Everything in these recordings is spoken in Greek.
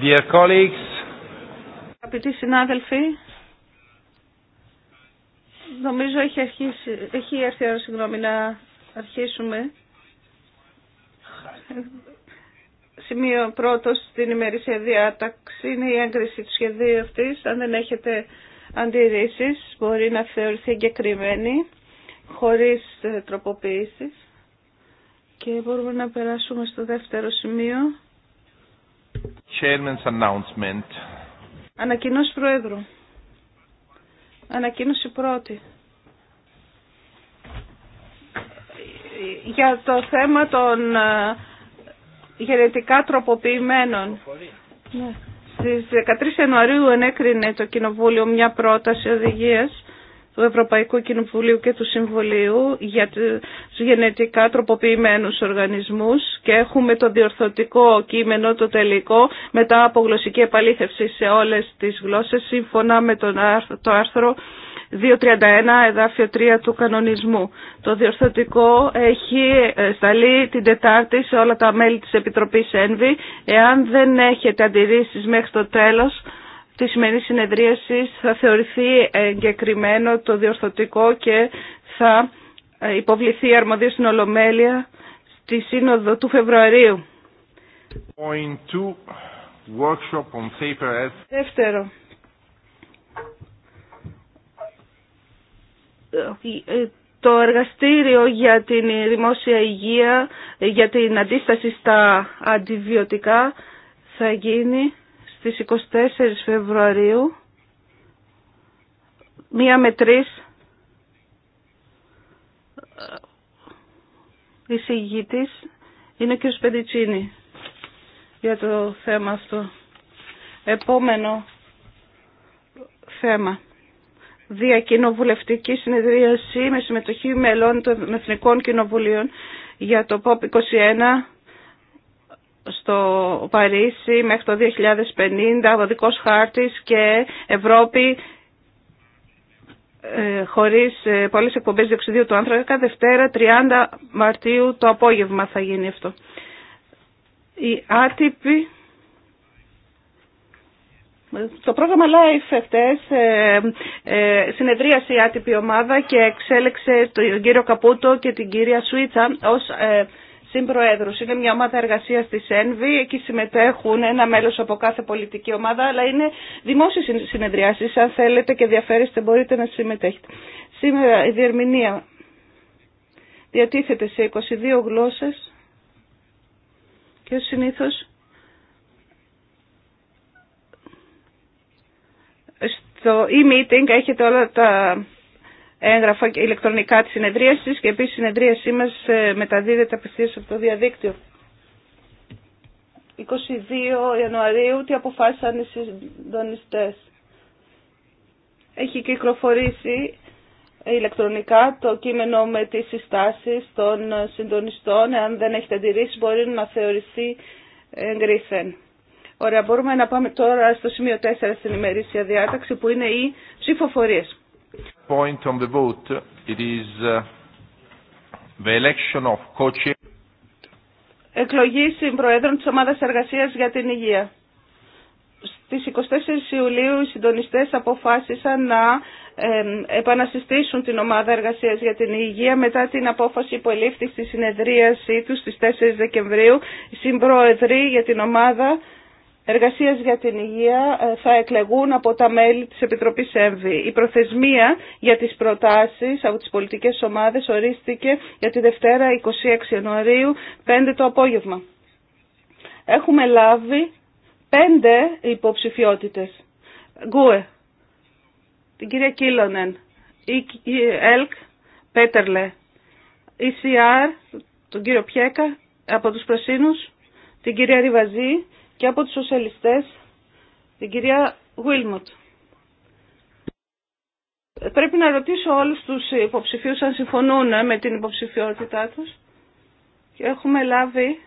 Dear colleagues. Αγαπητοί συνάδελφοι, νομίζω έχει, αρχίσει, έχει έρθει η ώρα συγγνώμη, να αρχίσουμε. Σημείο πρώτο στην ημερήσια διάταξη είναι η έγκριση του σχεδίου αυτή. Αν δεν έχετε αντιρρήσει, μπορεί να θεωρηθεί εγκεκριμένη χωρίς ε, τροποποιήσει. Και μπορούμε να περάσουμε στο δεύτερο σημείο Chairman's announcement. Ανακοινώση Προέδρου. Ανακοίνωση πρώτη. Για το θέμα των ε, γενετικά τροποποιημένων. Ναι. Στις 13 Ιανουαρίου ενέκρινε το Κοινοβούλιο μια πρόταση οδηγίας του Ευρωπαϊκού Κοινοβουλίου και του Συμβουλίου για τους γενετικά τροποποιημένους οργανισμούς και έχουμε το διορθωτικό κείμενο, το τελικό, μετά από γλωσσική επαλήθευση σε όλες τις γλώσσες, σύμφωνα με το άρθρο 231 εδάφιο 3 του κανονισμού. Το διορθωτικό έχει ε, σταλεί την Τετάρτη σε όλα τα μέλη της Επιτροπής ΕΝΒΗ. Εάν δεν έχετε αντιρρήσεις μέχρι το τέλος, της σημερινή συνεδρίαση θα θεωρηθεί εγκεκριμένο το διορθωτικό και θα υποβληθεί αρμοδία στην Ολομέλεια στη Σύνοδο του Φεβρουαρίου. Δεύτερο. Το εργαστήριο για την δημόσια υγεία, για την αντίσταση στα αντιβιωτικά θα γίνει στις 24 Φεβρουαρίου, μία με τρεις, ε, εισηγητής είναι ο κ. Πεντητσίνη για το θέμα αυτό. Επόμενο θέμα. Διακοινοβουλευτική συνεδρίαση με συμμετοχή μελών των Εθνικών Κοινοβουλίων για το ΠΟΠ 21 στο Παρίσι μέχρι το 2050, ο χάρτης και Ευρώπη ε, χωρίς ε, πολλές εκπομπές διοξιδίου του άνθρακα. Δευτέρα, 30 Μαρτίου το απόγευμα θα γίνει αυτό. Οι άτυπη. Το πρόγραμμα Life χτες ε, συνεδρίασε η άτυπη ομάδα και εξέλεξε τον κύριο Καπούτο και την κυρία Σουίτσα ως είναι μια ομάδα εργασία τη ΕΝΒΗ, εκεί συμμετέχουν ένα μέλος από κάθε πολιτική ομάδα, αλλά είναι δημόσιε συνεδριάση, Αν θέλετε και ενδιαφέρεστε μπορείτε να συμμετέχετε. Σήμερα η διερμηνία διατίθεται σε 22 γλώσσε. και συνήθως στο e-meeting έχετε όλα τα έγγραφα και ηλεκτρονικά της συνεδρίασης και επίσης η συνεδρίασή μας ε, μεταδίδεται απευθεία από το διαδίκτυο. 22 Ιανουαρίου τι αποφάσισαν οι συντονιστέ. Έχει κυκλοφορήσει ηλεκτρονικά το κείμενο με τι συστάσεις των συντονιστών. Αν δεν έχετε αντιρρήσει μπορεί να θεωρηθεί εγκρίθεν. Ωραία, μπορούμε να πάμε τώρα στο σημείο 4 στην ημερήσια διάταξη που είναι οι ψηφοφορίε point on the vote, it is uh, Εκλογή συμπροέδρων της Ομάδας Εργασίας για την Υγεία. Στις 24 Ιουλίου οι συντονιστές αποφάσισαν να επανασυστήσουν την Ομάδα Εργασίας για την Υγεία μετά την απόφαση που ελήφθη στη συνεδρίασή τους στις 4 Δεκεμβρίου. Οι συμπροεδροί για την ομάδα Εργασίας για την Υγεία ε, θα εκλεγούν από τα μέλη της Επιτροπής ΕΜΒΗ. Η προθεσμία για τις προτάσεις από τις πολιτικές ομάδες ορίστηκε για τη Δευτέρα 26 Ιανουαρίου 5 το απόγευμα. Έχουμε λάβει πέντε υποψηφιότητες. Γκούε, την κυρία Κίλονεν, η ΕΛΚ, Πέτερλε, η ΣΥΑΡ, τον κύριο Πιέκα, από τους Προσύνους, την κυρία Ριβαζή και από τους σοσιαλιστές την κυρία Γουίλμουτ. Πρέπει να ρωτήσω όλους τους υποψηφίους αν συμφωνούν ε, με την υποψηφιότητά τους. Και έχουμε λάβει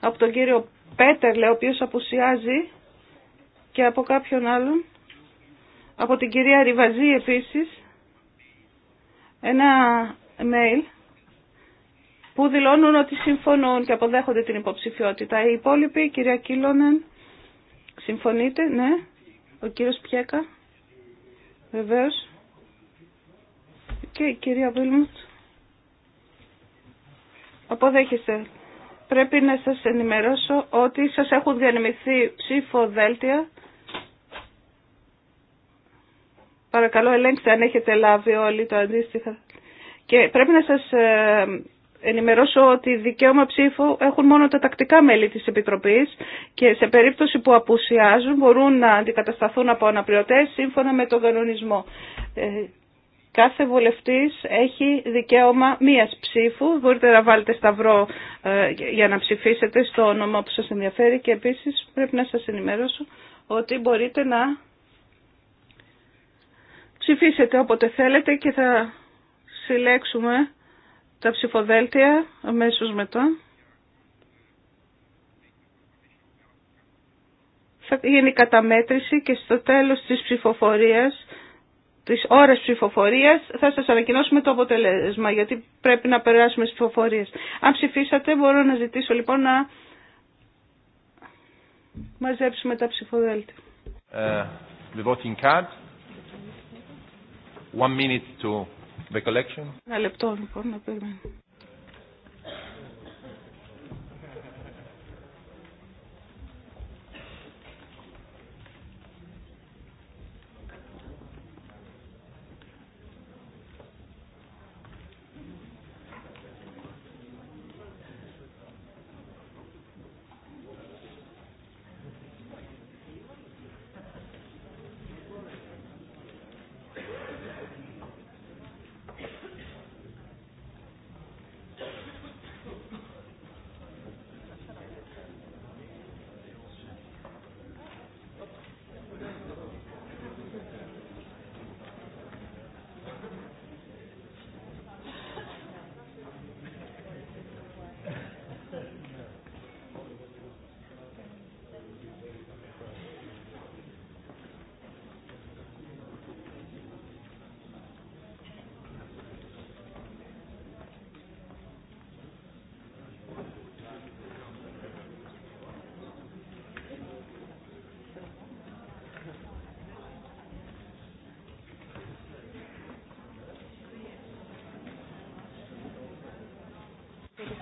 από τον κύριο Πέτερλε, ο οποίος απουσιάζει, και από κάποιον άλλον, από την κυρία Ριβαζή επίσης, ένα mail που δηλώνουν ότι συμφωνούν και αποδέχονται την υποψηφιότητα. Οι υπόλοιποι, κυρία Κίλωνεν, συμφωνείτε, ναι. Ο κύριος Πιέκα, βεβαίως. Και η κυρία Βίλμουτ. Αποδέχεστε. Πρέπει να σας ενημερώσω ότι σας έχουν διανεμηθεί ψήφο δέλτια. Παρακαλώ ελέγξτε αν έχετε λάβει όλοι το αντίστοιχα. Και πρέπει να σας ε, ενημερώσω ότι δικαίωμα ψήφου έχουν μόνο τα τακτικά μέλη της Επιτροπής και σε περίπτωση που απουσιάζουν μπορούν να αντικατασταθούν από αναπληρωτές σύμφωνα με τον κανονισμό. Ε, κάθε βουλευτής έχει δικαίωμα μίας ψήφου. Μπορείτε να βάλετε σταυρό ε, για να ψηφίσετε στο όνομα που σας ενδιαφέρει και επίσης πρέπει να σας ενημερώσω ότι μπορείτε να ψηφίσετε όποτε θέλετε και θα συλλέξουμε τα ψηφοδέλτια αμέσως μετά. Θα γίνει καταμέτρηση και στο τέλος της ψηφοφορίας, της ώρας ψηφοφορίας, θα σας ανακοινώσουμε το αποτελέσμα, γιατί πρέπει να περάσουμε στις ψηφοφορίες. Αν ψηφίσατε, μπορώ να ζητήσω λοιπόν να μαζέψουμε τα ψηφοδέλτια. Ε, the voting card. One minute to ένα λεπτό λοιπόν να περιμένουμε.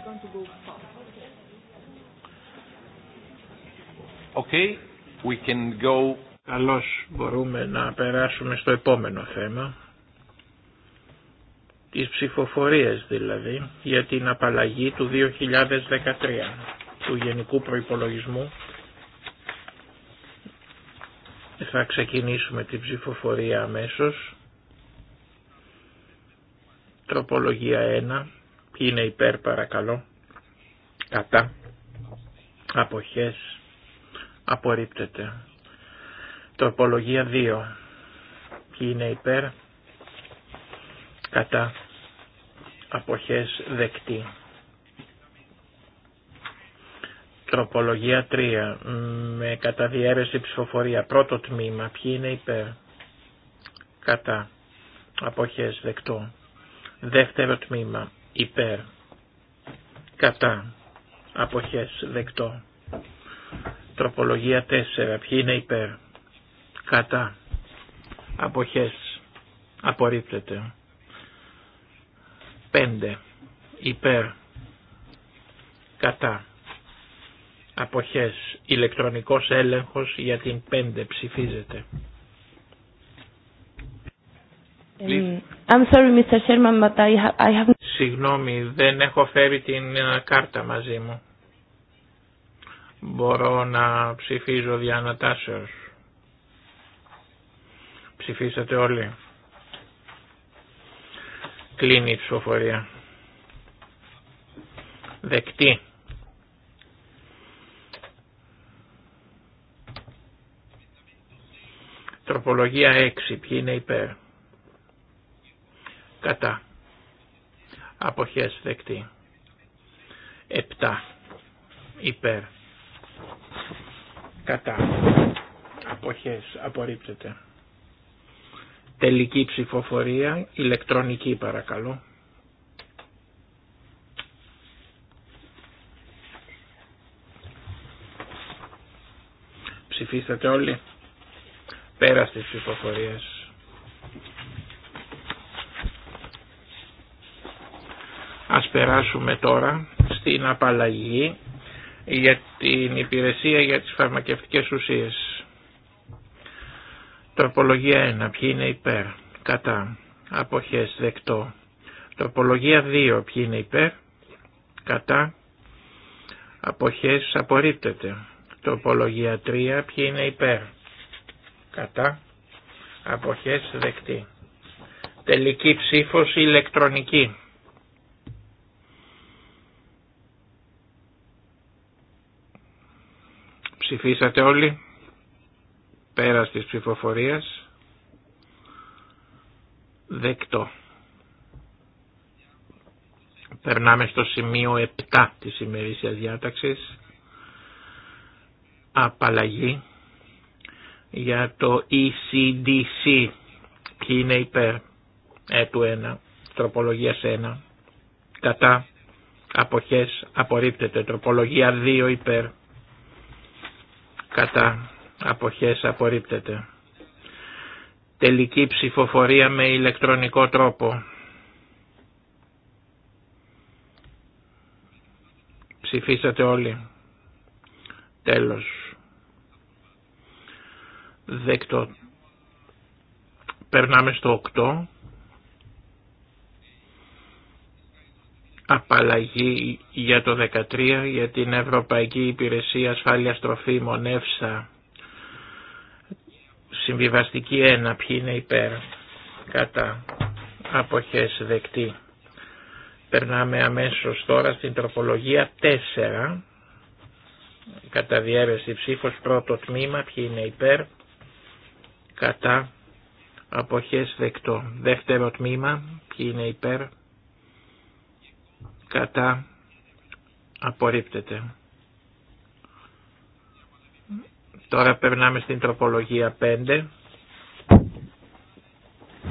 going to go Okay, we can go... Καλώς μπορούμε να περάσουμε στο επόμενο θέμα. Τις ψηφοφορίες δηλαδή για την απαλλαγή του 2013 του Γενικού Προϋπολογισμού θα ξεκινήσουμε την ψηφοφορία αμέσως. Τροπολογία 1. Ποιοι είναι υπέρ παρακαλώ. Κατά. Αποχές. Απορρίπτεται. Τροπολογία 2. Ποιοι είναι υπέρ. Κατά. Αποχές δεκτή. Τροπολογία 3. Με καταδιέρεση ψηφοφορία. Πρώτο τμήμα. Ποιοι είναι υπέρ. Κατά. Αποχές δεκτό. Δεύτερο τμήμα υπέρ κατά αποχές δεκτό. Τροπολογία 4. Ποιοι είναι υπέρ. Κατά. Αποχές. Απορρίπτεται. 5. Υπέρ. Κατά. Αποχές. Ηλεκτρονικός έλεγχος για την 5 ψηφίζεται. I'm sorry, Mr. Sherman, but I ha I have... Συγγνώμη, δεν έχω φέρει την ε, κάρτα μαζί μου. Μπορώ να ψηφίζω δια ανατάσεως. Ψηφίσατε όλοι. Κλείνει η ψηφοφορία. Δεκτή. Τροπολογία 6. Ποιοι είναι υπέρ. Κατά. Αποχές δεκτή. 7. Υπέρ. Κατά. Αποχές. Απορρίπτεται. Τελική ψηφοφορία. Ηλεκτρονική παρακαλώ. Ψηφίσατε όλοι. Πέρα στις Ας περάσουμε τώρα στην απαλλαγή για την υπηρεσία για τις φαρμακευτικές ουσίες. Τροπολογία 1. Ποιοι είναι υπέρ. Κατά. Αποχές. Δεκτό. Τροπολογία 2. Ποιοι είναι υπέρ. Κατά. Αποχές. Απορρίπτεται. Τροπολογία 3. Ποιοι είναι υπέρ. Κατά. Αποχές. Δεκτή. Τελική ψήφος ηλεκτρονική. Ψηφίσατε όλοι. Πέρας της ψηφοφορίας. Δεκτό. Περνάμε στο σημείο 7 της ημερήσιας διάταξης. Απαλλαγή για το ECDC. Ποιοι είναι υπέρ ε, του 1, τροπολογίας 1. Κατά αποχές απορρίπτεται. Τροπολογία 2 υπέρ κατά αποχές απορρίπτεται. Τελική ψηφοφορία με ηλεκτρονικό τρόπο. Ψηφίσατε όλοι. Τέλος. Δεκτό. Περνάμε στο 8. απαλλαγή για το 13 για την Ευρωπαϊκή Υπηρεσία Ασφάλειας Τροφίμων ΕΦΣΑ. Συμβιβαστική 1. Ποιοι είναι υπέρ. Κατά. Αποχές δεκτή. Περνάμε αμέσως τώρα στην τροπολογία 4. Κατά διέρεση ψήφος πρώτο τμήμα. Ποιοι είναι υπέρ. Κατά. Αποχές δεκτό. Δεύτερο τμήμα. Ποιοι είναι υπέρ κατά απορρίπτεται. Τώρα περνάμε στην τροπολογία 5.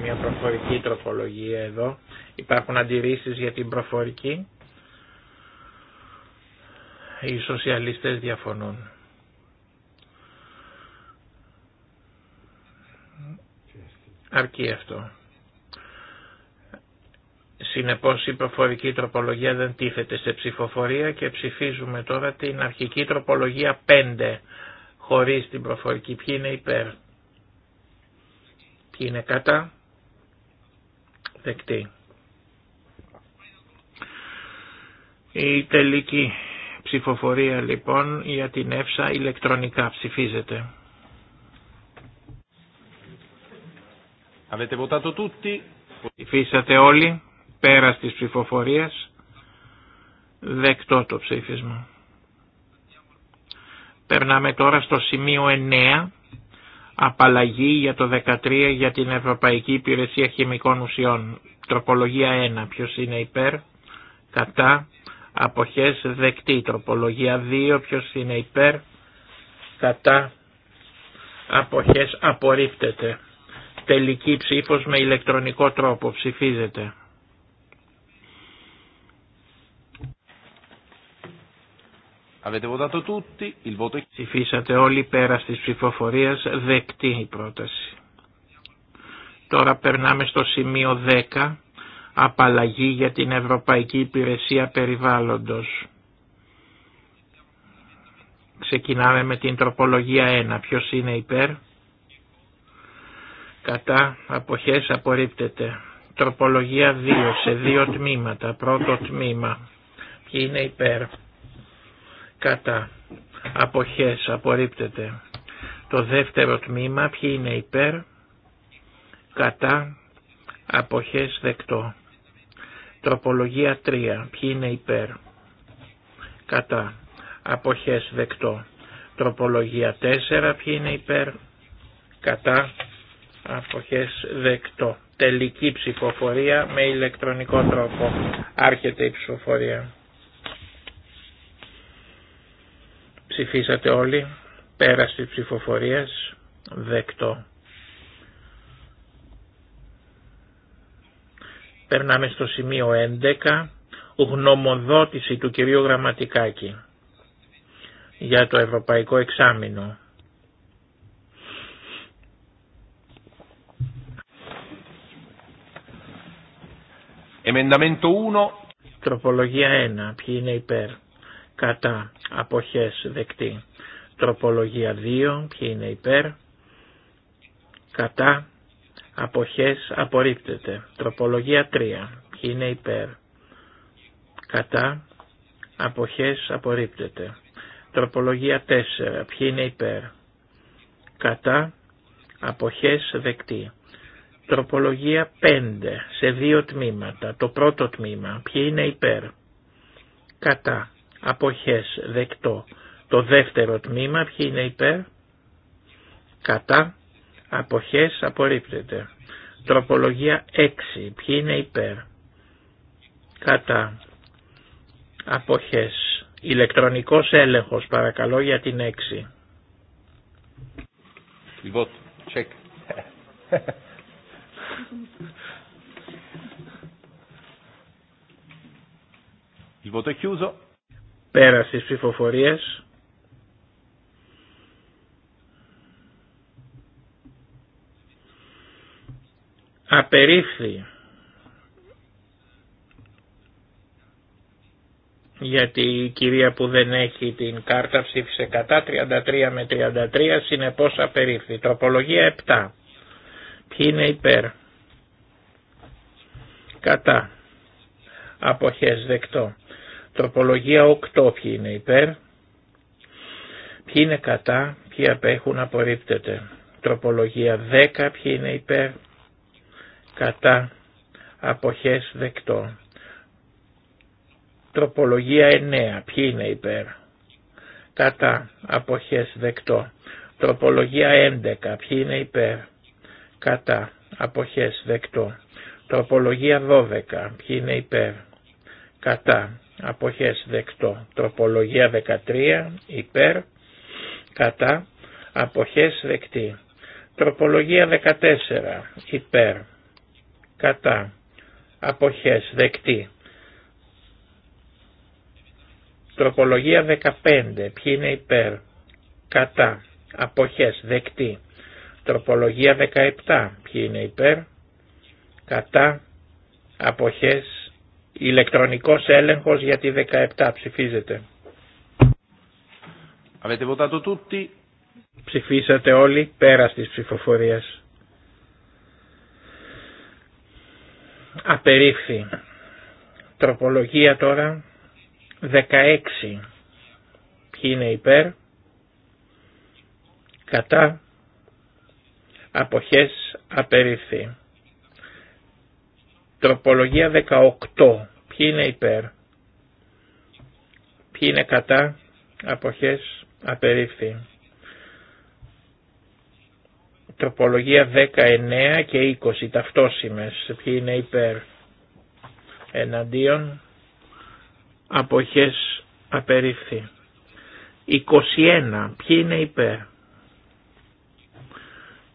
Μια προφορική τροπολογία εδώ. Υπάρχουν αντιρρήσεις για την προφορική. Οι σοσιαλιστές διαφωνούν. Αρκεί αυτό. Συνεπώς η προφορική τροπολογία δεν τίθεται σε ψηφοφορία και ψηφίζουμε τώρα την αρχική τροπολογία 5 χωρίς την προφορική. Ποιοι είναι υπέρ. Ποιοι είναι κατά. Δεκτή. Η τελική ψηφοφορία λοιπόν για την ΕΦΣΑ ηλεκτρονικά ψηφίζεται. Avete votato tutti. Ψηφίσατε όλοι. Πέρα της ψηφοφορίας δεκτό το ψήφισμα. Περνάμε τώρα στο σημείο 9, απαλλαγή για το 13 για την Ευρωπαϊκή Υπηρεσία Χημικών Ουσιών. Τροπολογία 1, ποιος είναι υπέρ, κατά, αποχές δεκτή. Τροπολογία 2, ποιος είναι υπέρ, κατά, αποχές απορρίπτεται. Τελική ψήφος με ηλεκτρονικό τρόπο ψηφίζεται. Avete votato tutti, il voto όλοι πέρα της ψηφοφορία δεκτή η πρόταση. Τώρα περνάμε στο σημείο 10, απαλλαγή για την Ευρωπαϊκή Υπηρεσία Περιβάλλοντος. Ξεκινάμε με την τροπολογία 1. Ποιος είναι υπέρ? Κατά αποχές απορρίπτεται. Τροπολογία 2 σε δύο τμήματα. Πρώτο τμήμα. Ποιοι είναι υπέρ? κατά αποχές απορρίπτεται. Το δεύτερο τμήμα ποιοι είναι υπέρ κατά αποχές δεκτό. Τροπολογία 3 ποιοι είναι υπέρ κατά αποχές δεκτό. Τροπολογία 4 ποιοι είναι υπέρ κατά αποχές δεκτό. Τελική ψηφοφορία με ηλεκτρονικό τρόπο. Άρχεται η ψηφοφορία. Ψηφίσατε όλοι. Πέραστη της ψηφοφορίας. Δεκτό. Περνάμε στο σημείο 11. Γνωμοδότηση του κυρίου Γραμματικάκη για το Ευρωπαϊκό Εξάμεινο. Εμενταμέντο 1. Τροπολογία 1. Ποιοι είναι υπέρ κατά αποχές δεκτή. Τροπολογία 2, ποιοι είναι υπέρ, κατά αποχές απορρίπτεται. Τροπολογία 3, ποιοι είναι υπέρ, κατά αποχές απορρίπτεται. Τροπολογία 4, ποιοι είναι υπέρ, κατά αποχές δεκτή. Τροπολογία 5 σε δύο τμήματα. Το πρώτο τμήμα, ποιοι είναι υπέρ, κατά αποχές δεκτό. Το δεύτερο τμήμα ποιοι είναι υπέρ, κατά, αποχές απορρίπτεται. Τροπολογία 6 ποιοι είναι υπέρ, κατά, αποχές. Ηλεκτρονικός έλεγχος παρακαλώ για την 6. Il voto è chiuso. Πέραση ψηφοφορίες Απερίφθη. γιατί η κυρία που δεν έχει την κάρτα ψήφισε κατά 33 με 33 συνεπώς απερίφθη. Τροπολογία 7. Ποιοι είναι υπέρ. Κατά. Αποχές δεκτό. Τροπολογία 8 ποιοι είναι υπέρ, ποιοι είναι κατά, ποιοι απέχουν απορρίπτεται. Τροπολογία 10 ποιοι είναι υπέρ, κατά, αποχές δεκτό. Τροπολογία 9 ποιοι είναι υπέρ, κατά, αποχές δεκτό. Τροπολογία 11 ποιοι είναι υπέρ, κατά, αποχές δεκτό. Τροπολογία 12 ποιοι είναι υπέρ, κατά, αποχές δεκτό. Τροπολογία 13 υπέρ κατά αποχές δεκτή. Τροπολογία 14 υπέρ κατά αποχές δεκτή. Τροπολογία 15 ποιοι είναι υπέρ κατά αποχές δεκτή. Τροπολογία 17 ποιοι είναι υπέρ κατά αποχές Ηλεκτρονικός έλεγχος για τη 17 ψηφίζεται. Avete Ψηφίσατε όλοι πέρα στις ψηφοφορίες. Απερίφθη. Τροπολογία τώρα 16. Ποιοι είναι υπέρ. Κατά. Αποχές απερίφθη. Τροπολογία 18. Ποιοι είναι υπέρ. Ποιοι είναι κατά. Αποχές απερίφθη. Τροπολογία 19 και 20 ταυτόσημες. Ποιοι είναι υπέρ. Εναντίον. Αποχές απερίφθη. 21. Ποιοι είναι υπέρ.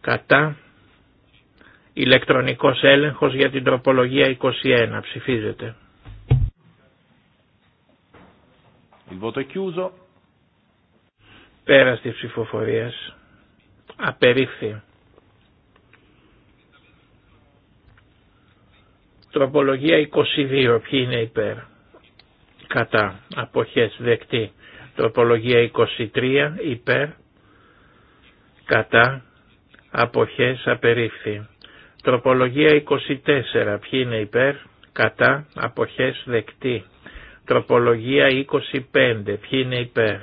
Κατά Ηλεκτρονικός έλεγχος για την τροπολογία 21. Ψηφίζεται. Il voto chiuso. ψηφοφορίας. Απερίφθη. Τροπολογία 22. Ποιοι είναι υπέρ. Κατά. Αποχές δεκτή. Τροπολογία 23. Υπέρ. Κατά. Αποχές απερίφθη. Τροπολογία 24. Ποιοι είναι υπέρ, κατά, αποχές δεκτή. Τροπολογία 25. Ποιοι είναι υπέρ.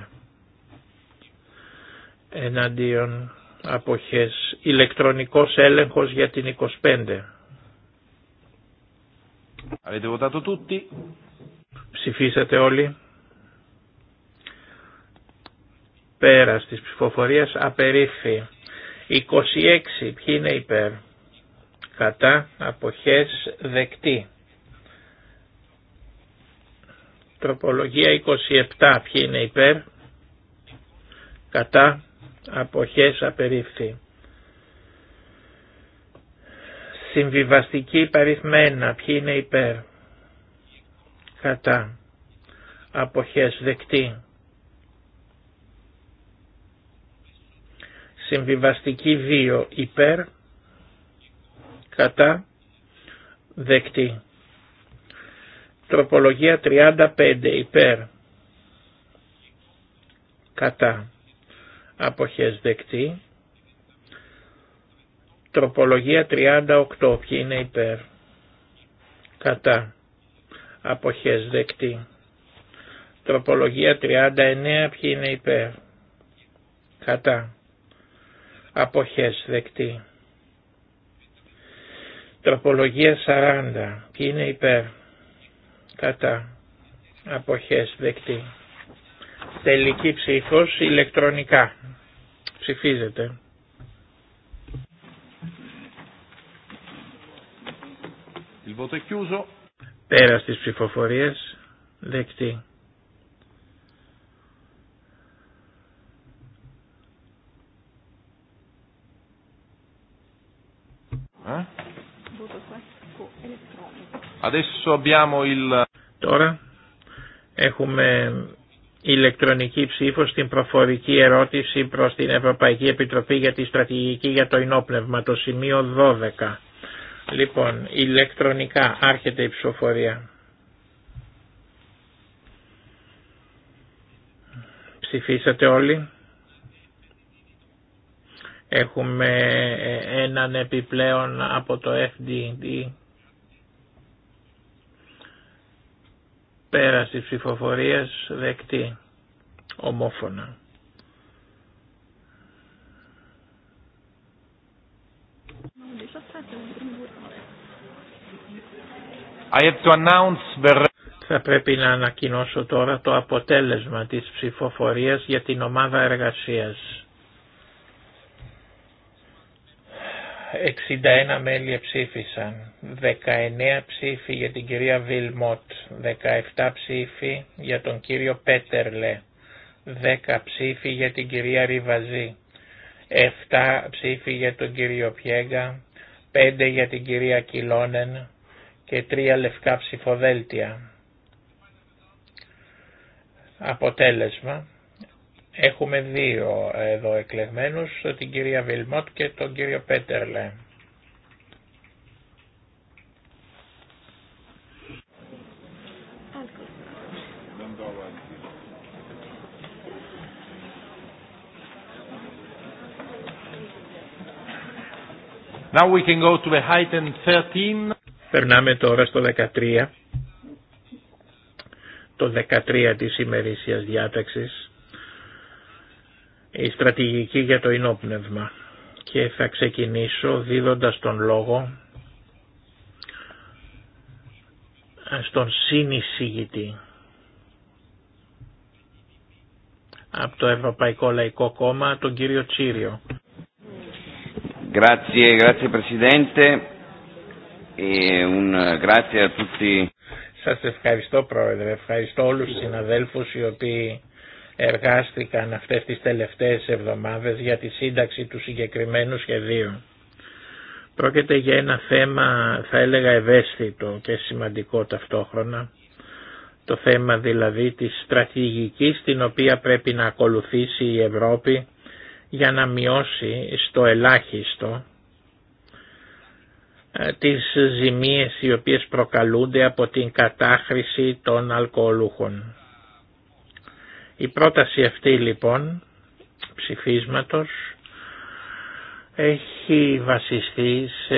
Εναντίον αποχές. Ηλεκτρονικός έλεγχος για την 25. Ψηφίσατε όλοι. Πέρα της ψηφοφορίας απερίφθη. 26. Ποιοι είναι υπέρ κατά αποχές δεκτή. Τροπολογία 27 ποιοι είναι υπέρ κατά αποχές απερίφθη. Συμβιβαστική υπαριθμένα ποιοι είναι υπέρ κατά αποχές δεκτή. Συμβιβαστική 2 υπέρ κατά δεκτή. Τροπολογία 35 υπέρ κατά αποχές δεκτή. Τροπολογία 38 ποιοι είναι υπέρ κατά αποχές δεκτή. Τροπολογία 39 ποιοι είναι υπέρ κατά αποχές δεκτή. Τροπολογία 40. Ποιοι είναι υπέρ. Κατά. Αποχές δεκτή. Τελική ψήφος ηλεκτρονικά. Ψηφίζεται. Πέρα στις ψηφοφορίες. Δεκτή. Huh? Ε? Adesso abbiamo il... Τώρα έχουμε ηλεκτρονική ψήφο στην προφορική ερώτηση προς την Ευρωπαϊκή Επιτροπή για τη Στρατηγική για το Ινόπνευμα, το σημείο 12. Λοιπόν, ηλεκτρονικά άρχεται η ψηφοφορία. Ψηφίσατε όλοι. Έχουμε ε, έναν επιπλέον από το FDD Πέρας της ψηφοφορίας δεκτή. Ομόφωνα. Θα πρέπει να ανακοινώσω τώρα το αποτέλεσμα της ψηφοφορίας για την ομάδα εργασίας. 61 μέλη ψήφισαν, 19 ψήφοι για την κυρία Βιλμότ, 17 ψήφοι για τον κύριο Πέτερλε, 10 ψήφοι για την κυρία Ριβαζή, 7 ψήφοι για τον κύριο Πιέγκα, 5 για την κυρία Κιλόνεν και 3 λευκά ψηφοδέλτια. Αποτέλεσμα Έχουμε δύο εδώ εκλεγμένους, την κυρία Βιλμότ και τον κύριο Πέτερλε. Now we can go to the 13. Περνάμε τώρα στο 13. Το 13 της ημερήσιας διάταξης η στρατηγική για το ενόπνευμα και θα ξεκινήσω δίδοντας τον λόγο στον συνεισηγητή από το Ευρωπαϊκό Λαϊκό Κόμμα, τον κύριο Τσίριο. Grazie, grazie Presidente e un Σας ευχαριστώ Πρόεδρε, ευχαριστώ όλους τους συναδέλφους οι οποίοι εργάστηκαν αυτές τις τελευταίες εβδομάδες για τη σύνταξη του συγκεκριμένου σχεδίου. Πρόκειται για ένα θέμα θα έλεγα ευαίσθητο και σημαντικό ταυτόχρονα, το θέμα δηλαδή της στρατηγικής την οποία πρέπει να ακολουθήσει η Ευρώπη για να μειώσει στο ελάχιστο ε, τις ζημίες οι οποίες προκαλούνται από την κατάχρηση των αλκοολούχων. Η πρόταση αυτή λοιπόν ψηφίσματος έχει βασιστεί σε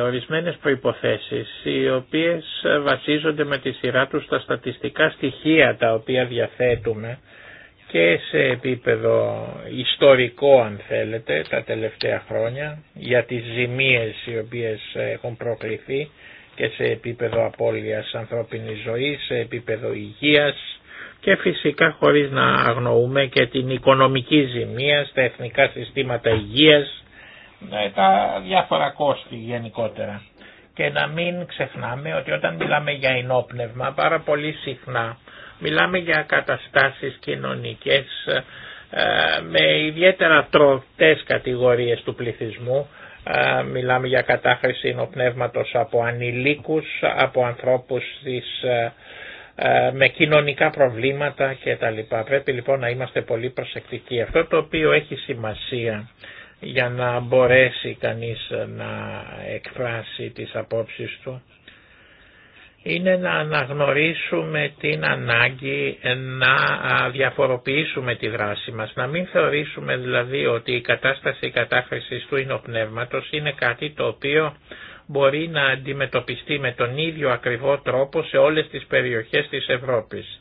ορισμένες προϋποθέσεις οι οποίες βασίζονται με τη σειρά τους στα στατιστικά στοιχεία τα οποία διαθέτουμε και σε επίπεδο ιστορικό αν θέλετε τα τελευταία χρόνια για τις ζημίες οι οποίες έχουν προκληθεί και σε επίπεδο απώλειας ανθρώπινης ζωής, σε επίπεδο υγείας, και φυσικά χωρίς να αγνοούμε και την οικονομική ζημία στα εθνικά συστήματα υγείας, ε, τα διάφορα κόστη γενικότερα. Και να μην ξεχνάμε ότι όταν μιλάμε για ενόπνευμα πάρα πολύ συχνά μιλάμε για καταστάσεις κοινωνικές ε, ε, με ιδιαίτερα τροτές κατηγορίες του πληθυσμού. Μιλάμε για κατάχρηση ενοπνεύματος από ανηλίκους, από ανθρώπους της ε, με κοινωνικά προβλήματα κτλ. Πρέπει λοιπόν να είμαστε πολύ προσεκτικοί. Αυτό το οποίο έχει σημασία για να μπορέσει κανείς να εκφράσει τις απόψεις του είναι να αναγνωρίσουμε την ανάγκη να διαφοροποιήσουμε τη δράση μας. Να μην θεωρήσουμε δηλαδή ότι η κατάσταση κατάχρησης του ινοπνεύματος είναι κάτι το οποίο μπορεί να αντιμετωπιστεί με τον ίδιο ακριβό τρόπο σε όλες τις περιοχές της Ευρώπης.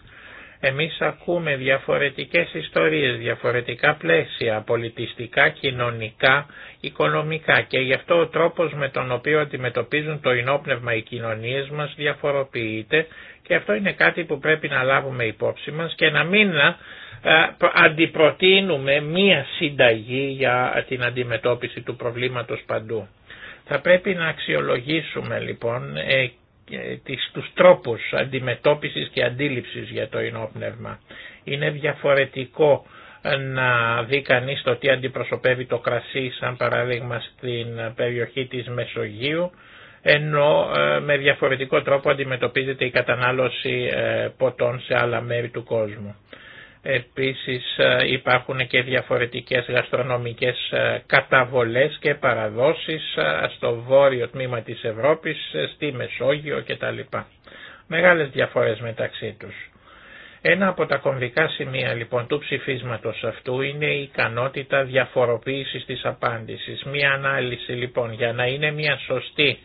Εμείς ακούμε διαφορετικές ιστορίες, διαφορετικά πλαίσια, πολιτιστικά, κοινωνικά, οικονομικά και γι' αυτό ο τρόπος με τον οποίο αντιμετωπίζουν το ενόπνευμα οι κοινωνίες μας διαφοροποιείται και αυτό είναι κάτι που πρέπει να λάβουμε υπόψη μας και να μην αντιπροτείνουμε μία συνταγή για την αντιμετώπιση του προβλήματος παντού. Θα πρέπει να αξιολογήσουμε λοιπόν ε, ε, τις, τους τρόπους αντιμετώπισης και αντίληψης για το ενόπνευμα. Είναι διαφορετικό ε, να δει κανεί το τι αντιπροσωπεύει το κρασί σαν παράδειγμα στην περιοχή της Μεσογείου ενώ ε, με διαφορετικό τρόπο αντιμετωπίζεται η κατανάλωση ποτών σε άλλα μέρη του κόσμου. Επίσης ε, υπάρχουν και διαφορετικές γαστρονομικές ε, καταβολές και παραδόσεις ε, στο βόρειο τμήμα της Ευρώπης, στη Μεσόγειο κτλ. Μεγάλες διαφορές μεταξύ τους. Ένα από τα κομβικά σημεία λοιπόν του ψηφίσματος αυτού είναι η ικανότητα διαφοροποίησης της απάντησης. Μία ανάλυση λοιπόν για να είναι μια σωστή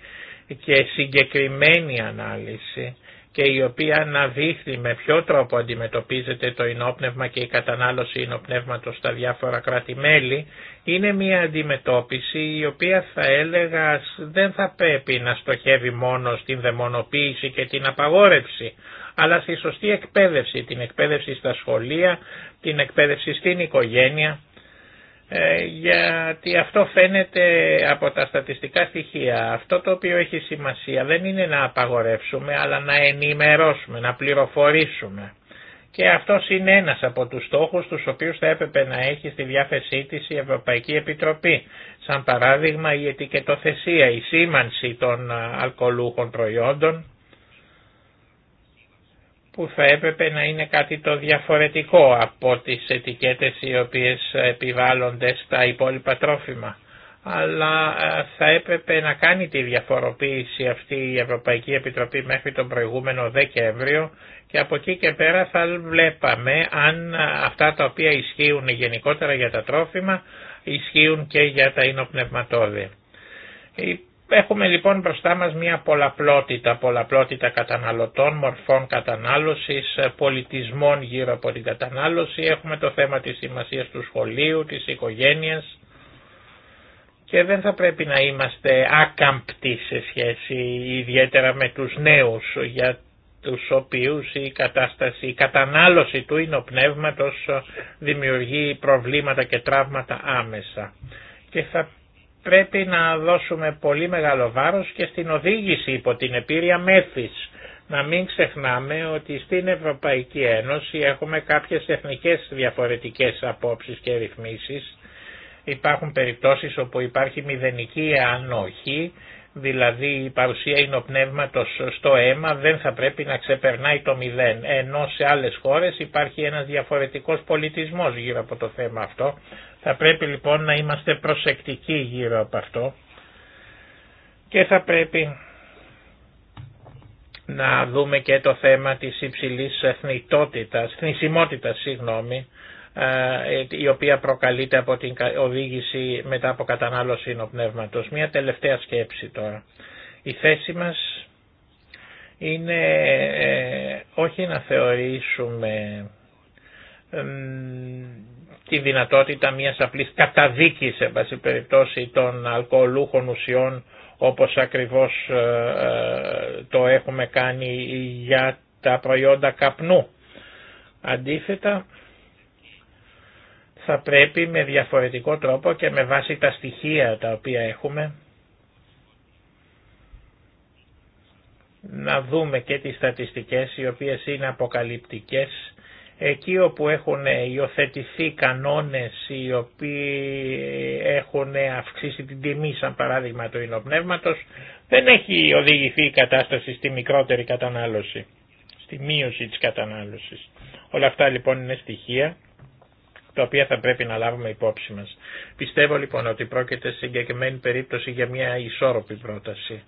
και συγκεκριμένη ανάλυση και η οποία να δείχνει με ποιο τρόπο αντιμετωπίζεται το ενόπνευμα και η κατανάλωση ενόπνευματος στα διάφορα κράτη-μέλη, είναι μια αντιμετώπιση η οποία θα έλεγα δεν θα πρέπει να στοχεύει μόνο στην δαιμονοποίηση και την απαγόρευση, αλλά στη σωστή εκπαίδευση, την εκπαίδευση στα σχολεία, την εκπαίδευση στην οικογένεια, ε, γιατί αυτό φαίνεται από τα στατιστικά στοιχεία. Αυτό το οποίο έχει σημασία δεν είναι να απαγορεύσουμε αλλά να ενημερώσουμε, να πληροφορήσουμε. Και αυτό είναι ένας από τους στόχους τους οποίους θα έπρεπε να έχει στη διάθεσή της η Ευρωπαϊκή Επιτροπή. Σαν παράδειγμα η ετικετοθεσία, η σήμανση των αλκοολούχων προϊόντων, που θα έπρεπε να είναι κάτι το διαφορετικό από τις ετικέτες οι οποίες επιβάλλονται στα υπόλοιπα τρόφιμα. Αλλά ε, θα έπρεπε να κάνει τη διαφοροποίηση αυτή η Ευρωπαϊκή Επιτροπή μέχρι τον προηγούμενο Δεκέμβριο και από εκεί και πέρα θα βλέπαμε αν ε, αυτά τα οποία ισχύουν γενικότερα για τα τρόφιμα ισχύουν και για τα ίνοπνευματόδια. Έχουμε λοιπόν μπροστά μας μια πολλαπλότητα, πολλαπλότητα καταναλωτών, μορφών κατανάλωσης, πολιτισμών γύρω από την κατανάλωση. Έχουμε το θέμα της σημασίας του σχολείου, της οικογένειας και δεν θα πρέπει να είμαστε άκαμπτοι σε σχέση ιδιαίτερα με τους νέους για τους οποίους η κατάσταση, η κατανάλωση του πνεύματος, δημιουργεί προβλήματα και τραύματα άμεσα. Και θα πρέπει να δώσουμε πολύ μεγάλο βάρος και στην οδήγηση υπό την επίρρεια μέθης. Να μην ξεχνάμε ότι στην Ευρωπαϊκή Ένωση έχουμε κάποιες εθνικές διαφορετικές απόψεις και ρυθμίσεις. Υπάρχουν περιπτώσεις όπου υπάρχει μηδενική ανοχή, δηλαδή η παρουσία υνοπνεύματος στο αίμα δεν θα πρέπει να ξεπερνάει το μηδέν, ενώ σε άλλες χώρες υπάρχει ένας διαφορετικός πολιτισμός γύρω από το θέμα αυτό, θα πρέπει λοιπόν να είμαστε προσεκτικοί γύρω από αυτό και θα πρέπει να δούμε και το θέμα της υψηλής εθνιτότητας, θνησιμότητας, συγγνώμη, η οποία προκαλείται από την οδήγηση μετά από κατανάλωση νοπνεύματος. Μια τελευταία σκέψη τώρα. Η θέση μας είναι ε, όχι να θεωρήσουμε τη δυνατότητα μιας απλής καταδίκης σε πάση περιπτώσει των αλκοολούχων ουσιών όπως ακριβώς ε, ε, το έχουμε κάνει για τα προϊόντα καπνού. Αντίθετα, θα πρέπει με διαφορετικό τρόπο και με βάση τα στοιχεία τα οποία έχουμε να δούμε και τις στατιστικές οι οποίες είναι αποκαλυπτικές εκεί όπου έχουν υιοθετηθεί κανόνες οι οποίοι έχουν αυξήσει την τιμή σαν παράδειγμα του υλοπνεύματος δεν έχει οδηγηθεί η κατάσταση στη μικρότερη κατανάλωση, στη μείωση της κατανάλωσης. Όλα αυτά λοιπόν είναι στοιχεία τα οποία θα πρέπει να λάβουμε υπόψη μας. Πιστεύω λοιπόν ότι πρόκειται σε συγκεκριμένη περίπτωση για μια ισόρροπη πρόταση.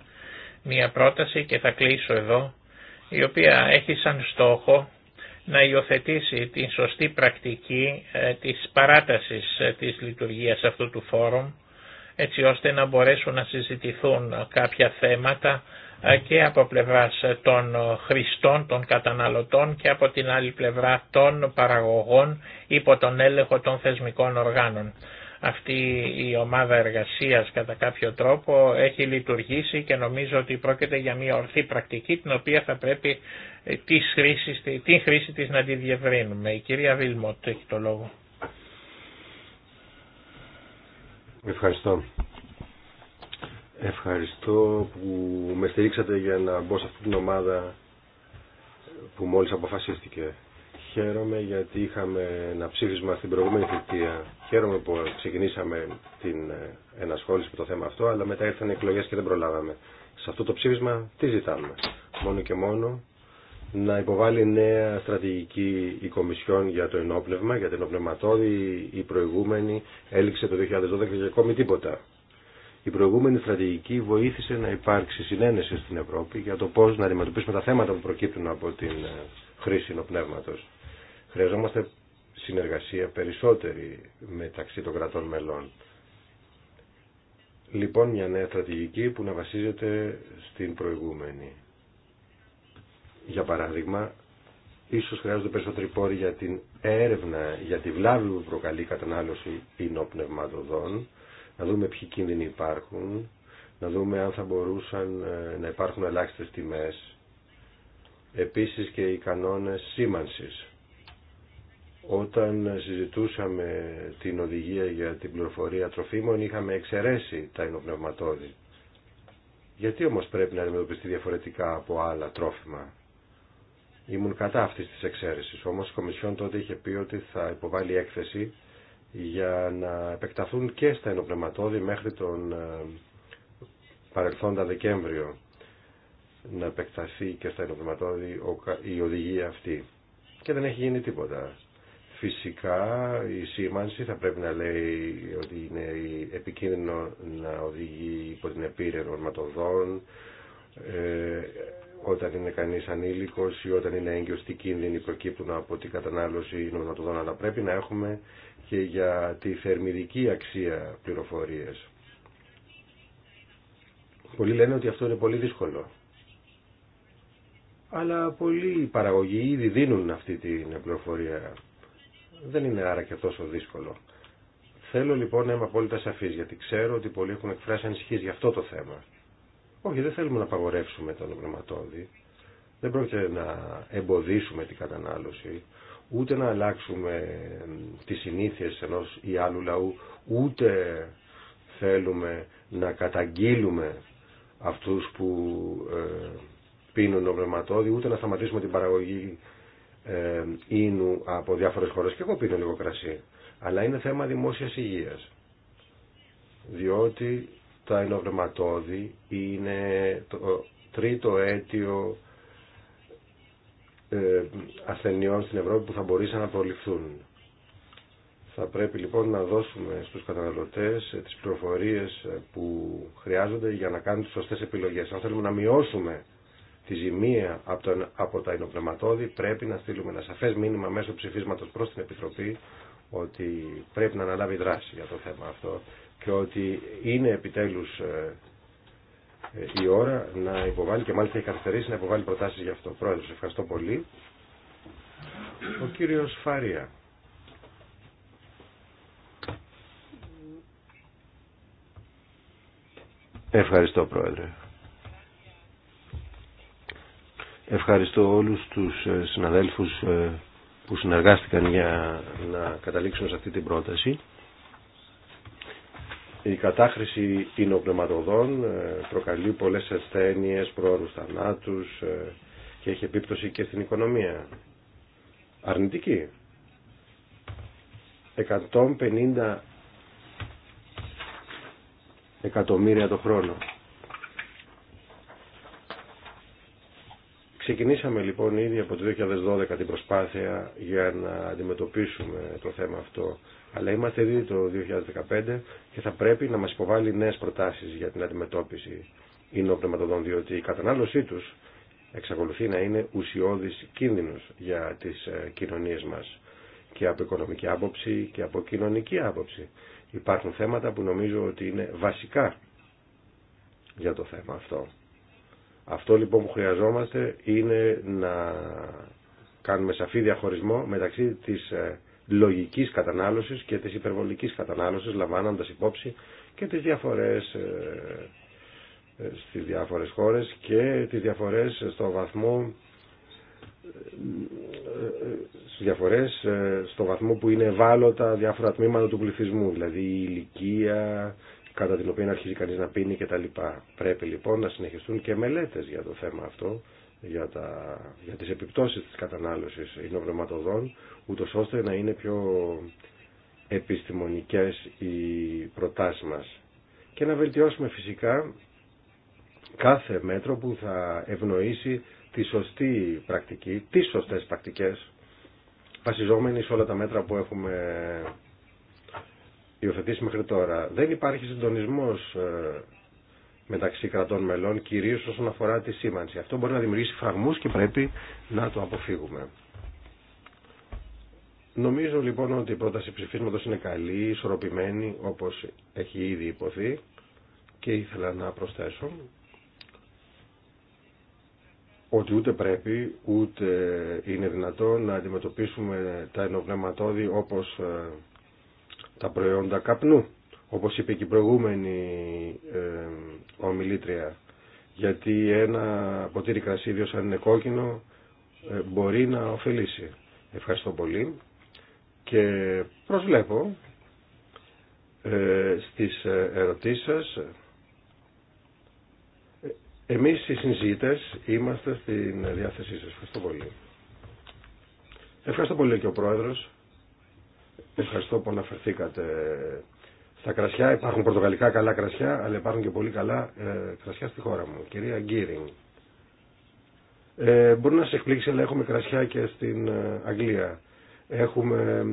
Μια πρόταση και θα κλείσω εδώ η οποία έχει σαν στόχο να υιοθετήσει την σωστή πρακτική ε, της παράτασης ε, της λειτουργίας αυτού του φόρουμ έτσι ώστε να μπορέσουν να συζητηθούν κάποια θέματα ε, και από πλευράς των χρηστών, των καταναλωτών και από την άλλη πλευρά των παραγωγών υπό τον έλεγχο των θεσμικών οργάνων. Αυτή η ομάδα εργασίας κατά κάποιο τρόπο έχει λειτουργήσει και νομίζω ότι πρόκειται για μια ορθή πρακτική την οποία θα πρέπει ε, της χρήσης, την χρήση της να τη διευρύνουμε. Η κυρία Βίλμοτ έχει το λόγο. Ευχαριστώ. Ευχαριστώ που με στηρίξατε για να μπω σε αυτή την ομάδα που μόλις αποφασίστηκε. Χαίρομαι γιατί είχαμε ένα ψήφισμα στην προηγούμενη θητεία. Χαίρομαι που ξεκινήσαμε την ε, ενασχόληση με το θέμα αυτό, αλλά μετά ήρθαν οι εκλογές και δεν προλάβαμε. Σε αυτό το ψήφισμα τι ζητάμε. Μόνο και μόνο να υποβάλει νέα στρατηγική η Κομισιόν για το ενόπνευμα, για την ενοπνευματόδη. Η προηγούμενη έληξε το 2012 και ακόμη τίποτα. Η προηγούμενη στρατηγική βοήθησε να υπάρξει συνένεση στην Ευρώπη για το πώς να αντιμετωπίσουμε τα θέματα που προκύπτουν από την ε, χρήση ενόπνευματος. Χρειαζόμαστε συνεργασία περισσότερη μεταξύ των κρατών μελών. Λοιπόν, μια νέα στρατηγική που να βασίζεται στην προηγούμενη. Για παράδειγμα, ίσως χρειάζονται περισσότεροι πόροι για την έρευνα, για τη βλάβη που προκαλεί η κατανάλωση υνοπνευματοδών, να δούμε ποιοι κίνδυνοι υπάρχουν, να δούμε αν θα μπορούσαν ε, να υπάρχουν ελάχιστε τιμές. Επίσης και οι κανόνες σήμανσης. Όταν συζητούσαμε την οδηγία για την πληροφορία τροφίμων είχαμε εξαιρέσει τα ενοπνευματόδη. Γιατί όμως πρέπει να αντιμετωπιστεί διαφορετικά από άλλα τρόφιμα. Ήμουν κατά αυτής τη εξαίρεση. όμως η Κομισιόν τότε είχε πει ότι θα υποβάλει έκθεση για να επεκταθούν και στα ενοπνευματόδη μέχρι τον ε, παρελθόντα Δεκέμβριο να επεκταθεί και στα ενοπνευματόδη η οδηγία αυτή. Και δεν έχει γίνει τίποτα. Φυσικά η σήμανση θα πρέπει να λέει ότι είναι επικίνδυνο να οδηγεί υπό την επίρρεια ορματοδών, ε, όταν είναι κανεί ανήλικος ή όταν είναι έγκυος τι κίνδυνοι προκύπτουν από την κατανάλωση νοηματοδόνα, αλλά πρέπει να έχουμε και για τη θερμιδική αξία πληροφορίες. Πολλοί λένε ότι αυτό είναι πολύ δύσκολο. Αλλά πολλοί παραγωγοί ήδη δίνουν αυτή την πληροφορία. Δεν είναι άρα και τόσο δύσκολο. Θέλω λοιπόν να είμαι απόλυτα σαφής, γιατί ξέρω ότι πολλοί έχουν εκφράσει ανησυχίες για αυτό το θέμα. Όχι, δεν θέλουμε να απαγορεύσουμε τον πνευματόδη. Δεν πρόκειται να εμποδίσουμε την κατανάλωση, ούτε να αλλάξουμε τις συνήθειες ενός ή άλλου λαού, ούτε θέλουμε να καταγγείλουμε αυτούς που ε, πίνουν πνευματόδη, ούτε να σταματήσουμε την παραγωγή ε, ίνου από διάφορες χώρες. Και εγώ πίνω λίγο κρασί. Αλλά είναι θέμα δημόσιας υγείας. Διότι τα ενοβλεματόδη είναι το τρίτο αίτιο ε, ασθενειών στην Ευρώπη που θα μπορούσαν να προληφθούν. Θα πρέπει λοιπόν να δώσουμε στους καταναλωτές ε, τις πληροφορίες ε, που χρειάζονται για να κάνουν τις σωστές επιλογές. Αν θέλουμε να μειώσουμε τη ζημία από τα εινοπνευματόδη πρέπει να στείλουμε ένα σαφές μήνυμα μέσω ψηφίσματος προς την Επιτροπή ότι πρέπει να αναλάβει δράση για το θέμα αυτό και ότι είναι επιτέλους ε, ε, η ώρα να υποβάλει και μάλιστα έχει καθυστερήσει να υποβάλει προτάσεις για αυτό. Πρόεδρος, ευχαριστώ πολύ. Ο κύριος Φάρια. Ευχαριστώ Πρόεδρε. Ευχαριστώ όλους τους ε, συναδέλφους που συνεργάστηκαν για να καταλήξουν σε αυτή την πρόταση. Η κατάχρηση πινοπνευματοδών ε, προκαλεί πολλές ασθένειες, πρόωρους θανάτους ε, και έχει επίπτωση και στην οικονομία. Αρνητική. 150 εκατομμύρια το χρόνο. Ξεκινήσαμε λοιπόν ήδη από το 2012 την προσπάθεια για να αντιμετωπίσουμε το θέμα αυτό αλλά είμαστε ήδη το 2015 και θα πρέπει να μας υποβάλει νέες προτάσεις για την αντιμετώπιση πνευματοδών, διότι η κατανάλωσή τους εξακολουθεί να είναι ουσιώδης κίνδυνος για τις ε, κοινωνίες μας και από οικονομική άποψη και από κοινωνική άποψη. Υπάρχουν θέματα που νομίζω ότι είναι βασικά για το θέμα αυτό. Αυτό λοιπόν που χρειαζόμαστε είναι να κάνουμε σαφή διαχωρισμό μεταξύ της ε, λογικής κατανάλωσης και της υπερβολικής κατανάλωσης λαμβάνοντα υπόψη και τις διαφορές ε, ε, στις διάφορες χώρες και τις διαφορές στο βαθμό ε, στις διαφορές στο βαθμό που είναι ευάλωτα διάφορα τμήματα του πληθυσμού δηλαδή η ηλικία κατά την οποία αρχίζει κανείς να πίνει κτλ. Πρέπει λοιπόν να συνεχιστούν και μελέτες για το θέμα αυτό για, τα, για τις επιπτώσεις της κατανάλωσης υλοβρομάτοδων, ούτως ώστε να είναι πιο επιστημονικές οι προτάσεις μας και να βελτιώσουμε φυσικά κάθε μέτρο που θα ευνοήσει τη σωστή πρακτική, τις σωστές πρακτικές, βασιζόμενοι σε όλα τα μέτρα που έχουμε υιοθετήσει μέχρι τώρα. Δεν υπάρχει συντονισμός ε, μεταξύ κρατών μελών, κυρίως όσον αφορά τη σήμανση. Αυτό μπορεί να δημιουργήσει φραγμούς και πρέπει να το αποφύγουμε. Νομίζω λοιπόν ότι η πρόταση ψηφίσματος είναι καλή, ισορροπημένη, όπως έχει ήδη υποθεί και ήθελα να προσθέσω ότι ούτε πρέπει, ούτε είναι δυνατό να αντιμετωπίσουμε τα ενοπνευματόδη όπως ε, τα προϊόντα καπνού όπως είπε και η προηγούμενη ε, ομιλήτρια, γιατί ένα ποτήρι κρασί, ιδίως αν είναι κόκκινο, ε, μπορεί να ωφελήσει. Ευχαριστώ πολύ και προσβλέπω ε, στις ε, ερωτήσεις σας. Εμείς οι συνζήτες είμαστε στην διάθεσή σας. Ευχαριστώ πολύ. Ευχαριστώ πολύ και ο Πρόεδρος. Ευχαριστώ που αναφερθήκατε τα κρασιά. Υπάρχουν πορτογαλικά καλά κρασιά, αλλά υπάρχουν και πολύ καλά ε, κρασιά στη χώρα μου. Κυρία Γκίρινγκ. Ε, μπορεί να σε εκπλήξει, αλλά έχουμε κρασιά και στην ε, Αγγλία. Έχουμε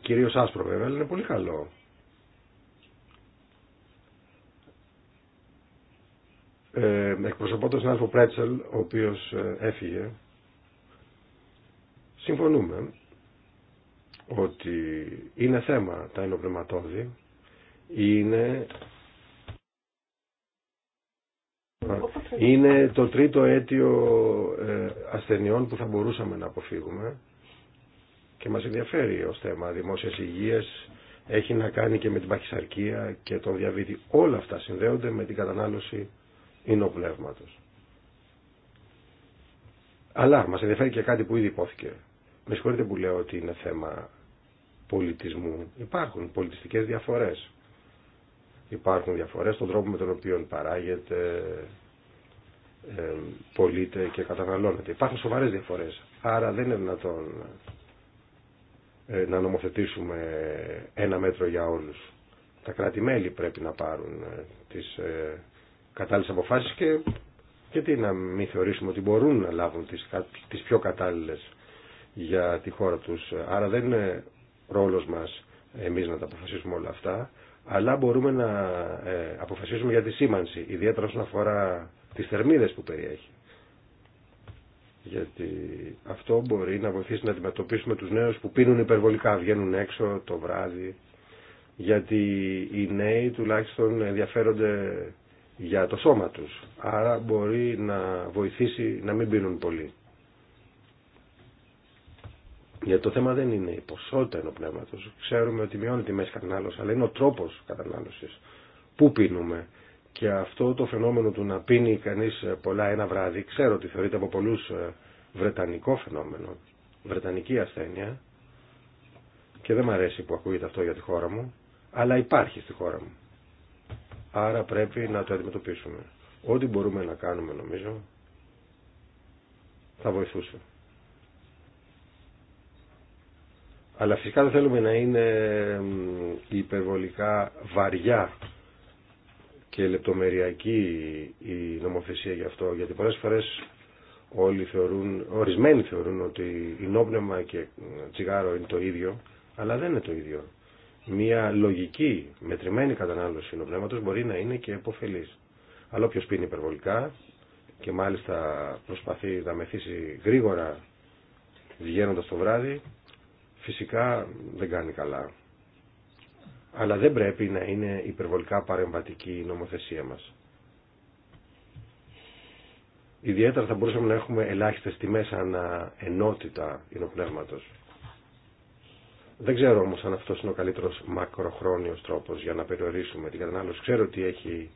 κυρίως άσπρο βέβαια, αλλά είναι πολύ καλό. Ε, εκπροσωπώ τον συνάδελφο Πρέτσελ, ο οποίος ε, έφυγε. Συμφωνούμε ότι είναι θέμα τα ενοπνευματόδη είναι είναι το τρίτο αίτιο ε, ασθενειών που θα μπορούσαμε να αποφύγουμε και μας ενδιαφέρει ως θέμα δημόσιας υγείας, έχει να κάνει και με την παχυσαρκία και τον διαβήτη. Όλα αυτά συνδέονται με την κατανάλωση ινοπλεύματος. Αλλά μας ενδιαφέρει και κάτι που ήδη υπόθηκε. Με συγχωρείτε που λέω ότι είναι θέμα πολιτισμού. Υπάρχουν πολιτιστικές διαφορές. Υπάρχουν διαφορές στον τρόπο με τον οποίο παράγεται, ε, πωλείται και καταναλώνεται. Υπάρχουν σοβαρές διαφορές. Άρα δεν είναι δυνατόν ε, να νομοθετήσουμε ένα μέτρο για όλους. Τα κράτη-μέλη πρέπει να πάρουν ε, τις κατάλληλες αποφάσεις και γιατί να μην θεωρήσουμε ότι μπορούν να λάβουν τις, τις πιο κατάλληλες για τη χώρα τους. Άρα δεν είναι ρόλος μας εμείς να τα αποφασίσουμε όλα αυτά, αλλά μπορούμε να ε, αποφασίσουμε για τη σήμανση, ιδιαίτερα όσον αφορά τις θερμίδες που περιέχει. Γιατί αυτό μπορεί να βοηθήσει να αντιμετωπίσουμε τους νέους που πίνουν υπερβολικά, βγαίνουν έξω το βράδυ, γιατί οι νέοι τουλάχιστον ενδιαφέρονται για το σώμα τους, άρα μπορεί να βοηθήσει να μην πίνουν πολύ. Γιατί το θέμα δεν είναι η ποσότητα πνεύματο. Ξέρουμε ότι μειώνει τη μέση κατανάλωση, αλλά είναι ο τρόπο κατανάλωση. Πού πίνουμε. Και αυτό το φαινόμενο του να πίνει κανεί πολλά ένα βράδυ, ξέρω ότι θεωρείται από πολλού ε, βρετανικό φαινόμενο, βρετανική ασθένεια. Και δεν μου αρέσει που ακούγεται αυτό για τη χώρα μου, αλλά υπάρχει στη χώρα μου. Άρα πρέπει να το αντιμετωπίσουμε. Ό,τι μπορούμε να κάνουμε νομίζω θα βοηθούσε. Αλλά φυσικά δεν θέλουμε να είναι υπερβολικά βαριά και λεπτομεριακή η νομοθεσία γι' αυτό, γιατί πολλές φορές όλοι θεωρούν, ορισμένοι θεωρούν ότι ενόπνευμα και τσιγάρο είναι το ίδιο, αλλά δεν είναι το ίδιο. Μία λογική, μετρημένη κατανάλωση ενόπνευματος μπορεί να είναι και εποφελής Αλλά όποιος πίνει υπερβολικά και μάλιστα προσπαθεί να μεθύσει γρήγορα βγαίνοντας το βράδυ, φυσικά δεν κάνει καλά. Αλλά δεν πρέπει να είναι υπερβολικά παρεμβατική η νομοθεσία μας. Ιδιαίτερα θα μπορούσαμε να έχουμε ελάχιστες τιμές ανά ενότητα υνοπνεύματος. Δεν ξέρω όμως αν αυτός είναι ο καλύτερος μακροχρόνιος τρόπος για να περιορίσουμε την κατανάλωση. Ξέρω ότι έχει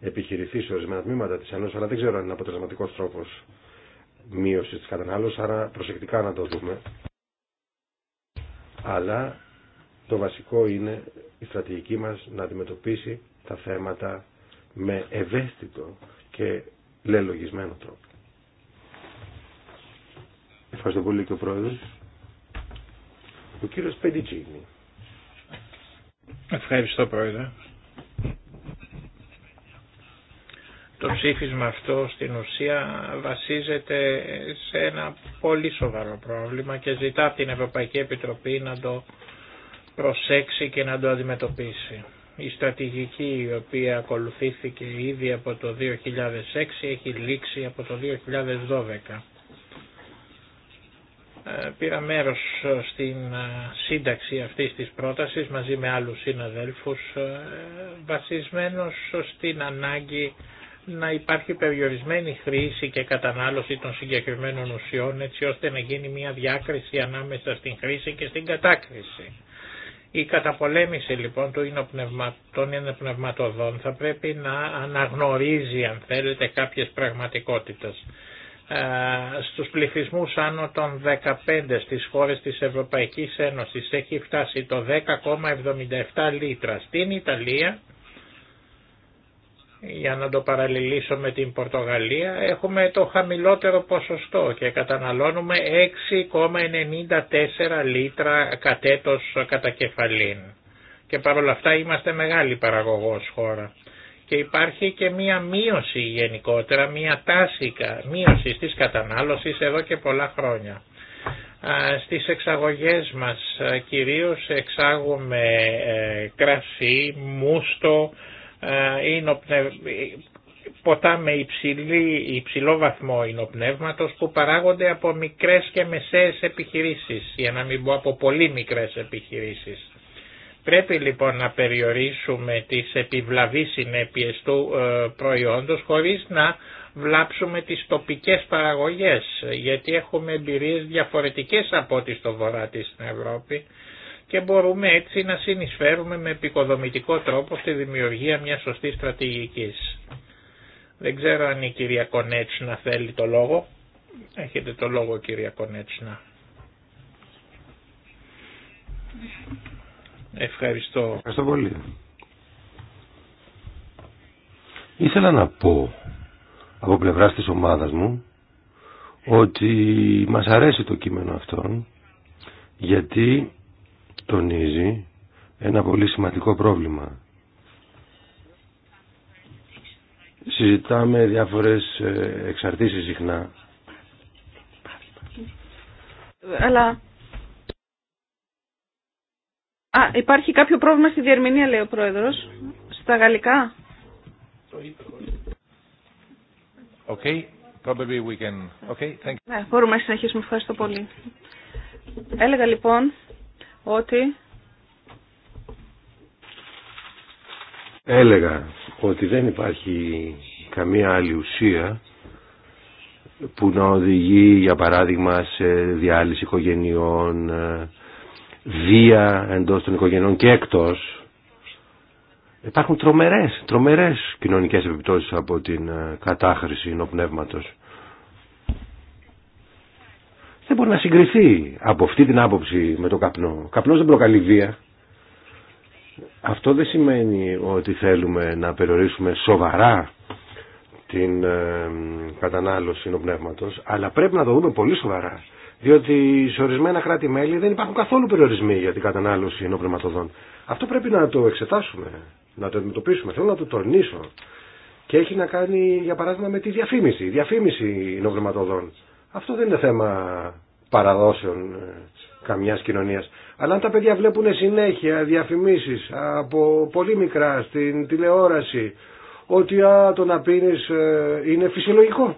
επιχειρηθεί σε ορισμένα τμήματα της ενός, αλλά δεν ξέρω αν είναι αποτελεσματικός τρόπος μείωσης της κατανάλωσης, άρα προσεκτικά να το δούμε αλλά το βασικό είναι η στρατηγική μας να αντιμετωπίσει τα θέματα με ευαίσθητο και λελογισμένο τρόπο. Ευχαριστώ πολύ και ο Πρόεδρος. Ο κύριος Πεντιτσίνη. Ευχαριστώ Πρόεδρε. Το ψήφισμα αυτό στην ουσία βασίζεται σε ένα πολύ σοβαρό πρόβλημα και ζητά την Ευρωπαϊκή Επιτροπή να το προσέξει και να το αντιμετωπίσει. Η στρατηγική η οποία ακολουθήθηκε ήδη από το 2006 έχει λήξει από το 2012. Ε, πήρα μέρος στην ε, σύνταξη αυτής της πρότασης μαζί με άλλους συναδέλφους ε, βασισμένος στην ανάγκη να υπάρχει περιορισμένη χρήση και κατανάλωση των συγκεκριμένων ουσιών έτσι ώστε να γίνει μια διάκριση ανάμεσα στην χρήση και στην κατάκριση. Η καταπολέμηση λοιπόν του των ενοπνευματοδών θα πρέπει να αναγνωρίζει αν θέλετε κάποιες πραγματικότητες. Ε, στους πληθυσμούς άνω των 15 στις χώρες της Ευρωπαϊκής Ένωσης έχει φτάσει το 10,77 λίτρα. Στην Ιταλία για να το παραλληλήσω με την Πορτογαλία, έχουμε το χαμηλότερο ποσοστό και καταναλώνουμε 6,94 λίτρα κατέτος κατά κεφαλήν. Και παρόλα αυτά είμαστε μεγάλη παραγωγός χώρα. Και υπάρχει και μία μείωση γενικότερα, μία τάσικα μείωση της κατανάλωσης εδώ και πολλά χρόνια. Στις εξαγωγές μας ε, κυρίως εξάγουμε ε, κρασί, μούστο, είναι ποτά με υψηλή, υψηλό βαθμό υνοπνεύματος που παράγονται από μικρές και μεσαίες επιχειρήσεις, για να μην πω από πολύ μικρές επιχειρήσεις. Πρέπει λοιπόν να περιορίσουμε τις επιβλαβείς συνέπειες του ε, προϊόντος χωρίς να βλάψουμε τις τοπικές παραγωγές, γιατί έχουμε εμπειρίες διαφορετικές από ό,τι στο βορρά της στην Ευρώπη και μπορούμε έτσι να συνεισφέρουμε με επικοδομητικό τρόπο στη δημιουργία μιας σωστής στρατηγικής. Δεν ξέρω αν η κυρία Κονέτσνα θέλει το λόγο. Έχετε το λόγο κυρία Κονέτσνα. Ευχαριστώ. Ευχαριστώ πολύ. Ήθελα να πω από πλευρά της ομάδας μου ότι μας αρέσει το κείμενο αυτό γιατί τονίζει ένα πολύ σημαντικό πρόβλημα. Συζητάμε διάφορες ε, εξαρτήσεις συχνά. Αλλά... Α, υπάρχει κάποιο πρόβλημα στη διερμηνία, λέει ο πρόεδρος. Στα γαλλικά. Okay, probably we can... Okay, thank you. Ναι, μπορούμε να συνεχίσουμε. Ευχαριστώ πολύ. Έλεγα λοιπόν ότι έλεγα ότι δεν υπάρχει καμία άλλη ουσία που να οδηγεί για παράδειγμα σε διάλυση οικογενειών, ε, βία εντός των οικογενειών και εκτός. Υπάρχουν τρομερές, τρομερές κοινωνικές επιπτώσεις από την ε, κατάχρηση νοπνεύματος δεν μπορεί να συγκριθεί από αυτή την άποψη με το καπνό. Ο καπνός δεν προκαλεί βία. Αυτό δεν σημαίνει ότι θέλουμε να περιορίσουμε σοβαρά την ε, κατανάλωση πνεύματος, αλλά πρέπει να το δούμε πολύ σοβαρά. Διότι σε ορισμένα κράτη-μέλη δεν υπάρχουν καθόλου περιορισμοί για την κατανάλωση νοπνευματοδών. Αυτό πρέπει να το εξετάσουμε, να το αντιμετωπίσουμε. Θέλω να το τονίσω. Και έχει να κάνει, για παράδειγμα, με τη διαφήμιση. Η διαφήμιση νοπνευματοδών. Αυτό δεν είναι θέμα παραδόσεων ε, καμιάς κοινωνίας. Αλλά αν τα παιδιά βλέπουν συνέχεια διαφημίσεις από πολύ μικρά στην τηλεόραση ότι α, το να πίνεις ε, είναι φυσιολογικό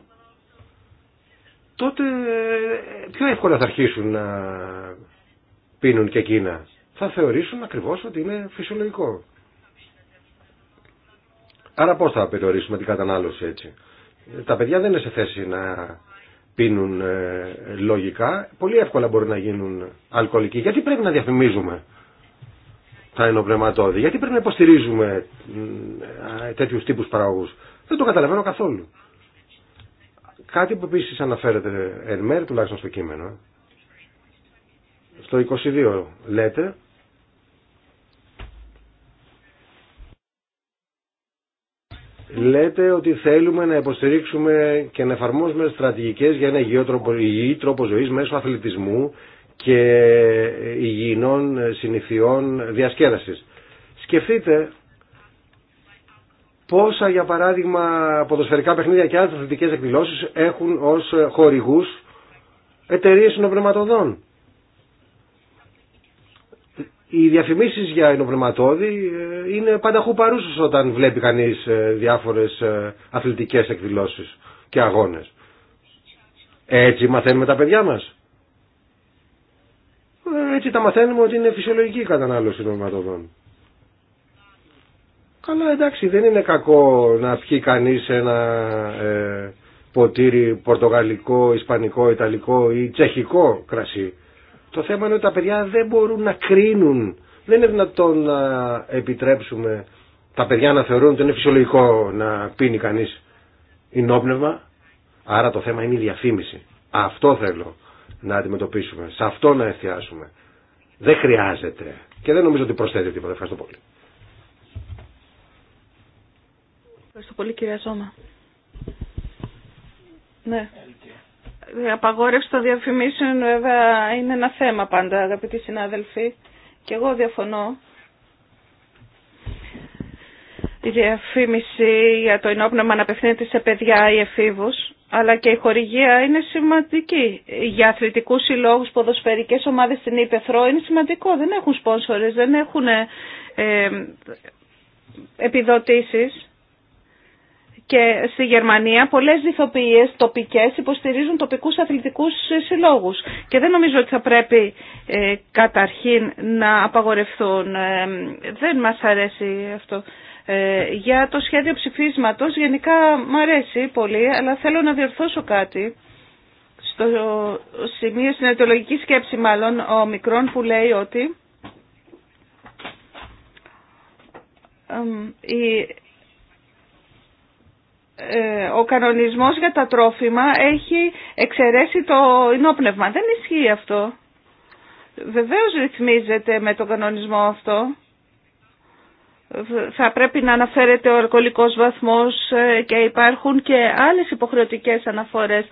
τότε ε, πιο εύκολα θα αρχίσουν να πίνουν και εκείνα. Θα θεωρήσουν ακριβώς ότι είναι φυσιολογικό. Άρα πώς θα περιορίσουμε την κατανάλωση έτσι. Τα παιδιά δεν είναι σε θέση να πίνουν ε, λογικά, πολύ εύκολα μπορεί να γίνουν αλκοολικοί. Γιατί πρέπει να διαφημίζουμε τα ενοπνευματώδη, γιατί πρέπει να υποστηρίζουμε ε, τέτοιου τύπου παραγωγού. Δεν το καταλαβαίνω καθόλου. Κάτι που επίση αναφέρεται εν μέρει τουλάχιστον στο κείμενο. Στο 22 λέτε λέτε ότι θέλουμε να υποστηρίξουμε και να εφαρμόσουμε στρατηγικές για ένα υγιή τρόπο, τρόπο ζωής μέσω αθλητισμού και υγιεινών συνηθιών διασκέδασης. Σκεφτείτε πόσα για παράδειγμα ποδοσφαιρικά παιχνίδια και άλλες αθλητικές εκδηλώσεις έχουν ως χορηγούς εταιρείε συνοπνευματοδών οι διαφημίσεις για ενοπνευματώδη ε, είναι πανταχού παρούσες όταν βλέπει κανείς ε, διάφορες ε, αθλητικές εκδηλώσεις και αγώνες. Έτσι μαθαίνουμε τα παιδιά μας. Έτσι τα μαθαίνουμε ότι είναι φυσιολογική η κατανάλωση ενοπνευματώδων. Καλά εντάξει δεν είναι κακό να πιει κανείς ένα ποτήρι πορτογαλικό, ισπανικό, ιταλικό ή τσεχικό κρασί. Το θέμα είναι ότι τα παιδιά δεν μπορούν να κρίνουν. Δεν είναι δυνατόν να επιτρέψουμε τα παιδιά να θεωρούν ότι είναι φυσιολογικό να πίνει κανείς ενόπνευμα. Άρα το θέμα είναι η διαφήμιση. Αυτό θέλω να αντιμετωπίσουμε. Σε αυτό να εστιάσουμε. Δεν χρειάζεται. Και δεν νομίζω ότι προσθέτει τίποτα. Ευχαριστώ πολύ. Ευχαριστώ πολύ κυρία Ζώμα. Ναι. Η ε, απαγόρευση των διαφημίσεων βέβαια είναι ένα θέμα πάντα αγαπητοί συνάδελφοι και εγώ διαφωνώ. Η διαφήμιση για το ενόπνευμα απευθύνεται σε παιδιά ή εφήβους, αλλά και η χορηγία είναι σημαντική. Για αθλητικούς συλλόγους, ποδοσφαιρικές ομάδες στην Ήπεθρο είναι σημαντικό. Δεν έχουν σπόνσορες, δεν έχουν ε, επιδοτήσεις και στη Γερμανία πολλές διθοποιίες τοπικές υποστηρίζουν τοπικούς αθλητικούς συλλόγους και δεν νομίζω ότι θα πρέπει ε, καταρχήν να απαγορευθούν. Ε, δεν μας αρέσει αυτό. Ε, για το σχέδιο ψηφίσματος γενικά μου αρέσει πολύ αλλά θέλω να διορθώσω κάτι στο σημείο, στην αιτιολογική σκέψη μάλλον ο Μικρόν που λέει ότι ε, ο κανονισμός για τα τρόφιμα έχει εξαιρέσει το ενόπνευμα. Δεν ισχύει αυτό. Βεβαίως ρυθμίζεται με τον κανονισμό αυτό. Θα πρέπει να αναφέρεται ο αλκοολικός βαθμός ε, και υπάρχουν και άλλες υποχρεωτικές αναφορές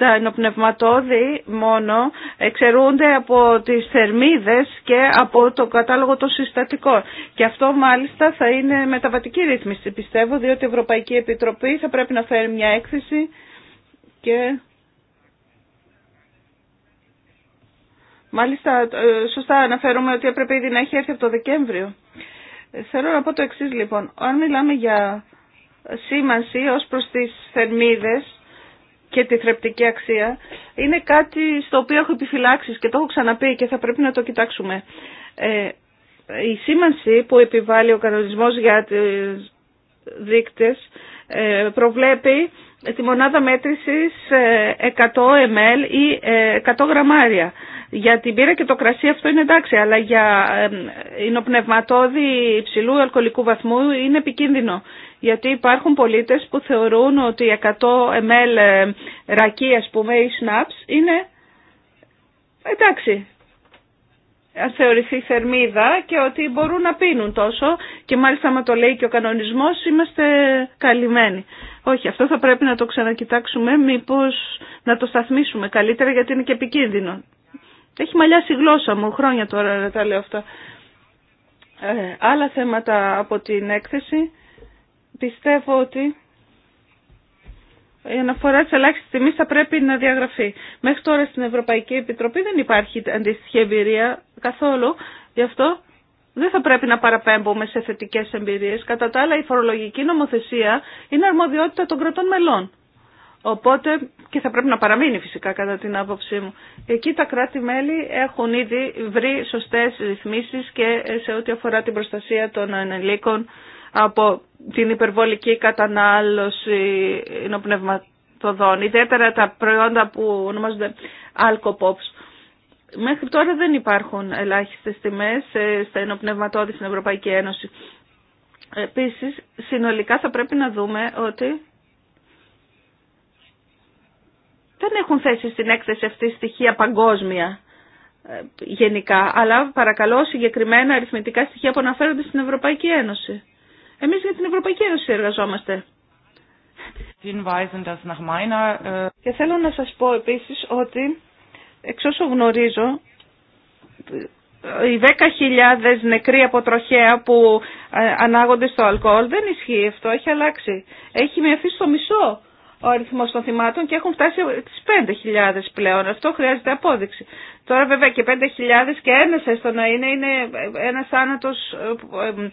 τα ενοπνευματόδη μόνο εξαιρούνται από τις θερμίδες και από το κατάλογο των συστατικών. Και αυτό μάλιστα θα είναι μεταβατική ρύθμιση πιστεύω διότι η Ευρωπαϊκή Επιτροπή θα πρέπει να φέρει μια έκθεση και μάλιστα ε, σωστά αναφέρομαι ότι έπρεπε ήδη να έχει έρθει από το Δεκέμβριο. Θέλω να πω το εξής λοιπόν. Αν μιλάμε για σήμανση ως προς τις θερμίδες και τη θρεπτική αξία είναι κάτι στο οποίο έχω επιφυλάξει και το έχω ξαναπεί και θα πρέπει να το κοιτάξουμε. Ε, η σήμανση που επιβάλλει ο κανονισμός για τις δείκτες ε, προβλέπει τη μονάδα μέτρησης 100 ε, ml ή 100 γραμμάρια. Για την πύρα και το κρασί αυτό είναι εντάξει, αλλά για εινοπνευματόδη υψηλού αλκοολικού βαθμού είναι επικίνδυνο γιατί υπάρχουν πολίτες που θεωρούν ότι 100 ml ρακή ας πούμε ή σναπς είναι εντάξει αν θεωρηθεί θερμίδα και ότι μπορούν να πίνουν τόσο και μάλιστα άμα το λέει και ο κανονισμός είμαστε καλυμμένοι. Όχι, αυτό θα πρέπει να το ξανακοιτάξουμε μήπως να το σταθμίσουμε καλύτερα γιατί είναι και επικίνδυνο. Έχει μαλλιάσει η γλώσσα μου χρόνια τώρα να τα λέω αυτά. Ε, άλλα θέματα από την έκθεση Πιστεύω ότι η αναφορά τη ελάχιστη τιμή θα πρέπει να διαγραφεί. Μέχρι τώρα στην Ευρωπαϊκή Επιτροπή δεν υπάρχει αντίστοιχη εμπειρία καθόλου. Γι' αυτό δεν θα πρέπει να παραπέμπουμε σε θετικέ εμπειρίε. Κατά τα άλλα, η φορολογική νομοθεσία είναι αρμοδιότητα των κρατών μελών. Οπότε και θα πρέπει να παραμείνει φυσικά κατά την άποψή μου. Εκεί τα κράτη-μέλη έχουν ήδη βρει σωστές ρυθμίσεις και σε ό,τι αφορά την προστασία των ανελίκων από την υπερβολική κατανάλωση νοπνευματοδών, ιδιαίτερα τα προϊόντα που ονομάζονται αλκοπόψ. Μέχρι τώρα δεν υπάρχουν ελάχιστες τιμές ε, στα ενοπνευματώδη στην Ευρωπαϊκή Ένωση. Επίσης, συνολικά θα πρέπει να δούμε ότι δεν έχουν θέση στην έκθεση αυτή στοιχεία παγκόσμια ε, γενικά, αλλά παρακαλώ συγκεκριμένα αριθμητικά στοιχεία που αναφέρονται στην Ευρωπαϊκή Ένωση. Εμείς για την Ευρωπαϊκή Ένωση εργαζόμαστε. Äh, και θέλω να σας πω επίσης ότι, εξ όσο γνωρίζω, οι 10.000 νεκροί από τροχέα που ε, ανάγονται στο αλκοόλ δεν ισχύει αυτό, έχει αλλάξει. Έχει μειωθεί στο μισό ο αριθμό των θυμάτων και έχουν φτάσει τις 5.000 πλέον. Αυτό χρειάζεται απόδειξη. Τώρα βέβαια και 5.000 και ένας έστω να είναι, είναι ε, ένας θάνατος ε,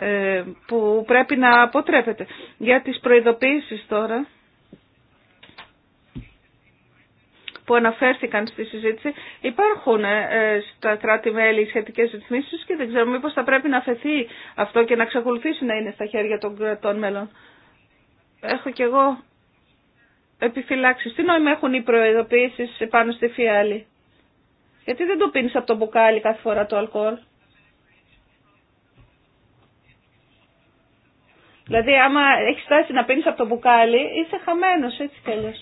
ε, που πρέπει να αποτρέπεται. Για τις προειδοποίησεις τώρα που αναφέρθηκαν στη συζήτηση, υπάρχουν ε, στα κράτη-μέλη σχετικές ρυθμίσει και δεν ξέρω μήπως θα πρέπει να αφαιθεί αυτό και να ξεκολουθήσει να είναι στα χέρια των κρατών μέλων. Έχω κι εγώ επιφυλάξεις. Τι νόημα έχουν οι προειδοποίησεις πάνω στη φιάλη. Γιατί δεν το πίνεις από το μπουκάλι κάθε φορά το αλκοόλ. Δηλαδή, άμα έχει φτάσει να πίνει από το μπουκάλι, είσαι χαμένο έτσι κι αλλιώ.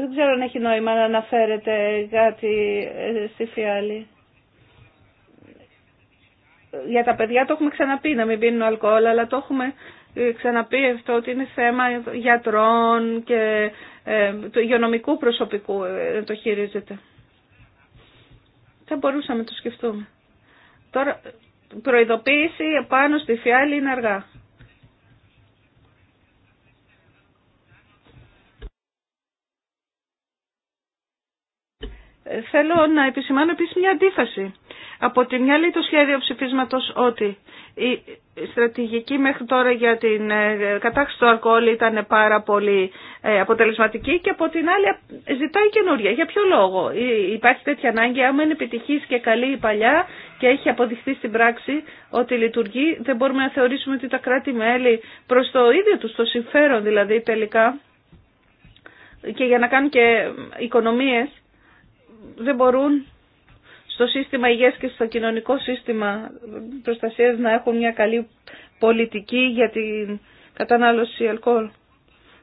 Δεν ξέρω αν έχει νόημα να αναφέρεται κάτι ε, στη φιάλη. Για τα παιδιά το έχουμε ξαναπεί να μην πίνουν αλκοόλ, αλλά το έχουμε ε, ξαναπεί αυτό ότι είναι θέμα γιατρών και ε, του υγειονομικού προσωπικού να το χειρίζεται. Θα μπορούσαμε να το σκεφτούμε. Τώρα προειδοποίηση πάνω στη φιάλη είναι αργά. Ε, θέλω να επισημάνω επίσης μια αντίφαση. Από τη μια λέει το σχέδιο ψηφίσματος ότι η στρατηγική μέχρι τώρα για την ε, κατάξυση του αλκοόλ ήταν πάρα πολύ ε, αποτελεσματική και από την άλλη ζητάει καινούρια. Για ποιο λόγο ε, υπάρχει τέτοια ανάγκη, άμα είναι επιτυχής και καλή η παλιά και έχει αποδειχθεί στην πράξη ότι λειτουργεί, δεν μπορούμε να θεωρήσουμε ότι τα κράτη-μέλη προς το ίδιο τους το συμφέρον δηλαδή τελικά και για να κάνουν και οικονομίες δεν μπορούν στο σύστημα υγείας και στο κοινωνικό σύστημα προστασίας να έχουν μια καλή πολιτική για την κατανάλωση αλκοόλ.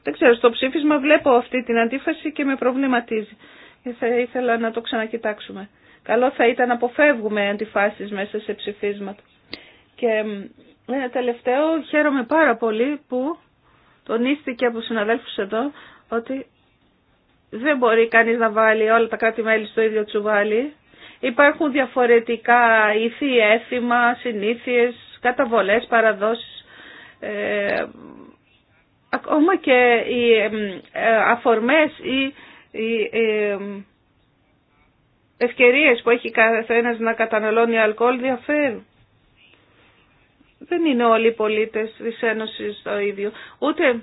Δεν ξέρω, στο ψήφισμα βλέπω αυτή την αντίφαση και με προβληματίζει. Ε, θα ήθελα να το ξανακοιτάξουμε. Καλό θα ήταν να αποφεύγουμε αντιφάσεις μέσα σε ψηφίσματα. Και ένα τελευταίο, χαίρομαι πάρα πολύ που τονίστηκε από συναδέλφους εδώ ότι δεν μπορεί κανείς να βάλει όλα τα κράτη-μέλη στο ίδιο τσουβάλι Υπάρχουν διαφορετικά ήθη, έθιμα, συνήθειες, καταβολές, παραδόσεις. Ε, ακόμα και οι ε, αφορμές ή οι ε, ευκαιρίες που έχει καθένας να καταναλώνει αλκοόλ διαφέρουν. Δεν είναι όλοι οι πολίτες της Ένωσης το ίδιο. Ούτε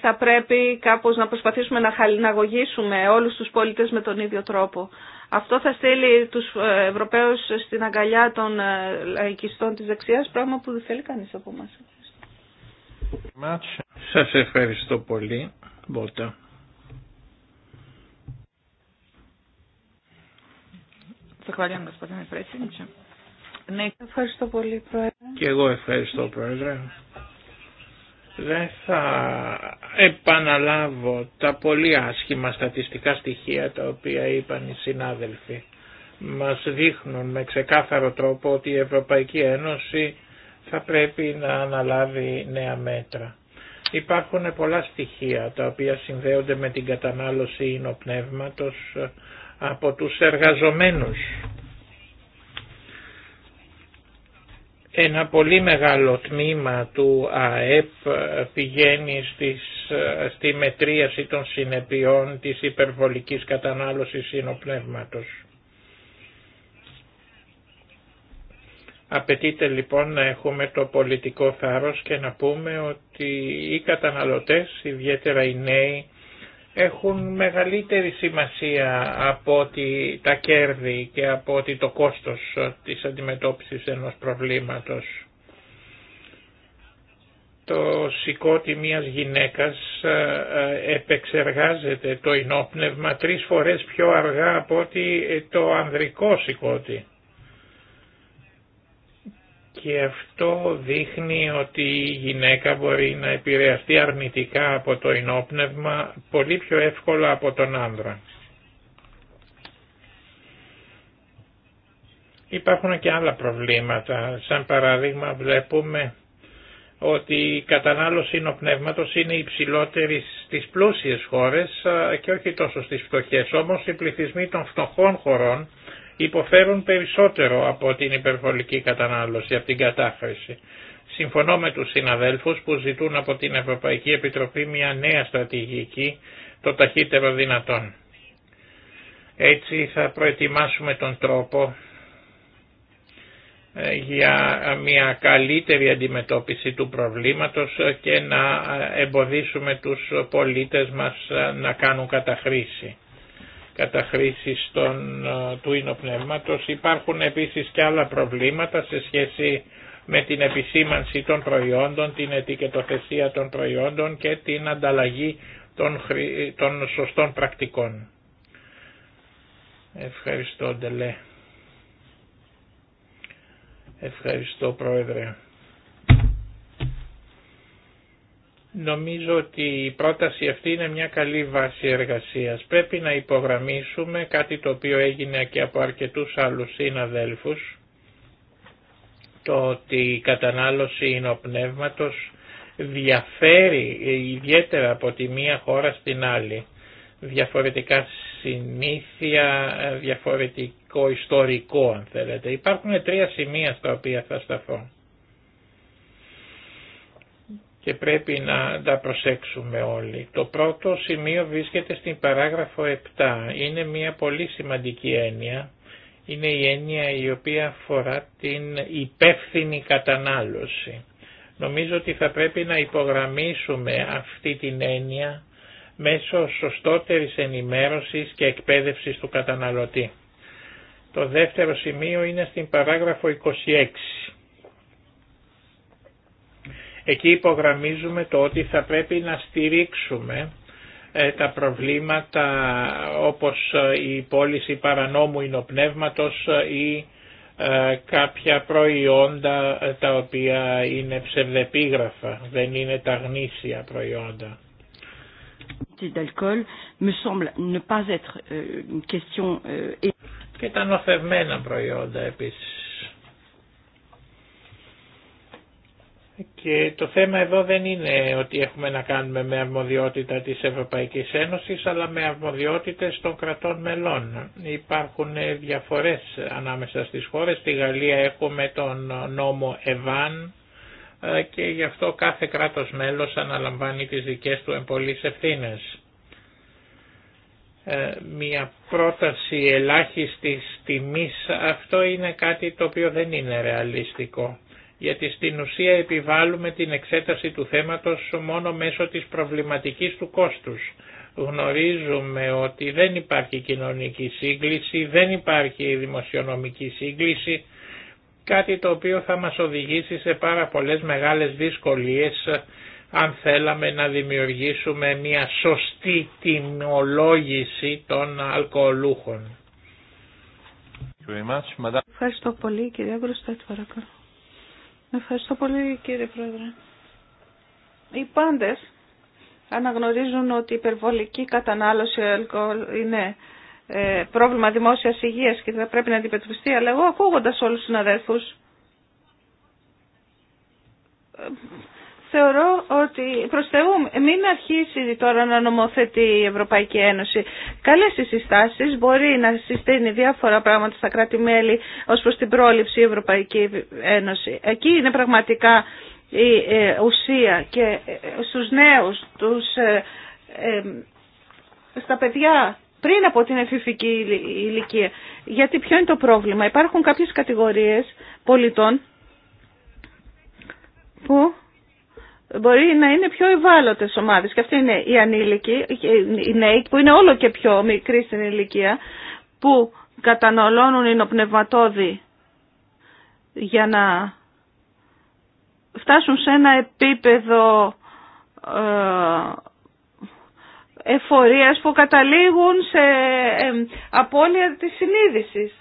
θα πρέπει κάπως να προσπαθήσουμε να χαλιναγωγήσουμε όλους τους πολίτες με τον ίδιο τρόπο. Αυτό θα στείλει τους ε, Ευρωπαίους στην αγκαλιά των ε, λαϊκιστών της δεξιάς, πράγμα που δεν θέλει κανείς από εμάς. Σας ευχαριστώ πολύ. Μπότα. Ευχαριστώ πολύ, Πρόεδρε. Και εγώ ευχαριστώ, Πρόεδρε. Δεν θα επαναλάβω τα πολύ άσχημα στατιστικά στοιχεία τα οποία είπαν οι συνάδελφοι. Μας δείχνουν με ξεκάθαρο τρόπο ότι η Ευρωπαϊκή Ένωση θα πρέπει να αναλάβει νέα μέτρα. Υπάρχουν πολλά στοιχεία τα οποία συνδέονται με την κατανάλωση ινοπνεύματος από τους εργαζομένους Ένα πολύ μεγάλο τμήμα του ΑΕΠ πηγαίνει στις, στη μετρίαση των συνεπειών της υπερβολικής κατανάλωσης συνοπνεύματος. Απαιτείται λοιπόν να έχουμε το πολιτικό θάρρος και να πούμε ότι οι καταναλωτές, ιδιαίτερα οι νέοι, έχουν μεγαλύτερη σημασία από ότι τα κέρδη και από ότι το κόστος της αντιμετώπισης ενός προβλήματος. Το σηκώτη μιας γυναίκας ε, ε, επεξεργάζεται το ενόπνευμα τρεις φορές πιο αργά από ότι το ανδρικό σηκώτη και αυτό δείχνει ότι η γυναίκα μπορεί να επηρεαστεί αρνητικά από το ενόπνευμα πολύ πιο εύκολα από τον άνδρα. Υπάρχουν και άλλα προβλήματα. Σαν παράδειγμα βλέπουμε ότι η κατανάλωση νοπνεύματος είναι υψηλότερη στις πλούσιες χώρες και όχι τόσο στις φτωχές. Όμως οι πληθυσμοί των φτωχών χωρών υποφέρουν περισσότερο από την υπερβολική κατανάλωση, από την κατάχρηση. Συμφωνώ με τους συναδέλφους που ζητούν από την Ευρωπαϊκή Επιτροπή μια νέα στρατηγική το ταχύτερο δυνατόν. Έτσι θα προετοιμάσουμε τον τρόπο ε, για μια καλύτερη αντιμετώπιση του προβλήματος και να ε, εμποδίσουμε τους πολίτες μας ε, να κάνουν καταχρήση. Κατά στον, ε, του ίνοπνεύματος. Υπάρχουν επίσης και άλλα προβλήματα σε σχέση με την επισήμανση των προϊόντων, την ετικετοθεσία των προϊόντων και την ανταλλαγή των, των σωστών πρακτικών. Ευχαριστώ Ντελέ. Ευχαριστώ Πρόεδρε. Νομίζω ότι η πρόταση αυτή είναι μια καλή βάση εργασίας. Πρέπει να υπογραμμίσουμε κάτι το οποίο έγινε και από αρκετούς άλλους συναδέλφους, το ότι η κατανάλωση πνεύματος διαφέρει ιδιαίτερα από τη μία χώρα στην άλλη. Διαφορετικά συνήθεια, διαφορετικό ιστορικό αν θέλετε. Υπάρχουν τρία σημεία στα οποία θα σταθώ και πρέπει να τα προσέξουμε όλοι. Το πρώτο σημείο βρίσκεται στην παράγραφο 7. Είναι μια πολύ σημαντική έννοια. Είναι η έννοια η οποία αφορά την υπεύθυνη κατανάλωση. Νομίζω ότι θα πρέπει να υπογραμμίσουμε αυτή την έννοια μέσω σωστότερης ενημέρωσης και εκπαίδευσης του καταναλωτή. Το δεύτερο σημείο είναι στην παράγραφο 26 Εκεί υπογραμμίζουμε το ότι θα πρέπει να στηρίξουμε ε, τα προβλήματα όπως ε, η πώληση παρανόμου εινοπνεύματος ε, ή κάποια προϊόντα τα οποία είναι ψευδεπίγραφα, δεν είναι τα γνήσια προϊόντα. Και τα νοθευμένα προϊόντα επίσης. Και το θέμα εδώ δεν είναι ότι έχουμε να κάνουμε με αρμοδιότητα της Ευρωπαϊκής Ένωσης, αλλά με αρμοδιότητες των κρατών μελών. Υπάρχουν διαφορές ανάμεσα στις χώρες. Στη Γαλλία έχουμε τον νόμο ΕΒΑΝ και γι' αυτό κάθε κράτος μέλος αναλαμβάνει τις δικές του εμπολείς ευθύνες. Ε, μια πρόταση ελάχιστης τιμής, αυτό είναι κάτι το οποίο δεν είναι ρεαλιστικό γιατί στην ουσία επιβάλλουμε την εξέταση του θέματος μόνο μέσω της προβληματικής του κόστους. Γνωρίζουμε ότι δεν υπάρχει κοινωνική σύγκληση, δεν υπάρχει δημοσιονομική σύγκληση, κάτι το οποίο θα μας οδηγήσει σε πάρα πολλές μεγάλες δυσκολίες αν θέλαμε να δημιουργήσουμε μια σωστή τιμολόγηση των αλκοολούχων. Ευχαριστώ πολύ κυρία Γκροστέτ παρακαλώ. Ευχαριστώ πολύ κύριε Πρόεδρε. Οι πάντες αναγνωρίζουν ότι η υπερβολική κατανάλωση αλκοόλ είναι ε, πρόβλημα δημόσιας υγείας και θα πρέπει να αντιμετωπιστεί, αλλά εγώ ακούγοντας όλους τους συναδέλφους θεωρώ ότι προς Θεού μην αρχίσει τώρα να νομοθετεί η Ευρωπαϊκή Ένωση. Καλές οι συστάσεις, μπορεί να συστήνει διάφορα πράγματα στα κράτη-μέλη ως προς την πρόληψη η Ευρωπαϊκή Ένωση. Εκεί είναι πραγματικά η ε, ουσία και ε, στους νέους, τους, ε, στα παιδιά πριν από την εφηφική ηλικία. Γιατί ποιο είναι το πρόβλημα. Υπάρχουν κάποιες κατηγορίες πολιτών που μπορεί να είναι πιο ευάλωτε ομάδε. Και αυτοί είναι οι ανήλικοι, οι νέοι, που είναι όλο και πιο μικροί στην ηλικία, που οι νοπνευματόδοι για να φτάσουν σε ένα επίπεδο ε, εφορίας που καταλήγουν σε ε, απώλεια της συνείδησης.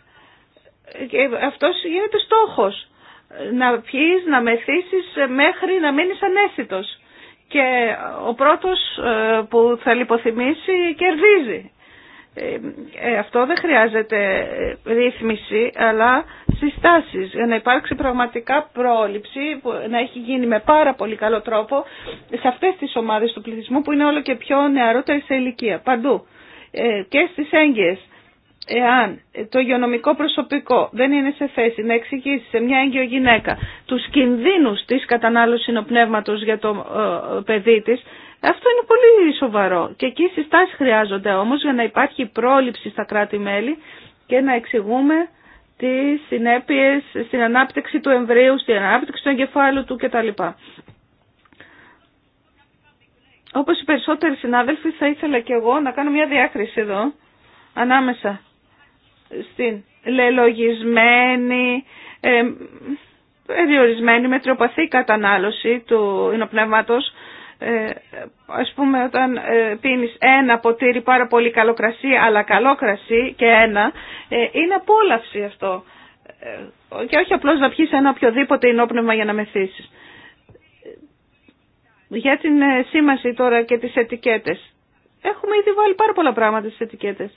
Και αυτός γίνεται στόχος να πιείς, να μεθύσεις μέχρι να μείνεις ανέστητος. Και ο πρώτος ε, που θα λιποθυμήσει κερδίζει. Ε, ε αυτό δεν χρειάζεται ε, ρύθμιση αλλά συστάσεις για να υπάρξει πραγματικά πρόληψη που να έχει γίνει με πάρα πολύ καλό τρόπο σε αυτές τις ομάδες του πληθυσμού που είναι όλο και πιο νεαρότερη σε ηλικία παντού και στις έγκυες εάν το υγειονομικό προσωπικό δεν είναι σε θέση να εξηγήσει σε μια έγκυο γυναίκα τους κινδύνους της κατανάλωσης συνοπνεύματος για το ε, παιδί της, αυτό είναι πολύ σοβαρό. Και εκεί συστάσεις χρειάζονται όμως για να υπάρχει πρόληψη στα κράτη-μέλη και να εξηγούμε τις συνέπειες στην ανάπτυξη του εμβρίου, στην ανάπτυξη του εγκεφάλου του κτλ. Όπως οι περισσότεροι συνάδελφοι θα ήθελα και εγώ να κάνω μια διάκριση εδώ ανάμεσα στην λελογισμένη, ε, περιορισμένη μετριοπαθή κατανάλωση του υνοπνεύματος. Ε, ας πούμε όταν ε, πίνεις ένα ποτήρι πάρα πολύ καλό αλλά καλό κρασί και ένα ε, είναι απόλαυση αυτό ε, και όχι απλώς να πιείς ένα οποιοδήποτε ενόπνευμα για να μεθύσεις για την ε, σήμαση τώρα και τις ετικέτες έχουμε ήδη βάλει πάρα πολλά πράγματα στις ετικέτες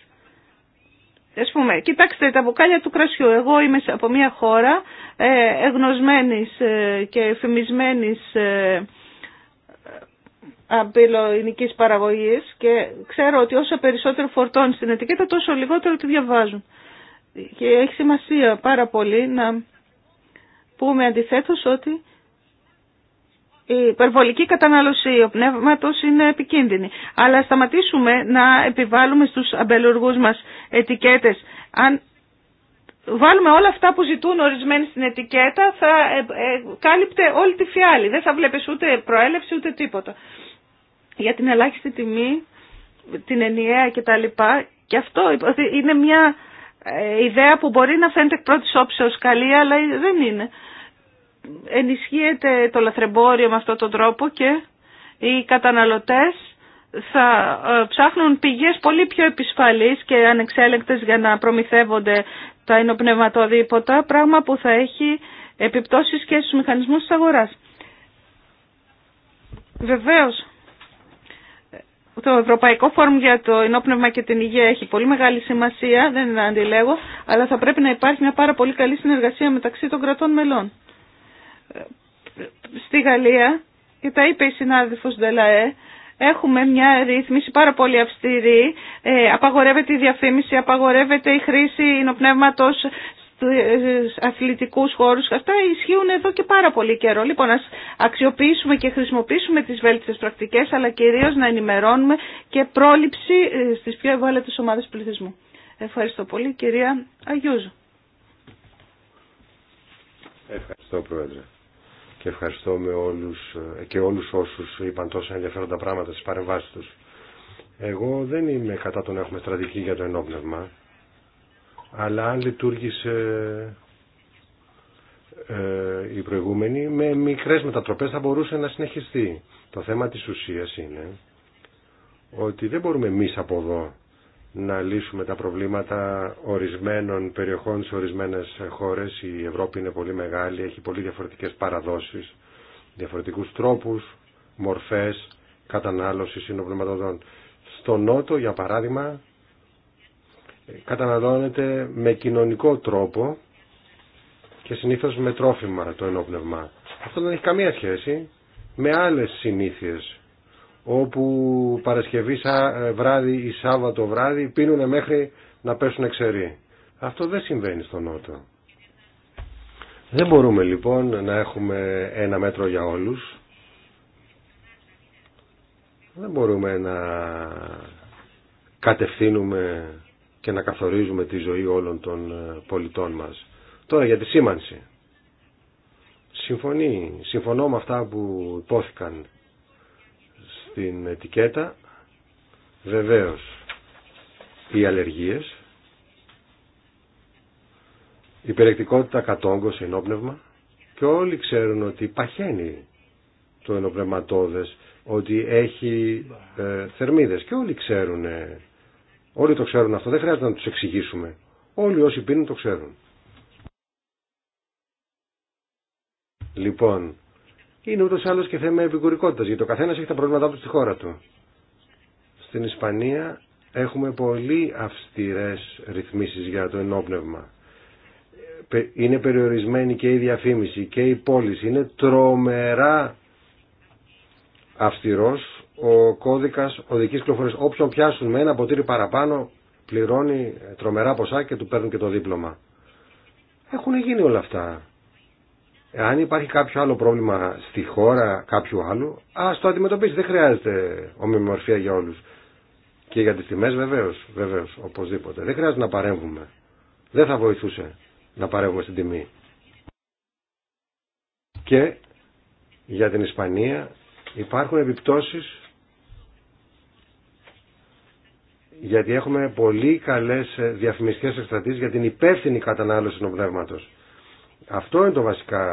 Ας πούμε, κοιτάξτε τα μπουκάλια του κρασιού. Εγώ είμαι από μια χώρα ε, εγνωσμένης ε, και εφημισμένης ε, ε παραγωγή, παραγωγής και ξέρω ότι όσο περισσότερο φορτώνει στην ετικέτα τόσο λιγότερο τη διαβάζουν. Και έχει σημασία πάρα πολύ να πούμε αντιθέτως ότι η υπερβολική κατανάλωση πνεύματος είναι επικίνδυνη. Αλλά σταματήσουμε να επιβάλλουμε στους αμπελουργούς μας ετικέτες. Αν βάλουμε όλα αυτά που ζητούν ορισμένοι στην ετικέτα θα ε, ε, κάλυπτε όλη τη φιάλη. Δεν θα βλέπεις ούτε προέλευση ούτε τίποτα. Για την ελάχιστη τιμή, την ενιαία κτλ. Και αυτό είναι μια ε, ιδέα που μπορεί να φαίνεται εκ πρώτης όψεως καλή αλλά δεν είναι ενισχύεται το λαθρεμπόριο με αυτόν τον τρόπο και οι καταναλωτές θα ε, ψάχνουν πηγές πολύ πιο επισφαλείς και ανεξέλεγκτες για να προμηθεύονται τα ενοπνευματοδήποτα, πράγμα που θα έχει επιπτώσεις και στους μηχανισμούς της αγοράς. Βεβαίως, το Ευρωπαϊκό Φόρμ για το Ενόπνευμα και την Υγεία έχει πολύ μεγάλη σημασία, δεν αντιλέγω, αλλά θα πρέπει να υπάρχει μια πάρα πολύ καλή συνεργασία μεταξύ των κρατών μελών στη Γαλλία, και τα είπε η συνάδελφος Ντελαέ, έχουμε μια ρύθμιση πάρα πολύ αυστηρή, ε, απαγορεύεται η διαφήμιση, απαγορεύεται η χρήση στους αθλητικούς χώρους. Αυτά ισχύουν εδώ και πάρα πολύ καιρό. Λοιπόν, να αξιοποιήσουμε και χρησιμοποιήσουμε τις βέλτιστες πρακτικές, αλλά κυρίως να ενημερώνουμε και πρόληψη ε, στις πιο ευάλωτες ομάδες πληθυσμού. Ευχαριστώ πολύ, κυρία Αγιούζου. Ευχαριστώ, Πρόεδρε και ευχαριστώ με όλους ε, και όλους όσους είπαν τόσα ενδιαφέροντα πράγματα στις παρεμβάσεις τους. Εγώ δεν είμαι κατά τον έχουμε στρατηγική για το ενόπνευμα, αλλά αν λειτουργήσε ε, η προηγούμενη, με μικρές μετατροπές θα μπορούσε να συνεχιστεί. Το θέμα της ουσίας είναι ότι δεν μπορούμε εμεί από εδώ να λύσουμε τα προβλήματα ορισμένων περιοχών σε ορισμένες χώρες. Η Ευρώπη είναι πολύ μεγάλη, έχει πολύ διαφορετικές παραδόσεις, διαφορετικούς τρόπους, μορφές κατανάλωσης συνοπληματοδών. Στο Νότο, για παράδειγμα, καταναλώνεται με κοινωνικό τρόπο και συνήθως με τρόφιμα το ενόπνευμα. Αυτό δεν έχει καμία σχέση με άλλες συνήθειες όπου Παρασκευή ε, βράδυ ή Σάββατο βράδυ πίνουν μέχρι να πέσουν εξαιρεί. Αυτό δεν συμβαίνει στον Νότο. Δεν μπορούμε λοιπόν να έχουμε ένα μέτρο για όλους. Δεν μπορούμε να κατευθύνουμε και να καθορίζουμε τη ζωή όλων των ε, πολιτών μας. Τώρα για τη σήμανση. Συμφωνεί, συμφωνώ με αυτά που υπόθηκαν στην ετικέτα. Βεβαίως οι αλλεργίες, η περιεκτικότητα κατόγκωση, ενόπνευμα και όλοι ξέρουν ότι παχαίνει το ενοπνευματόδες, ότι έχει ε, θερμίδες και όλοι ξέρουν, όλοι το ξέρουν αυτό, δεν χρειάζεται να τους εξηγήσουμε. Όλοι όσοι πίνουν το ξέρουν. Λοιπόν, είναι ούτως άλλως και θέμα επικουρικότητα, γιατί ο καθένα έχει τα προβλήματά του στη χώρα του. Στην Ισπανία έχουμε πολύ αυστηρές ρυθμίσεις για το ενόπνευμα. Είναι περιορισμένη και η διαφήμιση και η πώληση. Είναι τρομερά αυστηρός ο κώδικας οδική κυκλοφορία. Όποιον πιάσουν με ένα ποτήρι παραπάνω πληρώνει τρομερά ποσά και του παίρνουν και το δίπλωμα. Έχουν γίνει όλα αυτά. Αν υπάρχει κάποιο άλλο πρόβλημα στη χώρα κάποιου άλλου, α το αντιμετωπίσει. Δεν χρειάζεται ομοιομορφία για όλου. Και για τι τιμέ βεβαίω, βεβαίω, οπωσδήποτε. Δεν χρειάζεται να παρέμβουμε. Δεν θα βοηθούσε να παρέμβουμε στην τιμή. Και για την Ισπανία υπάρχουν επιπτώσει γιατί έχουμε πολύ καλές διαφημιστικές εκστρατείες για την υπεύθυνη κατανάλωση του αυτό είναι το βασικά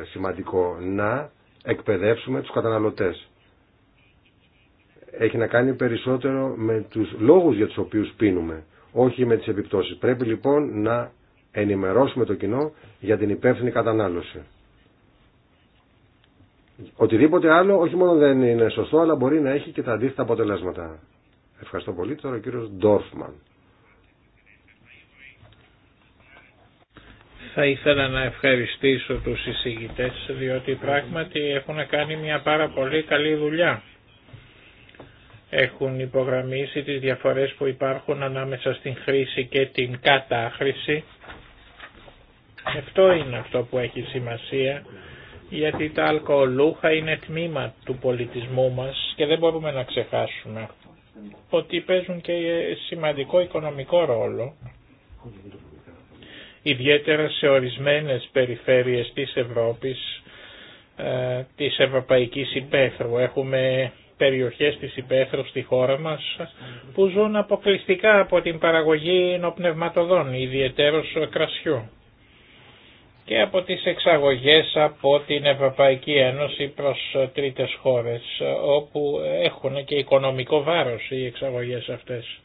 ε, σημαντικό, να εκπαιδεύσουμε τους καταναλωτές. Έχει να κάνει περισσότερο με τους λόγους για τους οποίους πίνουμε, όχι με τις επιπτώσεις. Πρέπει λοιπόν να ενημερώσουμε το κοινό για την υπεύθυνη κατανάλωση. Οτιδήποτε άλλο, όχι μόνο δεν είναι σωστό, αλλά μπορεί να έχει και τα αντίθετα αποτελέσματα. Ευχαριστώ πολύ. Τώρα ο κύριος Ντόρφμαν. Θα ήθελα να ευχαριστήσω τους εισηγητές διότι πράγματι έχουν κάνει μια πάρα πολύ καλή δουλειά. Έχουν υπογραμμίσει τις διαφορές που υπάρχουν ανάμεσα στην χρήση και την κατάχρηση. Αυτό είναι αυτό που έχει σημασία γιατί τα αλκοολούχα είναι τμήμα του πολιτισμού μας και δεν μπορούμε να ξεχάσουμε ότι παίζουν και σημαντικό οικονομικό ρόλο ιδιαίτερα σε ορισμένες περιφέρειες της Ευρώπης, ε, της Ευρωπαϊκής Υπέθρου. Έχουμε περιοχές της Υπέθρου στη χώρα μας που ζουν αποκλειστικά από την παραγωγή νοπνευματοδών, ιδιαίτερως κρασιού και από τις εξαγωγές από την Ευρωπαϊκή Ένωση προς τρίτες χώρες όπου έχουν και οικονομικό βάρος οι εξαγωγές αυτές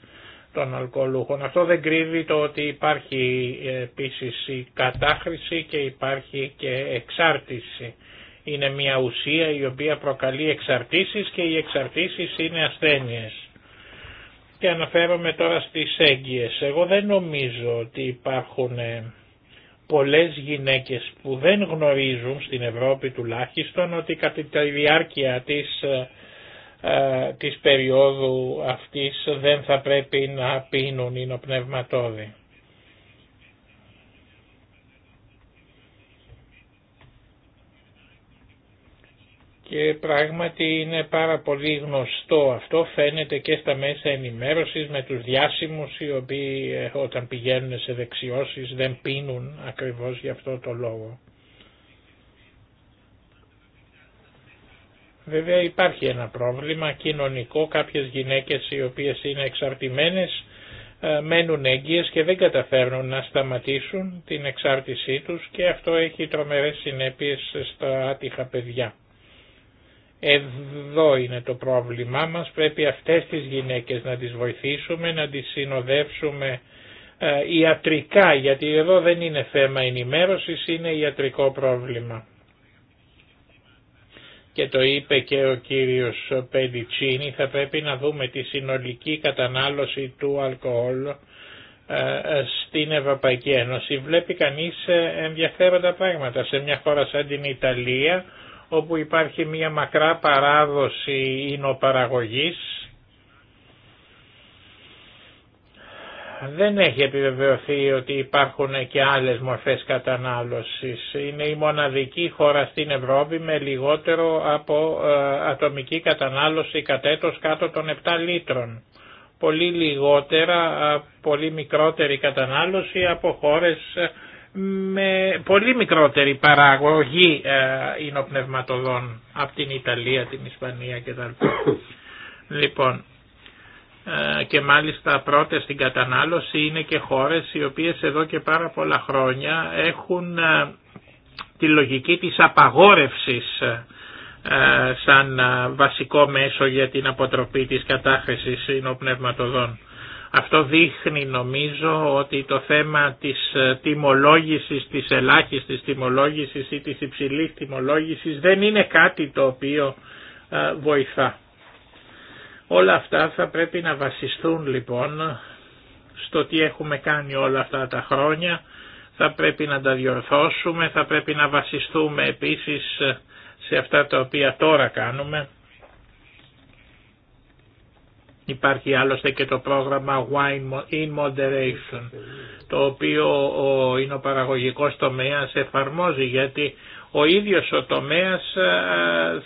των αλκοολούχων. Αυτό δεν κρύβει το ότι υπάρχει επίση η κατάχρηση και υπάρχει και εξάρτηση. Είναι μια ουσία η οποία προκαλεί εξαρτήσεις και οι εξαρτήσεις είναι ασθένειες. Και αναφέρομαι τώρα στις έγκυες. Εγώ δεν νομίζω ότι υπάρχουν πολλές γυναίκες που δεν γνωρίζουν στην Ευρώπη τουλάχιστον ότι κατά τη διάρκεια της ε, της περίοδου αυτής δεν θα πρέπει να πίνουν υνοπνευματόδη. Και πράγματι είναι πάρα πολύ γνωστό αυτό, φαίνεται και στα μέσα ενημέρωσης με τους διάσημους οι οποίοι ε, όταν πηγαίνουν σε δεξιώσεις δεν πίνουν ακριβώς γι' αυτό το λόγο. Βέβαια υπάρχει ένα πρόβλημα κοινωνικό, κάποιες γυναίκες οι οποίες είναι εξαρτημένες ε, μένουν έγκυες και δεν καταφέρνουν να σταματήσουν την εξάρτησή τους και αυτό έχει τρομερές συνέπειες στα άτυχα παιδιά. Εδώ είναι το πρόβλημά μας, πρέπει αυτές τις γυναίκες να τις βοηθήσουμε, να τις συνοδεύσουμε ε, ιατρικά, γιατί εδώ δεν είναι θέμα ενημέρωσης, είναι ιατρικό πρόβλημα και το είπε και ο κύριος Πεντιτσίνη, θα πρέπει να δούμε τη συνολική κατανάλωση του αλκοόλ ε, ε, στην Ευρωπαϊκή Ένωση. Βλέπει κανείς ε, ενδιαφέροντα πράγματα σε μια χώρα σαν την Ιταλία, όπου υπάρχει μια μακρά παράδοση ινοπαραγωγής δεν έχει επιβεβαιωθεί ότι υπάρχουν και άλλες μορφές κατανάλωσης. Είναι η μοναδική χώρα στην Ευρώπη με λιγότερο από ε, ατομική κατανάλωση κατέτος κάτω των 7 λίτρων. Πολύ λιγότερα, ε, πολύ μικρότερη κατανάλωση από χώρες ε, με πολύ μικρότερη παραγωγή υνοπνευματοδών από την Ιταλία, την Ισπανία κτλ. Λοιπόν, ε, και μάλιστα πρώτες στην κατανάλωση είναι και χώρες οι οποίες εδώ και πάρα πολλά χρόνια έχουν ε, τη λογική της απαγόρευσης ε, σαν βασικό μέσο για την αποτροπή της κατάχρησης συνοπνευματοδών. Αυτό δείχνει νομίζω ότι το θέμα της τιμολόγησης, της ελάχιστης τιμολόγησης ή της υψηλής τιμολόγησης δεν είναι κάτι το οποίο βοηθά. Όλα αυτά θα πρέπει να βασιστούν λοιπόν στο τι έχουμε κάνει όλα αυτά τα χρόνια, θα πρέπει να τα διορθώσουμε, θα πρέπει να βασιστούμε επίσης σε αυτά τα οποία τώρα κάνουμε. Υπάρχει άλλωστε και το πρόγραμμα Wine in Moderation, το οποίο ο παραγωγικός τομέας εφαρμόζει γιατί ο ίδιος ο τομέας ε,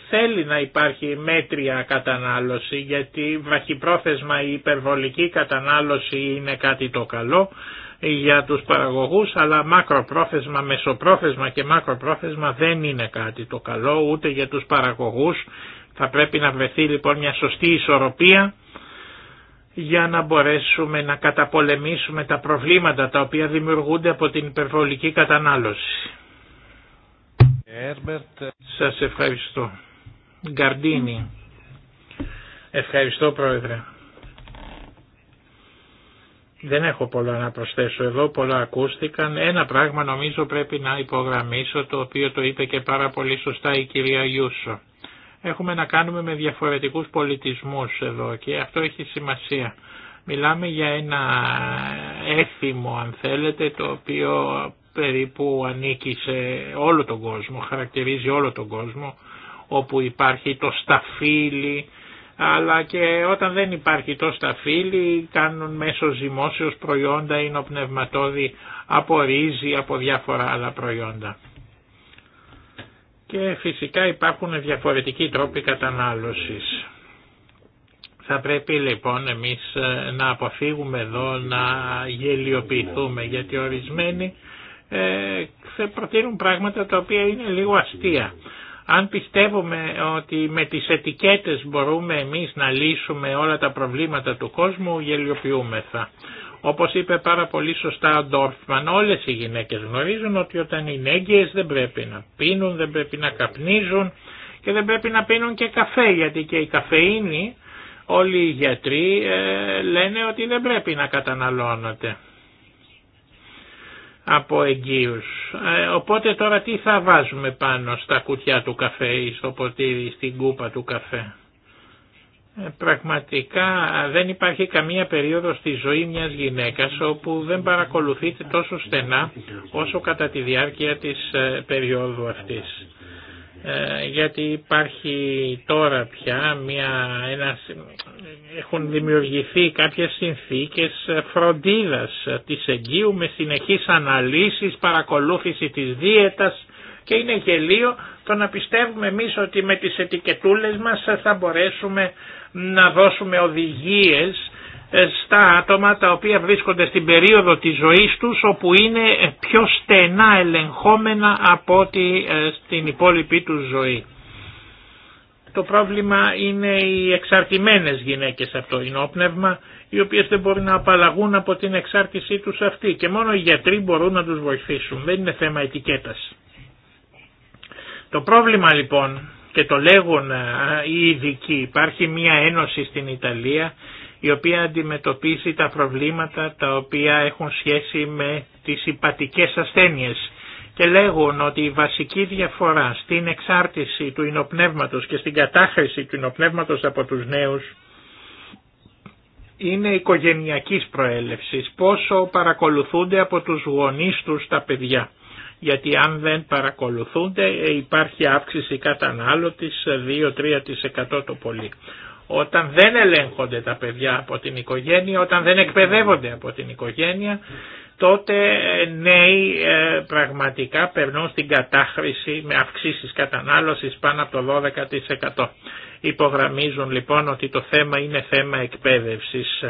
θέλει να υπάρχει μέτρια κατανάλωση γιατί βαχυπρόθεσμα η υπερβολική κατανάλωση είναι κάτι το καλό για τους παραγωγούς αλλά μακροπρόθεσμα, μεσοπρόθεσμα και μακροπρόθεσμα δεν είναι κάτι το καλό ούτε για τους παραγωγούς. Θα πρέπει να βρεθεί λοιπόν μια σωστή ισορροπία για να μπορέσουμε να καταπολεμήσουμε τα προβλήματα τα οποία δημιουργούνται από την υπερβολική κατανάλωση. Herbert. Σας ευχαριστώ. Γκαρντίνη. Ευχαριστώ Πρόεδρε. Δεν έχω πολλά να προσθέσω εδώ, πολλά ακούστηκαν. Ένα πράγμα νομίζω πρέπει να υπογραμμίσω, το οποίο το είπε και πάρα πολύ σωστά η κυρία Γιούσο. Έχουμε να κάνουμε με διαφορετικούς πολιτισμούς εδώ και αυτό έχει σημασία. Μιλάμε για ένα έθιμο αν θέλετε το οποίο περίπου ανήκει σε όλο τον κόσμο, χαρακτηρίζει όλο τον κόσμο όπου υπάρχει το σταφύλι αλλά και όταν δεν υπάρχει το σταφύλι κάνουν μέσω ζυμώσεως προϊόντα είναι ο πνευματόδη από από διάφορα άλλα προϊόντα. Και φυσικά υπάρχουν διαφορετικοί τρόποι κατανάλωσης. Θα πρέπει λοιπόν εμείς να αποφύγουμε εδώ να γελιοποιηθούμε γιατί ορισμένοι ε, προτείνουν πράγματα τα οποία είναι λίγο αστεία. Αν πιστεύουμε ότι με τις ετικέτες μπορούμε εμείς να λύσουμε όλα τα προβλήματα του κόσμου, γελιοποιούμεθα. Όπως είπε πάρα πολύ σωστά ο Ντόρφμαν, όλες οι γυναίκες γνωρίζουν ότι όταν είναι έγκυες δεν πρέπει να πίνουν, δεν πρέπει να καπνίζουν και δεν πρέπει να πίνουν και καφέ, γιατί και η καφεΐνη όλοι οι γιατροί ε, λένε ότι δεν πρέπει να καταναλώνονται από εγγύους. Ε, οπότε τώρα τι θα βάζουμε πάνω στα κουτιά του καφέ ή στο ποτήρι, στην κούπα του καφέ. Ε, πραγματικά δεν υπάρχει καμία περίοδος στη ζωή μιας γυναίκας όπου δεν παρακολουθείται τόσο στενά όσο κατά τη διάρκεια της ε, περίοδου αυτής. Ε, γιατί υπάρχει τώρα πια μια, ένας έχουν δημιουργηθεί κάποιες συνθήκες φροντίδας της εγγύου με συνεχείς αναλύσεις, παρακολούθηση της δίαιτας και είναι γελίο το να πιστεύουμε εμείς ότι με τις ετικετούλες μας θα μπορέσουμε να δώσουμε οδηγίες ε, στα άτομα τα οποία βρίσκονται στην περίοδο της ζωής τους όπου είναι πιο στενά ελεγχόμενα από ότι ε, στην υπόλοιπη τους ζωή. Το πρόβλημα είναι οι εξαρτημένες γυναίκες από το ενόπνευμα οι οποίες δεν μπορούν να απαλλαγούν από την εξάρτησή τους αυτή και μόνο οι γιατροί μπορούν να τους βοηθήσουν. Δεν είναι θέμα ετικέτας. Το πρόβλημα λοιπόν και το λέγουν ε, οι ειδικοί, υπάρχει μια ένωση στην Ιταλία η οποία αντιμετωπίζει τα προβλήματα τα οποία έχουν σχέση με τις υπατικές ασθένειες και λέγουν ότι η βασική διαφορά στην εξάρτηση του ινοπνεύματος και στην κατάχρηση του ινοπνεύματος από τους νέους είναι οικογενειακής προέλευσης, πόσο παρακολουθούνται από τους γονείς τους τα παιδιά. Γιατί αν δεν παρακολουθούνται υπάρχει αύξηση κατανάλωτης 2-3% το πολύ όταν δεν ελέγχονται τα παιδιά από την οικογένεια, όταν δεν εκπαιδεύονται από την οικογένεια, τότε ε, νέοι ε, πραγματικά περνούν στην κατάχρηση με αυξήσεις κατανάλωσης πάνω από το 12%. Υπογραμμίζουν λοιπόν ότι το θέμα είναι θέμα εκπαίδευσης.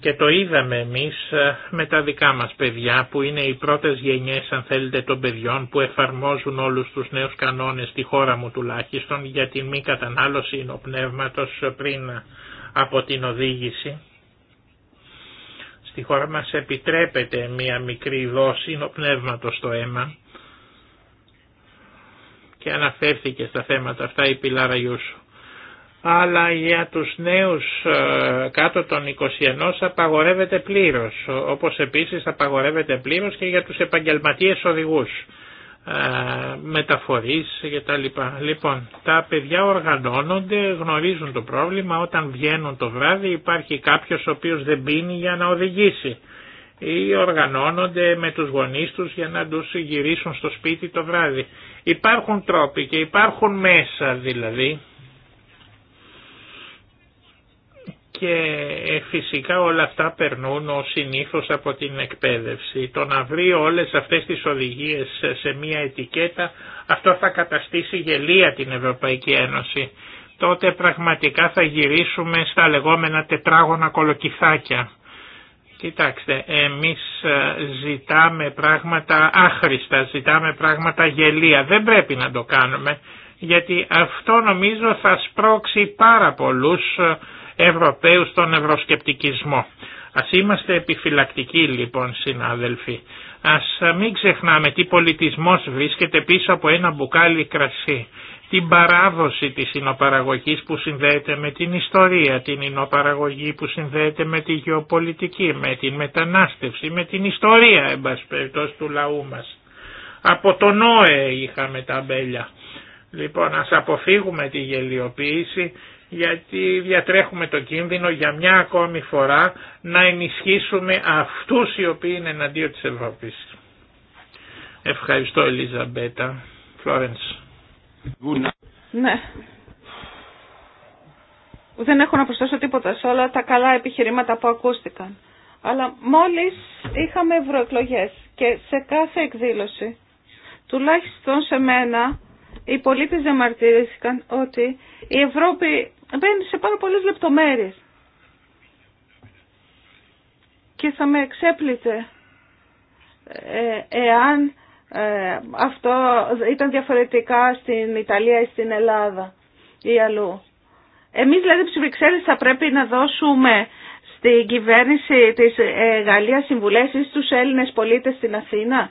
Και το είδαμε εμείς ε, με τα δικά μας παιδιά που είναι οι πρώτες γενιές αν θέλετε των παιδιών που εφαρμόζουν όλους τους νέους κανόνες στη χώρα μου τουλάχιστον για την μη κατανάλωση πνεύματος ε, πριν από την οδήγηση. Στη χώρα μας επιτρέπεται μία μικρή δόση πνεύματος στο αίμα και αναφέρθηκε στα θέματα αυτά η Πιλάρα Ιούσου αλλά για τους νέους ε, κάτω των 21 απαγορεύεται πλήρως, όπως επίσης απαγορεύεται πλήρως και για τους επαγγελματίες οδηγούς, ε, μεταφορείς και τα λοιπά. Λοιπόν, τα παιδιά οργανώνονται, γνωρίζουν το πρόβλημα, όταν βγαίνουν το βράδυ υπάρχει κάποιος ο οποίος δεν πίνει για να οδηγήσει ή οργανώνονται με τους γονείς τους για να τους γυρίσουν στο σπίτι το βράδυ. Υπάρχουν τρόποι και υπάρχουν μέσα δηλαδή και ε, φυσικά όλα αυτά περνούν ως συνήθως από την εκπαίδευση. Το να βρει όλες αυτές τις οδηγίες σε μία ετικέτα αυτό θα καταστήσει γελία την Ευρωπαϊκή Ένωση. Τότε πραγματικά θα γυρίσουμε στα λεγόμενα τετράγωνα κολοκυθάκια. Κοιτάξτε, εμείς ε, ζητάμε πράγματα άχρηστα, ζητάμε πράγματα γελία. Δεν πρέπει να το κάνουμε, γιατί αυτό νομίζω θα σπρώξει πάρα πολλούς ε, Ευρωπαίου στον ευρωσκεπτικισμό. Ας είμαστε επιφυλακτικοί λοιπόν συνάδελφοι. Ας μην ξεχνάμε τι πολιτισμός βρίσκεται πίσω από ένα μπουκάλι κρασί. Την παράδοση της εινοπαραγωγής που συνδέεται με την ιστορία, την εινοπαραγωγή που συνδέεται με τη γεωπολιτική, με την μετανάστευση, με την ιστορία εν του λαού μας. Από τον ΝΟΕ είχαμε τα μπέλια. Λοιπόν, ας αποφύγουμε τη γελιοποίηση γιατί διατρέχουμε το κίνδυνο για μια ακόμη φορά να ενισχύσουμε αυτούς οι οποίοι είναι εναντίον της Ευρώπης. Ευχαριστώ Ελίζα Μπέτα. Φλόρενς. Ναι. Δεν έχω να προσθέσω τίποτα σε όλα τα καλά επιχειρήματα που ακούστηκαν. Αλλά μόλις είχαμε ευρωεκλογέ και σε κάθε εκδήλωση, τουλάχιστον σε μένα, οι πολίτες διαμαρτυρήθηκαν ότι η Ευρώπη μπαίνει σε πάρα πολλές λεπτομέρειες. Και θα με εξέπλητε ε, εάν ε, αυτό ήταν διαφορετικά στην Ιταλία ή στην Ελλάδα ή αλλού. Εμείς δηλαδή στις θα πρέπει να δώσουμε στην κυβέρνηση της ε, Γαλλίας συμβουλές ή στους Έλληνες πολίτες στην Αθήνα.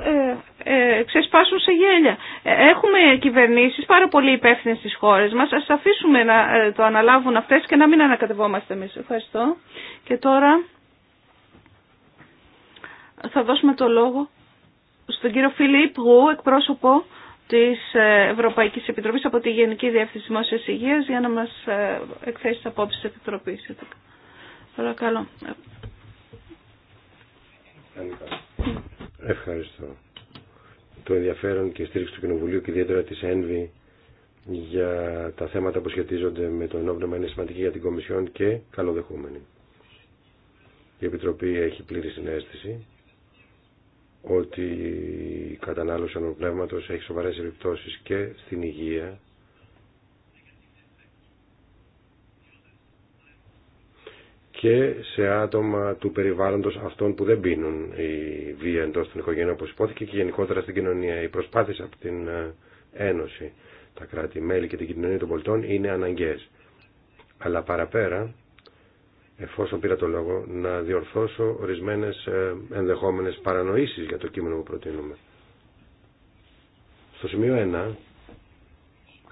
Ε, ε, ξεσπάσουν σε γέλια. Ε, έχουμε κυβερνήσεις πάρα πολύ υπεύθυνες στις χώρες μας. Ας αφήσουμε να ε, το αναλάβουν αυτές και να μην ανακατευόμαστε εμείς. Ευχαριστώ. Και τώρα θα δώσουμε το λόγο στον κύριο Φιλίπ Γου, εκπρόσωπο της Ευρωπαϊκής Επιτροπής από τη Γενική Διεύθυνση Δημόσιας Υγείας για να μας εκθέσει τις απόψεις της Επιτροπής. Παρακαλώ. Ευχαριστώ. Το ενδιαφέρον και η στήριξη του Κοινοβουλίου και ιδιαίτερα της ΕΝΒΗ για τα θέματα που σχετίζονται με το ενόπνευμα είναι σημαντική για την Κομισιόν και καλοδεχούμενη. Η Επιτροπή έχει πλήρη συνέστηση ότι η κατανάλωση ενόπνευματος έχει σοβαρές επιπτώσεις και στην υγεία και σε άτομα του περιβάλλοντος αυτών που δεν πίνουν η βία εντός των οικογένειων όπως υπόθηκε και γενικότερα στην κοινωνία. Η προσπάθεια από την ε, Ένωση, τα κράτη-μέλη και την κοινωνία των πολιτών είναι αναγκαίες. Αλλά παραπέρα, εφόσον πήρα το λόγο, να διορθώσω ορισμένες ε, ενδεχόμενες παρανοήσεις για το κείμενο που προτείνουμε. Στο σημείο 1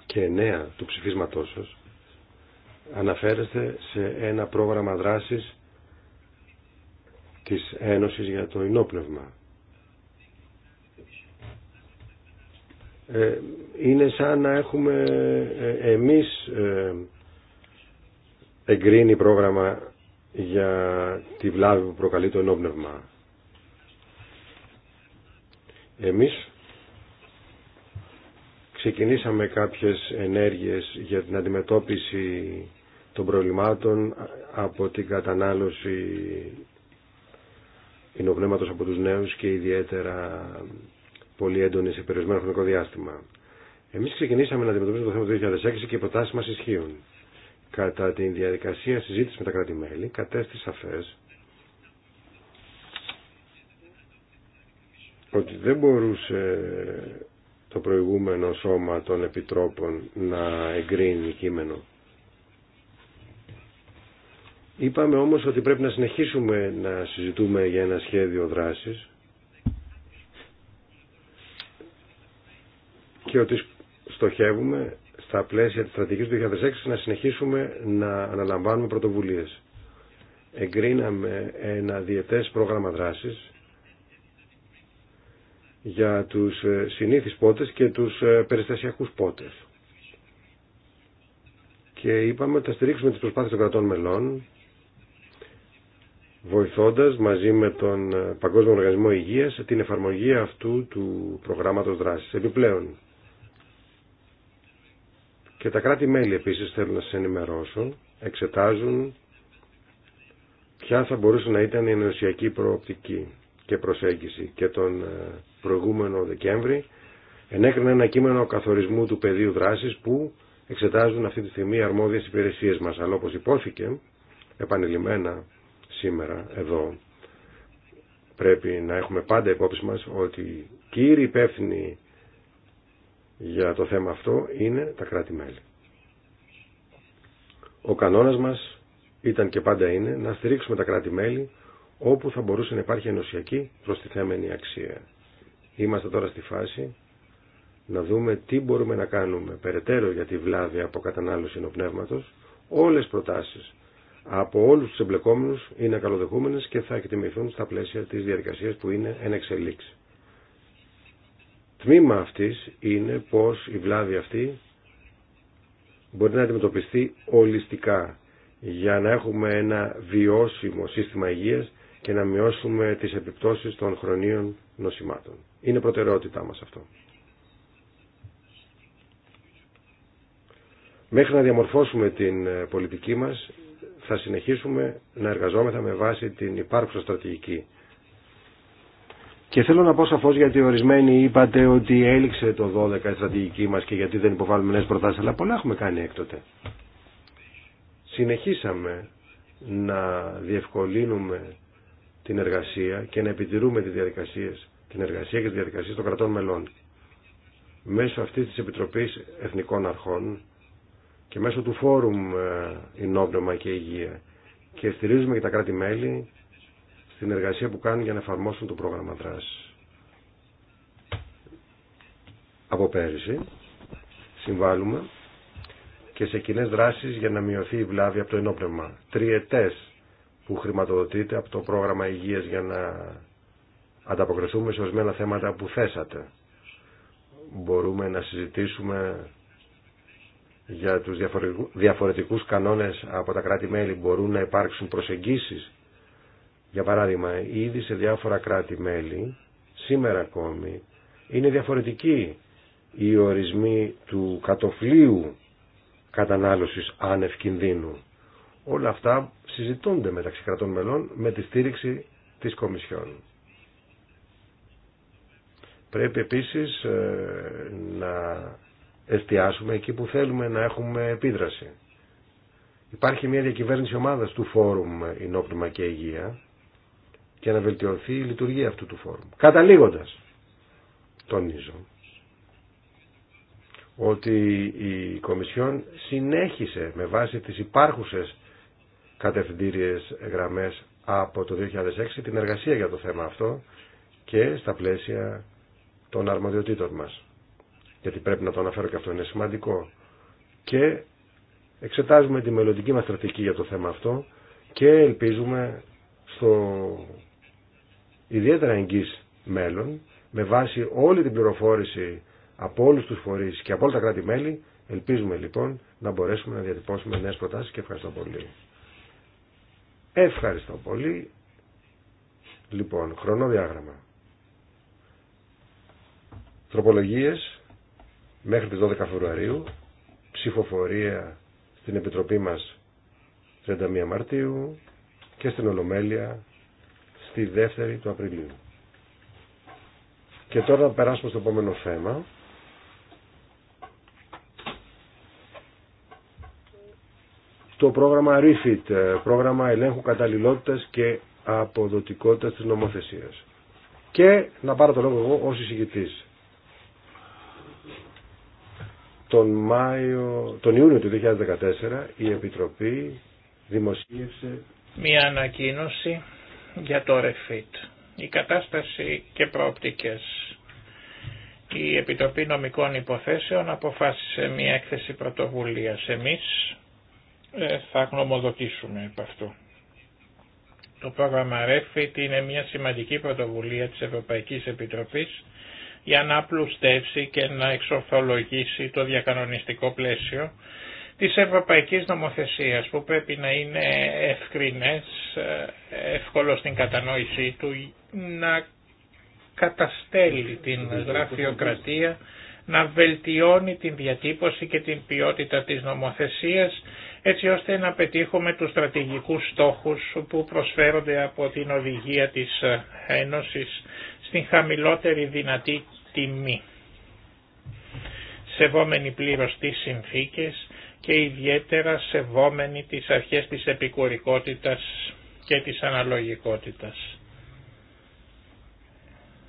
και 9 του ψηφίσματός σας, αναφέρεστε σε ένα πρόγραμμα δράσης της Ένωσης για το Ινόπνευμα. Ε, είναι σαν να έχουμε ε, εμείς ε, εγκρίνει πρόγραμμα για τη βλάβη που προκαλεί το ενόπνευμα. Εμείς ξεκινήσαμε κάποιες ενέργειες για την αντιμετώπιση των προβλημάτων από την κατανάλωση inoβλέματος από τους νέους και ιδιαίτερα πολύ έντονη σε περιορισμένο χρονικό διάστημα. Εμείς ξεκινήσαμε να αντιμετωπίσουμε το θέμα του 2006 και οι προτάσεις μας ισχύουν. Κατά τη διαδικασία συζήτηση με τα κράτη-μέλη κατέστη σαφές ότι δεν μπορούσε το προηγούμενο σώμα των επιτρόπων να εγκρίνει κείμενο Είπαμε όμως ότι πρέπει να συνεχίσουμε να συζητούμε για ένα σχέδιο δράσης και ότι στοχεύουμε στα πλαίσια της στρατηγικής του 2006 να συνεχίσουμε να αναλαμβάνουμε πρωτοβουλίες. Εγκρίναμε ένα διετές πρόγραμμα δράσης για τους ε, συνήθεις πότες και τους ε, περιστασιακούς πότες. Και είπαμε ότι θα στηρίξουμε τις προσπάθειες των κρατών μελών βοηθώντας μαζί με τον ε, Παγκόσμιο Οργανισμό Υγείας την εφαρμογή αυτού του προγράμματος δράσης. Επιπλέον, και τα κράτη-μέλη επίσης θέλουν να σας ενημερώσω, εξετάζουν ποια θα μπορούσε να ήταν η ενωσιακή προοπτική και προσέγγιση. Και τον ε, προηγούμενο Δεκέμβρη ενέκρινε ένα κείμενο καθορισμού του πεδίου δράσης που εξετάζουν αυτή τη στιγμή οι αρμόδιες υπηρεσίες μας. Αλλά όπως υπόθηκε επανειλημμένα σήμερα εδώ. Πρέπει να έχουμε πάντα υπόψη μας ότι κύριοι υπεύθυνοι για το θέμα αυτό είναι τα κράτη-μέλη. Ο κανόνας μας ήταν και πάντα είναι να στηρίξουμε τα κράτη-μέλη όπου θα μπορούσε να υπάρχει ενωσιακή προστιθέμενη αξία. Είμαστε τώρα στη φάση να δούμε τι μπορούμε να κάνουμε περαιτέρω για τη βλάβη από κατανάλωση ενωπνεύματος Όλες προτάσεις από όλους τους εμπλεκόμενους είναι καλοδεχούμενες και θα εκτιμηθούν στα πλαίσια της διαδικασίας που είναι εν εξελίξη. Τμήμα αυτής είναι πως η βλάβη αυτή μπορεί να αντιμετωπιστεί ολιστικά για να έχουμε ένα βιώσιμο σύστημα υγείας και να μειώσουμε τις επιπτώσεις των χρονίων νοσημάτων. Είναι προτεραιότητά μας αυτό. Μέχρι να διαμορφώσουμε την ε, πολιτική μας θα συνεχίσουμε να εργαζόμεθα με βάση την υπάρχουσα στρατηγική. Και θέλω να πω σαφώ γιατί ορισμένοι είπατε ότι έληξε το 12 η στρατηγική μα και γιατί δεν υποβάλλουμε νέε προτάσει, αλλά πολλά έχουμε κάνει έκτοτε. Συνεχίσαμε να διευκολύνουμε την εργασία και να επιτηρούμε τις διαδικασίες, την εργασία και τις διαδικασίες των κρατών μελών. Μέσω αυτής της Επιτροπής Εθνικών Αρχών και μέσω του Φόρουμ Ινόπνευμα ε, και Υγεία και στηρίζουμε και τα κράτη-μέλη στην εργασία που κάνουν για να εφαρμόσουν το πρόγραμμα δράσης. Από πέρυσι συμβάλλουμε και σε κοινέ δράσεις για να μειωθεί η βλάβη από το ενόπνευμα. Τριετές που χρηματοδοτείται από το πρόγραμμα υγείας για να ανταποκριθούμε σε ορισμένα θέματα που θέσατε. Μπορούμε να συζητήσουμε για τους διαφορετικούς κανόνες από τα κράτη-μέλη μπορούν να υπάρξουν προσεγγίσεις. Για παράδειγμα, ήδη σε διάφορα κράτη-μέλη, σήμερα ακόμη, είναι διαφορετικοί οι ορισμοί του κατοφλίου κατανάλωσης άνευ κινδύνου. Όλα αυτά συζητούνται μεταξύ κρατών μελών με τη στήριξη της Κομισιόν. Πρέπει επίσης ε, να εστιάσουμε εκεί που θέλουμε να έχουμε επίδραση. Υπάρχει μια διακυβέρνηση ομάδα του Φόρουμ η και Υγεία και να βελτιωθεί η λειτουργία αυτού του Φόρουμ. Καταλήγοντας, τονίζω, ότι η Κομισιόν συνέχισε με βάση τις υπάρχουσες κατευθυντήριες γραμμές από το 2006 την εργασία για το θέμα αυτό και στα πλαίσια των αρμοδιοτήτων μας γιατί πρέπει να το αναφέρω και αυτό είναι σημαντικό. Και εξετάζουμε τη μελλοντική μας στρατηγική για το θέμα αυτό και ελπίζουμε στο ιδιαίτερα εγγύς μέλλον με βάση όλη την πληροφόρηση από όλους τους φορείς και από όλα τα κράτη-μέλη ελπίζουμε λοιπόν να μπορέσουμε να διατυπώσουμε νέες προτάσεις και ευχαριστώ πολύ. Ευχαριστώ πολύ. Λοιπόν, χρονοδιάγραμμα. Τροπολογίες μέχρι τις 12 Φεβρουαρίου, ψηφοφορία στην Επιτροπή μας 31 Μαρτίου και στην Ολομέλεια στη 2η του Απριλίου. Και τώρα να περάσουμε στο επόμενο θέμα. Το πρόγραμμα REFIT, πρόγραμμα ελέγχου καταλληλότητας και αποδοτικότητας της νομοθεσίας. Και να πάρω το λόγο εγώ ως εισηγητής τον, Μάιο, τον Ιούνιο του 2014 η Επιτροπή δημοσίευσε μία ανακοίνωση για το REFIT. Η κατάσταση και προοπτικές. Η Επιτροπή Νομικών Υποθέσεων αποφάσισε μία έκθεση πρωτοβουλίας. Εμείς ε, θα γνωμοδοτήσουμε επ' αυτού. Το πρόγραμμα REFIT είναι μια εκθεση πρωτοβουλιας εμεις θα γνωμοδοτησουμε από αυτό. πρωτοβουλία της Ευρωπαϊκής Επιτροπής για να απλουστεύσει και να εξορθολογήσει το διακανονιστικό πλαίσιο της ευρωπαϊκής νομοθεσίας που πρέπει να είναι ευκρινές, εύκολο στην κατανόησή του, να καταστέλει την γραφειοκρατία, να βελτιώνει την διατύπωση και την ποιότητα της νομοθεσίας έτσι ώστε να πετύχουμε τους στρατηγικούς στόχους που προσφέρονται από την οδηγία της Ένωσης στην χαμηλότερη δυνατή τιμή. Σεβόμενοι πλήρως τις συνθήκες και ιδιαίτερα σεβόμενοι τις αρχές της επικουρικότητας και της αναλογικότητας.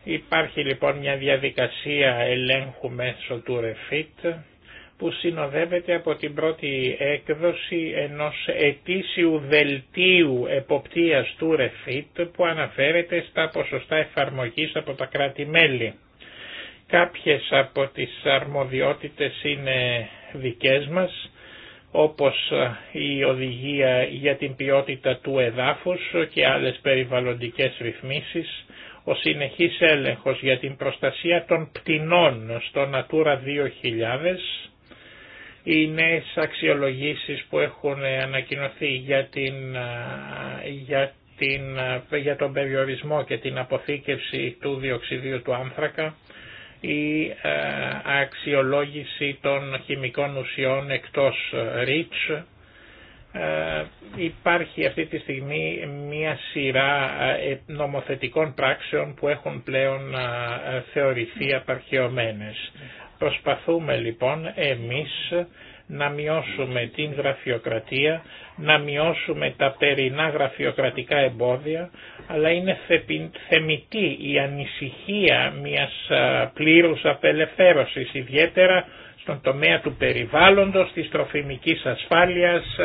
Υπάρχει λοιπόν μια διαδικασία ελέγχου μέσω του REFIT που συνοδεύεται από την πρώτη έκδοση ενός ετήσιου δελτίου εποπτείας του REFIT που αναφέρεται στα ποσοστά εφαρμογής από τα κράτη-μέλη. Κάποιες από τις αρμοδιότητες είναι δικές μας, όπως η οδηγία για την ποιότητα του εδάφους και άλλες περιβαλλοντικές ρυθμίσεις, ο συνεχής έλεγχος για την προστασία των πτηνών στο Natura 2000, οι νέες αξιολογήσεις που έχουν ανακοινωθεί για, την, για, τον περιορισμό και την αποθήκευση του διοξιδίου του άνθρακα, η αξιολόγηση των χημικών ουσιών εκτός REACH. Υπάρχει αυτή τη στιγμή μια σειρά ε, νομοθετικών πράξεων που έχουν πλέον θεωρηθεί απαρχαιωμένες. Προσπαθούμε λοιπόν εμείς να μειώσουμε την γραφειοκρατία, να μειώσουμε τα περινά γραφειοκρατικά εμπόδια, αλλά είναι θεμητή η ανησυχία μιας πλήρους απελευθέρωσης, ιδιαίτερα στον τομέα του περιβάλλοντος, της τροφιμικής ασφάλειας,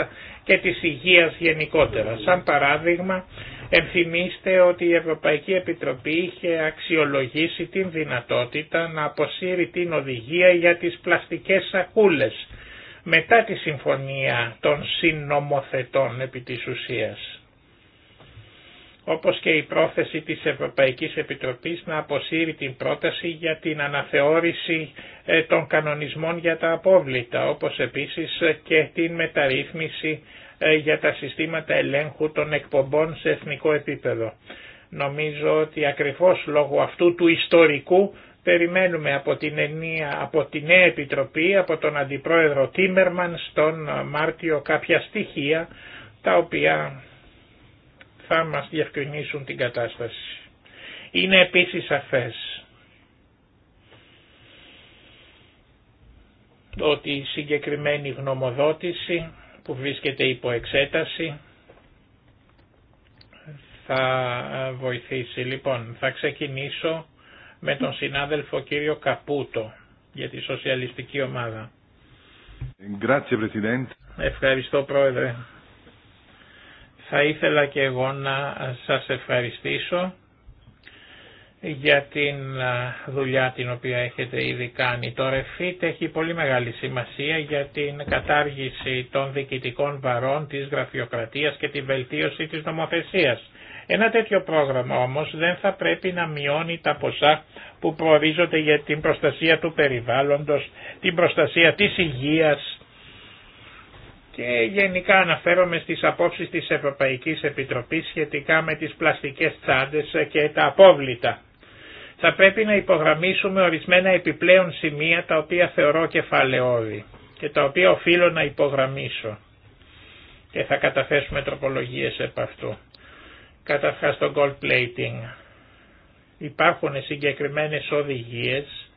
και της υγείας γενικότερα. Σαν παράδειγμα, Εμφυμίστε ότι η Ευρωπαϊκή Επιτροπή είχε αξιολογήσει την δυνατότητα να αποσύρει την οδηγία για τις πλαστικές σακούλες μετά τη συμφωνία των συνομοθετών επί της ουσίας. Όπως και η πρόθεση της Ευρωπαϊκής Επιτροπής να αποσύρει την πρόταση για την αναθεώρηση ε, των κανονισμών για τα απόβλητα, όπως επίσης ε, και την μεταρρύθμιση ε, για τα συστήματα ελέγχου των εκπομπών σε εθνικό επίπεδο. Νομίζω ότι ακριβώς λόγω αυτού του ιστορικού περιμένουμε από την, ενία, από την νέα επιτροπή, από τον αντιπρόεδρο Τίμερμαν στον Μάρτιο κάποια στοιχεία τα οποία θα μας διευκρινίσουν την κατάσταση. Είναι επίσης σαφές ότι η συγκεκριμένη γνωμοδότηση που βρίσκεται υπό εξέταση θα βοηθήσει. Λοιπόν, θα ξεκινήσω με τον συνάδελφο κύριο Καπούτο για τη σοσιαλιστική ομάδα. Ευχαριστώ πρόεδρε. Θα ήθελα και εγώ να σας ευχαριστήσω για την δουλειά την οποία έχετε ήδη κάνει. Το REFIT έχει πολύ μεγάλη σημασία για την κατάργηση των διοικητικών βαρών της γραφειοκρατίας και τη βελτίωση της νομοθεσίας. Ένα τέτοιο πρόγραμμα όμως δεν θα πρέπει να μειώνει τα ποσά που προορίζονται για την προστασία του περιβάλλοντος, την προστασία της υγείας και γενικά αναφέρομαι στις απόψεις της Ευρωπαϊκής Επιτροπής σχετικά με τις πλαστικές τσάντες και τα απόβλητα θα πρέπει να υπογραμμίσουμε ορισμένα επιπλέον σημεία τα οποία θεωρώ κεφαλαιόδη και τα οποία οφείλω να υπογραμμίσω και θα καταθέσουμε τροπολογίες επ' αυτού. Καταρχάς το gold plating. Υπάρχουν συγκεκριμένες οδηγίες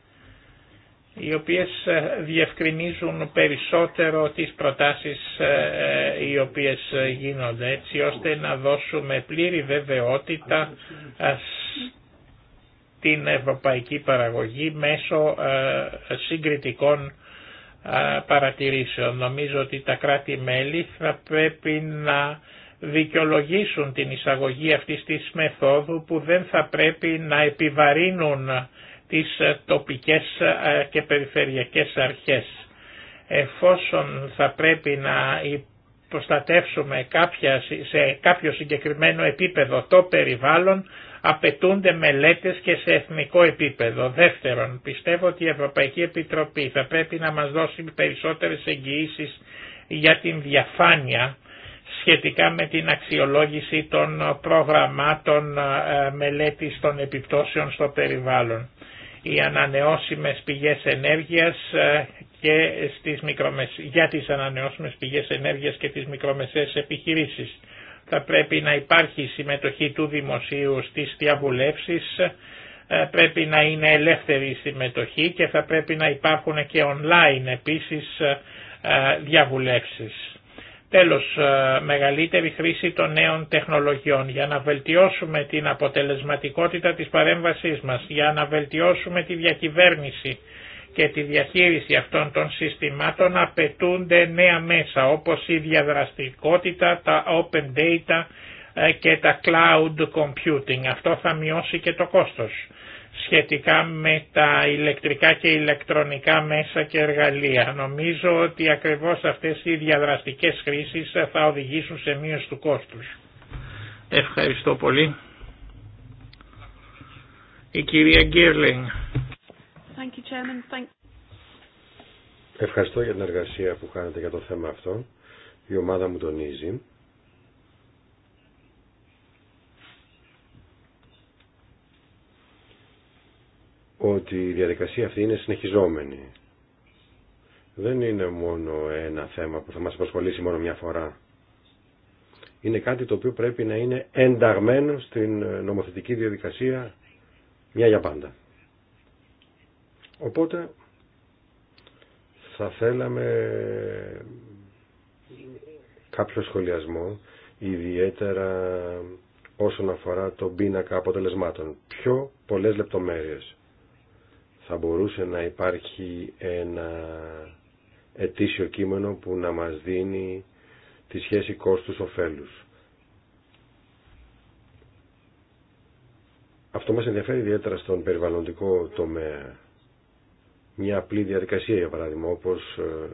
οι οποίες ε, διευκρινίζουν περισσότερο τις προτάσεις ε, ε, οι οποίες γίνονται έτσι ώστε να δώσουμε πλήρη βεβαιότητα την ευρωπαϊκή παραγωγή μέσω ε, συγκριτικών ε, παρατηρήσεων. Νομίζω ότι τα κράτη-μέλη θα πρέπει να δικαιολογήσουν την εισαγωγή αυτής της μεθόδου που δεν θα πρέπει να επιβαρύνουν τις ε, τοπικές και περιφερειακές αρχές. Εφόσον θα πρέπει να προστατεύσουμε κάποια, σε κάποιο συγκεκριμένο επίπεδο το περιβάλλον, απαιτούνται μελέτες και σε εθνικό επίπεδο. Δεύτερον, πιστεύω ότι η Ευρωπαϊκή Επιτροπή θα πρέπει να μας δώσει περισσότερες εγγυήσει για την διαφάνεια σχετικά με την αξιολόγηση των προγραμμάτων ε, μελέτης των επιπτώσεων στο περιβάλλον. Οι ανανεώσιμες πηγές ενέργειας ε, και στις μικρομεσ... για τις ανανεώσιμες πηγές ενέργειας και τις μικρομεσαίες επιχειρήσεις θα πρέπει να υπάρχει συμμετοχή του δημοσίου στις διαβουλεύσεις, ε, πρέπει να είναι ελεύθερη η συμμετοχή και θα πρέπει να υπάρχουν και online επίσης ε, ε, διαβουλεύσεις. Τέλος, μεγαλύτερη χρήση των νέων τεχνολογιών για να βελτιώσουμε την αποτελεσματικότητα της παρέμβασής μας, για να βελτιώσουμε τη διακυβέρνηση και τη διαχείριση αυτών των συστημάτων απαιτούνται νέα μέσα όπως η διαδραστικότητα, τα open data ε, και τα cloud computing. Αυτό θα μειώσει και το κόστος σχετικά με τα ηλεκτρικά και ηλεκτρονικά μέσα και εργαλεία. Νομίζω ότι ακριβώς αυτές οι διαδραστικές χρήσεις θα οδηγήσουν σε μείωση του κόστους. Ευχαριστώ πολύ. Η κυρία Γκίρλινγκ. Ευχαριστώ για την εργασία που κάνετε για το θέμα αυτό. Η ομάδα μου τονίζει. ότι η διαδικασία αυτή είναι συνεχιζόμενη. Δεν είναι μόνο ένα θέμα που θα μας προσχολήσει μόνο μια φορά. Είναι κάτι το οποίο πρέπει να είναι ενταγμένο στην νομοθετική διαδικασία μια για πάντα. Οπότε θα θέλαμε κάποιο σχολιασμό ιδιαίτερα όσον αφορά τον πίνακα αποτελεσμάτων. Πιο πολλές λεπτομέρειες. Θα μπορούσε να υπάρχει ένα ετήσιο κείμενο που να μας δίνει τη σχέση κόστους-οφέλους. Αυτό μας ενδιαφέρει ιδιαίτερα στον περιβαλλοντικό τομέα μια απλή διαδικασία για παράδειγμα όπως ε,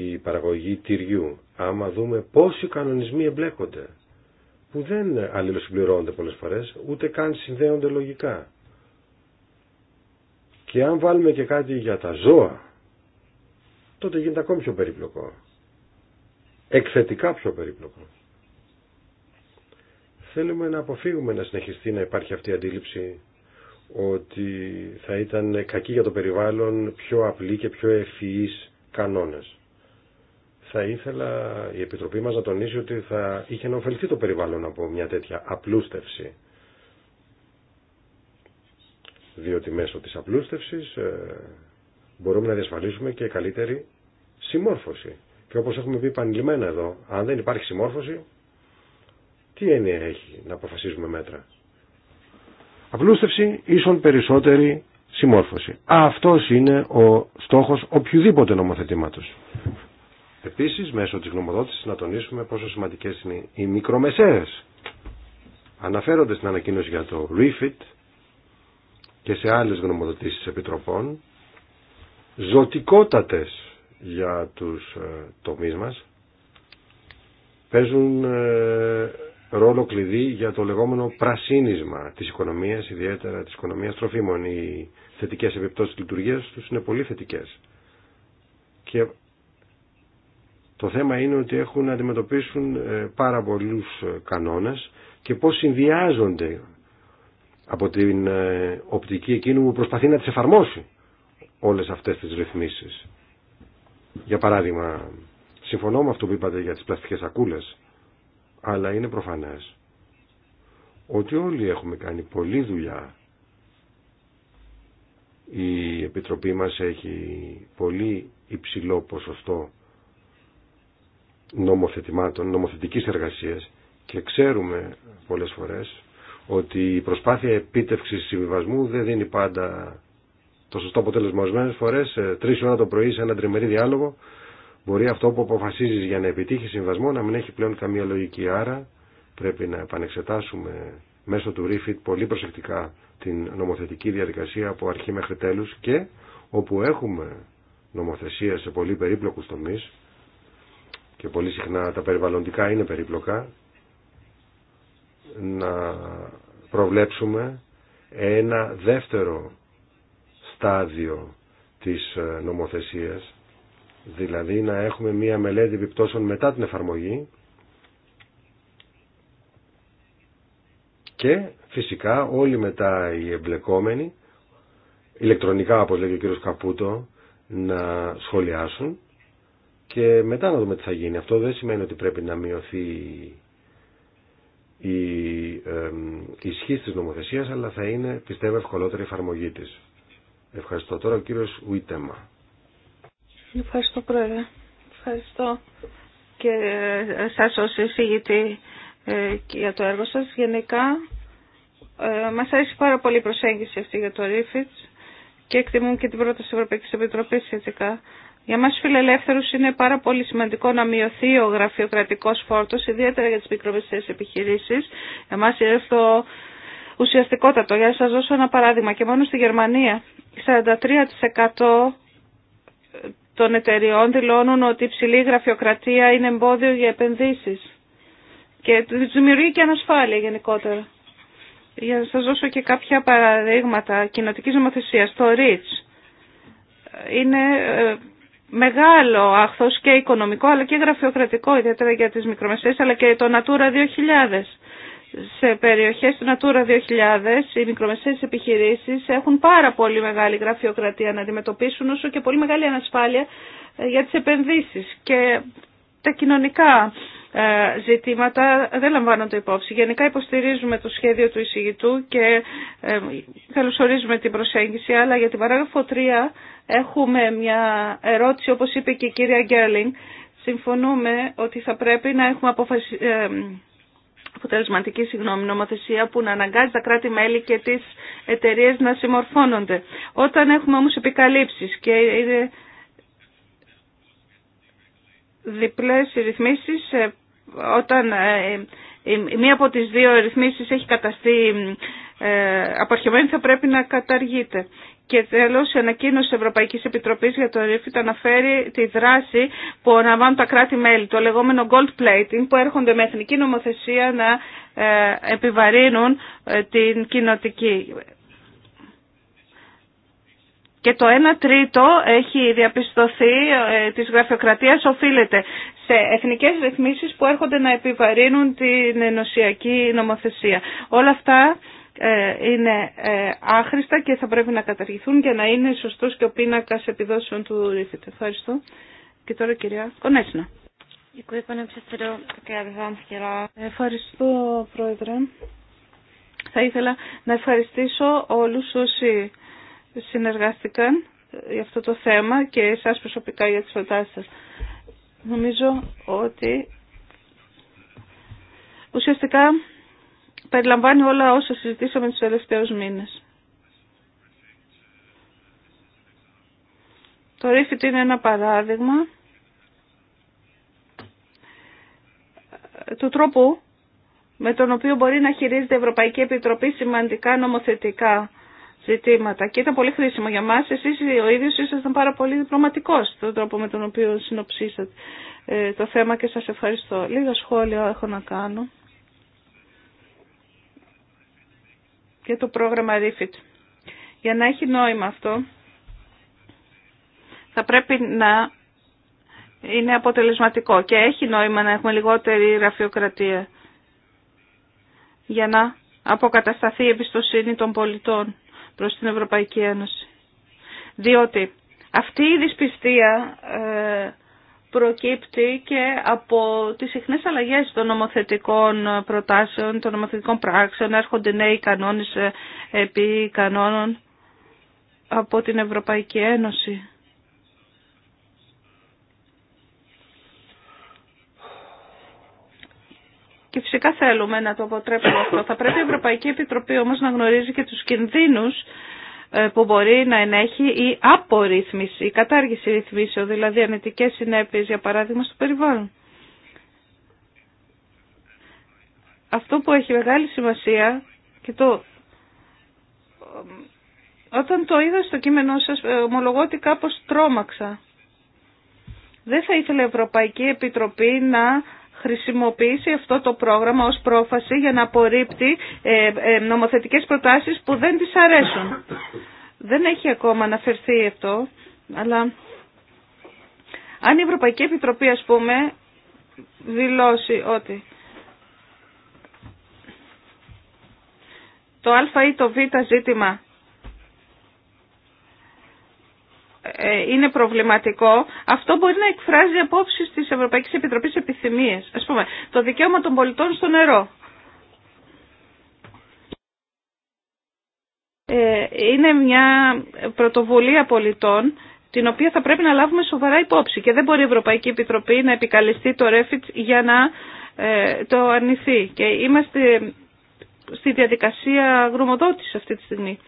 η παραγωγή τυριού άμα δούμε πόσοι κανονισμοί εμπλέκονται που δεν αλληλοσυμπληρώνονται πολλές φορές ούτε καν συνδέονται λογικά και αν βάλουμε και κάτι για τα ζώα τότε γίνεται ακόμη πιο περίπλοκο εκθετικά πιο περίπλοκο θέλουμε να αποφύγουμε να συνεχιστεί να υπάρχει αυτή η αντίληψη ότι θα ήταν κακή για το περιβάλλον πιο απλή και πιο ευφυείς κανόνες. Θα ήθελα η Επιτροπή μας να τονίσει ότι θα είχε να ωφεληθεί το περιβάλλον από μια τέτοια απλούστευση. Διότι μέσω της απλούστευσης ε, μπορούμε να διασφαλίσουμε και καλύτερη συμμόρφωση. Και όπως έχουμε πει επανειλημμένα εδώ, αν δεν υπάρχει συμμόρφωση, τι έννοια έχει να αποφασίζουμε μέτρα. Απλούστευση ίσον περισσότερη συμμόρφωση. Αυτός είναι ο στόχος οποιοδήποτε νομοθετήματος. Επίσης, μέσω της γνωμοδότησης να τονίσουμε πόσο σημαντικές είναι οι μικρομεσαίες. Αναφέρονται στην ανακοίνωση για το REFIT και σε άλλες γνωμοδοτήσεις επιτροπών, ζωτικότατες για τους ε, τομείς μας, παίζουν ε, ρόλο κλειδί για το λεγόμενο πρασίνισμα της οικονομίας, ιδιαίτερα της οικονομίας τροφίμων. Οι θετικές επιπτώσεις της λειτουργίας τους είναι πολύ θετικές. Και το θέμα είναι ότι έχουν να αντιμετωπίσουν ε, πάρα πολλούς ε, κανόνες και πώς συνδυάζονται από την ε, οπτική εκείνου που προσπαθεί να τις εφαρμόσει όλες αυτές τις ρυθμίσεις. Για παράδειγμα, συμφωνώ με αυτό που είπατε για τις πλαστικές σακούλες αλλά είναι προφανές ότι όλοι έχουμε κάνει πολλή δουλειά. Η Επιτροπή μας έχει πολύ υψηλό ποσοστό νομοθετημάτων, νομοθετικής εργασίας και ξέρουμε πολλές φορές ότι η προσπάθεια επίτευξης συμβιβασμού δεν δίνει πάντα το σωστό αποτέλεσμα. Ορισμένε φορές, ε, τρεις ώρα το πρωί σε ένα τριμερή διάλογο, Μπορεί αυτό που αποφασίζεις για να επιτύχει συμβασμό να μην έχει πλέον καμία λογική. Άρα πρέπει να επανεξετάσουμε μέσω του Refit πολύ προσεκτικά την νομοθετική διαδικασία από αρχή μέχρι τέλους και όπου έχουμε νομοθεσία σε πολύ περίπλοκους τομείς και πολύ συχνά τα περιβαλλοντικά είναι περίπλοκα να προβλέψουμε ένα δεύτερο στάδιο της ε, νομοθεσίας δηλαδή να έχουμε μία μελέτη επιπτώσεων μετά την εφαρμογή και φυσικά όλοι μετά οι εμπλεκόμενοι ηλεκτρονικά όπως λέει ο κύριος Καπούτο να σχολιάσουν και μετά να δούμε τι θα γίνει. Αυτό δεν σημαίνει ότι πρέπει να μειωθεί η ισχύ της νομοθεσίας αλλά θα είναι πιστεύω ευκολότερη εφαρμογή της. Ευχαριστώ τώρα ο κύριος Ουίτεμα. Ευχαριστώ, Πρόεδρε. Ευχαριστώ και ε, σας ως εισηγητή ε, για το έργο σας. Γενικά, ε, μας αρέσει πάρα πολύ η προσέγγιση αυτή για το Ρίφιτς και εκτιμούν και την πρόταση Ευρωπαϊκής Επιτροπής σχετικά. Για μας φιλελεύθερους είναι πάρα πολύ σημαντικό να μειωθεί ο γραφειοκρατικός φόρτος, ιδιαίτερα για τις μικρομεσαίες επιχειρήσεις. Για μας είναι αυτό ουσιαστικότατο. Για να σας δώσω ένα παράδειγμα. Και μόνο στη Γερμανία, 43% των εταιριών δηλώνουν ότι η ψηλή γραφειοκρατία είναι εμπόδιο για επενδύσεις και δημιουργεί και ανασφάλεια γενικότερα. Για να σας δώσω και κάποια παραδείγματα κοινοτικής νομοθεσίας. Το REACH είναι ε, μεγάλο άχθος και οικονομικό αλλά και γραφειοκρατικό ιδιαίτερα για τις μικρομεσαίες αλλά και το Natura 2000 σε περιοχές του Natura 2000 οι μικρομεσαίες επιχειρήσεις έχουν πάρα πολύ μεγάλη γραφειοκρατία να αντιμετωπίσουν όσο και πολύ μεγάλη ανασφάλεια ε, για τις επενδύσεις και τα κοινωνικά ε, ζητήματα δεν λαμβάνονται υπόψη. Γενικά υποστηρίζουμε το σχέδιο του εισηγητού και ε, καλωσορίζουμε την προσέγγιση, αλλά για την παράγραφο 3 έχουμε μια ερώτηση, όπως είπε και η κυρία Γκέρλινγκ, συμφωνούμε ότι θα πρέπει να έχουμε αποφασίσει αποτελεσματική συγγνώμη, νομοθεσία που να αναγκάζει τα κράτη-μέλη και τις εταιρείε να συμμορφώνονται. Όταν έχουμε όμως επικαλύψεις και είναι διπλές ρυθμίσεις, ε, όταν ε, μία από τις δύο ρυθμίσεις έχει καταστεί ε, απαρχαιμένη θα πρέπει να καταργείται. Και τέλο, η ανακοίνωση τη Ευρωπαϊκή Επιτροπή για το ΡΙΦΙΤ αναφέρει τη δράση που αναβάνουν τα κράτη-μέλη, το λεγόμενο gold plating, που έρχονται με εθνική νομοθεσία να ε, επιβαρύνουν ε, την κοινοτική. Και το 1 τρίτο έχει διαπιστωθεί ε, της γραφειοκρατίας οφείλεται σε εθνικές ρυθμίσεις που έρχονται να επιβαρύνουν την ενωσιακή νομοθεσία. Όλα αυτά ε, είναι ε, άχρηστα και θα πρέπει να καταργηθούν για να είναι σωστός και ο πίνακας επιδόσεων του ρίφιτ. Ευχαριστώ. Και τώρα κυρία Κονέσνα. Ευχαριστώ πρόεδρε. Θα ήθελα να ευχαριστήσω όλους όσοι συνεργάστηκαν για αυτό το θέμα και εσάς προσωπικά για τις προτάσεις σας. Νομίζω ότι ουσιαστικά περιλαμβάνει όλα όσα συζητήσαμε τους τελευταίους μήνες. Το ρίφιτ είναι ένα παράδειγμα του τρόπου με τον οποίο μπορεί να χειρίζεται η Ευρωπαϊκή Επιτροπή σημαντικά νομοθετικά ζητήματα. Και ήταν πολύ χρήσιμο για μας. Εσείς ο ίδιος ήσασταν πάρα πολύ διπλωματικός στον τρόπο με τον οποίο συνοψίσατε ε, το θέμα και σας ευχαριστώ. Λίγα σχόλια έχω να κάνω. και το πρόγραμμα REFIT. Για να έχει νόημα αυτό, θα πρέπει να είναι αποτελεσματικό και έχει νόημα να έχουμε λιγότερη γραφειοκρατία για να αποκατασταθεί η εμπιστοσύνη των πολιτών προς την Ευρωπαϊκή Ένωση. Διότι αυτή η δυσπιστία ε, προκύπτει και από τις συχνές αλλαγές των νομοθετικών προτάσεων, των νομοθετικών πράξεων, έρχονται νέοι κανόνες ε, επί κανόνων από την Ευρωπαϊκή Ένωση. Και φυσικά θέλουμε να το αποτρέψουμε αυτό. Θα πρέπει η Ευρωπαϊκή Επιτροπή όμως να γνωρίζει και τους κινδύνους ε, που μπορεί να ενέχει η απορρίθμιση, η κατάργηση ρυθμίσεων, δηλαδή ανετικές συνέπειες για παράδειγμα στο περιβάλλον. Αυτό που έχει μεγάλη σημασία και το... Ε, όταν το είδα στο κείμενό σας, ε, ομολογώ ότι κάπως τρόμαξα. Δεν θα ήθελε η Ευρωπαϊκή Επιτροπή να χρησιμοποιήσει αυτό το πρόγραμμα ως πρόφαση για να απορρίπτει ε, ε, νομοθετικές προτάσεις που δεν της αρέσουν. Δεν έχει ακόμα αναφερθεί αυτό, αλλά αν η Ευρωπαϊκή Επιτροπή, ας πούμε, δηλώσει ότι το α ή το β ζήτημα Ε, είναι προβληματικό, αυτό μπορεί να εκφράζει απόψει τη Ευρωπαϊκή Επιτροπή επιθυμίε. Α πούμε, το δικαίωμα των πολιτών στο νερό. Ε, είναι μια πρωτοβουλία πολιτών την οποία θα πρέπει να λάβουμε σοβαρά υπόψη και δεν μπορεί η Ευρωπαϊκή Επιτροπή να επικαλεστεί το ρέφιτ για να ε, το αρνηθεί. Και είμαστε στη διαδικασία γνωμοδότηση αυτή τη στιγμή.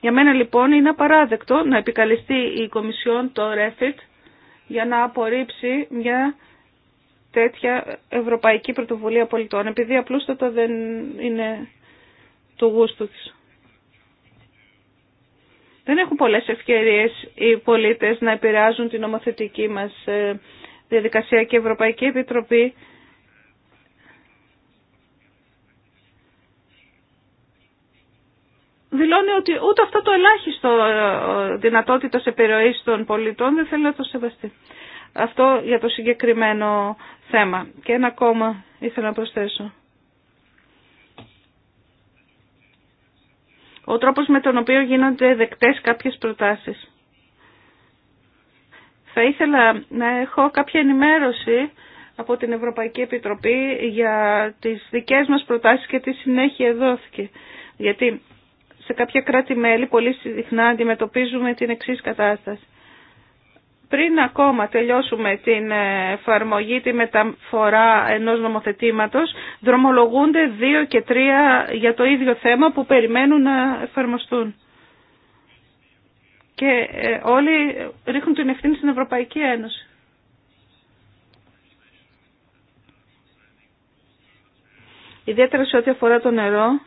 Για μένα λοιπόν είναι απαράδεκτο να επικαλεστεί η Κομισιόν το REFIT για να απορρίψει μια τέτοια ευρωπαϊκή πρωτοβουλία πολιτών, επειδή απλούστατα δεν είναι του γούστου της. Δεν έχουν πολλές ευκαιρίες οι πολίτες να επηρεάζουν την νομοθετική μας ε, διαδικασία και η Ευρωπαϊκή Επιτροπή δηλώνει ότι ούτε αυτό το ελάχιστο ε, δυνατότητα επιρροή των πολιτών δεν θέλει να το σεβαστεί. Αυτό για το συγκεκριμένο θέμα. Και ένα ακόμα ήθελα να προσθέσω. Ο τρόπος με τον οποίο γίνονται δεκτές κάποιες προτάσεις. Θα ήθελα να έχω κάποια ενημέρωση από την Ευρωπαϊκή Επιτροπή για τις δικές μας προτάσεις και τι συνέχεια δόθηκε. Γιατί σε κάποια κράτη-μέλη πολύ συχνά αντιμετωπίζουμε την εξή κατάσταση. Πριν ακόμα τελειώσουμε την εφαρμογή, τη μεταφορά ενός νομοθετήματος, δρομολογούνται δύο και τρία για το ίδιο θέμα που περιμένουν να εφαρμοστούν. Και ε, όλοι ρίχνουν την ευθύνη στην Ευρωπαϊκή Ένωση. Ιδιαίτερα σε ό,τι αφορά το νερό,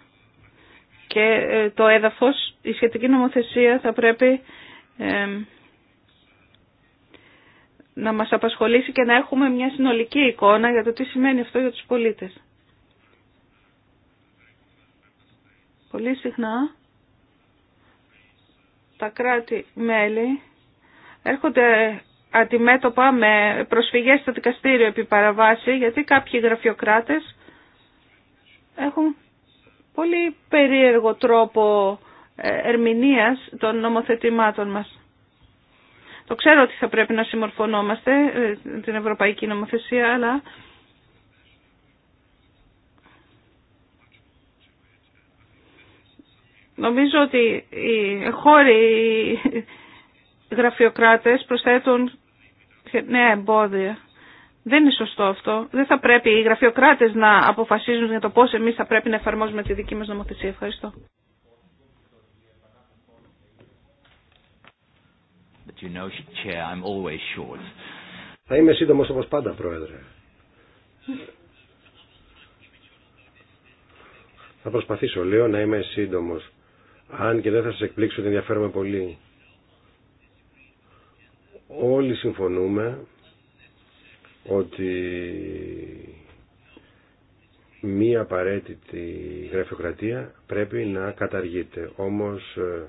και ε, το έδαφος, η σχετική νομοθεσία θα πρέπει ε, να μας απασχολήσει και να έχουμε μια συνολική εικόνα για το τι σημαίνει αυτό για τους πολίτες. Πολύ συχνά τα κράτη-μέλη έρχονται αντιμέτωπα με προσφυγές στο δικαστήριο επί παραβάση γιατί κάποιοι γραφειοκράτες έχουν πολύ περίεργο τρόπο ε, ερμηνείας των νομοθετημάτων μας. Το ξέρω ότι θα πρέπει να συμμορφωνόμαστε ε, την Ευρωπαϊκή Νομοθεσία, αλλά νομίζω ότι οι χώροι γραφειοκράτες προσθέτουν νέα εμπόδια. Δεν είναι σωστό αυτό. Δεν θα πρέπει οι γραφειοκράτε να αποφασίζουν για το πώ εμεί θα πρέπει να εφαρμόζουμε τη δική μας νομοθεσία. Ευχαριστώ. you know, chair, Θα είμαι σύντομο όπω πάντα, Πρόεδρε. Θα προσπαθήσω, λέω, να είμαι σύντομο. Αν και δεν θα σα εκπλήξω, ότι ενδιαφέρομαι πολύ. Όλοι συμφωνούμε ότι μία απαραίτητη γραφειοκρατία πρέπει να καταργείται. Όμως ε,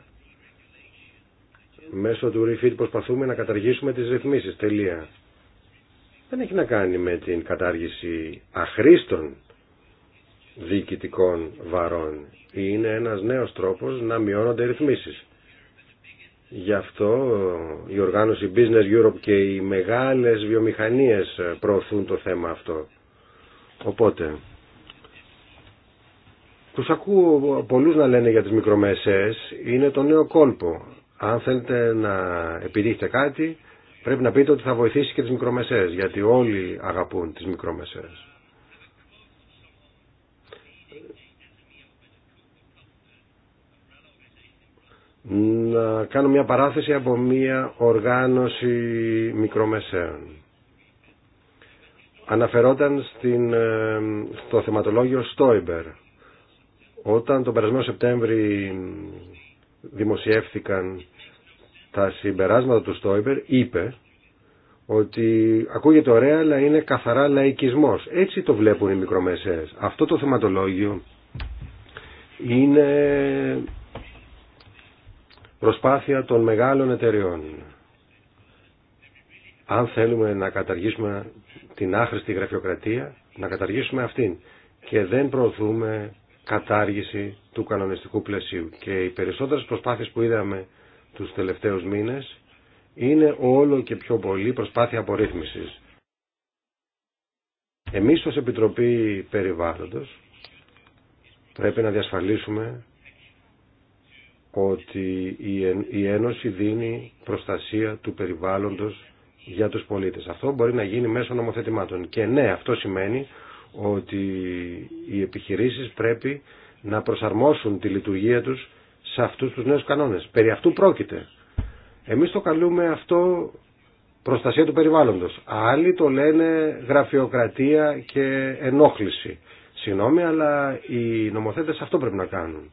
μέσω του refit προσπαθούμε να καταργήσουμε τις ρυθμίσεις. Τελεία. Δεν έχει να κάνει με την κατάργηση αχρήστων διοικητικών βαρών. Είναι ένας νέος τρόπος να μειώνονται οι ρυθμίσεις. Γι' αυτό ε, η οργάνωση Business Europe και οι μεγάλες βιομηχανίες ε, προωθούν το θέμα αυτό. Οπότε, τους ακούω πολλούς να λένε για τις μικρομεσαίες, είναι το νέο κόλπο. Αν θέλετε να επιτύχετε κάτι, πρέπει να πείτε ότι θα βοηθήσει και τις μικρομεσαίες, γιατί όλοι αγαπούν τις μικρομεσαίες. να κάνω μια παράθεση από μια οργάνωση μικρομεσαίων. Αναφερόταν στην, ε, στο θεματολόγιο Στόιμπερ. Όταν τον περασμένο Σεπτέμβρη δημοσιεύθηκαν τα συμπεράσματα του Στόιμπερ, είπε ότι ακούγεται ωραία αλλά είναι καθαρά λαϊκισμός. Έτσι το βλέπουν οι μικρομεσαίες. Αυτό το θεματολόγιο είναι προσπάθεια των μεγάλων εταιριών. Αν θέλουμε να καταργήσουμε την άχρηστη γραφειοκρατία, να καταργήσουμε αυτήν και δεν προωθούμε κατάργηση του κανονιστικού πλαισίου. Και οι περισσότερες προσπάθειες που είδαμε τους τελευταίους μήνες είναι όλο και πιο πολύ προσπάθεια απορρίθμισης. Εμείς ως Επιτροπή Περιβάλλοντος πρέπει να διασφαλίσουμε ότι η Ένωση δίνει προστασία του περιβάλλοντος για τους πολίτες. Αυτό μπορεί να γίνει μέσω νομοθετημάτων. Και ναι, αυτό σημαίνει ότι οι επιχειρήσεις πρέπει να προσαρμόσουν τη λειτουργία τους σε αυτούς τους νέους κανόνες. Περί αυτού πρόκειται. Εμείς το καλούμε αυτό προστασία του περιβάλλοντος. Άλλοι το λένε γραφειοκρατία και ενόχληση. Συγγνώμη, αλλά οι νομοθέτες αυτό πρέπει να κάνουν.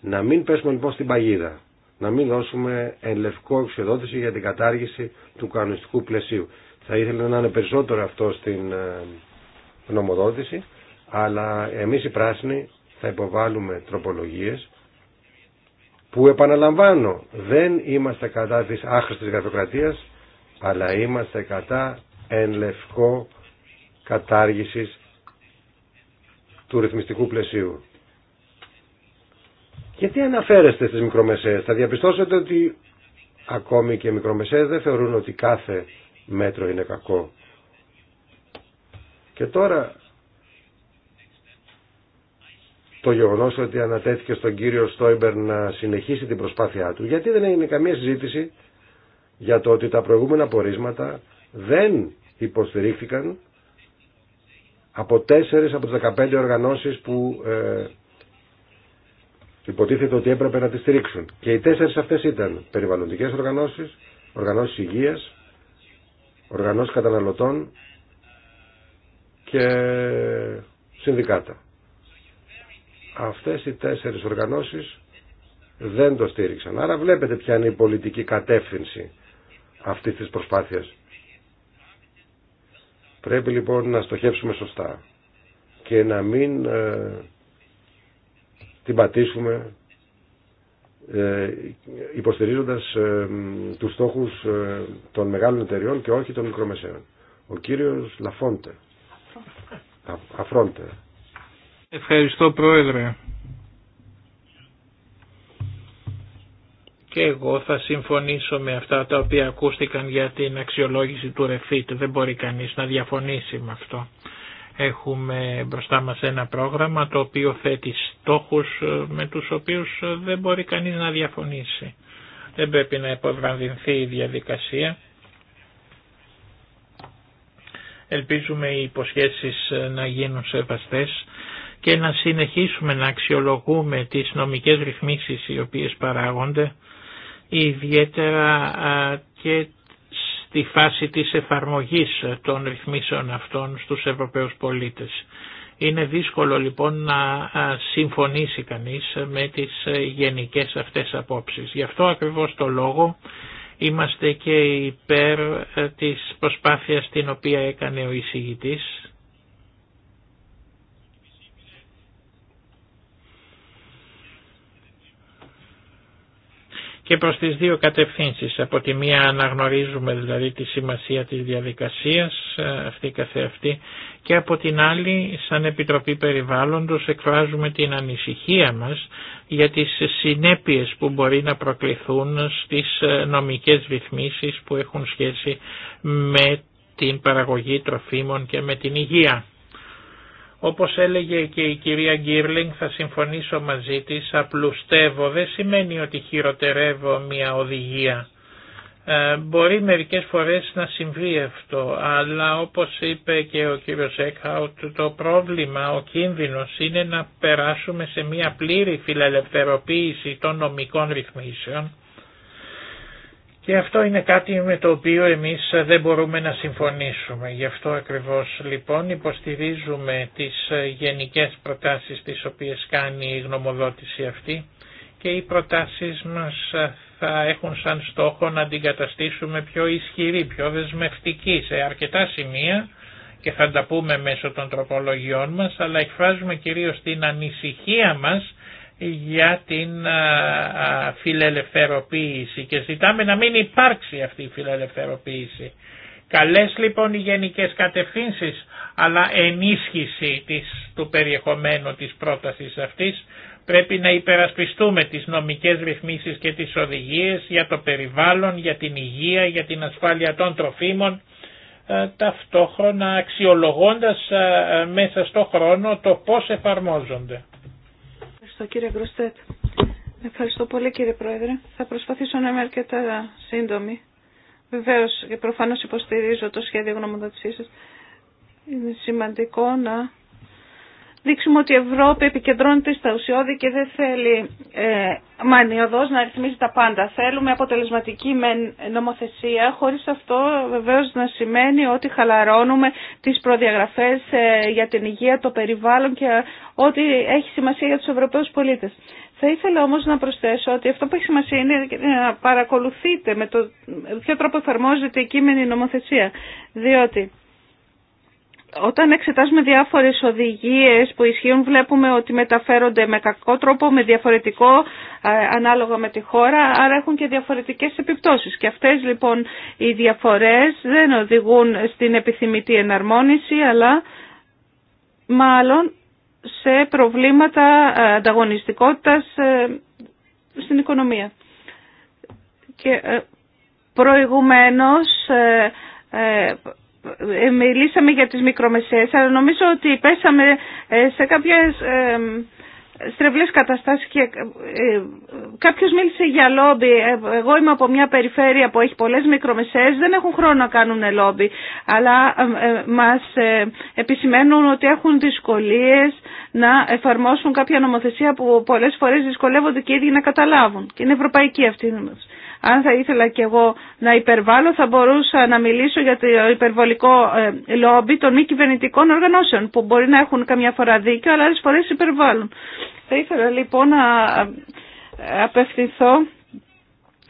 Να μην πέσουμε λοιπόν στην παγίδα. Να μην δώσουμε εν λευκό εξοδότηση για την κατάργηση του κανονιστικού πλαισίου. Θα ήθελα να είναι περισσότερο αυτό στην ε, νομοδότηση, αλλά εμείς οι πράσινοι θα υποβάλουμε τροπολογίες που επαναλαμβάνω δεν είμαστε κατά της άχρηστης γραφειοκρατίας αλλά είμαστε κατά εν λευκό κατάργησης του ρυθμιστικού πλαισίου. Γιατί αναφέρεστε στις μικρομεσαίες. Θα διαπιστώσετε ότι ακόμη και οι μικρομεσαίες δεν θεωρούν ότι κάθε μέτρο είναι κακό. Και τώρα το γεγονός ότι ανατέθηκε στον κύριο Στόιμπερ να συνεχίσει την προσπάθειά του. Γιατί δεν έγινε καμία συζήτηση για το ότι τα προηγούμενα πορίσματα δεν υποστηρίχθηκαν από τέσσερις από τις 15 οργανώσεις που ε, υποτίθεται ότι έπρεπε να τη στηρίξουν. Και οι τέσσερις αυτές ήταν περιβαλλοντικές οργανώσεις, οργανώσει υγεία, οργανώσει καταναλωτών και συνδικάτα. Αυτές οι τέσσερις οργανώσεις δεν το στήριξαν. Άρα βλέπετε ποια είναι η πολιτική κατεύθυνση αυτής της προσπάθειας. Πρέπει λοιπόν να στοχεύσουμε σωστά και να μην ε, την πατήσουμε ε, υποστηρίζοντας ε, τους στόχους ε, των μεγάλων εταιριών και όχι των μικρομεσαίων. Ο κύριος Λαφόντε. Αφρόντε. Ευχαριστώ Πρόεδρε. Και εγώ θα συμφωνήσω με αυτά τα οποία ακούστηκαν για την αξιολόγηση του Ρεφίτ. Δεν μπορεί κανείς να διαφωνήσει με αυτό. Έχουμε μπροστά μας ένα πρόγραμμα το οποίο θέτει στόχους ε, με τους οποίους ε, δεν μπορεί κανείς να διαφωνήσει. Δεν πρέπει να υποβραδυνθεί η διαδικασία. Ελπίζουμε οι υποσχέσεις ε, να γίνουν σεβαστές και να συνεχίσουμε να αξιολογούμε τις νομικές ρυθμίσεις οι οποίες παράγονται ιδιαίτερα και στη φάση της εφαρμογής των ρυθμίσεων αυτών στους Ευρωπαίους πολίτες. Είναι δύσκολο λοιπόν να συμφωνήσει κανείς με τις γενικές αυτές απόψεις. Γι' αυτό ακριβώς το λόγο είμαστε και υπέρ ε, της προσπάθειας την οποία έκανε ο εισηγητής και προς τις δύο κατευθύνσεις. Από τη μία αναγνωρίζουμε δηλαδή τη σημασία της διαδικασίας ε, αυτή καθεαυτή και από την άλλη σαν Επιτροπή Περιβάλλοντος εκφράζουμε την ανησυχία μας για τις συνέπειες που μπορεί να προκληθούν στις ε, νομικές ρυθμίσεις που έχουν σχέση με την παραγωγή τροφίμων και με την υγεία. Όπως έλεγε και η κυρία Γκίρλινγκ θα συμφωνήσω μαζί της, απλουστεύω δεν σημαίνει ότι χειροτερεύω μια οδηγία. Ε, μπορεί μερικές φορές να συμβεί αυτό, αλλά όπως είπε και ο κύριος Έκχαουτ, το πρόβλημα, ο κίνδυνος είναι να περάσουμε σε μια πλήρη φιλελευθεροποίηση των νομικών ρυθμίσεων και αυτό είναι κάτι με το οποίο εμείς δεν μπορούμε να συμφωνήσουμε. Γι' αυτό ακριβώς λοιπόν υποστηρίζουμε τις γενικές προτάσεις τις οποίες κάνει η γνωμοδότηση αυτή και οι προτάσεις μας θα έχουν σαν στόχο να την πιο ισχυρή, πιο δεσμευτική σε αρκετά σημεία και θα τα πούμε μέσω των τροπολογιών μας, αλλά εκφράζουμε κυρίως την ανησυχία μας για την φιλελευθεροποίηση και ζητάμε να μην υπάρξει αυτή η φιλελευθεροποίηση. Καλές λοιπόν οι γενικές κατευθύνσεις αλλά ενίσχυση της, του περιεχομένου της πρότασης αυτής πρέπει να υπερασπιστούμε τις νομικές ρυθμίσεις και τις οδηγίες για το περιβάλλον, για την υγεία, για την ασφάλεια των τροφίμων ε, ταυτόχρονα αξιολογώντας ε, ε, μέσα στο χρόνο το πώς εφαρμόζονται. Ευχαριστώ κύριε Γκροστέτ. Ευχαριστώ πολύ κύριε Πρόεδρε. Θα προσπαθήσω να είμαι αρκετά σύντομη. Βεβαίω και προφανώ υποστηρίζω το σχέδιο γνωμοδοτησή σα. Είναι σημαντικό να δείξουμε ότι η Ευρώπη επικεντρώνεται στα ουσιώδη και δεν θέλει ε, μανιωδώς να ρυθμίζει τα πάντα. Θέλουμε αποτελεσματική νομοθεσία, χωρίς αυτό βεβαίως να σημαίνει ότι χαλαρώνουμε τις προδιαγραφές ε, για την υγεία, το περιβάλλον και ό,τι έχει σημασία για τους Ευρωπαίους πολίτες. Θα ήθελα όμως να προσθέσω ότι αυτό που έχει σημασία είναι να παρακολουθείτε με το ποιο τρόπο εφαρμόζεται η κείμενη νομοθεσία, διότι όταν εξετάζουμε διάφορες οδηγίες που ισχύουν βλέπουμε ότι μεταφέρονται με κακό τρόπο, με διαφορετικό ε, ανάλογα με τη χώρα, άρα έχουν και διαφορετικές επιπτώσεις. Και αυτές λοιπόν οι διαφορές δεν οδηγούν στην επιθυμητή εναρμόνιση, αλλά μάλλον σε προβλήματα ε, ανταγωνιστικότητας ε, στην οικονομία. Και προηγουμένως ε, μιλήσαμε για τις μικρομεσαίες, αλλά νομίζω ότι πέσαμε ε, σε κάποιες ε, στρεβλές καταστάσεις και κάποιος μίλησε για λόμπι. Εγώ είμαι από μια περιφέρεια που έχει πολλές μικρομεσαίες, δεν έχουν χρόνο να κάνουν λόμπι, αλλά μας επισημαίνουν ότι έχουν δυσκολίες να εφαρμόσουν κάποια νομοθεσία που πολλές φορές δυσκολεύονται και οι ίδιοι να καταλάβουν. Και είναι ευρωπαϊκή αυτή η νομοθεσία. Αν θα ήθελα κι εγώ να υπερβάλλω θα μπορούσα να μιλήσω για το υπερβολικό ε, λόμπι των μη κυβερνητικών οργανώσεων που μπορεί να έχουν καμιά φορά δίκιο αλλά άλλες φορές υπερβάλλουν. Θα ήθελα λοιπόν να ε, απευθυνθώ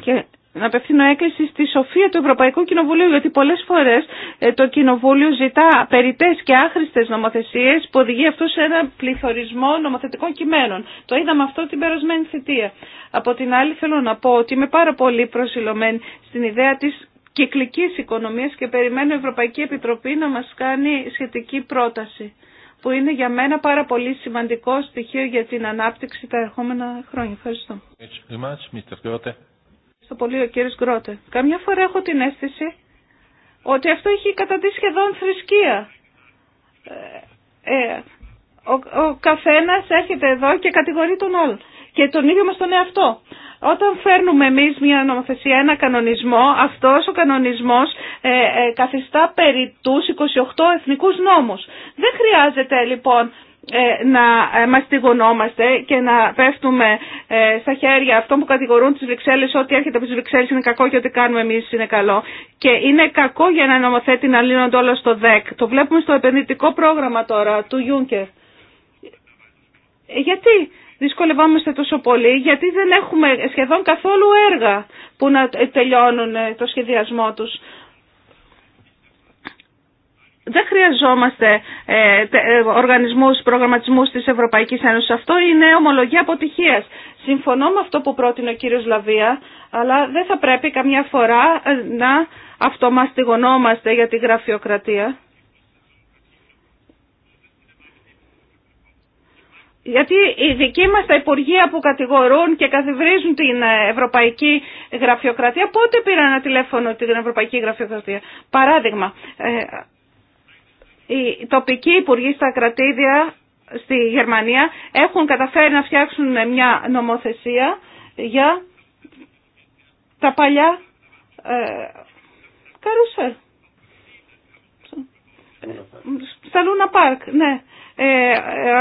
και να απευθύνω έκκληση στη σοφία του Ευρωπαϊκού Κοινοβουλίου, γιατί πολλές φορές ε, το Κοινοβούλιο ζητά περιτέ και άχρηστε νομοθεσίε που οδηγεί αυτό σε ένα πληθωρισμό νομοθετικών κειμένων. Το είδαμε αυτό την περασμένη θητεία. Από την άλλη θέλω να πω ότι είμαι πάρα πολύ προσιλωμένη στην ιδέα της κυκλικής οικονομία και περιμένω η Ευρωπαϊκή Επιτροπή να μα κάνει σχετική πρόταση που είναι για μένα πάρα πολύ σημαντικό στοιχείο για την ανάπτυξη τα ερχόμενα χρόνια. Ευχαριστώ στο πολύ ο κύριος Γκρότε. Καμιά φορά έχω την αίσθηση ότι αυτό έχει καταντήσει σχεδόν θρησκεία. Ε, ε, ο, ο καθένας έρχεται εδώ και κατηγορεί τον άλλον και τον ίδιο μας τον εαυτό. Όταν φέρνουμε εμείς μια νομοθεσία, ένα κανονισμό, αυτός ο κανονισμός ε, ε καθιστά περί τους 28 εθνικούς νόμους. Δεν χρειάζεται λοιπόν ε, να ε, μας στιγωνόμαστε και να πέφτουμε ε, στα χέρια αυτών που κατηγορούν τις Βρυξέλλες ότι έρχεται από τις Βρυξέλλες είναι κακό και ότι κάνουμε εμείς είναι καλό. Και είναι κακό για να νομοθέτη να λύνονται όλα στο ΔΕΚ. Το βλέπουμε στο επενδυτικό πρόγραμμα τώρα του Ιούνκερ. Γιατί δυσκολευόμαστε τόσο πολύ, γιατί δεν έχουμε σχεδόν καθόλου έργα που να τελειώνουν το σχεδιασμό τους δεν χρειαζόμαστε ε, τε, ε, οργανισμούς, προγραμματισμούς της Ευρωπαϊκής Ένωσης. Αυτό είναι ομολογία αποτυχίας. Συμφωνώ με αυτό που πρότεινε ο κύριος Λαβία, αλλά δεν θα πρέπει καμιά φορά ε, να αυτομαστιγωνόμαστε για τη γραφειοκρατία. Γιατί οι δικοί μας τα Υπουργεία που κατηγορούν και καθιβρίζουν την ε, Ευρωπαϊκή Γραφειοκρατία, πότε πήραν ένα τηλέφωνο την Ευρωπαϊκή Γραφειοκρατία. Παράδειγμα, οι τοπικοί υπουργοί στα κρατήδια στη Γερμανία έχουν καταφέρει να φτιάξουν μια νομοθεσία για τα παλιά ε, Στα Λούνα Πάρκ, ναι. Ε,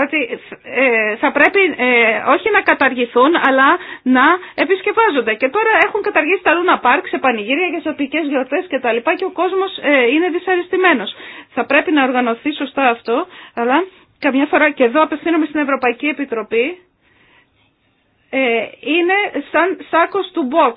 ότι ε, θα πρέπει ε, όχι να καταργηθούν αλλά να επισκευάζονται. Και τώρα έχουν καταργήσει τα Λούνα Πάρκ σε πανηγύρια για σοπικές γιορτές και τα λοιπά και ο κόσμος είναι δυσαρεστημένος. Θα πρέπει να οργανωθεί σωστά αυτό, αλλά καμιά φορά και εδώ απευθύνομαι στην Ευρωπαϊκή Επιτροπή, είναι σαν σάκος του box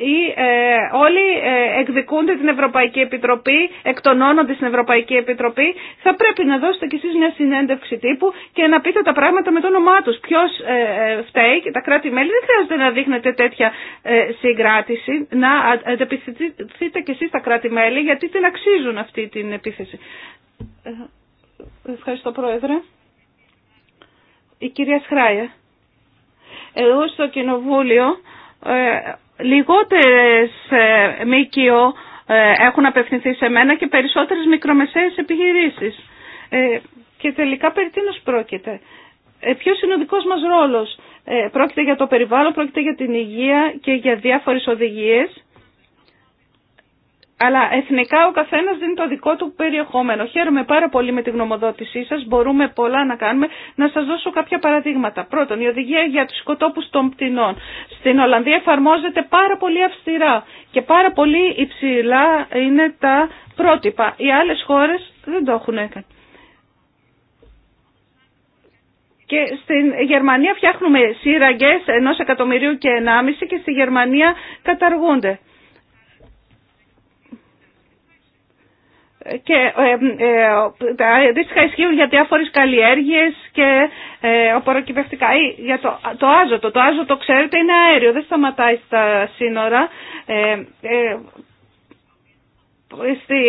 ή ε, όλοι ε, εκδικούνται την Ευρωπαϊκή Επιτροπή, εκτονώνονται στην Ευρωπαϊκή Επιτροπή, θα πρέπει να δώσετε κι εσείς μια συνέντευξη τύπου και να πείτε τα πράγματα με το όνομά τους. Ποιος ε, φταίει και τα κράτη-μέλη δεν χρειάζεται να δείχνετε τέτοια συγκράτηση, να αντεπιθυνθείτε κι εσείς τα κράτη-μέλη γιατί την αξίζουν αυτή την επίθεση. Ευχαριστώ Πρόεδρε. Η κυρία Σχράια. Εγώ στο Κοινοβούλιο λιγότερες ε, ΜΚΟ ε, έχουν απευθυνθεί σε μένα και περισσότερες μικρομεσαίες επιχειρήσεις. Ε, και τελικά περί τίνος πρόκειται. Ποιος είναι ο δικός μας ρόλος. Πρόκειται για το περιβάλλον, πρόκειται για την υγεία και για διάφορες οδηγίες αλλά εθνικά ο καθένας δίνει το δικό του περιεχόμενο. Χαίρομαι πάρα πολύ με τη γνωμοδότησή σας, μπορούμε πολλά να κάνουμε. Να σας δώσω κάποια παραδείγματα. Πρώτον, η οδηγία για τους σκοτόπους των πτηνών. Στην Ολλανδία εφαρμόζεται πάρα πολύ αυστηρά και πάρα πολύ υψηλά είναι τα πρότυπα. Οι άλλες χώρες δεν το έχουν έκανε. Και στην Γερμανία φτιάχνουμε σύραγγες ενός εκατομμυρίου και ενάμιση και στη Γερμανία καταργούνται. και ε, ε, τα αντίστοιχα ισχύουν για διάφορες καλλιέργειες και ε, οποροκυπευτικά για το, το άζωτο. Το άζωτο ξέρετε είναι αέριο, δεν σταματάει στα σύνορα. Ε, ε, στη,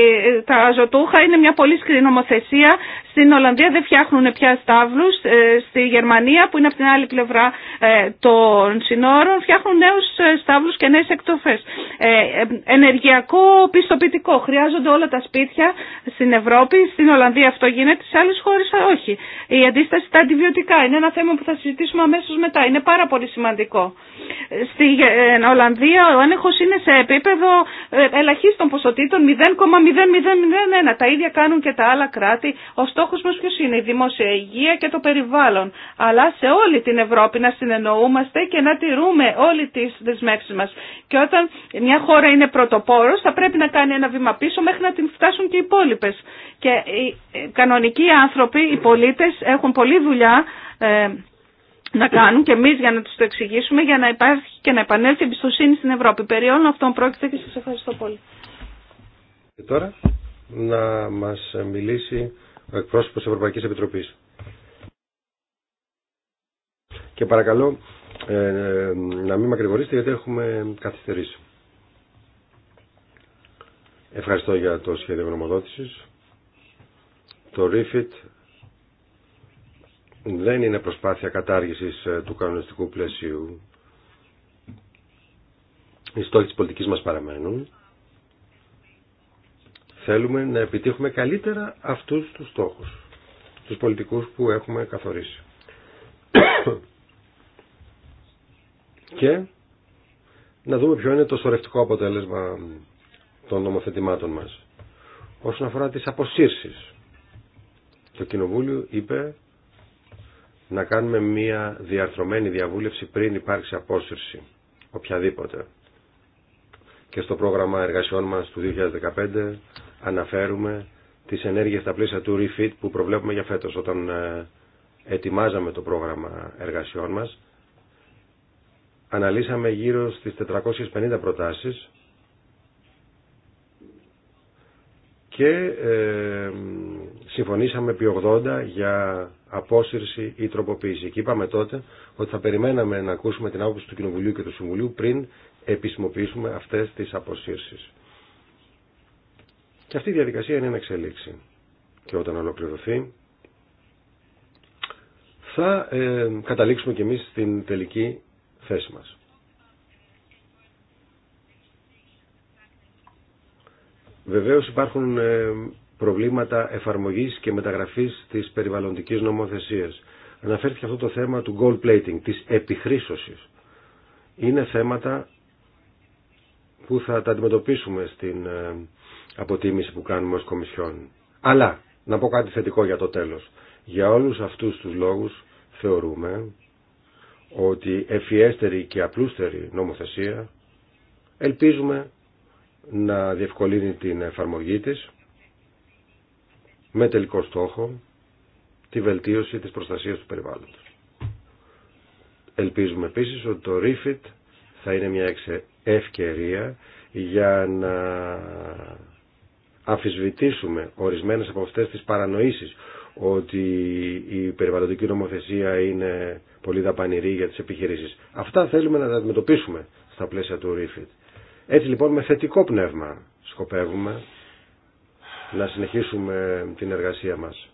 τα αζωτούχα είναι μια πολύ σκληρή νομοθεσία στην Ολλανδία δεν φτιάχνουν πια στάβλους, ε, στη Γερμανία που είναι από την άλλη πλευρά ε, των συνόρων φτιάχνουν νέους ε, στάβλους και νέες εκτοφές. Ενεργειακό πιστοποιητικό χρειάζονται όλα τα σπίτια στην Ευρώπη, στην Ολλανδία αυτό γίνεται, σε άλλε χώρε όχι. Η αντίσταση στα αντιβιωτικά είναι ένα θέμα που θα συζητήσουμε αμέσω μετά, είναι πάρα πολύ σημαντικό. Στην Ολλανδία ο ανέχο είναι σε επίπεδο ελαχίστων ποσοτήτων 0,0001, τα ίδια κάνουν και τα άλλα κράτη, στόχος μας ποιο είναι η δημόσια υγεία και το περιβάλλον. Αλλά σε όλη την Ευρώπη να συνεννοούμαστε και να τηρούμε όλοι τις δεσμεύσει μας. Και όταν μια χώρα είναι πρωτοπόρος θα πρέπει να κάνει ένα βήμα πίσω μέχρι να την φτάσουν και οι υπόλοιπε. Και οι ε, κανονικοί άνθρωποι, οι πολίτες έχουν πολλή δουλειά ε, να κάνουν και εμεί για να του το εξηγήσουμε για να υπάρχει και να επανέλθει εμπιστοσύνη στην Ευρώπη. Περί όλων αυτών πρόκειται και σα ευχαριστώ πολύ. Και τώρα να μας μιλήσει ο εκπρόσωπος Ευρωπαϊκής Επιτροπής. Και παρακαλώ ε, να μην μακρηγορήσετε γιατί έχουμε καθυστερήσει. Ευχαριστώ για το σχέδιο γνωμοδότησης. Το REFIT δεν είναι προσπάθεια κατάργησης ε, του κανονιστικού πλαισίου. Οι στόχοι της πολιτικής μας παραμένουν θέλουμε να επιτύχουμε καλύτερα αυτούς τους στόχους, τους πολιτικούς που έχουμε καθορίσει. Και να δούμε ποιο είναι το σωρευτικό αποτέλεσμα των νομοθετημάτων μας. Όσον αφορά τις αποσύρσεις, το Κοινοβούλιο είπε να κάνουμε μία διαρθρωμένη διαβούλευση πριν υπάρξει απόσυρση, οποιαδήποτε. Και στο πρόγραμμα εργασιών μας του 2015 αναφέρουμε τις ενέργειες στα πλαίσια του refit που προβλέπουμε για φέτος. Όταν ε, ετοιμάζαμε το πρόγραμμα εργασιών μας, αναλύσαμε γύρω στις 450 προτάσεις και ε, συμφωνήσαμε επί 80 για απόσυρση ή τροποποίηση. Και είπαμε τότε ότι θα περιμέναμε να ακούσουμε την άποψη του Κοινοβουλίου και του Συμβουλίου πριν επισημοποιήσουμε αυτές τις αποσύρσεις. Και αυτή η διαδικασία είναι ένα εξελίξη. Και όταν ολοκληρωθεί θα ε, καταλήξουμε κι εμείς στην τελική θέση μας. Βεβαίως υπάρχουν ε, προβλήματα εφαρμογής και μεταγραφής της περιβαλλοντικής νομοθεσίας. Αναφέρθηκε αυτό το θέμα του gold plating, της επιχρήσωσης. Είναι θέματα που θα τα αντιμετωπίσουμε στην ε, αποτίμηση που κάνουμε ως Κομισιόν. Αλλά, να πω κάτι θετικό για το τέλος. Για όλους αυτούς τους λόγους θεωρούμε ότι ευφιέστερη και απλούστερη νομοθεσία ελπίζουμε να διευκολύνει την εφαρμογή της με τελικό στόχο τη βελτίωση της προστασίας του περιβάλλοντος. Ελπίζουμε επίσης ότι το REFIT θα είναι μια ευκαιρία για να Αφισβητήσουμε ορισμένες από αυτές τις παρανοήσεις ότι η περιβαλλοντική νομοθεσία είναι πολύ δαπανηρή για τις επιχειρήσεις. Αυτά θέλουμε να τα αντιμετωπίσουμε στα πλαίσια του Refit. Έτσι λοιπόν με θετικό πνεύμα σκοπεύουμε να συνεχίσουμε την εργασία μας.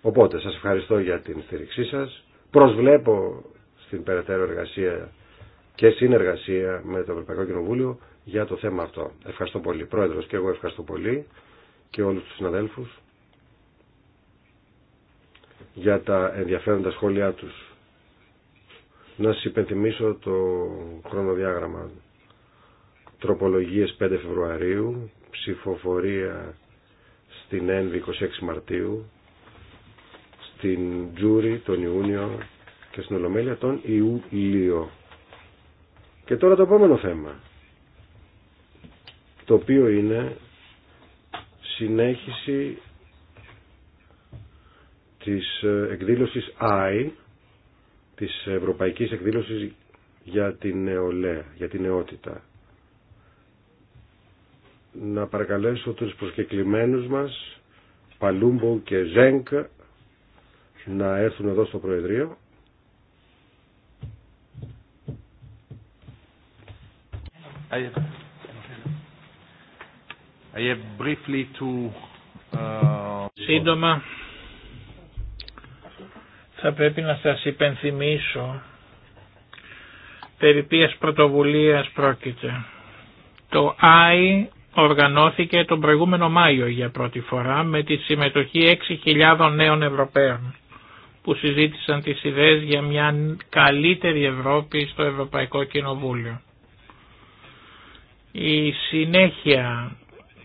Οπότε σας ευχαριστώ για την στήριξή σας. Προσβλέπω στην περαιτέρω εργασία και συνεργασία με το Ευρωπαϊκό Κοινοβούλιο για το θέμα αυτό. Ευχαριστώ πολύ. Πρόεδρος και εγώ ευχαριστώ πολύ και όλους τους συναδέλφους για τα ενδιαφέροντα σχόλιά τους. Να σας υπενθυμίσω το χρονοδιάγραμμα. Τροπολογίες 5 Φεβρουαρίου, ψηφοφορία στην ΕΝΒΗ 26 Μαρτίου, στην Τζούρι τον Ιούνιο και στην Ολομέλεια τον Ιούλιο. Και τώρα το επόμενο θέμα, το οποίο είναι συνέχιση της εκδήλωσης I, της Ευρωπαϊκής Εκδήλωσης για την νεολαία, για την νεότητα. Να παρακαλέσω τους προσκεκλημένους μας, Παλούμπο και Ζέγκ, να έρθουν εδώ στο Προεδρείο. Uh, Σύντομα θα πρέπει να σας υπενθυμίσω περί ποιες πρωτοβουλίας πρόκειται. Το ΆΙ οργανώθηκε τον προηγούμενο Μάιο για πρώτη φορά με τη συμμετοχή 6.000 νέων Ευρωπαίων που συζήτησαν τις ιδέες για μια καλύτερη Ευρώπη στο Ευρωπαϊκό Κοινοβούλιο. Η συνέχεια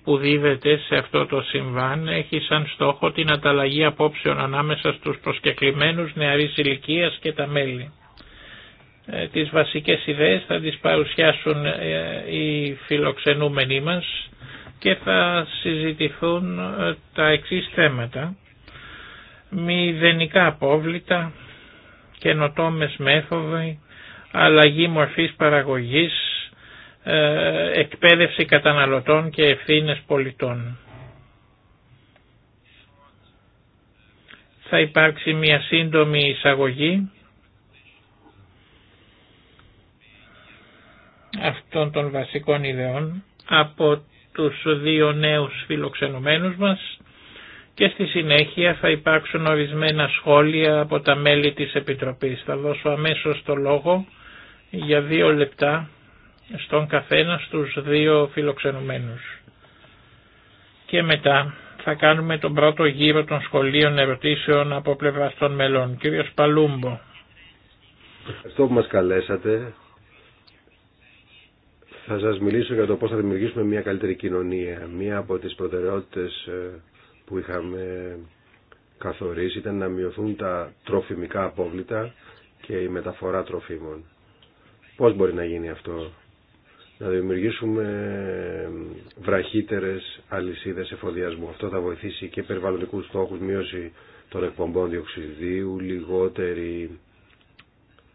που δίδεται σε αυτό το συμβάν έχει σαν στόχο την ανταλλαγή απόψεων ανάμεσα στους προσκεκλημένους νεαρής ηλικία και τα μέλη. Ε, τις βασικές ιδέες θα τις παρουσιάσουν ε, οι φιλοξενούμενοι μας και θα συζητηθούν ε, τα εξής θέματα. Μηδενικά απόβλητα, καινοτόμες μέθοδοι, αλλαγή μορφής παραγωγής, ε, εκπαίδευση καταναλωτών και ευθύνες πολιτών. Θα υπάρξει μια σύντομη εισαγωγή αυτών των βασικών ιδεών από τους δύο νέους φιλοξενουμένους μας και στη συνέχεια θα υπάρξουν ορισμένα σχόλια από τα μέλη της Επιτροπής. Θα δώσω αμέσως το λόγο για δύο λεπτά στον καθένα στους δύο φιλοξενουμένους. Και μετά θα κάνουμε τον πρώτο γύρο των σχολείων ερωτήσεων από πλευρά των μελών. Κύριος Παλούμπο. Ευχαριστώ που μας καλέσατε. Θα σας μιλήσω για το πώς θα δημιουργήσουμε μια καλύτερη κοινωνία. Μία από τις προτεραιότητες ε, που είχαμε καθορίσει ήταν να μειωθούν τα τροφιμικά απόβλητα και η μεταφορά τροφίμων. Πώς μπορεί να γίνει αυτό να δημιουργήσουμε βραχύτερες αλυσίδες εφοδιασμού. Αυτό θα βοηθήσει και περιβαλλοντικούς στόχους, μείωση των εκπομπών διοξιδίου, λιγότερη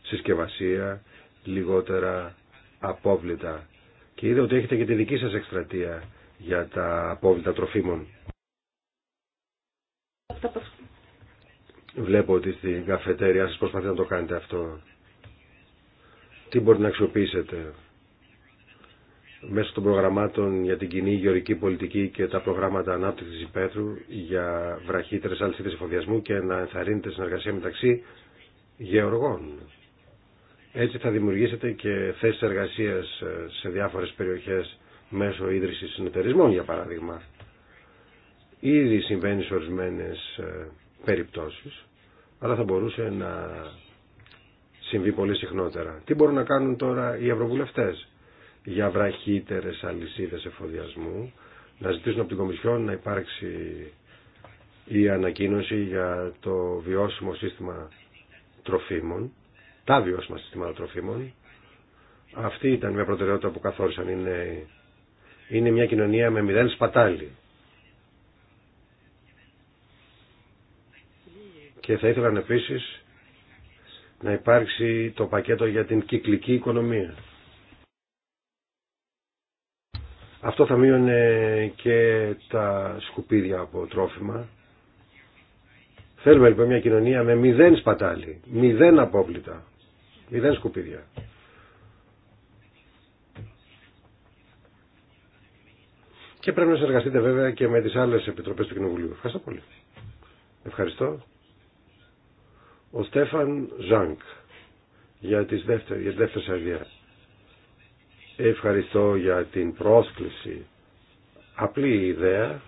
συσκευασία, λιγότερα απόβλητα. Και είδα ότι έχετε και τη δική σας εκστρατεία για τα απόβλητα τροφίμων. Βλέπω ότι στην καφετέρια σας προσπαθείτε να το κάνετε αυτό. Τι μπορείτε να αξιοποιήσετε μέσω των προγραμμάτων για την κοινή γεωρική πολιτική και τα προγράμματα ανάπτυξη υπαίθρου για βραχύτερε αλυσίδε εφοδιασμού και να ενθαρρύνεται συνεργασία μεταξύ γεωργών. Έτσι θα δημιουργήσετε και θέσει εργασία ε, σε διάφορε περιοχέ μέσω ίδρυση συνεταιρισμών για παράδειγμα. Ήδη συμβαίνει σε ορισμένε ε, περιπτώσεις, αλλά θα μπορούσε να συμβεί πολύ συχνότερα. Τι μπορούν να κάνουν τώρα οι ευρωβουλευτές για βραχύτερες αλυσίδες εφοδιασμού, να ζητήσουν από την Κομισιόν να υπάρξει η ανακοίνωση για το βιώσιμο σύστημα τροφίμων, τα βιώσιμα συστήματα τροφίμων. Αυτή ήταν μια προτεραιότητα που καθόρισαν. Είναι, είναι μια κοινωνία με μηδέν σπατάλη. Και θα ήθελαν επίσης να υπάρξει το πακέτο για την κυκλική οικονομία. Αυτό θα μείωνε και τα σκουπίδια από τρόφιμα. Θέλουμε λοιπόν μια κοινωνία με μηδέν σπατάλη, μηδέν απόβλητα, μηδέν σκουπίδια. Και πρέπει να συνεργαστείτε βέβαια και με τις άλλες επιτροπές του Κοινοβουλίου. Ευχαριστώ πολύ. Ευχαριστώ. Ο Στέφαν Ζάνκ για, τις δεύτερες αδειές. Ευχαριστώ για την πρόσκληση. Απλή ιδέα,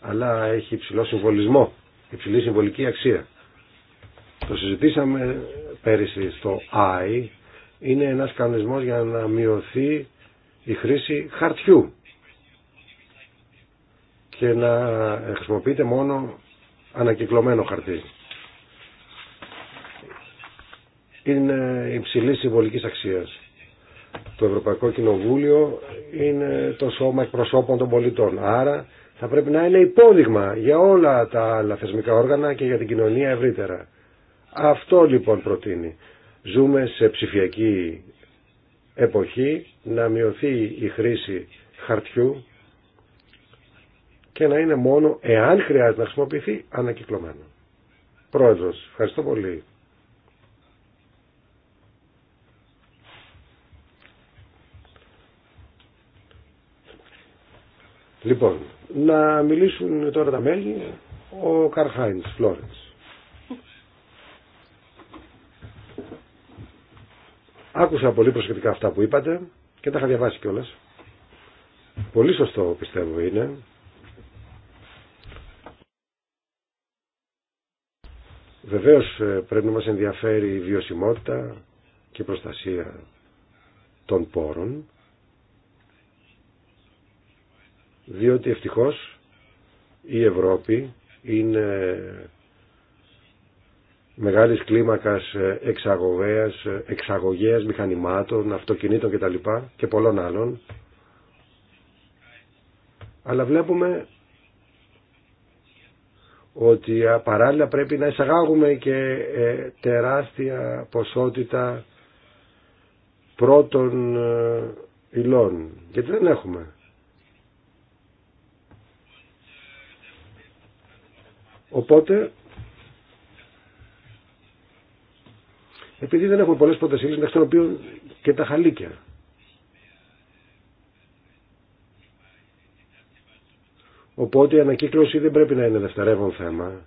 αλλά έχει υψηλό συμβολισμό, υψηλή συμβολική αξία. Το συζητήσαμε πέρυσι στο I. Είναι ένας κανονισμός για να μειωθεί η χρήση χαρτιού και να χρησιμοποιείται μόνο ανακυκλωμένο χαρτί. Είναι υψηλή συμβολικής αξίας. Το Ευρωπαϊκό Κοινοβούλιο είναι το σώμα εκπροσώπων των πολιτών. Άρα θα πρέπει να είναι υπόδειγμα για όλα τα άλλα θεσμικά όργανα και για την κοινωνία ευρύτερα. Αυτό λοιπόν προτείνει. Ζούμε σε ψηφιακή εποχή να μειωθεί η χρήση χαρτιού και να είναι μόνο εάν χρειάζεται να χρησιμοποιηθεί ανακυκλωμένο. Πρόεδρος, ευχαριστώ πολύ. Λοιπόν, να μιλήσουν τώρα τα μέλη. Ο Καρχάιν Φλόρενς. Άκουσα πολύ προσεκτικά αυτά που είπατε και τα είχα διαβάσει κιόλα. Πολύ σωστό πιστεύω είναι. Βεβαίως ε, πρέπει να μας ενδιαφέρει η βιωσιμότητα και η προστασία των πόρων διότι ευτυχώς η Ευρώπη είναι μεγάλης κλίμακας εξαγωγέας, εξαγωγέας μηχανημάτων, αυτοκινήτων κτλ. και πολλών άλλων. Αλλά βλέπουμε ότι παράλληλα πρέπει να εισαγάγουμε και ε, τεράστια ποσότητα πρώτων ε, υλών. Γιατί δεν έχουμε. Οπότε, επειδή δεν έχουμε πολλές πρώτες ύλες, μεταξύ των και τα χαλίκια. Οπότε η ανακύκλωση δεν πρέπει να είναι δευτερεύον θέμα.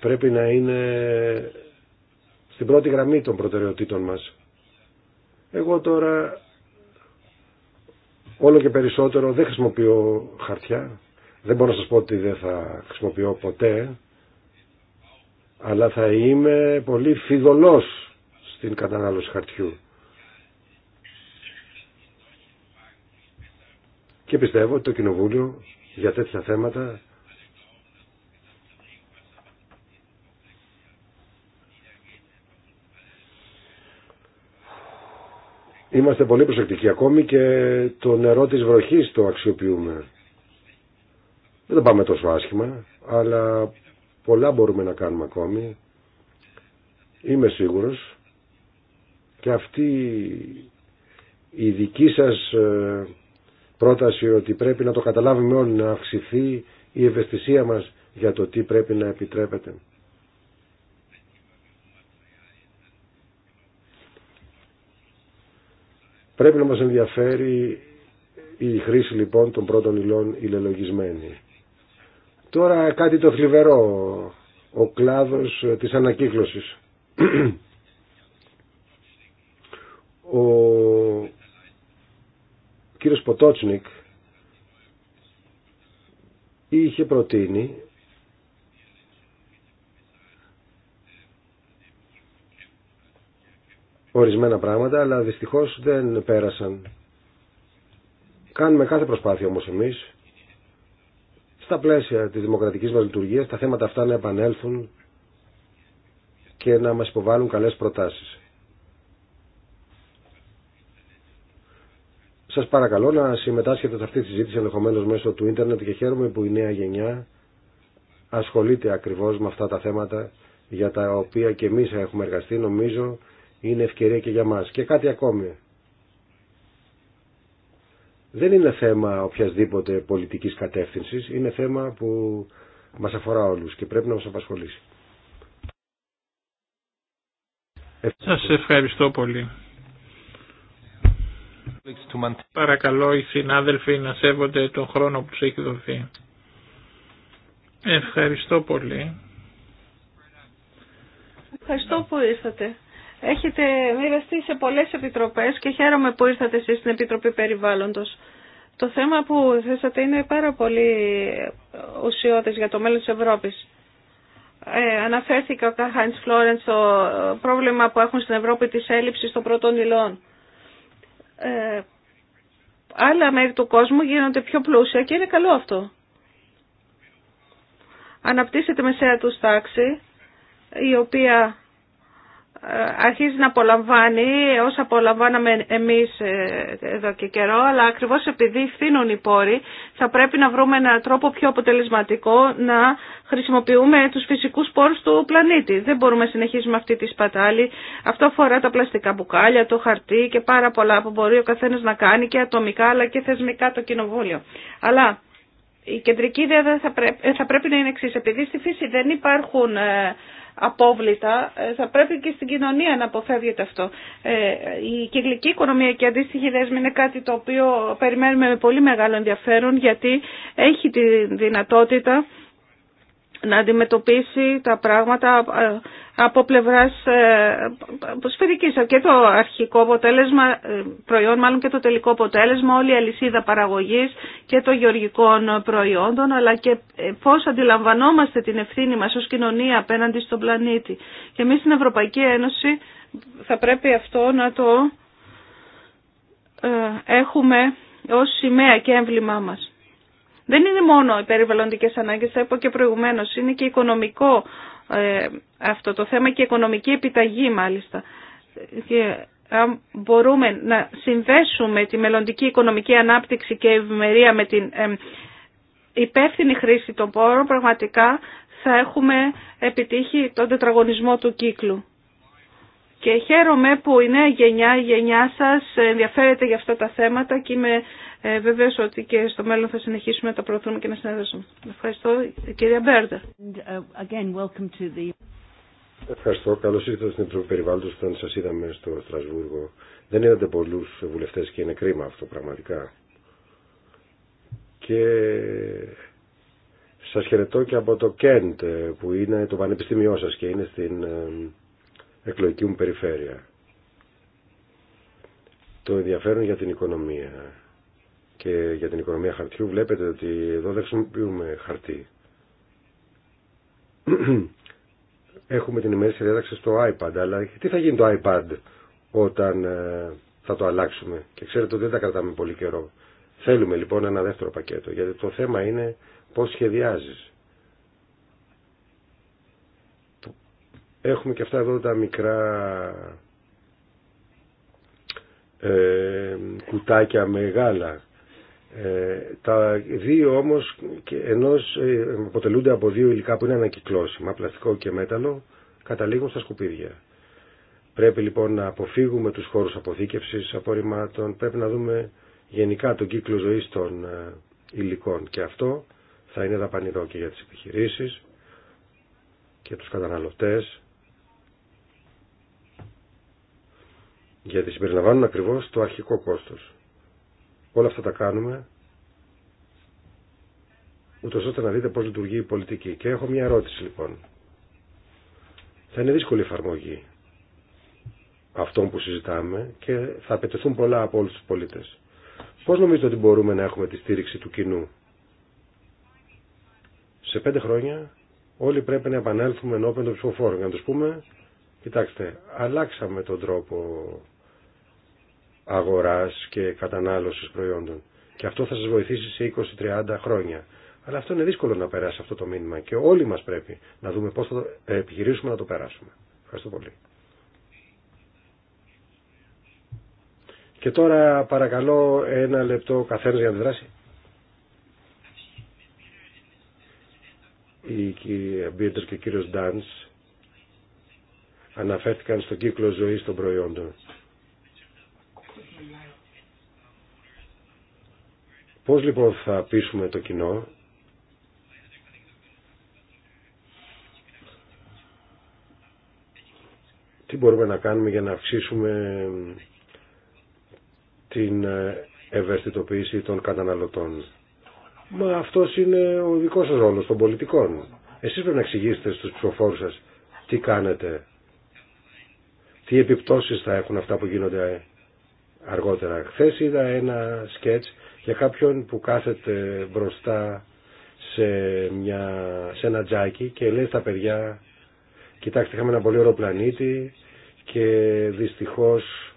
Πρέπει να είναι στην πρώτη γραμμή των προτεραιοτήτων μας. Εγώ τώρα όλο και περισσότερο δεν χρησιμοποιώ χαρτιά. Δεν μπορώ να σας πω ότι δεν θα χρησιμοποιώ ποτέ, αλλά θα είμαι πολύ φιδωλός στην κατανάλωση χαρτιού. Και πιστεύω ότι το Κοινοβούλιο για τέτοια θέματα Είμαστε πολύ προσεκτικοί ακόμη και το νερό της βροχής το αξιοποιούμε. Δεν πάμε τόσο άσχημα, αλλά πολλά μπορούμε να κάνουμε ακόμη. Είμαι σίγουρος και αυτή η δική σας ε, πρόταση ότι πρέπει να το καταλάβουμε όλοι, να αυξηθεί η ευαισθησία μας για το τι πρέπει να επιτρέπεται. Πρέπει να μας ενδιαφέρει η χρήση λοιπόν των πρώτων υλών ηλελογισμένη. Τώρα κάτι το θλιβερό, ο κλάδος της ανακύκλωσης. Ο κύριος Ποτότσνικ είχε προτείνει ορισμένα πράγματα, αλλά δυστυχώς δεν πέρασαν. Κάνουμε κάθε προσπάθεια όμως εμείς στα πλαίσια της δημοκρατικής μας λειτουργίας τα θέματα αυτά να επανέλθουν και να μας υποβάλουν καλές προτάσεις. Σας παρακαλώ να συμμετάσχετε σε αυτή τη συζήτηση ενδεχομένω μέσω του ίντερνετ και χαίρομαι που η νέα γενιά ασχολείται ακριβώς με αυτά τα θέματα για τα οποία και εμείς έχουμε εργαστεί νομίζω είναι ευκαιρία και για μας. Και κάτι ακόμη δεν είναι θέμα οποιασδήποτε πολιτικής κατεύθυνσης, είναι θέμα που μας αφορά όλους και πρέπει να μας απασχολήσει. Σας ευχαριστώ πολύ. Παρακαλώ οι συνάδελφοι να σέβονται τον χρόνο που τους έχει δοθεί. Ευχαριστώ πολύ. Ευχαριστώ που ήρθατε. Έχετε μοιραστεί σε πολλές επιτροπές και χαίρομαι που ήρθατε εσείς στην Επιτροπή Περιβάλλοντος. Το θέμα που θέσατε είναι πάρα πολύ ουσιώδες για το μέλλον της Ευρώπης. Ε, αναφέρθηκε ο Καχάνης Φλόρεντ στο πρόβλημα που έχουν στην Ευρώπη της έλλειψης των πρώτων υλών. Ε, άλλα μέρη του κόσμου γίνονται πιο πλούσια και είναι καλό αυτό. Αναπτύσσεται μεσαία του τάξη, η οποία ε, αρχίζει να απολαμβάνει όσα απολαμβάναμε εμείς ε, εδώ και καιρό, αλλά ακριβώς επειδή φθήνουν οι πόροι θα πρέπει να βρούμε έναν τρόπο πιο αποτελεσματικό να χρησιμοποιούμε τους φυσικούς πόρους του πλανήτη. Δεν μπορούμε να συνεχίσουμε αυτή τη σπατάλη. Αυτό αφορά τα πλαστικά μπουκάλια, το χαρτί και πάρα πολλά που μπορεί ο καθένας να κάνει και ατομικά αλλά και θεσμικά το κοινοβούλιο. Αλλά η κεντρική ιδέα θα πρέπει, θα πρέπει να είναι εξή. Επειδή στη φύση δεν υπάρχουν ε, απόβλητα, ε, θα πρέπει και στην κοινωνία να αποφεύγεται αυτό. Ε, η κυκλική οικονομία και η αντίστοιχη δέσμη είναι κάτι το οποίο περιμένουμε με πολύ μεγάλο ενδιαφέρον γιατί έχει τη δυνατότητα να αντιμετωπίσει τα πράγματα ε, από πλευράς ε, σφαιρικής. Και το αρχικό αποτέλεσμα, ε, προϊόν μάλλον και το τελικό αποτέλεσμα, όλη η αλυσίδα παραγωγής και των γεωργικών προϊόντων, αλλά και πώς αντιλαμβανόμαστε την ευθύνη μας ως κοινωνία απέναντι στον πλανήτη. Και εμείς στην Ευρωπαϊκή Ένωση θα πρέπει αυτό να το έχουμε ως σημαία και έμβλημά μας. Δεν είναι μόνο οι περιβαλλοντικές ανάγκες, θα είπα και προηγουμένως, είναι και οικονομικό ε, αυτό το θέμα και οικονομική επιταγή μάλιστα. Και αν μπορούμε να συνδέσουμε τη μελλοντική οικονομική ανάπτυξη και ευημερία με την ε, υπεύθυνη χρήση των πόρων, πραγματικά θα έχουμε επιτύχει τον τετραγωνισμό του κύκλου. Και χαίρομαι που η νέα γενιά, η γενιά σας ε, ενδιαφέρεται για αυτά τα θέματα και ε, βεβαίως ότι και στο μέλλον θα συνεχίσουμε να τα προωθούμε και να συνέδεσουμε. Ευχαριστώ κυρία Μπέρντα. Ε, Ευχαριστώ. Καλώ ήρθατε στην Επιτροπή περιβάλλοντο όταν σα είδαμε στο Στρασβούργο. Δεν είδατε πολλού βουλευτέ και είναι κρίμα αυτό πραγματικά. Και σα χαιρετώ και από το Κέντ ε, που είναι το πανεπιστήμιό σα και είναι στην ε, εκλογική μου περιφέρεια. Το ενδιαφέρον για την οικονομία και για την οικονομία χαρτιού βλέπετε ότι εδώ δεν χρησιμοποιούμε χαρτί. Έχουμε την ημέρηση διάταξη στο iPad, αλλά τι θα γίνει το iPad όταν ε, θα το αλλάξουμε. Και ξέρετε ότι δεν τα κρατάμε πολύ καιρό. Θέλουμε λοιπόν ένα δεύτερο πακέτο, γιατί το θέμα είναι πώς σχεδιάζεις. Έχουμε και αυτά εδώ τα μικρά ε, κουτάκια μεγάλα ε, τα δύο όμως και ενός ε, αποτελούνται από δύο υλικά που είναι ανακυκλώσιμα, πλαστικό και μέταλλο, καταλήγουν στα σκουπίδια. Πρέπει λοιπόν να αποφύγουμε τους χώρους αποθήκευσης απορριμμάτων, πρέπει να δούμε γενικά τον κύκλο ζωής των ε, υλικών και αυτό θα είναι δαπανηρό και για τις επιχειρήσεις και τους καταναλωτές γιατί συμπεριλαμβάνουν ακριβώς το αρχικό κόστος. Όλα αυτά τα κάνουμε ούτως ώστε να δείτε πώς λειτουργεί η πολιτική. Και έχω μια ερώτηση λοιπόν. Θα είναι δύσκολη η εφαρμογή αυτών που συζητάμε και θα απαιτηθούν πολλά από όλους τους πολίτες. Πώς νομίζετε ότι μπορούμε να έχουμε τη στήριξη του κοινού. Σε πέντε χρόνια όλοι πρέπει να επανέλθουμε ενώπιον των ψηφοφόρων για να τους πούμε, κοιτάξτε, αλλάξαμε τον τρόπο αγοράς και κατανάλωσης προϊόντων. Και αυτό θα σας βοηθήσει σε 20-30 χρόνια. Αλλά αυτό είναι δύσκολο να περάσει αυτό το μήνυμα και όλοι μας πρέπει να δούμε πώς θα το ε, επιχειρήσουμε να το περάσουμε. Ευχαριστώ πολύ. Και τώρα παρακαλώ ένα λεπτό καθένας για να αντιδράσει. Οι κύριοι Μπίρτερ και ο κύριος Ντάνς αναφέρθηκαν στον κύκλο ζωής των προϊόντων. Πώς λοιπόν θα πείσουμε το κοινό τι μπορούμε να κάνουμε για να αυξήσουμε την ευαισθητοποίηση των καταναλωτών. Μα αυτός είναι ο δικός σας ρόλος των πολιτικών. Εσείς πρέπει να εξηγήσετε στους ψηφοφόρους σας τι κάνετε, τι επιπτώσεις θα έχουν αυτά που γίνονται αργότερα. Χθε είδα ένα σκέτς για κάποιον που κάθεται μπροστά σε, μια, σε ένα τζάκι και λέει στα παιδιά κοιτάξτε είχαμε ένα πολύ ωραίο πλανήτη και δυστυχώς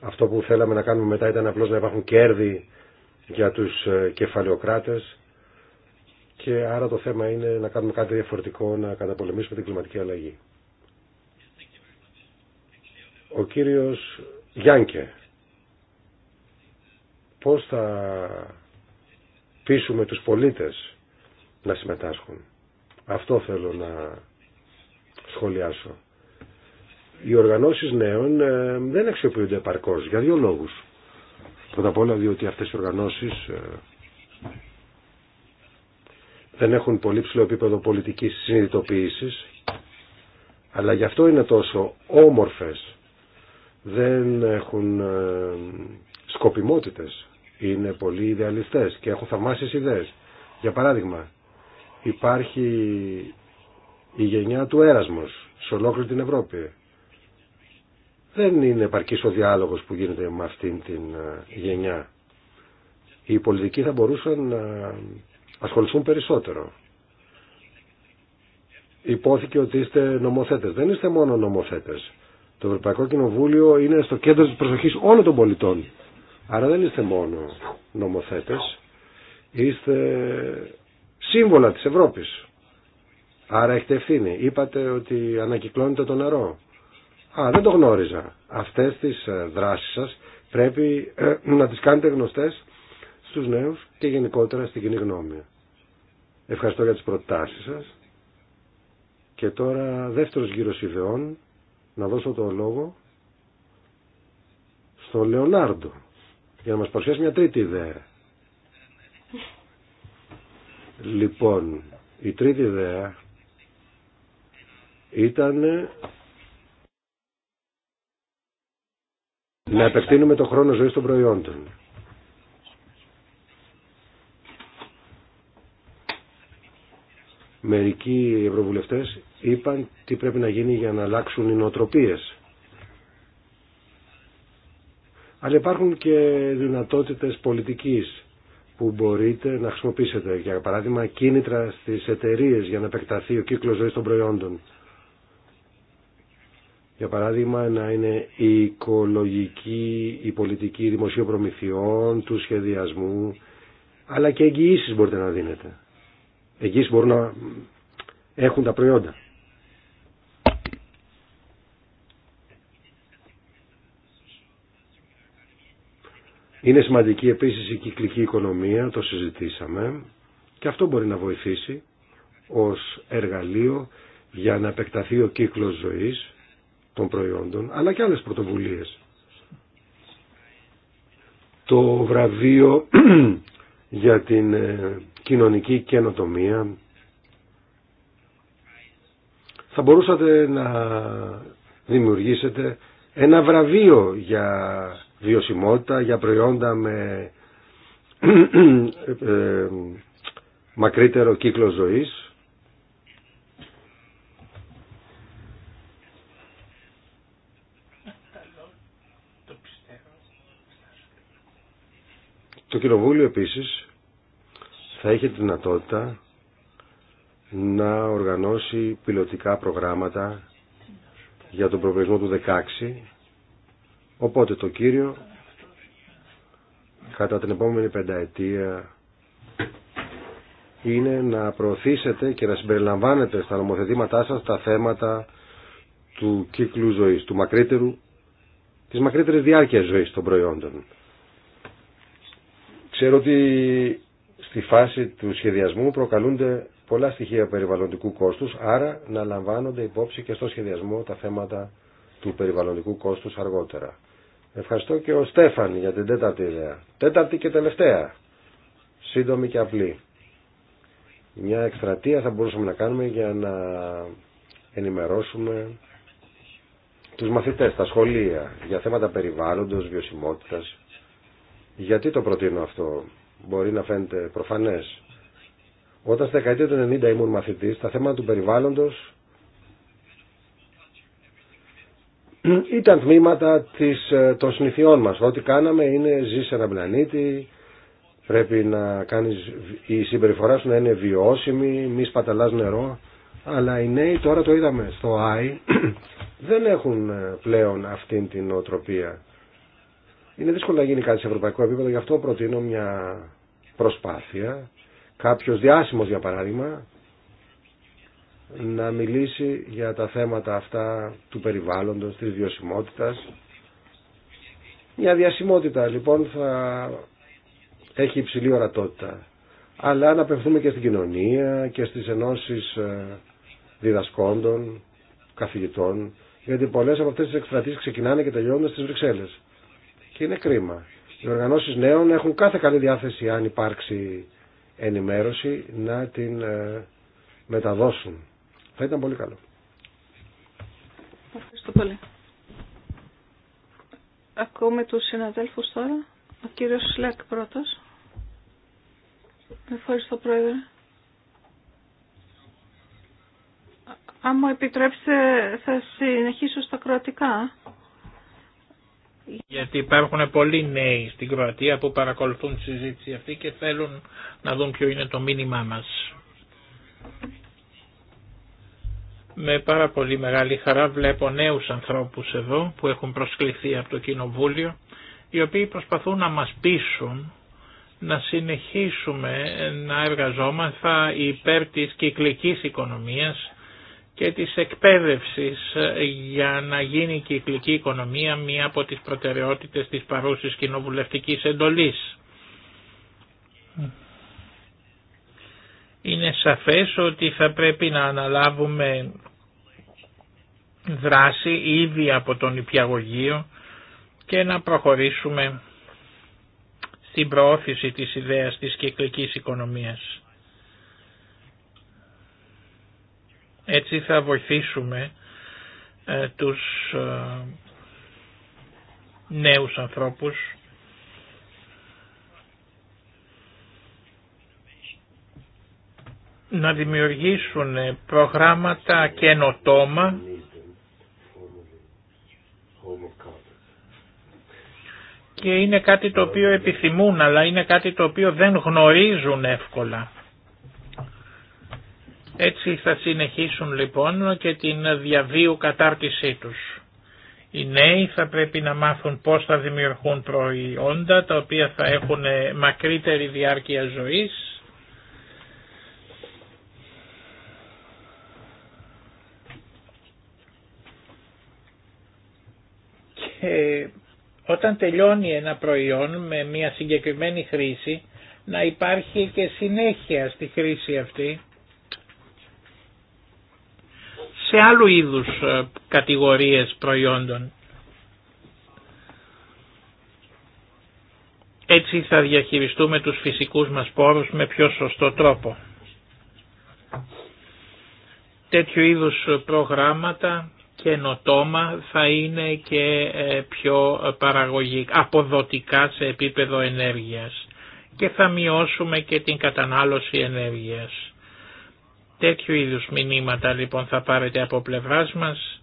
αυτό που θέλαμε να κάνουμε μετά ήταν απλώς να υπάρχουν κέρδη για τους ε, κεφαλαιοκράτες και άρα το θέμα είναι να κάνουμε κάτι διαφορετικό, να καταπολεμήσουμε την κλιματική αλλαγή. Ο κύριος Γιάνκε πώς θα πείσουμε τους πολίτες να συμμετάσχουν. Αυτό θέλω να σχολιάσω. Οι οργανώσεις νέων ε, δεν αξιοποιούνται επαρκώς για δύο λόγους. Πρώτα απ' όλα διότι αυτές οι οργανώσεις ε, δεν έχουν πολύ ψηλό επίπεδο πολιτικής συνειδητοποίησης αλλά γι' αυτό είναι τόσο όμορφες. Δεν έχουν ε, σκοπιμότητες είναι πολύ ιδεαλιστές και έχουν θαυμάσεις ιδέες. Για παράδειγμα, υπάρχει η γενιά του έρασμος σε ολόκληρη την Ευρώπη. Δεν είναι επαρκής ο διάλογος που γίνεται με αυτήν την ε, γενιά. Οι πολιτικοί θα μπορούσαν να ασχοληθούν περισσότερο. Υπόθηκε ότι είστε νομοθέτες. Δεν είστε μόνο νομοθέτες. Το Ευρωπαϊκό Κοινοβούλιο είναι στο κέντρο της προσοχής όλων των πολιτών. Άρα δεν είστε μόνο νομοθέτες, είστε σύμβολα της Ευρώπης. Άρα έχετε ευθύνη. Είπατε ότι ανακυκλώνετε το νερό. Α, δεν το γνώριζα. Αυτές τις ε, δράσεις σας πρέπει ε, να τις κάνετε γνωστές στους νέους και γενικότερα στην κοινή γνώμη. Ευχαριστώ για τις προτάσεις σας. Και τώρα δεύτερος γύρος ιδεών να δώσω το λόγο στο Λεωνάρντο για να μας παρουσιάσει μια τρίτη ιδέα. Λοιπόν, η τρίτη ιδέα ήταν να επεκτείνουμε το χρόνο ζωής των προϊόντων. Μερικοί ευρωβουλευτές είπαν τι πρέπει να γίνει για να αλλάξουν οι νοοτροπίες αλλά υπάρχουν και δυνατότητες πολιτικής που μπορείτε να χρησιμοποιήσετε. Για παράδειγμα κίνητρα στις εταιρείες για να επεκταθεί ο κύκλος ζωής των προϊόντων. Για παράδειγμα να είναι η οικολογική, η πολιτική δημοσίου προμηθειών, του σχεδιασμού, αλλά και εγγυήσεις μπορείτε να δίνετε. Εγγυήσεις μπορούν να έχουν τα προϊόντα. Είναι σημαντική επίσης η κυκλική οικονομία, το συζητήσαμε, και αυτό μπορεί να βοηθήσει ως εργαλείο για να επεκταθεί ο κύκλος ζωής των προϊόντων, αλλά και άλλες πρωτοβουλίες. Το βραβείο για την ε, κοινωνική καινοτομία θα μπορούσατε να δημιουργήσετε ένα βραβείο για βιωσιμότητα, για προϊόντα με ε, μακρύτερο κύκλο ζωής. Το Κοινοβούλιο επίσης θα έχει τη δυνατότητα να οργανώσει πιλωτικά προγράμματα για τον προβλησμό του 16 Οπότε το κύριο κατά την επόμενη πενταετία είναι να προωθήσετε και να συμπεριλαμβάνετε στα νομοθετήματά σας τα θέματα του κύκλου ζωής, του μακρύτερου, της μακρύτερης διάρκειας ζωής των προϊόντων. Ξέρω ότι στη φάση του σχεδιασμού προκαλούνται πολλά στοιχεία περιβαλλοντικού κόστους, άρα να λαμβάνονται υπόψη και στο σχεδιασμό τα θέματα του περιβαλλοντικού κόστους αργότερα. Ευχαριστώ και ο Στέφαν για την τέταρτη ιδέα. Τέταρτη και τελευταία. Σύντομη και απλή. Μια εκστρατεία θα μπορούσαμε να κάνουμε για να ενημερώσουμε τους μαθητές, τα σχολεία, για θέματα περιβάλλοντος, βιωσιμότητας. Γιατί το προτείνω αυτό. Μπορεί να φαίνεται προφανές. Όταν στα δεκαετία του 90 ήμουν μαθητής, τα θέματα του περιβάλλοντος ήταν τμήματα της, ε, των συνηθιών μας. Ό,τι κάναμε είναι «ζεις σε έναν πλανήτη, πρέπει να κάνεις, η συμπεριφορά σου να είναι βιώσιμη, μη σπαταλάς νερό. Αλλά οι νέοι τώρα το είδαμε στο ΆΙ δεν έχουν ε, πλέον αυτήν την οτροπία. Είναι δύσκολο να γίνει κάτι σε ευρωπαϊκό επίπεδο, γι' αυτό προτείνω μια προσπάθεια. Κάποιος διάσημος για παράδειγμα να μιλήσει για τα θέματα αυτά του περιβάλλοντος, της βιωσιμότητας. Μια διασημότητα λοιπόν θα έχει υψηλή ορατότητα. Αλλά να απευθύνουμε και στην κοινωνία και στις ενώσεις ε, διδασκόντων, καθηγητών, γιατί πολλές από αυτές τις εκστρατείες ξεκινάνε και τελειώνουν στις Βρυξέλλες. Και είναι κρίμα. Οι οργανώσεις νέων έχουν κάθε καλή διάθεση αν υπάρξει ενημέρωση να την ε, μεταδώσουν θα ήταν πολύ καλό. Ευχαριστώ πολύ. Ακούμε τους συναδέλφους τώρα. Ο κύριος Σλέκ πρώτος. Ευχαριστώ πρόεδρε. Αν μου επιτρέψετε θα συνεχίσω στα κροατικά. Γιατί υπάρχουν πολλοί νέοι στην Κροατία που παρακολουθούν τη συζήτηση αυτή και θέλουν να δουν ποιο είναι το μήνυμά μας. Με πάρα πολύ μεγάλη χαρά βλέπω νέους ανθρώπους εδώ που έχουν προσκληθεί από το Κοινοβούλιο οι οποίοι προσπαθούν να μας πείσουν να συνεχίσουμε να εργαζόμαστε υπέρ της κυκλικής οικονομίας και της εκπαίδευσης για να γίνει η κυκλική οικονομία μία από τις προτεραιότητες της παρούσης κοινοβουλευτικής εντολής. Είναι σαφές ότι θα πρέπει να αναλάβουμε δράση ήδη από τον Υπιαγωγείο και να προχωρήσουμε στην προώθηση της ιδέας της κυκλικής οικονομίας. Έτσι θα βοηθήσουμε ε, τους ε, νέους ανθρώπους να δημιουργήσουν προγράμματα καινοτόμα και είναι κάτι το οποίο επιθυμούν, αλλά είναι κάτι το οποίο δεν γνωρίζουν εύκολα. Έτσι θα συνεχίσουν λοιπόν και την διαβίου κατάρτισή τους. Οι νέοι θα πρέπει να μάθουν πώς θα δημιουργούν προϊόντα τα οποία θα έχουν μακρύτερη διάρκεια ζωής Ε, όταν τελειώνει ένα προϊόν με μια συγκεκριμένη χρήση να υπάρχει και συνέχεια στη χρήση αυτή σε άλλου είδους ε, κατηγορίες προϊόντων. Έτσι θα διαχειριστούμε τους φυσικούς μας πόρους με πιο σωστό τρόπο. Τέτοιου είδους προγράμματα καινοτόμα θα είναι και ε, πιο ε, παραγωγικά, αποδοτικά σε επίπεδο ενέργειας και θα μειώσουμε και την κατανάλωση ενέργειας. Τέτοιου είδους μηνύματα λοιπόν θα πάρετε από πλευράς μας.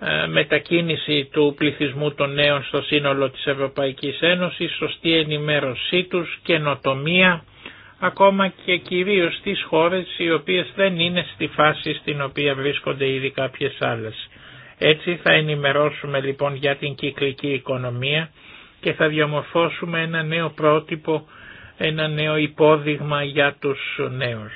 Ε, μετακίνηση του πληθυσμού των νέων στο σύνολο της Ευρωπαϊκής Ένωσης, σωστή ενημέρωσή τους, καινοτομία, ακόμα και κυρίως στις χώρες οι οποίες δεν είναι στη φάση στην οποία βρίσκονται ήδη κάποιες άλλες. Έτσι θα ενημερώσουμε λοιπόν για την κυκλική οικονομία και θα διαμορφώσουμε ένα νέο πρότυπο, ένα νέο υπόδειγμα για τους νέους.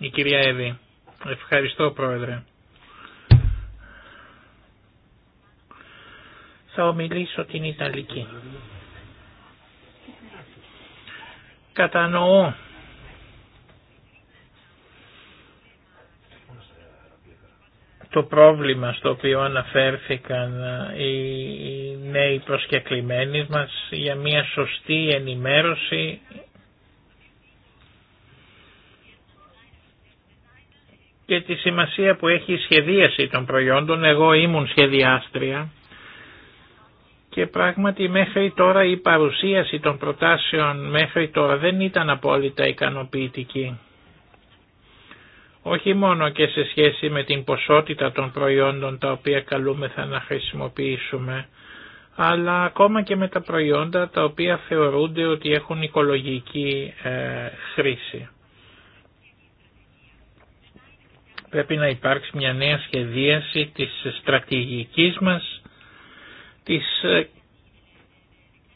Η κυρία Εύη. Ευχαριστώ πρόεδρε. θα ομιλήσω την Ιταλική. Κατανοώ το πρόβλημα στο οποίο αναφέρθηκαν ε, οι νέοι προσκεκλημένοι μας για μια σωστή ενημέρωση και τη σημασία που έχει η σχεδίαση των προϊόντων. Εγώ ήμουν σχεδιάστρια και πράγματι μέχρι τώρα η παρουσίαση των προτάσεων μέχρι τώρα δεν ήταν απόλυτα ικανοποιητική. Όχι μόνο και σε σχέση με την ποσότητα των προϊόντων τα οποία καλούμεθα να χρησιμοποιήσουμε, αλλά ακόμα και με τα προϊόντα τα οποία θεωρούνται ότι έχουν οικολογική ε, χρήση. Πρέπει να υπάρξει μια νέα σχεδίαση της στρατηγικής μας της ε,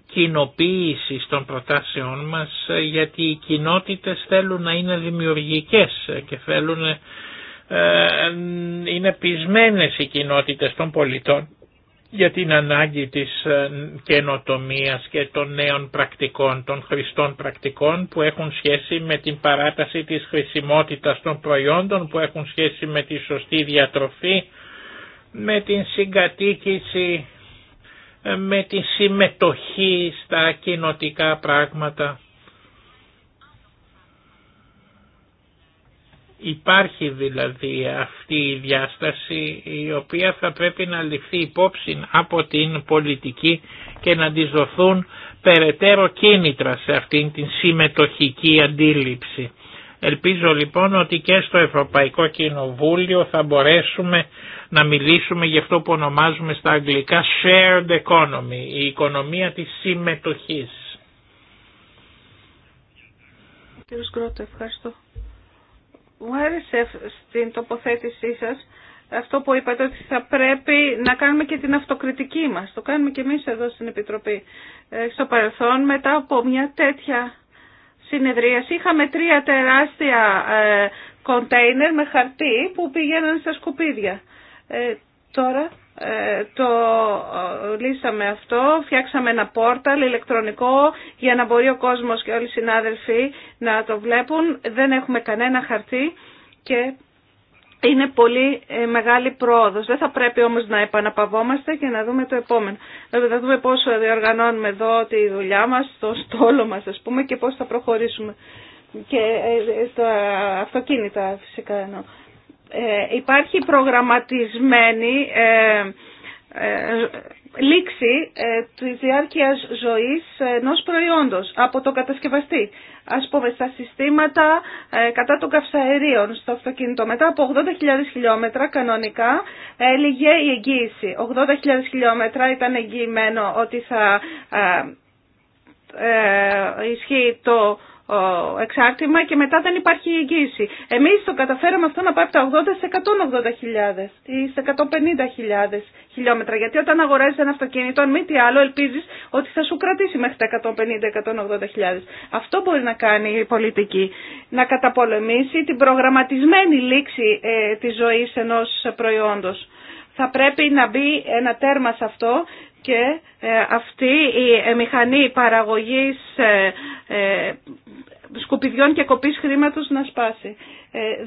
κοινοποίηση των προτάσεών μας ε, γιατί οι κοινότητες θέλουν να είναι δημιουργικές ε, και θέλουν είναι πισμένες οι κοινότητες των πολιτών για την ανάγκη της καινοτομίας και των νέων πρακτικών, των χρηστών πρακτικών που έχουν σχέση με την παράταση της χρησιμότητας των προϊόντων, που έχουν σχέση με τη σωστή διατροφή, με την συγκατοίκηση ε, με τη συμμετοχή στα κοινοτικά πράγματα. Υπάρχει δηλαδή αυτή η διάσταση η οποία θα πρέπει να ληφθεί υπόψη από την πολιτική και να της δοθούν περαιτέρω κίνητρα σε αυτήν την συμμετοχική αντίληψη. Ελπίζω λοιπόν ότι και στο Ευρωπαϊκό Κοινοβούλιο θα μπορέσουμε να μιλήσουμε για αυτό που ονομάζουμε στα αγγλικά shared economy, η οικονομία της συμμετοχής. Κύριε Σκρότο, ευχαριστώ. Μου άρεσε στην τοποθέτησή σας αυτό που είπατε ότι θα πρέπει να κάνουμε και την αυτοκριτική μας. Το κάνουμε και εμείς εδώ στην Επιτροπή. Ε, στο παρελθόν μετά από μια τέτοια συνεδρίαση είχαμε τρία τεράστια ε, κοντέινερ με χαρτί που πηγαίναν στα σκουπίδια. Ε, τώρα ε, το λύσαμε αυτό, φτιάξαμε ένα πόρταλ ηλεκτρονικό για να μπορεί ο κόσμος και όλοι οι συνάδελφοι να το βλέπουν. Δεν έχουμε κανένα χαρτί και είναι πολύ ε, μεγάλη πρόοδος. Δεν θα πρέπει όμως να επαναπαυόμαστε και να δούμε το επόμενο. Δηλαδή θα δούμε πόσο διοργανώνουμε εδώ τη δουλειά μας, το στόλο μας ας πούμε και πώς θα προχωρήσουμε. Και ε, ε, τα αυτοκίνητα φυσικά εννοώ. Ε, υπάρχει προγραμματισμένη ε, λήξη ε, της διάρκειας ζωής ενός προϊόντος από τον κατασκευαστή. Ας πούμε στα συστήματα ε, κατά των καυσαερίων στο αυτοκίνητο. Μετά από 80.000 χιλιόμετρα κανονικά έλυγε η εγγύηση. 80.000 χιλιόμετρα ήταν εγγυημένο ότι θα ε, ε, ισχύει το εξάρτημα και μετά δεν υπάρχει εγγύηση. Εμείς το καταφέραμε αυτό να πάει από τα 80 σε 180.000 ή σε 150.000 χιλιόμετρα. Γιατί όταν αγοράζεις ένα αυτοκίνητο, αν μη τι άλλο, ελπίζεις ότι θα σου κρατήσει μέχρι τα 150-180.000. Αυτό μπορεί να κάνει η πολιτική. Να καταπολεμήσει την προγραμματισμένη λήξη ε, της ζωής ενός προϊόντος. Θα πρέπει να μπει ένα τέρμα σε αυτό και ε, αυτή η ε, μηχανή παραγωγής ε, σκουπιδιών και κοπής χρήματος να σπάσει.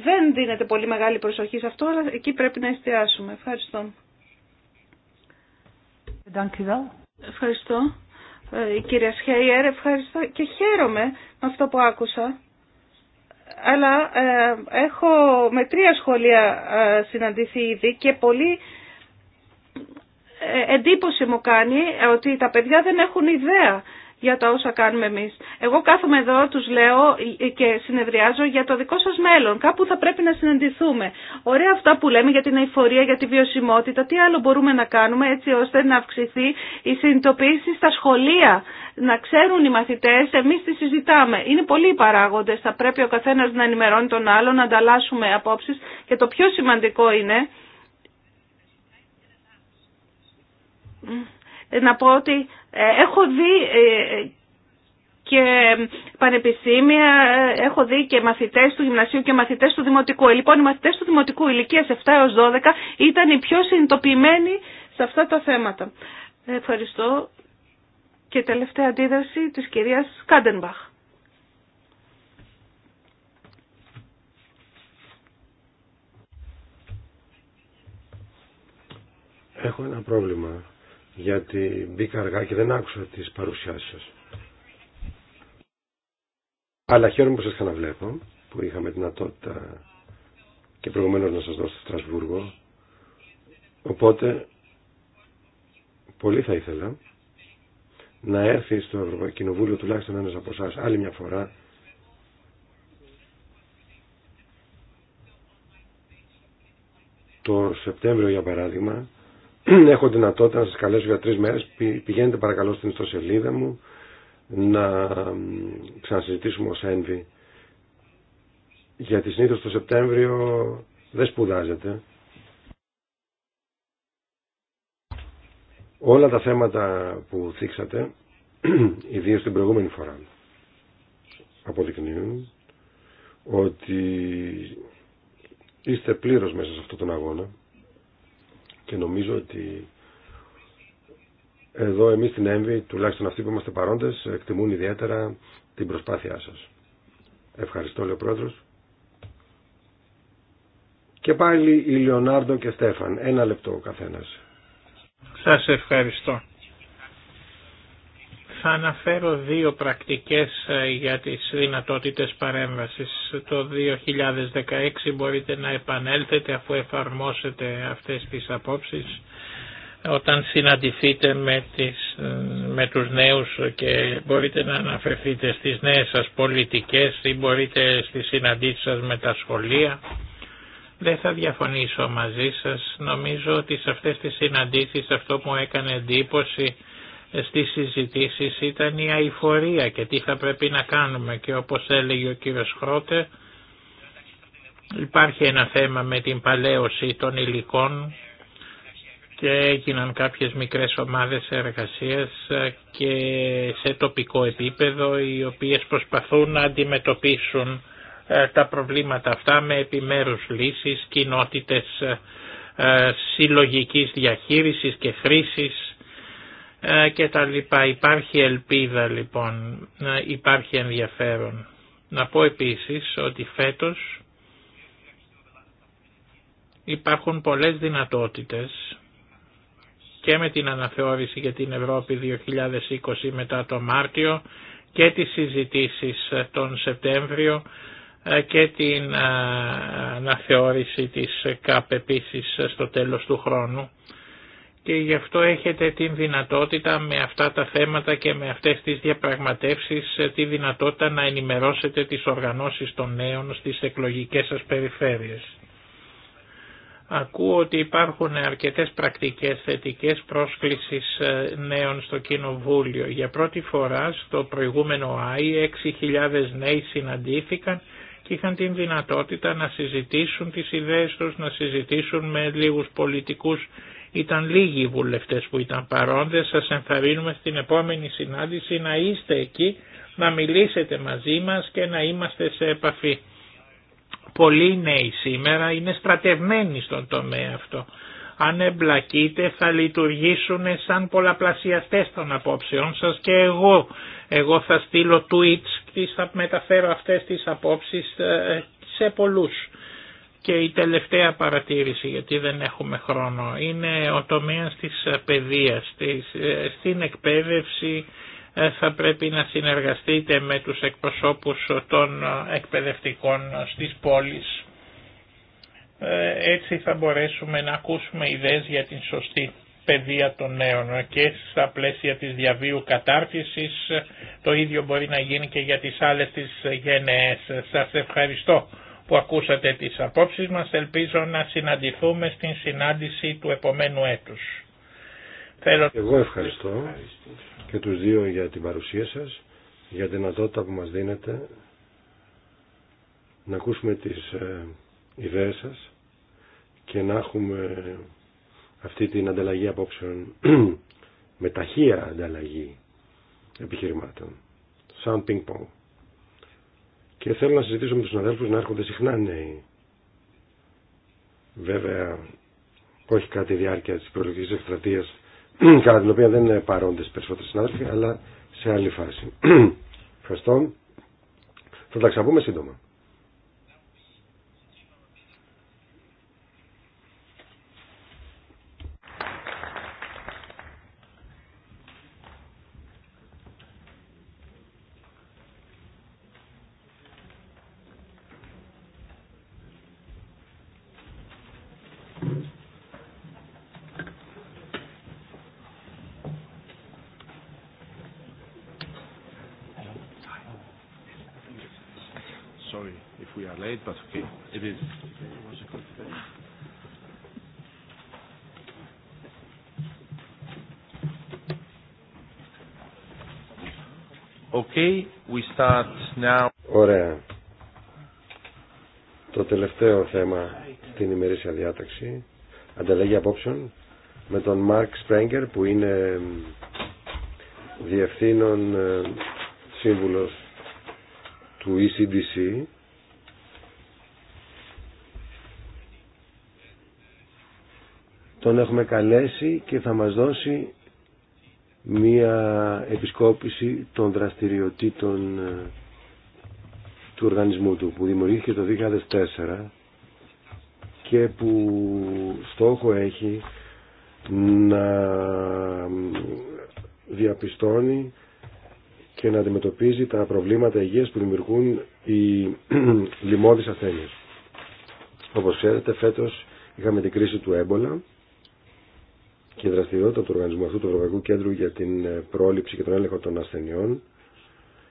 Δεν δίνεται πολύ μεγάλη προσοχή σε αυτό, αλλά εκεί πρέπει να εστιάσουμε. Ευχαριστώ. Ευχαριστώ. Η κυρία Σχέιερ, ευχαριστώ και χαίρομαι με αυτό που άκουσα. Αλλά έχω με τρία σχολεία συναντηθεί ήδη και πολλοί ε, εντύπωση μου κάνει ότι τα παιδιά δεν έχουν ιδέα για τα όσα κάνουμε εμείς. Εγώ κάθομαι εδώ, τους λέω και συνεδριάζω για το δικό σας μέλλον. Κάπου θα πρέπει να συναντηθούμε. Ωραία αυτά που λέμε για την αηφορία, για τη βιωσιμότητα, τι άλλο μπορούμε να κάνουμε έτσι ώστε να αυξηθεί η συνειδητοποίηση στα σχολεία. Να ξέρουν οι μαθητές, εμείς τι συζητάμε. Είναι πολλοί οι παράγοντες, θα πρέπει ο καθένας να ενημερώνει τον άλλον, να ανταλλάσσουμε απόψεις και το πιο σημαντικό είναι Ε, να πω ότι ε, έχω δει ε, και πανεπιστήμια, έχω δει και μαθητές του γυμνασίου και μαθητές του δημοτικού. Λοιπόν, οι μαθητές του δημοτικού ηλικίας 7 έως 12 ήταν οι πιο συνειδητοποιημένοι σε αυτά τα θέματα. Ευχαριστώ. Και τελευταία αντίδραση της κυρίας Κάντενμπαχ. Έχω ένα πρόβλημα γιατί μπήκα αργά και δεν άκουσα τις παρουσιάσεις σας. Αλλά χαίρομαι που σας ξαναβλέπω, που είχαμε την δυνατότητα και προηγουμένως να σας δώσω στο Στρασβούργο. Οπότε, πολύ θα ήθελα να έρθει στο Ευρωπαϊκό τουλάχιστον ένας από εσά άλλη μια φορά το Σεπτέμβριο για παράδειγμα έχω δυνατότητα να σας καλέσω για τρεις μέρες. Πηγαίνετε παρακαλώ στην ιστοσελίδα μου να ξανασυζητήσουμε ως ένβη. Γιατί συνήθως το Σεπτέμβριο δεν σπουδάζετε; Όλα τα θέματα που θίξατε, ιδίω την προηγούμενη φορά, αποδεικνύουν ότι είστε πλήρως μέσα σε αυτόν τον αγώνα και νομίζω ότι εδώ εμείς στην ΕΜΒΗ, τουλάχιστον αυτοί που είμαστε παρόντες, εκτιμούν ιδιαίτερα την προσπάθειά σας. Ευχαριστώ, λέει Και πάλι η Λεωνάρντο και Στέφαν. Ένα λεπτό ο καθένας. Σας ευχαριστώ. Θα αναφέρω δύο πρακτικές ε, για τις δυνατότητες παρέμβασης. Το 2016 μπορείτε να επανέλθετε αφού εφαρμόσετε αυτές τις απόψεις όταν συναντηθείτε με, τις, ε, με τους νέους και μπορείτε να αναφερθείτε στις νέες σας πολιτικές ή μπορείτε στις συναντήσεις σας με τα σχολεία. Δεν θα διαφωνήσω μαζί σας. Νομίζω ότι σε αυτές τις συναντήσεις αυτό που έκανε εντύπωση στις συζητήσεις ήταν η αηφορία και τι θα πρέπει να κάνουμε και όπως έλεγε ο κύριος Χρότε υπάρχει ένα θέμα με την παλαίωση των υλικών και έγιναν κάποιες μικρές ομάδες εργασίας και σε τοπικό επίπεδο οι οποίες προσπαθούν να αντιμετωπίσουν ε, τα προβλήματα αυτά με επιμέρους λύσεις, κοινότητες ε, ε, συλλογικής διαχείρισης και χρήσης ε, και τα λοιπά. Υπάρχει ελπίδα λοιπόν, υπάρχει ενδιαφέρον. Να πω επίσης ότι φέτος υπάρχουν πολλές δυνατότητες και με την αναθεώρηση για την Ευρώπη 2020 μετά το Μάρτιο και τις συζητήσεις τον Σεπτέμβριο ε, και την ε, αναθεώρηση της ΚΑΠ επίσης στο τέλος του χρόνου και γι' αυτό έχετε την δυνατότητα με αυτά τα θέματα και με αυτές τις διαπραγματεύσεις ε, τη δυνατότητα να ενημερώσετε τις οργανώσεις των νέων στις εκλογικές σας περιφέρειες. Ακούω ότι υπάρχουν αρκετές πρακτικές θετικές πρόσκλησης ε, νέων στο Κοινοβούλιο. Για πρώτη φορά στο προηγούμενο ΆΗ 6.000 νέοι συναντήθηκαν και είχαν την δυνατότητα να συζητήσουν τις ιδέες τους, να συζητήσουν με λίγους πολιτικούς ήταν λίγοι οι βουλευτές που ήταν παρόντες, σας ενθαρρύνουμε στην επόμενη συνάντηση να είστε εκεί, να μιλήσετε μαζί μας και να είμαστε σε επαφή. Πολλοί νέοι σήμερα είναι στρατευμένοι στον τομέα αυτό. Αν εμπλακείτε θα λειτουργήσουν σαν πολλαπλασιαστές των απόψεών σας και εγώ. Εγώ θα στείλω tweets και θα μεταφέρω αυτές τις απόψεις ε, σε πολλούς. Και η τελευταία παρατήρηση, γιατί δεν έχουμε χρόνο, είναι ο τομέας της παιδείας. Ε, στην εκπαίδευση ε, θα πρέπει να συνεργαστείτε με τους εκπροσώπους των ε, εκπαιδευτικών στις πόλεις. Έτσι θα μπορέσουμε να ακούσουμε ιδέες για την σωστή παιδεία των νέων και στα πλαίσια της διαβίου κατάρτισης το ίδιο μπορεί να γίνει και για τις άλλες τις γενναίες. Σας ευχαριστώ που ακούσατε τις απόψεις μας. Ελπίζω να συναντηθούμε στην συνάντηση του επομένου έτους. Εγώ ευχαριστώ και τους δύο για την παρουσία σας, για την δυνατότητα που μας δίνετε να ακούσουμε τις ε, ιδέες σας και να έχουμε αυτή την ανταλλαγή απόψεων με ταχεία ανταλλαγή επιχειρημάτων. Σαν πινκ πονγκ και θέλω να συζητήσω με τους συναδέλφους να έρχονται συχνά νέοι. Βέβαια, όχι κατά τη διάρκεια της προεκλογικής εκστρατείας, κατά την οποία δεν είναι παρόντες περισσότεροι συνάδελφοι, αλλά σε άλλη φάση. Ευχαριστώ. Θα τα ξαπούμε σύντομα. πλαίσια διάταξη ανταλλαγή απόψεων με τον Μάρκ Σπρέγκερ που είναι διευθύνων ε, σύμβουλος του ECDC τον έχουμε καλέσει και θα μας δώσει μία επισκόπηση των δραστηριοτήτων ε, του οργανισμού του που δημιουργήθηκε το 2004 και που στόχο έχει να διαπιστώνει και να αντιμετωπίζει τα προβλήματα υγείας που δημιουργούν οι λοιμώδεις ασθένειες. Όπως ξέρετε, φέτος είχαμε την κρίση του έμπολα και η δραστηριότητα του οργανισμού αυτού του Ευρωπαϊκού Κέντρου για την ε, πρόληψη και τον έλεγχο των ασθενειών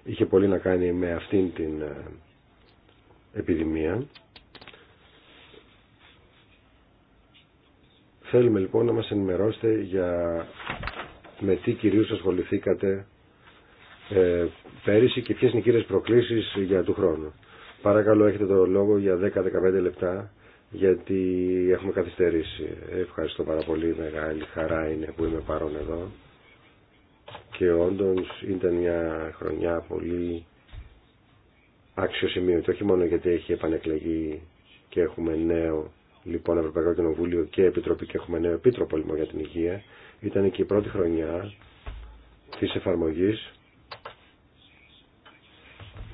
είχε πολύ να κάνει με αυτήν την ε, επιδημία Θέλουμε λοιπόν να μας ενημερώσετε για με τι κυρίως ασχοληθήκατε ε, πέρυσι και ποιες είναι οι κύριες προκλήσεις για του χρόνου. Παρακαλώ έχετε το λόγο για 10-15 λεπτά γιατί έχουμε καθυστερήσει. Ευχαριστώ πάρα πολύ, μεγάλη χαρά είναι που είμαι παρόν εδώ και όντω ήταν μια χρονιά πολύ άξιο σημείο όχι μόνο γιατί έχει επανεκλεγεί και έχουμε νέο λοιπόν Ευρωπαϊκό Κοινοβούλιο και Επιτροπή και έχουμε νέο επίτροπο λοιπόν, για την υγεία. Ήταν και η πρώτη χρονιά της εφαρμογής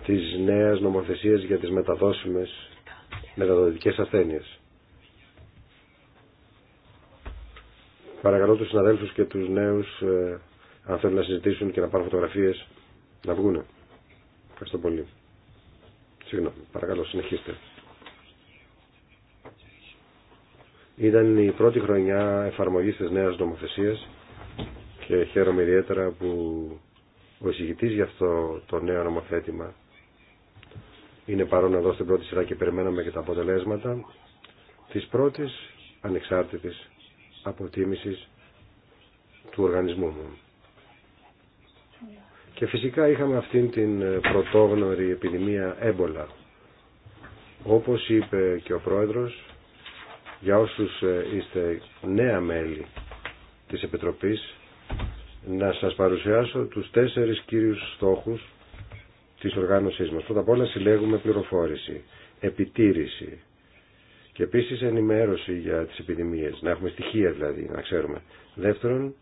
της νέας νομοθεσίας για τις μεταδόσιμες μεταδοτικές ασθένειες. Παρακαλώ τους συναδέλφους και τους νέους ε, αν θέλουν να συζητήσουν και να πάρουν φωτογραφίες να βγούνε. Ευχαριστώ πολύ. Συγγνώμη. Παρακαλώ συνεχίστε. Ήταν η πρώτη χρονιά εφαρμογής της νέας νομοθεσίας και χαίρομαι ιδιαίτερα που ο εισηγητής για αυτό το νέο νομοθέτημα είναι παρόν εδώ στην πρώτη σειρά και περιμέναμε και τα αποτελέσματα της πρώτης ανεξάρτητης αποτίμησης του οργανισμού μου. Και φυσικά είχαμε αυτήν την πρωτόγνωρη επιδημία έμπολα. Όπως είπε και ο πρόεδρος, για όσους ε, είστε νέα μέλη της Επιτροπής να σας παρουσιάσω τους τέσσερις κύριους στόχους της οργάνωσής μας. Πρώτα απ' όλα συλλέγουμε πληροφόρηση, επιτήρηση και επίσης ενημέρωση για τις επιδημίες, να έχουμε στοιχεία δηλαδή, να ξέρουμε. Δεύτερον,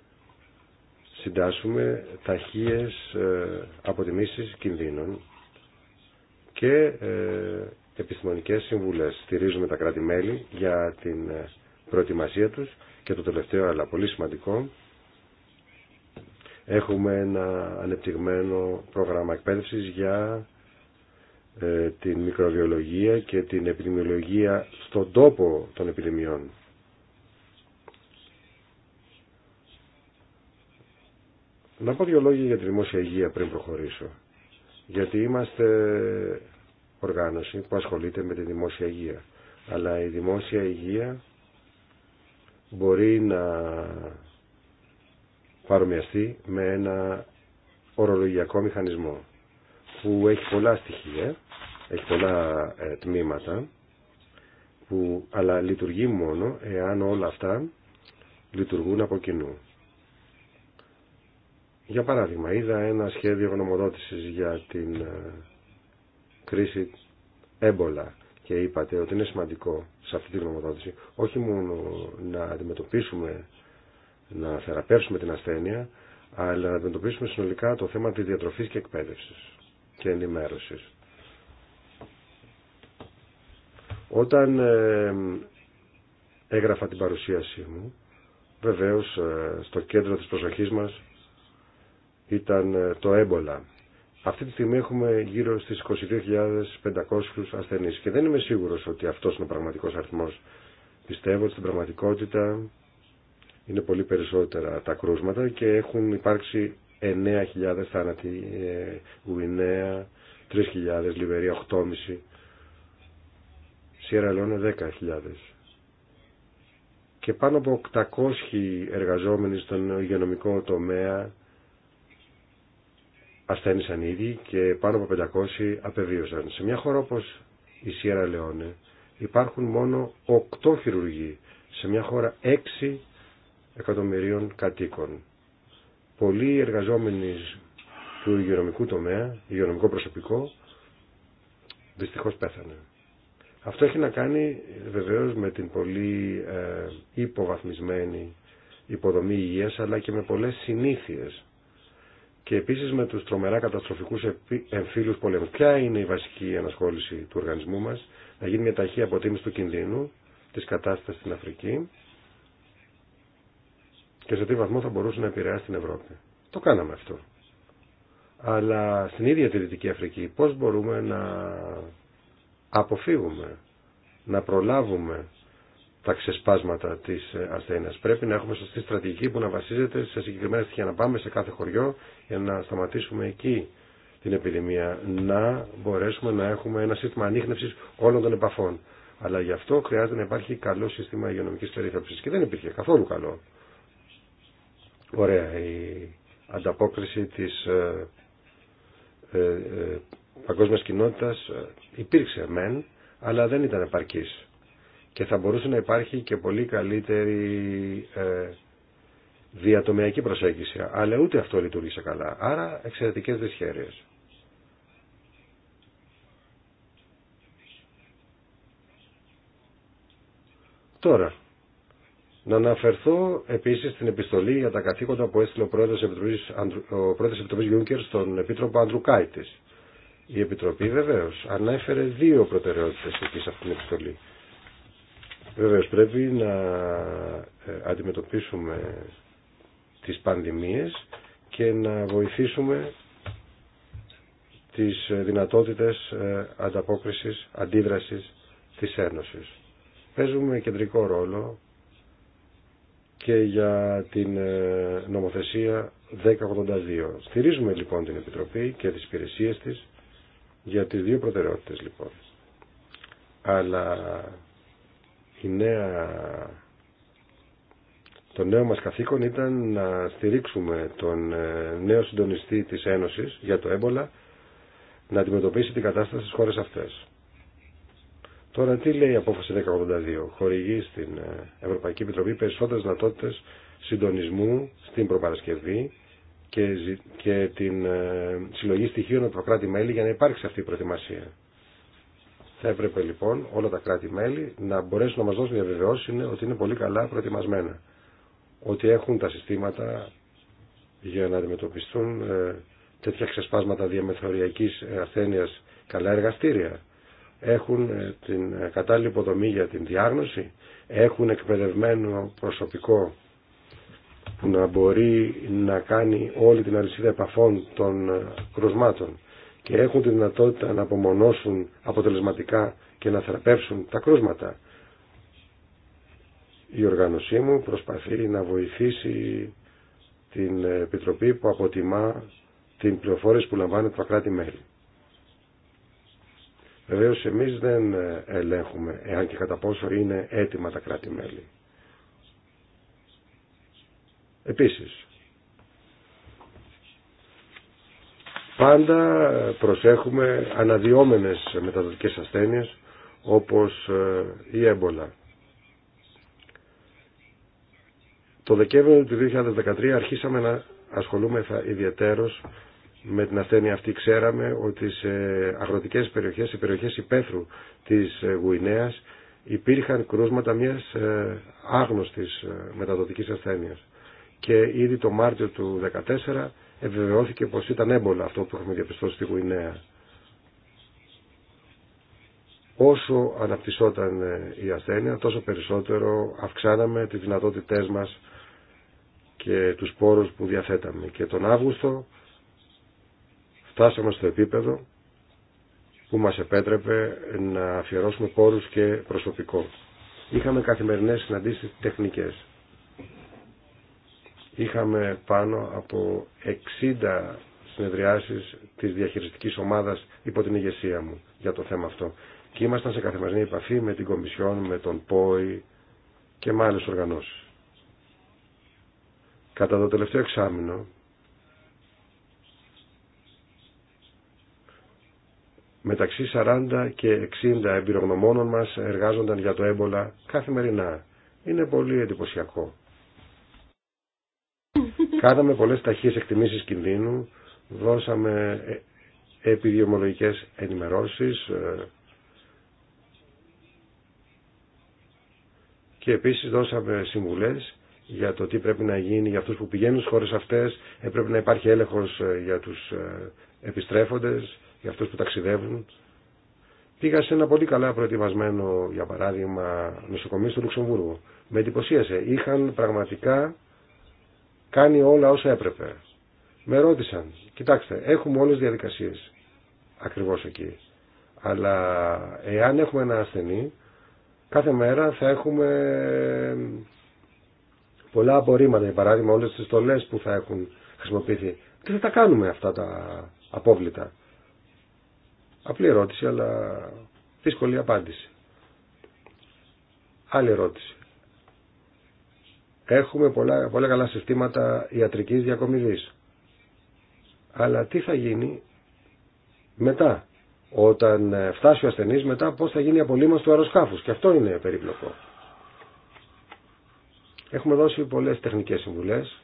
συντάσσουμε ταχείες ε, αποτιμήσεις κινδύνων και ε, επιστημονικές συμβουλές. Στηρίζουμε τα κράτη-μέλη για την ε, προετοιμασία τους και το τελευταίο αλλά πολύ σημαντικό έχουμε ένα ανεπτυγμένο πρόγραμμα εκπαίδευσης για ε, την μικροβιολογία και την επιδημιολογία στον τόπο των επιδημιών. Να πω δύο λόγια για τη δημόσια υγεία πριν προχωρήσω. Γιατί είμαστε οργάνωση που ασχολείται με τη δημόσια υγεία. Αλλά η δημόσια υγεία μπορεί να παρομοιαστεί με ένα ορολογιακό μηχανισμό που έχει πολλά στοιχεία, έχει πολλά ε, τμήματα, που, αλλά λειτουργεί μόνο εάν όλα αυτά λειτουργούν από κοινού. Για παράδειγμα, είδα ένα σχέδιο γνωμοδότησης για την ε, κρίση έμπολα και είπατε ότι είναι σημαντικό σε αυτή τη γνωμοδότηση όχι μόνο να αντιμετωπίσουμε, να θεραπεύσουμε την ασθένεια, αλλά να αντιμετωπίσουμε συνολικά το θέμα της διατροφής και εκπαίδευσης και ενημέρωσης. Όταν ε, έγραφα την παρουσίασή μου, βεβαίως ε, στο κέντρο της προσοχής μας ήταν ε, το έμπολα. Αυτή τη στιγμή έχουμε γύρω στις 22.500 ασθενείς και δεν είμαι σίγουρος ότι αυτός είναι ο πραγματικός αριθμός. Πιστεύω ότι στην πραγματικότητα είναι πολύ περισσότερα τα κρούσματα και έχουν υπάρξει 9.000 θάνατοι ε, Γουινέα, 3.000 Λιβερία, 8.500 Σιέρα 10.000 και πάνω από 800 εργαζόμενοι στον υγειονομικό τομέα ασθένησαν ήδη και πάνω από 500 απεβίωσαν. Σε μια χώρα όπως η Σιέρα Λεόνε υπάρχουν μόνο 8 χειρουργοί σε μια χώρα 6 εκατομμυρίων κατοίκων. Πολλοί εργαζόμενοι του υγειονομικού τομέα, υγειονομικό προσωπικό, δυστυχώς πέθανε. Αυτό έχει να κάνει βεβαίως με την πολύ ε, υποβαθμισμένη υποδομή υγείας αλλά και με πολλές συνήθειες και επίσης με τους τρομερά καταστροφικούς εμφύλους πολεμού, Ποια είναι η βασική ανασχόληση του οργανισμού μας, να γίνει μια ταχεία αποτίμηση του κινδύνου της κατάστασης στην Αφρική και σε τι βαθμό θα μπορούσε να επηρεάσει την Ευρώπη. Το κάναμε αυτό. Αλλά στην ίδια τη Δυτική Αφρική πώς μπορούμε να αποφύγουμε, να προλάβουμε τα ξεσπάσματα τη ε, ασθένεια. Πρέπει να έχουμε σωστή στρατηγική που να βασίζεται σε συγκεκριμένα στοιχεία. Να πάμε σε κάθε χωριό για να σταματήσουμε εκεί την επιδημία. Να μπορέσουμε να έχουμε ένα σύστημα ανείχνευση όλων των επαφών. Αλλά γι' αυτό χρειάζεται να υπάρχει καλό σύστημα υγειονομική περίθαλψη. Και δεν υπήρχε καθόλου καλό. Ωραία. Η ανταπόκριση τη ε, ε, ε παγκόσμια κοινότητα ε, υπήρξε μεν, αλλά δεν ήταν επαρκή και θα μπορούσε να υπάρχει και πολύ καλύτερη ε, διατομιακή προσέγγιση. Αλλά ούτε αυτό λειτουργήσε καλά. Άρα εξαιρετικές δυσχέρειες. Τώρα, να αναφερθώ επίσης στην επιστολή για τα καθήκοντα που έστειλε ο πρόεδρος Επιτροπής, ο πρόεδρος Επιτροπής στον Επίτροπο Αντρουκάητης. Η Επιτροπή βεβαίως ανέφερε δύο προτεραιότητες εκεί σε αυτήν την επιστολή. Βέβαια, πρέπει να ε, αντιμετωπίσουμε τις πανδημίες και να βοηθήσουμε τις δυνατότητες ε, ανταπόκρισης, αντίδρασης της Ένωσης. Παίζουμε κεντρικό ρόλο και για την ε, νομοθεσία 1082. Στηρίζουμε λοιπόν την Επιτροπή και τις υπηρεσίε της για τις δύο προτεραιότητες λοιπόν. Αλλά νέα, το νέο μας καθήκον ήταν να στηρίξουμε τον ε, νέο συντονιστή της Ένωσης για το έμπολα να αντιμετωπίσει την κατάσταση στις χώρες αυτές. Τώρα τι λέει η απόφαση 1082. Χορηγεί στην ε, Ευρωπαϊκή Επιτροπή περισσότερες δυνατότητε συντονισμού στην προπαρασκευή και, και την ε, συλλογή στοιχείων από τα κράτη-μέλη για να υπάρξει αυτή η προετοιμασία. Θα έπρεπε λοιπόν όλα τα κράτη-μέλη να μπορέσουν να μας δώσουν διαβεβαιώσεις ότι είναι πολύ καλά προετοιμασμένα. Ότι έχουν τα συστήματα για να αντιμετωπιστούν ε, τέτοια ξεσπάσματα διαμεθοριακής ε, ασθένεια καλά εργαστήρια. Έχουν ε, την κατάλληλη υποδομή για την διάγνωση. Έχουν εκπαιδευμένο προσωπικό που να μπορεί να κάνει όλη την αλυσίδα επαφών των κρουσμάτων και έχουν τη δυνατότητα να απομονώσουν αποτελεσματικά και να θεραπεύσουν τα κρούσματα. Η οργάνωσή μου προσπαθεί να βοηθήσει την Επιτροπή που αποτιμά την πληροφόρηση που λαμβάνει από τα κράτη-μέλη. Βεβαίως εμείς δεν ελέγχουμε εάν και κατά πόσο είναι έτοιμα τα κράτη-μέλη. Επίσης, Πάντα προσέχουμε αναδιόμενες μεταδοτικές ασθένειες όπως ε, η έμπολα. Το Δεκέμβριο του 2013 αρχίσαμε να ασχολούμεθα ιδιαίτερος με την ασθένεια αυτή. Ξέραμε ότι σε αγροτικές περιοχές, σε περιοχές υπαίθρου της ε, Γουινέας υπήρχαν κρούσματα μιας ε, άγνωστης μεταδοτικής ασθένειας. Και ήδη το Μάρτιο του 2014 επιβεβαιώθηκε πως ήταν έμπολα αυτό που έχουμε διαπιστώσει στη Γουινέα. Όσο αναπτυσσόταν ε, η ασθένεια, τόσο περισσότερο αυξάναμε τις δυνατότητές μας και τους πόρους που διαθέταμε. Και τον Αύγουστο φτάσαμε στο επίπεδο που μας επέτρεπε να αφιερώσουμε πόρους και προσωπικό. Είχαμε καθημερινές συναντήσεις τεχνικές. Είχαμε πάνω από 60 συνεδριάσεις της διαχειριστικής ομάδας υπό την ηγεσία μου για το θέμα αυτό. Και ήμασταν σε καθημερινή επαφή με την Κομισιόν, με τον ΠΟΗ και με άλλε οργανώσεις. Κατά το τελευταίο εξάμεινο, μεταξύ 40 και 60 εμπειρογνωμόνων μας εργάζονταν για το έμπολα καθημερινά. Είναι πολύ εντυπωσιακό. Κάναμε πολλές ταχείες εκτιμήσεις κινδύνου, δώσαμε ε, επιδιομολογικές ενημερώσεις ε, και επίσης δώσαμε συμβουλές για το τι πρέπει να γίνει για αυτούς που πηγαίνουν στις χώρες αυτές, ε, πρέπει να υπάρχει έλεγχος για τους επιστρέφοντες, για αυτούς που ταξιδεύουν. Πήγα σε ένα πολύ καλά προετοιμασμένο, για παράδειγμα, νοσοκομείο στο Λουξεμβούργο. Με εντυπωσίασε. Είχαν πραγματικά κάνει όλα όσα έπρεπε. Με ρώτησαν, κοιτάξτε, έχουμε όλες διαδικασίες ακριβώς εκεί. Αλλά εάν έχουμε ένα ασθενή, κάθε μέρα θα έχουμε πολλά απορρίμματα. Για παράδειγμα, όλες τις στολές που θα έχουν χρησιμοποιηθεί. Τι θα τα κάνουμε αυτά τα απόβλητα. Απλή ερώτηση, αλλά δύσκολη απάντηση. Άλλη ερώτηση. Έχουμε πολλά, πολλά καλά συστήματα ιατρικής διακομιδής. Αλλά τι θα γίνει μετά, όταν ε, φτάσει ο ασθενής, μετά πώς θα γίνει η του αεροσκάφους. Και αυτό είναι περίπλοκο. Έχουμε δώσει πολλές τεχνικές συμβουλές,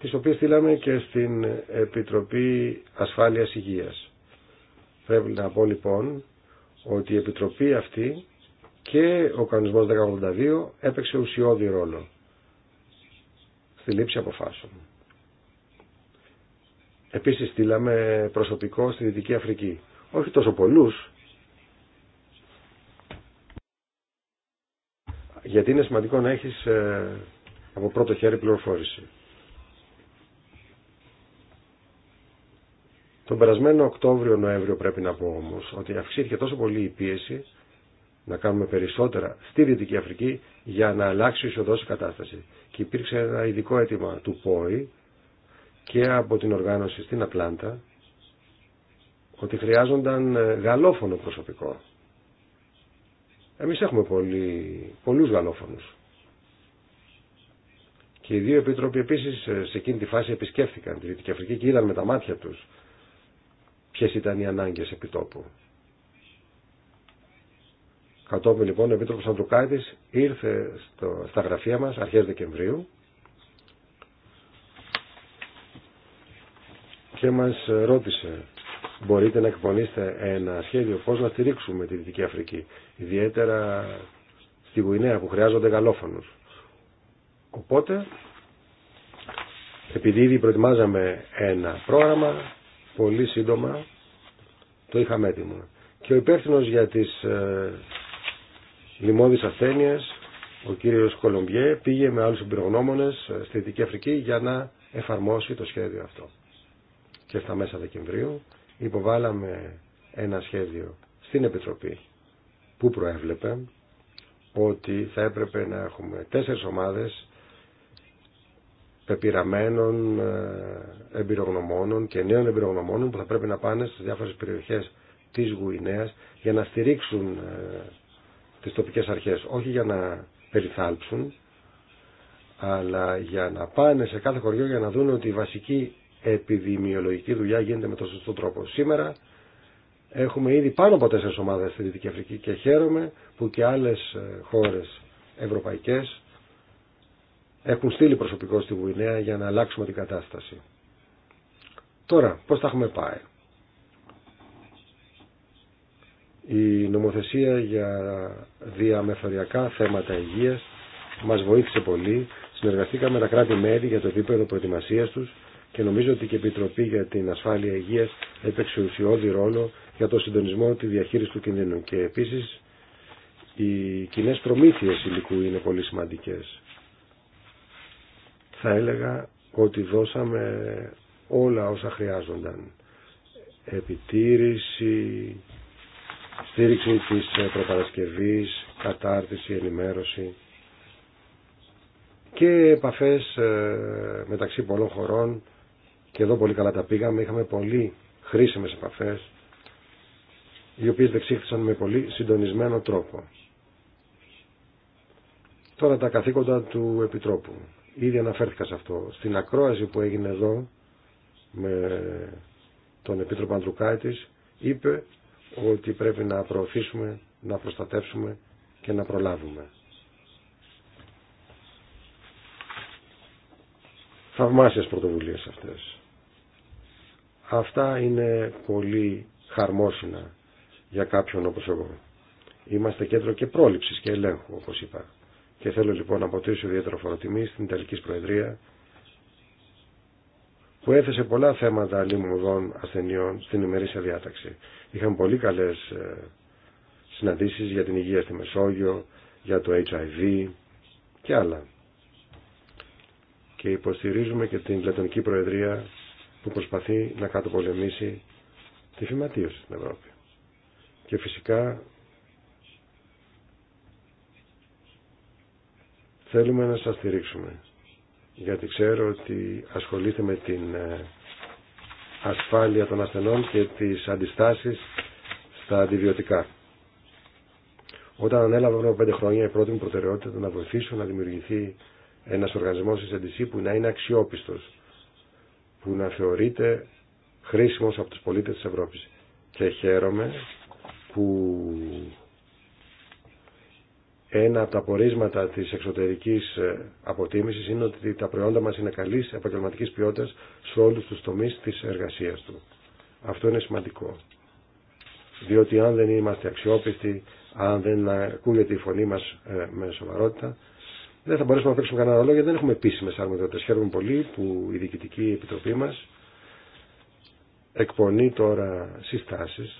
τις οποίες στείλαμε και στην Επιτροπή Ασφάλειας Υγείας. Πρέπει να πω λοιπόν ότι η Επιτροπή αυτή και ο κανονισμό 1082 έπαιξε ουσιώδη ρόλο στη λήψη αποφάσεων. Επίσης στείλαμε προσωπικό στη Δυτική Αφρική. Όχι τόσο πολλού. γιατί είναι σημαντικό να έχεις ε, από πρώτο χέρι πληροφόρηση. Τον περασμένο Οκτώβριο-Νοέμβριο πρέπει να πω όμως ότι αυξήθηκε τόσο πολύ η πίεση να κάνουμε περισσότερα στη Δυτική Αφρική για να αλλάξει ισοδός κατάσταση. Και υπήρξε ένα ειδικό αίτημα του ΠΟΗ και από την οργάνωση στην Απλάντα ότι χρειάζονταν ε, γαλόφωνο προσωπικό. Εμείς έχουμε πολύ, πολλούς γαλόφωνους. Και οι δύο επίτροποι επίσης ε, σε εκείνη τη φάση επισκέφθηκαν τη Δυτική Αφρική και είδαν με τα μάτια τους ποιες ήταν οι ανάγκες επιτόπου. Κατόπιν λοιπόν ο Επίτροπο Ανδρουκάητης ήρθε στο, στα γραφεία μας αρχές Δεκεμβρίου και μας ρώτησε μπορείτε να εκπονήσετε ένα σχέδιο πώ να στηρίξουμε τη Δυτική Αφρική ιδιαίτερα στη Γουινέα που χρειάζονται γαλλόφωνου. Οπότε επειδή ήδη προετοιμάζαμε ένα πρόγραμμα πολύ σύντομα το είχαμε έτοιμο. Και ο υπεύθυνο για τις ε, λοιμώδεις ασθένειες, ο κύριος Κολομπιέ πήγε με άλλους εμπειρογνώμονες στη Δυτική Αφρική για να εφαρμόσει το σχέδιο αυτό. Και στα μέσα Δεκεμβρίου υποβάλαμε ένα σχέδιο στην Επιτροπή που προέβλεπε ότι θα έπρεπε να έχουμε τέσσερις ομάδες πεπειραμένων ε, εμπειρογνωμόνων και νέων εμπειρογνωμόνων που θα πρέπει να πάνε στις διάφορες περιοχές της Γουινέας για να στηρίξουν ε, τις τοπικές αρχές. Όχι για να περιθάλψουν, αλλά για να πάνε σε κάθε χωριό για να δουν ότι η βασική επιδημιολογική δουλειά γίνεται με τον σωστό τρόπο. Σήμερα έχουμε ήδη πάνω από τέσσερις ομάδες στη Δυτική Αφρική και χαίρομαι που και άλλες ε, χώρες ευρωπαϊκές έχουν στείλει προσωπικό στη Γουινέα για να αλλάξουμε την κατάσταση. Τώρα, πώς θα έχουμε πάει. Η νομοθεσία για διαμεθοριακά θέματα υγείας μας βοήθησε πολύ. Συνεργαστήκαμε τα κράτη-μέλη για το επίπεδο προετοιμασίας τους και νομίζω ότι και η Επιτροπή για την Ασφάλεια Υγείας έπαιξε ουσιώδη ρόλο για το συντονισμό τη διαχείριση του κινδύνου. Και επίσης οι κοινέ προμήθειες υλικού είναι πολύ σημαντικές. Θα έλεγα ότι δώσαμε όλα όσα χρειάζονταν. Επιτήρηση, στήριξη της προπαρασκευής, κατάρτιση, ενημέρωση και επαφές ε, μεταξύ πολλών χωρών και εδώ πολύ καλά τα πήγαμε, είχαμε πολύ χρήσιμες επαφές οι οποίες δεξίχθησαν με πολύ συντονισμένο τρόπο. Τώρα τα καθήκοντα του Επιτρόπου. Ήδη αναφέρθηκα σε αυτό. Στην ακρόαση που έγινε εδώ με τον Επίτροπο Αντρουκάητης είπε ότι πρέπει να προωθήσουμε, να προστατεύσουμε και να προλάβουμε. Θαυμάσιες πρωτοβουλίες αυτές. Αυτά είναι πολύ χαρμόσυνα για κάποιον όπως εγώ. Είμαστε κέντρο και πρόληψης και ελέγχου όπως είπα. Και θέλω λοιπόν να αποτύσω ιδιαίτερο φοροτιμή στην Ιταλική Προεδρία που έθεσε πολλά θέματα λιμουδών ασθενειών στην ημερήσια διάταξη. Είχαμε πολύ καλές ε, συναντήσεις για την υγεία στη Μεσόγειο, για το HIV και άλλα. Και υποστηρίζουμε και την Λετωνική Προεδρία που προσπαθεί να κατοπολεμήσει τη φυματίωση στην Ευρώπη. Και φυσικά θέλουμε να σας στηρίξουμε γιατί ξέρω ότι ασχολείται με την ε, ασφάλεια των ασθενών και τις αντιστάσεις στα αντιβιωτικά. Όταν ανέλαβα πριν από πέντε χρόνια η πρώτη μου προτεραιότητα ήταν να βοηθήσω να δημιουργηθεί ένας οργανισμός της που να είναι αξιόπιστος, που να θεωρείται χρήσιμος από τους πολίτες της Ευρώπης. Και χαίρομαι που ένα από τα πορίσματα τη εξωτερική ε, αποτίμηση είναι ότι τα προϊόντα μας είναι καλή επαγγελματικής ποιότητας σε όλους τους τομείς της εργασίας του. Αυτό είναι σημαντικό. Διότι αν δεν είμαστε αξιόπιστοι, αν δεν ακούγεται η φωνή μας ε, με σοβαρότητα, δεν θα μπορέσουμε να παίξουμε κανένα ρόλο γιατί δεν έχουμε επίσημε αρμοδιότητε. Χαίρομαι πολύ που η Διοικητική Επιτροπή μα εκπονεί τώρα συστάσει,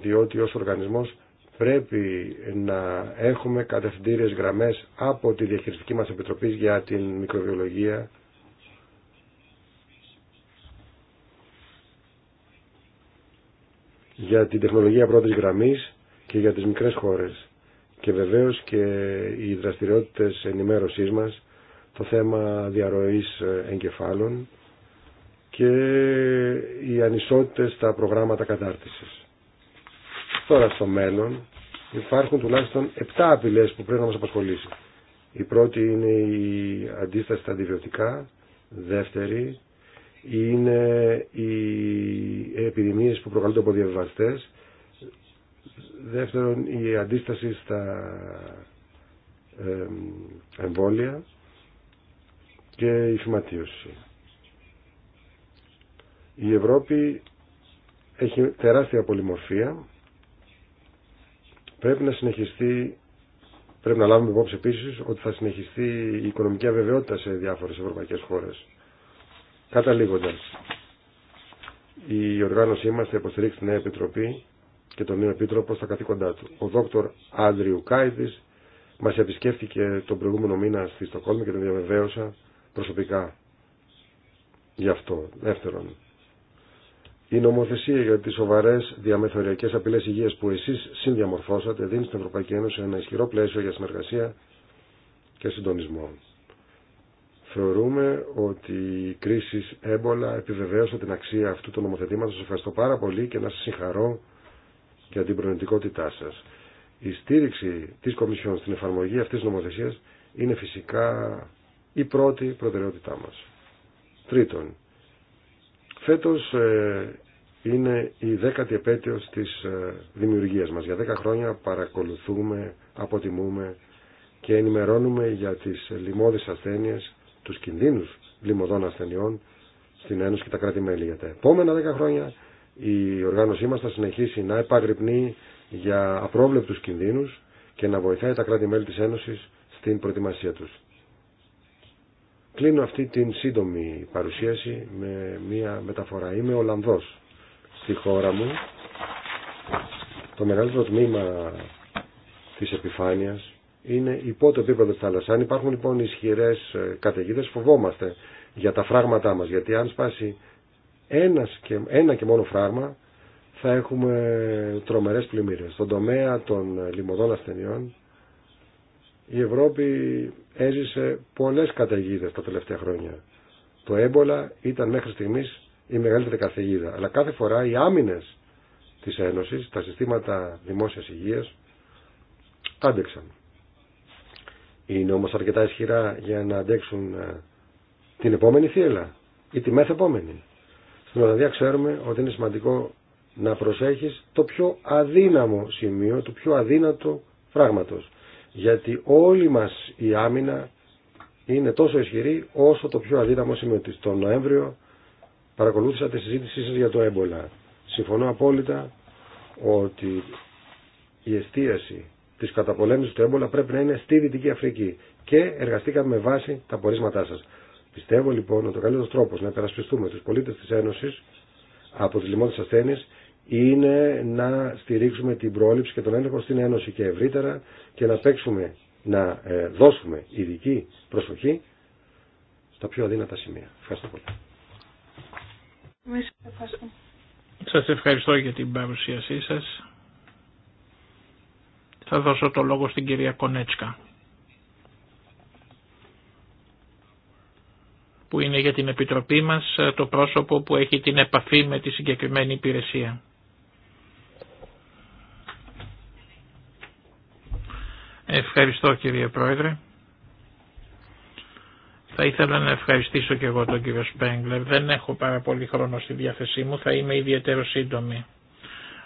διότι ω οργανισμό πρέπει να έχουμε κατευθυντήριες γραμμές από τη διαχειριστική μας επιτροπή για την μικροβιολογία για την τεχνολογία πρώτης γραμμής και για τις μικρές χώρες και βεβαίως και οι δραστηριότητες ενημέρωσής μας το θέμα διαρροής εγκεφάλων και οι ανισότητες στα προγράμματα κατάρτισης. Τώρα στο μέλλον υπάρχουν τουλάχιστον 7 απειλέ που πρέπει να μα απασχολήσει. Η πρώτη είναι η αντίσταση στα αντιβιωτικά, δεύτερη είναι οι επιδημίες που προκαλούνται από διαβιβαστές, δεύτερον η αντίσταση στα εμβόλια και η φυματίωση. Η Ευρώπη έχει τεράστια πολυμορφία Πρέπει να συνεχιστεί, πρέπει να λάβουμε υπόψη επίση ότι θα συνεχιστεί η οικονομική αβεβαιότητα σε διάφορε ευρωπαϊκέ χώρε. Καταλήγοντα, η οργάνωσή μα θα υποστηρίξει την νέα επιτροπή και τον νέο επίτροπο στα καθήκοντά του. Ο δόκτωρ Άντριου Κάιδη μα επισκέφθηκε τον προηγούμενο μήνα στη Στοκόλμη και τον διαβεβαίωσα προσωπικά γι' αυτό. Δεύτερον, η νομοθεσία για τι σοβαρέ διαμεθοριακέ απειλέ υγεία που εσεί συνδιαμορφώσατε δίνει στην Ευρωπαϊκή Ένωση ένα ισχυρό πλαίσιο για συνεργασία και συντονισμό. Θεωρούμε ότι η κρίση έμπολα επιβεβαίωσε την αξία αυτού του νομοθετήματο Σα ευχαριστώ πάρα πολύ και να σα συγχαρώ για την προνοητικότητά σα. Η στήριξη τη Κομισιόν στην εφαρμογή αυτή τη νομοθεσία είναι φυσικά η πρώτη προτεραιότητά μα. Τρίτον, Φέτος ε, είναι η δέκατη επέτειος της ε, δημιουργίας μας. Για δέκα χρόνια παρακολουθούμε, αποτιμούμε και ενημερώνουμε για τις λοιμώδεις ασθένειες, τους κινδύνους λοιμωδών ασθενειών στην Ένωση και τα κράτη-μέλη. Για τα επόμενα δέκα χρόνια η οργάνωσή μας θα συνεχίσει να επαγρυπνεί για απρόβλεπτους κινδύνους και να βοηθάει τα κράτη-μέλη της Ένωσης στην προετοιμασία τους. Κλείνω αυτή την σύντομη παρουσίαση με μία μεταφορά. Είμαι Ολλανδός στη χώρα μου. Το μεγαλύτερο τμήμα της επιφάνειας είναι υπό το επίπεδο της θάλασσας. Αν υπάρχουν λοιπόν ισχυρές ε, καταιγίδες φοβόμαστε για τα φράγματά μας. Γιατί αν σπάσει ένας και, ένα και μόνο φράγμα θα έχουμε τρομερές πλημμύρες. Στον τομέα των ε, λιμωδών ασθενειών η Ευρώπη έζησε πολλές καταιγίδε τα τελευταία χρόνια. Το έμπολα ήταν μέχρι στιγμής η μεγαλύτερη καταιγίδα. Αλλά κάθε φορά οι άμυνες της Ένωσης, τα συστήματα δημόσιας υγείας, άντεξαν. Είναι όμως αρκετά ισχυρά για να αντέξουν ε, την επόμενη θύελα ή τη μεθεπόμενη. Στην Ολλανδία ξέρουμε ότι είναι σημαντικό να προσέχεις το πιο αδύναμο σημείο, το πιο αδύνατο φράγματος γιατί όλη μας η άμυνα είναι τόσο ισχυρή όσο το πιο αδύναμο συμμετή. Τον Νοέμβριο παρακολούθησα τη συζήτησή σας για το έμπολα. Συμφωνώ απόλυτα ότι η εστίαση της καταπολέμησης του έμπολα πρέπει να είναι στη Δυτική Αφρική και εργαστήκαμε με βάση τα πορίσματά σας. Πιστεύω λοιπόν ότι ο καλύτερος τρόπος να υπερασπιστούμε τους πολίτες της Ένωσης από τις λοιμώδεις ασθένειες είναι να στηρίξουμε την πρόληψη και τον έλεγχο στην Ένωση και ευρύτερα και να παίξουμε, να ε, δώσουμε ειδική προσοχή στα πιο αδύνατα σημεία. Ευχαριστώ πολύ. Σας ευχαριστώ για την παρουσίασή σας. Θα δώσω το λόγο στην κυρία Κονέτσκα. που είναι για την Επιτροπή μας το πρόσωπο που έχει την επαφή με τη συγκεκριμένη υπηρεσία. Ευχαριστώ κύριε Πρόεδρε. Θα ήθελα να ευχαριστήσω και εγώ τον κύριο Σπέγγλερ. Δεν έχω πάρα πολύ χρόνο στη διάθεσή μου, θα είμαι ιδιαίτερο σύντομη.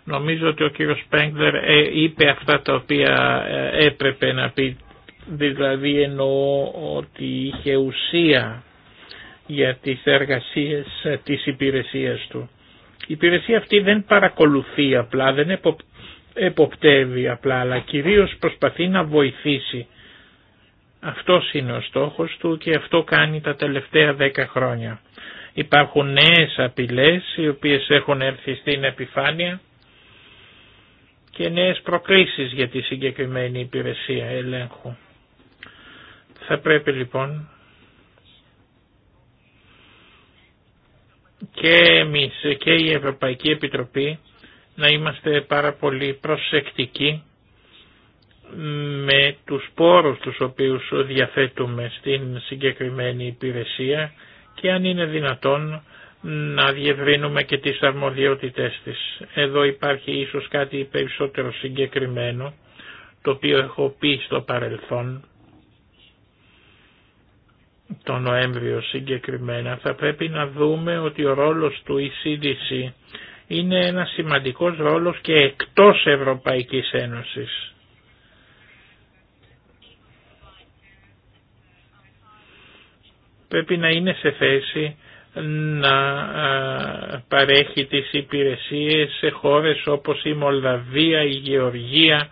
Νομίζω ότι ο κύριος Σπέγγλερ ε, είπε αυτά τα οποία ε, έπρεπε να πει, δηλαδή εννοώ ότι είχε ουσία για τις εργασίες ε, της υπηρεσίας του. Η υπηρεσία αυτή δεν παρακολουθεί απλά, δεν εποπτεύει απλά, αλλά κυρίως προσπαθεί να βοηθήσει. Αυτός είναι ο στόχος του και αυτό κάνει τα τελευταία δέκα χρόνια. Υπάρχουν νέες απειλές οι οποίες έχουν έρθει στην επιφάνεια και νέες προκλήσεις για τη συγκεκριμένη υπηρεσία ελέγχου. Θα πρέπει λοιπόν και εμείς και η Ευρωπαϊκή Επιτροπή να είμαστε πάρα πολύ προσεκτικοί με τους πόρους τους οποίους διαθέτουμε στην συγκεκριμένη υπηρεσία και αν είναι δυνατόν να διευρύνουμε και τις αρμοδιότητές της. Εδώ υπάρχει ίσως κάτι περισσότερο συγκεκριμένο, το οποίο έχω πει στο παρελθόν, το Νοέμβριο συγκεκριμένα, θα πρέπει να δούμε ότι ο ρόλος του ECDC είναι ένα σημαντικός ρόλος και εκτός Ευρωπαϊκής Ένωσης. Πρέπει να είναι σε θέση να παρέχει τις υπηρεσίες σε χώρες όπως η Μολδαβία, η Γεωργία,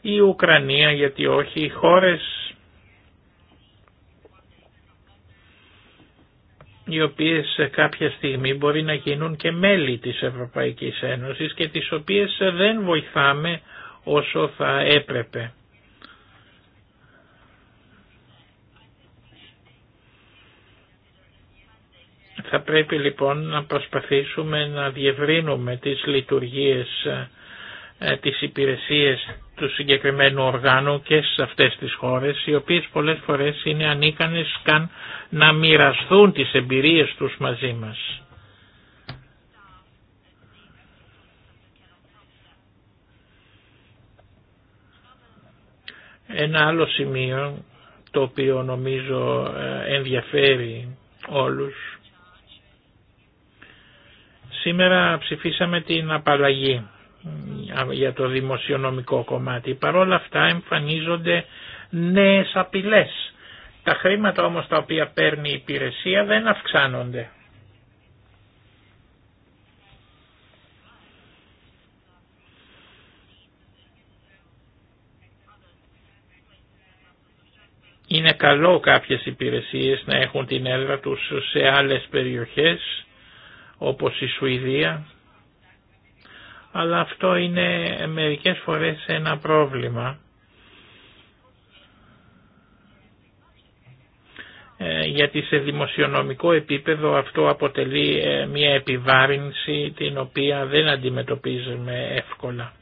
η Ουκρανία, γιατί όχι, οι χώρες οι οποίες σε κάποια στιγμή μπορεί να γίνουν και μέλη της Ευρωπαϊκής Ένωσης και τις οποίες δεν βοηθάμε όσο θα έπρεπε. Θα πρέπει λοιπόν να προσπαθήσουμε να διευρύνουμε τις λειτουργίες, ε, τις υπηρεσίες του συγκεκριμένου οργάνου και σε αυτές τις χώρες, οι οποίες πολλές φορές είναι ανίκανες καν να μοιραστούν τις εμπειρίες τους μαζί μας. Ένα άλλο σημείο το οποίο νομίζω ε, ενδιαφέρει όλους. Σήμερα ψηφίσαμε την απαλλαγή για το δημοσιονομικό κομμάτι. Παρ' όλα αυτά εμφανίζονται νέες απειλές. Τα χρήματα όμως τα οποία παίρνει η υπηρεσία δεν αυξάνονται. Είναι καλό κάποιες υπηρεσίες να έχουν την έδρα τους σε άλλες περιοχές όπως η Σουηδία αλλά αυτό είναι μερικές φορές ένα πρόβλημα. Ε, γιατί σε δημοσιονομικό επίπεδο αυτό αποτελεί ε, μια επιβάρυνση την οποία δεν αντιμετωπίζουμε εύκολα.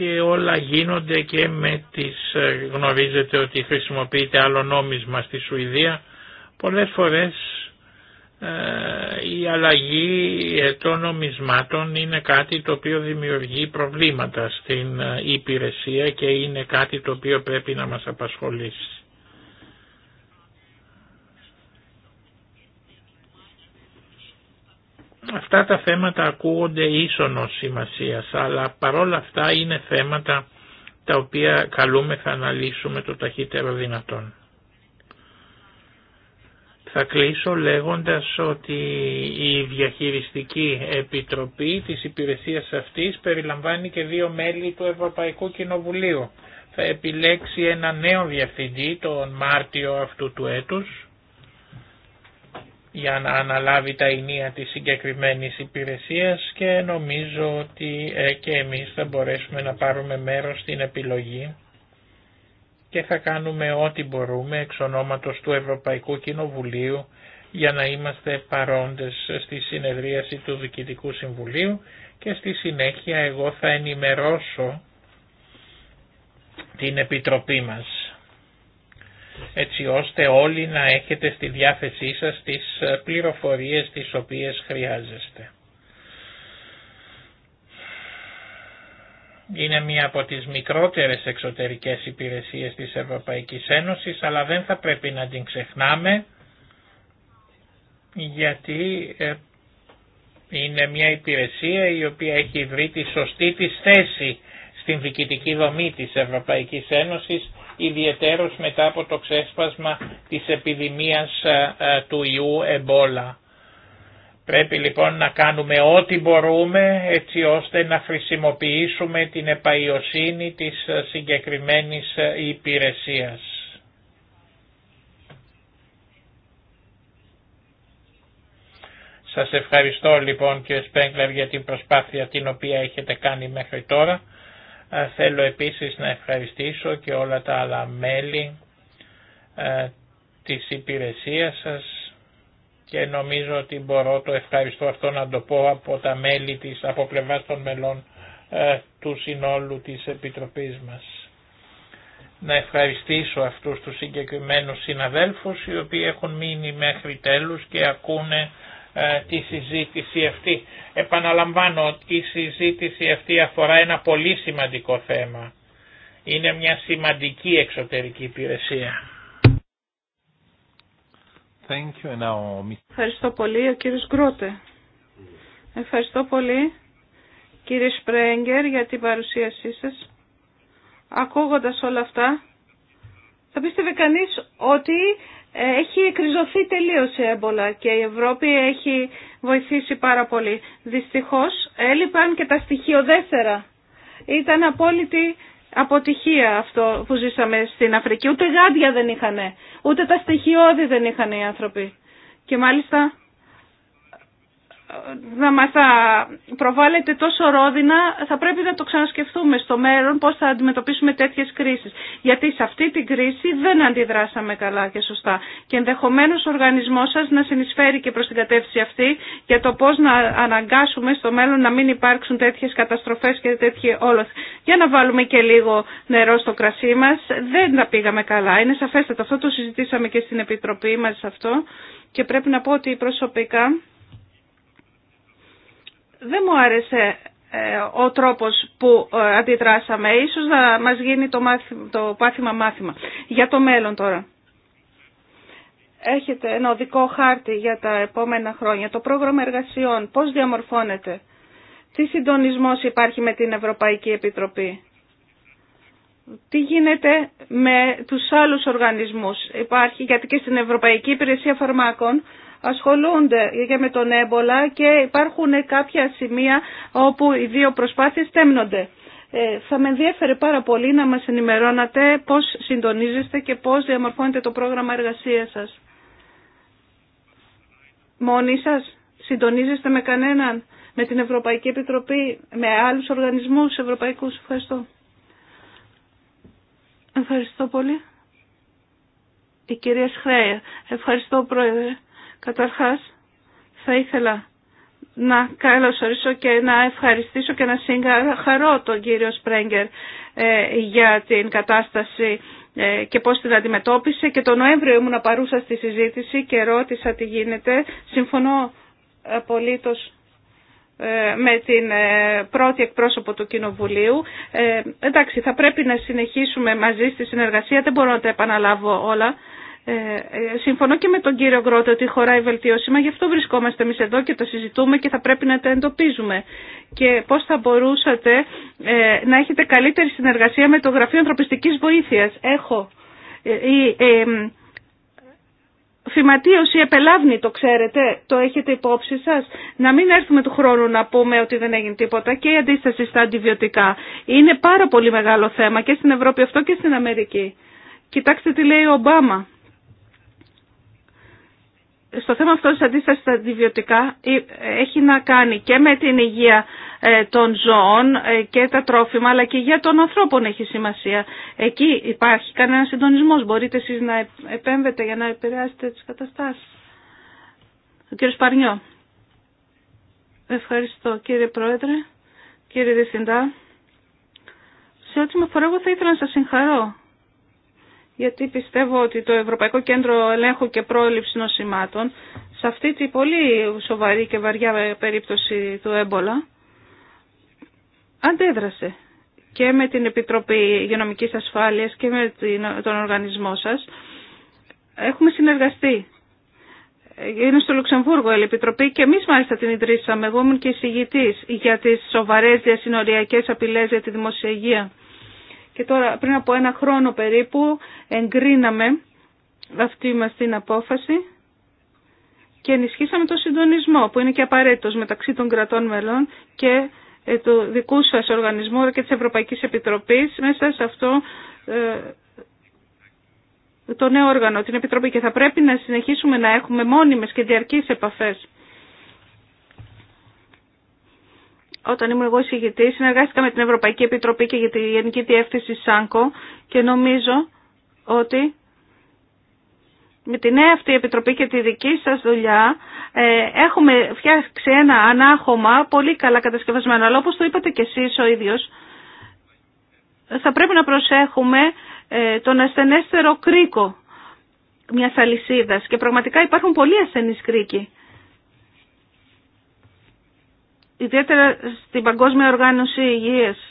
και όλα γίνονται και με τις, ε, γνωρίζετε ότι χρησιμοποιείται άλλο νόμισμα στη Σουηδία Πολλές φορές ε, η αλλαγή των νομισμάτων είναι κάτι το οποίο δημιουργεί προβλήματα στην ε, υπηρεσία και είναι κάτι το οποίο πρέπει να μας απασχολήσει. Αυτά τα θέματα ακούγονται ίσονος σημασίας, αλλά παρόλα αυτά είναι θέματα τα οποία καλούμε θα αναλύσουμε το ταχύτερο δυνατόν. Θα κλείσω λέγοντας ότι η Διαχειριστική Επιτροπή της υπηρεσίας αυτής περιλαμβάνει και δύο μέλη του Ευρωπαϊκού Κοινοβουλίου. Θα επιλέξει ένα νέο διευθυντή τον Μάρτιο αυτού του έτους για να αναλάβει τα ενία της συγκεκριμένης υπηρεσίας και νομίζω ότι ε, και εμείς θα μπορέσουμε να πάρουμε μέρος στην επιλογή και θα κάνουμε ό,τι μπορούμε εξ ονόματος του Ευρωπαϊκού Κοινοβουλίου για να είμαστε παρόντες στη συνεδρίαση του Διοικητικού Συμβουλίου και στη συνέχεια εγώ θα ενημερώσω την Επιτροπή μας έτσι ώστε όλοι να έχετε στη διάθεσή σας τις πληροφορίες τις οποίες χρειάζεστε. είναι μία από τις μικρότερες εξωτερικές υπηρεσίες της Ευρωπαϊκής Ένωσης, αλλά δεν θα πρέπει να την ξεχνάμε, γιατί ε, είναι μια υπηρεσία η οποία έχει βρει τη σωστή της θέση στην διοικητική δομή της Ευρωπαϊκής Ένωσης, ιδιαιτέρως μετά από το ξέσπασμα της επιδημίας ε, ε, του ιού εμπόλα. Πρέπει λοιπόν να κάνουμε ό,τι μπορούμε έτσι ώστε να χρησιμοποιήσουμε την επαϊοσύνη της συγκεκριμένης υπηρεσίας. Σας ευχαριστώ λοιπόν και Σπέγκλερ για την προσπάθεια την οποία έχετε κάνει μέχρι τώρα. Ε, θέλω επίσης να ευχαριστήσω και όλα τα άλλα μέλη ε, της υπηρεσίας σας και νομίζω ότι μπορώ το ευχαριστώ αυτό να το πω από τα μέλη της, από πλευρά των μελών ε, του συνόλου της Επιτροπής μας. Να ευχαριστήσω αυτούς τους συγκεκριμένους συναδέλφους οι οποίοι έχουν μείνει μέχρι τέλους και ακούνε ε, τη συζήτηση αυτή. Επαναλαμβάνω ότι η συζήτηση αυτή αφορά ένα πολύ σημαντικό θέμα. Είναι μια σημαντική εξωτερική υπηρεσία. Ευχαριστώ πολύ, ο κύριος Γκρότε. Ευχαριστώ πολύ, κύριε Σπρέγγερ, για την παρουσίασή σας. Ακούγοντας όλα αυτά, θα πίστευε κανείς ότι ε, έχει εκριζωθεί τελείως η έμπολα και η Ευρώπη έχει βοηθήσει πάρα πολύ. Δυστυχώς έλειπαν και τα στοιχειοδέστερα. Ήταν απόλυτη αποτυχία αυτό που ζήσαμε στην Αφρική. Ούτε γάντια δεν είχανε, ούτε τα στοιχειώδη δεν είχαν οι άνθρωποι. Και μάλιστα να μας προβάλλεται τόσο ρόδινα, θα πρέπει να το ξανασκεφτούμε στο μέλλον πώς θα αντιμετωπίσουμε τέτοιες κρίσεις. Γιατί σε αυτή την κρίση δεν αντιδράσαμε καλά και σωστά. Και ενδεχομένως ο οργανισμός σας να συνεισφέρει και προς την κατεύθυνση αυτή για το πώς να αναγκάσουμε στο μέλλον να μην υπάρξουν τέτοιες καταστροφές και τέτοιες όλες. Για να βάλουμε και λίγο νερό στο κρασί μας. Δεν τα πήγαμε καλά. Είναι σαφέστατο αυτό. Το συζητήσαμε και στην Επιτροπή μας αυτό. Και πρέπει να πω ότι προσωπικά δεν μου άρεσε ε, ο τρόπος που ε, αντιδράσαμε. Ίσως να μας γίνει το, το πάθημα μάθημα. Για το μέλλον τώρα. Έχετε ένα οδικό χάρτη για τα επόμενα χρόνια. Το πρόγραμμα εργασιών πώς διαμορφώνεται. Τι συντονισμός υπάρχει με την Ευρωπαϊκή Επιτροπή. Τι γίνεται με τους άλλους οργανισμούς. Υπάρχει γιατί και στην Ευρωπαϊκή Υπηρεσία Φαρμάκων ασχολούνται και με τον έμπολα και υπάρχουν κάποια σημεία όπου οι δύο προσπάθειες τέμνονται. Ε, θα με ενδιαφέρε πάρα πολύ να μας ενημερώνατε πώς συντονίζεστε και πώς διαμορφώνετε το πρόγραμμα εργασίας σας. Μόνοι σας συντονίζεστε με κανέναν, με την Ευρωπαϊκή Επιτροπή, με άλλους οργανισμούς ευρωπαϊκούς. Ευχαριστώ. Ευχαριστώ πολύ. Η κυρία Σχρέα. Ευχαριστώ πρόεδρε. Καταρχάς, θα ήθελα να καλωσορίσω και να ευχαριστήσω και να συγχαρώ τον κύριο Σπρέγκερ ε, για την κατάσταση ε, και πώς την αντιμετώπισε. Και τον Νοέμβριο ήμουν παρούσα στη συζήτηση και ρώτησα τι γίνεται. Συμφωνώ απολύτως ε, με την πρώτη εκπρόσωπο του Κοινοβουλίου. Ε, εντάξει, θα πρέπει να συνεχίσουμε μαζί στη συνεργασία, δεν μπορώ να τα επαναλάβω όλα. Ε, ε, συμφωνώ και με τον κύριο Γκρότε ότι χωράει βελτίωση, μα γι' αυτό βρισκόμαστε εμεί εδώ και το συζητούμε και θα πρέπει να το εντοπίζουμε. Και πώ θα μπορούσατε ε, να έχετε καλύτερη συνεργασία με το Γραφείο Ανθρωπιστική Βοήθεια. Έχω. Η φυματίωση επελάβνη, το ξέρετε, το έχετε υπόψη σας. Να μην έρθουμε του χρόνου να πούμε ότι δεν έγινε τίποτα και η αντίσταση στα αντιβιωτικά. Είναι πάρα πολύ μεγάλο θέμα και στην Ευρώπη αυτό και στην Αμερική. Κοιτάξτε τι λέει ο Ομπάμα στο θέμα αυτό της αντίστασης στα αντιβιωτικά ε, έχει να κάνει και με την υγεία ε, των ζώων ε, και τα τρόφιμα αλλά και για των ανθρώπων έχει σημασία. Εκεί υπάρχει κανένα συντονισμός. Μπορείτε εσείς να επέμβετε για να επηρεάσετε τις καταστάσεις. Ο κύριος Παρνιό. Ευχαριστώ κύριε Πρόεδρε, κύριε Διευθυντά. Σε ό,τι με αφορά εγώ θα ήθελα να σας συγχαρώ γιατί πιστεύω ότι το Ευρωπαϊκό Κέντρο Ελέγχου και Πρόληψη Νοσημάτων σε αυτή τη πολύ σοβαρή και βαριά περίπτωση του έμπολα αντέδρασε και με την Επιτροπή Υγειονομικής Ασφάλειας και με τον οργανισμό σας. Έχουμε συνεργαστεί. Είναι στο Λουξεμβούργο η Επιτροπή και εμείς μάλιστα την ιδρύσαμε. Εγώ ήμουν και εισηγητής για τις σοβαρές διασυνοριακές απειλές για τη δημοσιακή και τώρα πριν από ένα χρόνο περίπου εγκρίναμε αυτή μας την απόφαση και ενισχύσαμε το συντονισμό που είναι και απαραίτητος μεταξύ των κρατών μελών και ε, του δικού σας οργανισμού και της Ευρωπαϊκής Επιτροπής μέσα σε αυτό ε, το νέο όργανο, την Επιτροπή και θα πρέπει να συνεχίσουμε να έχουμε μόνιμες και διαρκείς επαφές όταν ήμουν εγώ εισηγητή, συνεργάστηκα με την Ευρωπαϊκή Επιτροπή και για τη Γενική Διεύθυνση ΣΑΝΚΟ και νομίζω ότι με τη νέα αυτή επιτροπή και τη δική σας δουλειά ε, έχουμε φτιάξει ένα ανάχωμα πολύ καλά κατασκευασμένο. Αλλά όπως το είπατε και εσείς ο ίδιος, θα πρέπει να προσέχουμε ε, τον ασθενέστερο κρίκο μια αλυσίδα. Και πραγματικά υπάρχουν πολλοί ασθενείς κρίκοι ιδιαίτερα στην Παγκόσμια Οργάνωση Υγείας.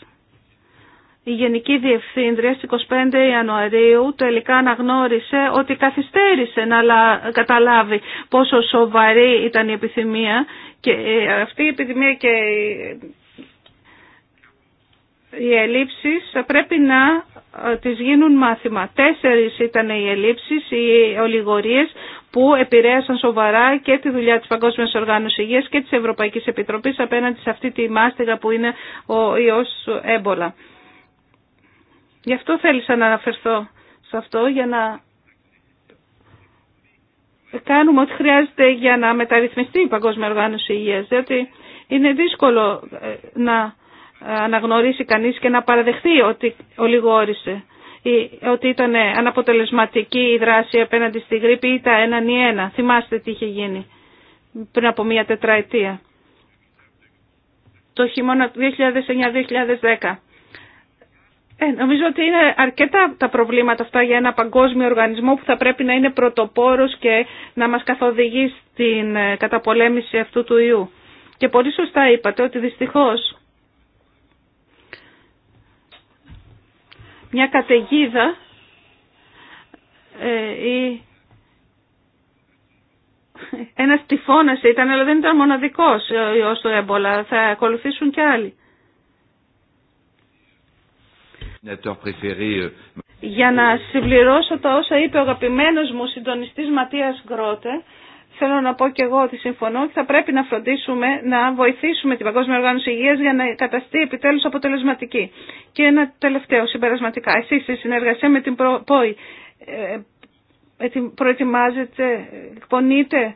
Η Γενική Διευθύντρια στις 25 Ιανουαρίου τελικά αναγνώρισε ότι καθυστέρησε να καταλάβει πόσο σοβαρή ήταν η επιθυμία και ε, αυτή η επιθυμία και ε, οι ελλείψεις πρέπει να ε, τις γίνουν μάθημα. Τέσσερις ήταν οι ελλείψεις, οι ολιγορίες που επηρέασαν σοβαρά και τη δουλειά της Παγκόσμιας Οργάνωσης Υγείας και της Ευρωπαϊκής Επιτροπής απέναντι σε αυτή τη μάστιγα που είναι ο ιός έμπολα. Γι' αυτό θέλησα να αναφερθώ σε αυτό για να κάνουμε ό,τι χρειάζεται για να μεταρρυθμιστεί η Παγκόσμια Οργάνωση Υγείας, διότι είναι δύσκολο ε, να αναγνωρίσει κανείς και να παραδεχθεί ότι ολιγόρησε ότι ήταν αναποτελεσματική η δράση απέναντι στη γρήπη ή τα έναν ή ένα. Θυμάστε τι είχε γίνει πριν από μία τετραετία. Το χειμώνα 2009-2010. Ε, νομίζω ότι είναι αρκετά τα προβλήματα αυτά για ένα παγκόσμιο οργανισμό που θα πρέπει να είναι πρωτοπόρος και να μας καθοδηγεί στην ε, καταπολέμηση αυτού του ιού. Και πολύ σωστά είπατε ότι δυστυχώς μια καταιγίδα ή ε, ένα τυφώνας ήταν, αλλά δεν ήταν μοναδικός ε, ο έμπολα. Θα ακολουθήσουν και άλλοι. Για να συμπληρώσω τα όσα είπε ο αγαπημένος μου συντονιστής Ματίας Γκρότε, θέλω να πω και εγώ ότι συμφωνώ ότι θα πρέπει να φροντίσουμε να βοηθήσουμε την Παγκόσμια Οργάνωση Υγείας για να καταστεί επιτέλους αποτελεσματική. Και ένα τελευταίο συμπερασματικά. Εσείς στη συνεργασία με την ε, ΠΟΗ ε, προετοιμάζετε, εκπονείτε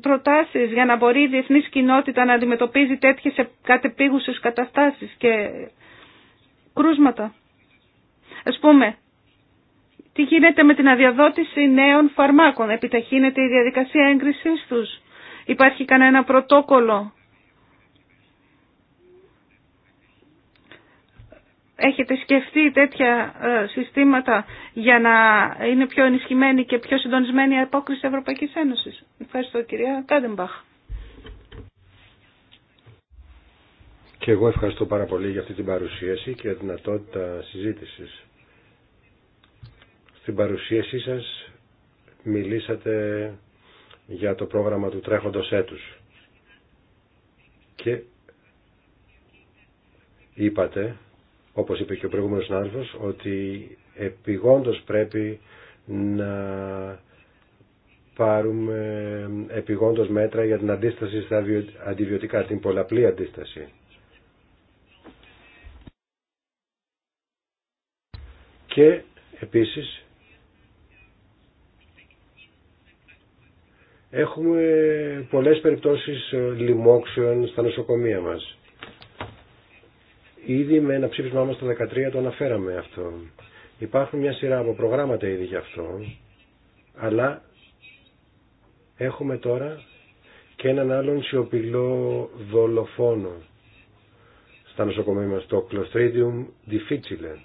προτάσεις για να μπορεί η διεθνή κοινότητα να αντιμετωπίζει τέτοιες κατεπίγουσες καταστάσει και κρούσματα. Ας πούμε, τι γίνεται με την αδειοδότηση νέων φαρμάκων, επιταχύνεται η διαδικασία έγκρισής τους. Υπάρχει κανένα πρωτόκολλο. Έχετε σκεφτεί τέτοια ε, συστήματα για να είναι πιο ενισχυμένη και πιο συντονισμένη η απόκριση Ευρωπαϊκής Ένωσης. Ευχαριστώ κυρία Κάντεμπαχ. Και εγώ ευχαριστώ πάρα πολύ για αυτή την παρουσίαση και για τη δυνατότητα συζήτησης. Στην παρουσίασή σας μιλήσατε για το πρόγραμμα του τρέχοντος έτους και είπατε, όπως είπε και ο προηγούμενος συνάδελφος, ότι επιγόντως πρέπει να πάρουμε επιγόντως μέτρα για την αντίσταση στα αντιβιωτικά, την πολλαπλή αντίσταση. Και επίσης Έχουμε πολλές περιπτώσεις ε, λοιμόξεων στα νοσοκομεία μας. Ήδη με ένα ψήφισμά μας το 2013 το αναφέραμε αυτό. Υπάρχουν μια σειρά από προγράμματα ήδη για αυτό, αλλά έχουμε τώρα και έναν άλλον σιωπηλό δολοφόνο στα νοσοκομεία μας, το Clostridium difficile,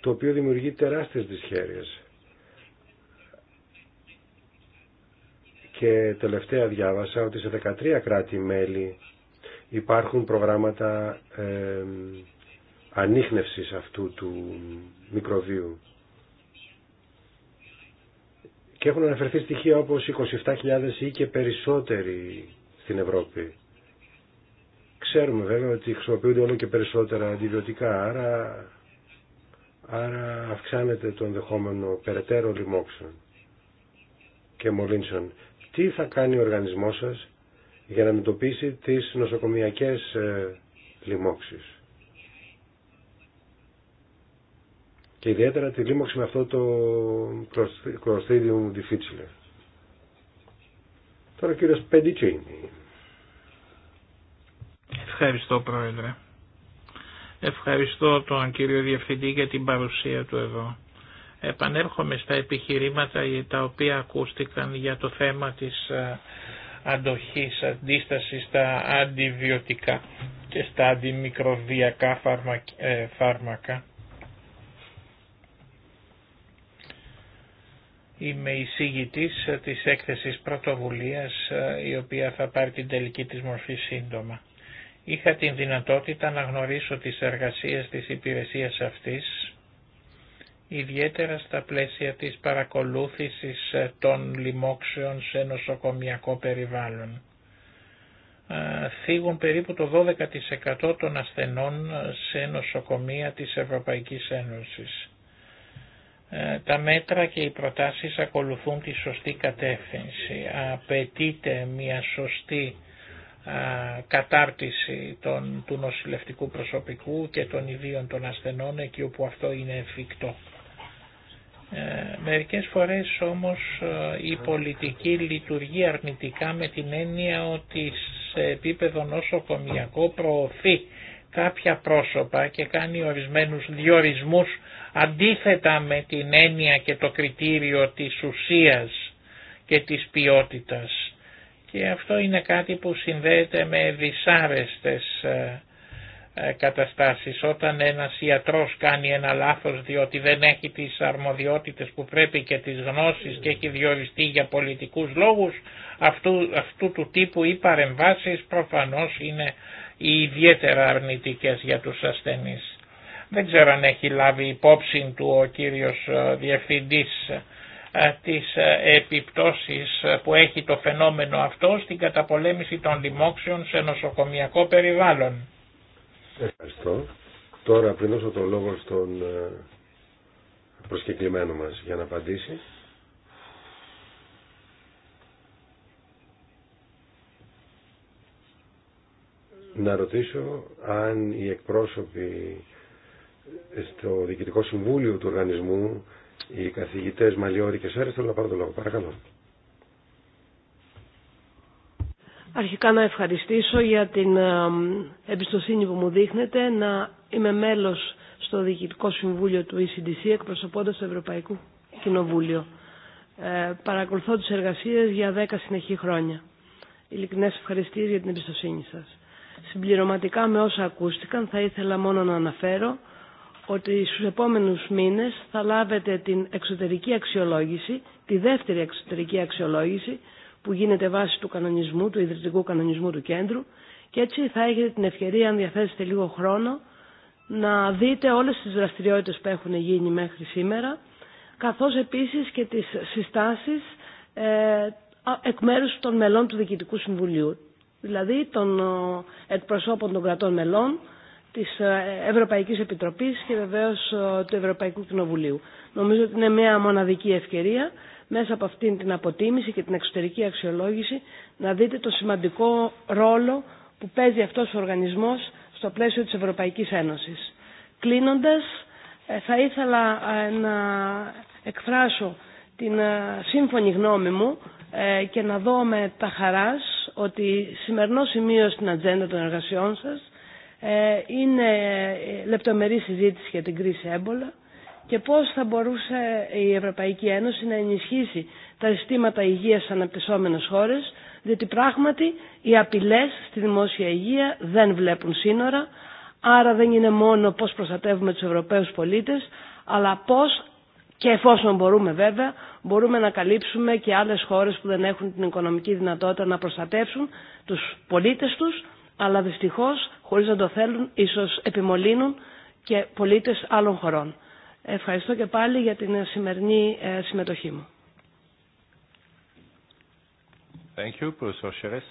το οποίο δημιουργεί τεράστιες δυσχέρειες. Και τελευταία διάβασα ότι σε 13 κράτη-μέλη υπάρχουν προγράμματα ε, ανείχνευσης αυτού του μικροβίου. Και έχουν αναφερθεί στοιχεία όπως 27.000 ή και περισσότεροι στην Ευρώπη. Ξέρουμε βέβαια ότι χρησιμοποιούνται όλο και περισσότερα αντιβιωτικά, άρα, άρα αυξάνεται το ενδεχόμενο περαιτέρω λοιμόξεων και μολύνσεων. Τι θα κάνει ο οργανισμός σας για να αντιμετωπίσει τις νοσοκομιακές ε, λοιμώξεις. Και ιδιαίτερα τη λοιμώξη με αυτό το Clostridium difficile. Τώρα ο κύριος Πεντιτσίνη. Ευχαριστώ Πρόεδρε. Ευχαριστώ τον κύριο Διευθυντή για την παρουσία του εδώ. Επανέρχομαι στα επιχειρήματα τα οποία ακούστηκαν για το θέμα της ε, αντοχής, αντίστασης στα αντιβιωτικά και στα αντιμικροβιακά ε, φάρμακα. Είμαι εισηγητής της έκθεσης πρωτοβουλίας ε, η οποία θα πάρει την τελική της μορφή σύντομα. Είχα την δυνατότητα να γνωρίσω τις εργασίες της υπηρεσίας αυτής ιδιαίτερα στα πλαίσια της παρακολούθησης των λοιμόξεων σε νοσοκομιακό περιβάλλον. Θίγουν περίπου το 12% των ασθενών σε νοσοκομεία της Ευρωπαϊκής Ένωσης. Ε, τα μέτρα και οι προτάσεις ακολουθούν τη σωστή κατεύθυνση. Απαιτείται μια σωστή κατάρτιση των, του νοσηλευτικού προσωπικού και των ιδίων των ασθενών εκεί όπου αυτό είναι εφικτό. Ε, μερικές φορές όμως ε, η πολιτική λειτουργεί αρνητικά με την έννοια ότι σε επίπεδο νοσοκομιακό προωθεί κάποια πρόσωπα και κάνει ορισμένους διορισμούς αντίθετα με την έννοια και το κριτήριο της ουσίας και της ποιότητας. Και αυτό είναι κάτι που συνδέεται με δυσάρεστες ε, ε, καταστάσεις. Όταν ένας ιατρός κάνει ένα λάθος διότι δεν έχει τις αρμοδιότητες που πρέπει και τις γνώσεις και έχει διοριστεί για πολιτικούς λόγους, αυτού, του τύπου οι παρεμβάσεις προφανώς είναι ιδιαίτερα αρνητικές για τους ασθενείς. Δεν ξέρω αν έχει λάβει υπόψη του ο κύριος ε, Διευθυντής ε, τις επιπτώσεις που έχει το φαινόμενο αυτό στην καταπολέμηση των λοιμόξεων σε νοσοκομιακό περιβάλλον. Ευχαριστώ. Τώρα πριν δώσω το λόγο στον ε, προσκεκλημένο μας για να απαντήσει. Να ρωτήσω αν οι εκπρόσωποι στο Διοικητικό Συμβούλιο του Οργανισμού, οι καθηγητές Μαλιώρη και Σέρες, θέλουν να πάρουν το λόγο. Παρακαλώ. Αρχικά να ευχαριστήσω για την ε, εμπιστοσύνη που μου δείχνετε να είμαι μέλος στο Διοικητικό Συμβούλιο του ECDC εκπροσωπώντας το Ευρωπαϊκό Κοινοβούλιο. Ε, παρακολουθώ τις εργασίες για 10 συνεχή χρόνια. Ειλικρινές ευχαριστίες για την εμπιστοσύνη σας. Συμπληρωματικά με όσα ακούστηκαν θα ήθελα μόνο να αναφέρω ότι στους επόμενους μήνες θα λάβετε την εξωτερική αξιολόγηση, τη δεύτερη εξωτερική αξιολόγηση που γίνεται βάση του κανονισμού, του ιδρυτικού κανονισμού του κέντρου και έτσι θα έχετε την ευκαιρία, αν διαθέσετε λίγο χρόνο, να δείτε όλες τις δραστηριότητες που έχουν γίνει μέχρι σήμερα, καθώς επίσης και τις συστάσεις ε, εκ μέρους των μελών του Διοικητικού Συμβουλίου, δηλαδή των ε, εκπροσώπων των κρατών μελών, της ε, Ευρωπαϊκής Επιτροπής και βεβαίως ε, του Ευρωπαϊκού Κοινοβουλίου. Νομίζω ότι είναι μια μοναδική ευκαιρία μέσα από αυτήν την αποτίμηση και την εξωτερική αξιολόγηση να δείτε το σημαντικό ρόλο που παίζει αυτός ο οργανισμός στο πλαίσιο της Ευρωπαϊκής Ένωσης. Κλείνοντας, ε, θα ήθελα ε, να εκφράσω την ε, σύμφωνη γνώμη μου και να δω με τα χαράς ότι σημερινό σημείο στην ατζέντα των εργασιών σας είναι λεπτομερή συζήτηση για την κρίση έμπολα, και πώς θα μπορούσε η Ευρωπαϊκή Ένωση να ενισχύσει τα συστήματα υγείας σε αναπτυσσόμενες χώρες, διότι πράγματι οι απειλές στη δημόσια υγεία δεν βλέπουν σύνορα, άρα δεν είναι μόνο πώς προστατεύουμε τους Ευρωπαίους πολίτες, αλλά πώς και εφόσον μπορούμε βέβαια, μπορούμε να καλύψουμε και άλλες χώρες που δεν έχουν την οικονομική δυνατότητα να προστατεύσουν τους πολίτες τους, αλλά δυστυχώς, χωρίς να το θέλουν, ίσως επιμολύνουν και πολίτες άλλων χωρών. Ευχαριστώ και πάλι για την σημερινή ε, συμμετοχή μου. Thank you, Professor Sheres.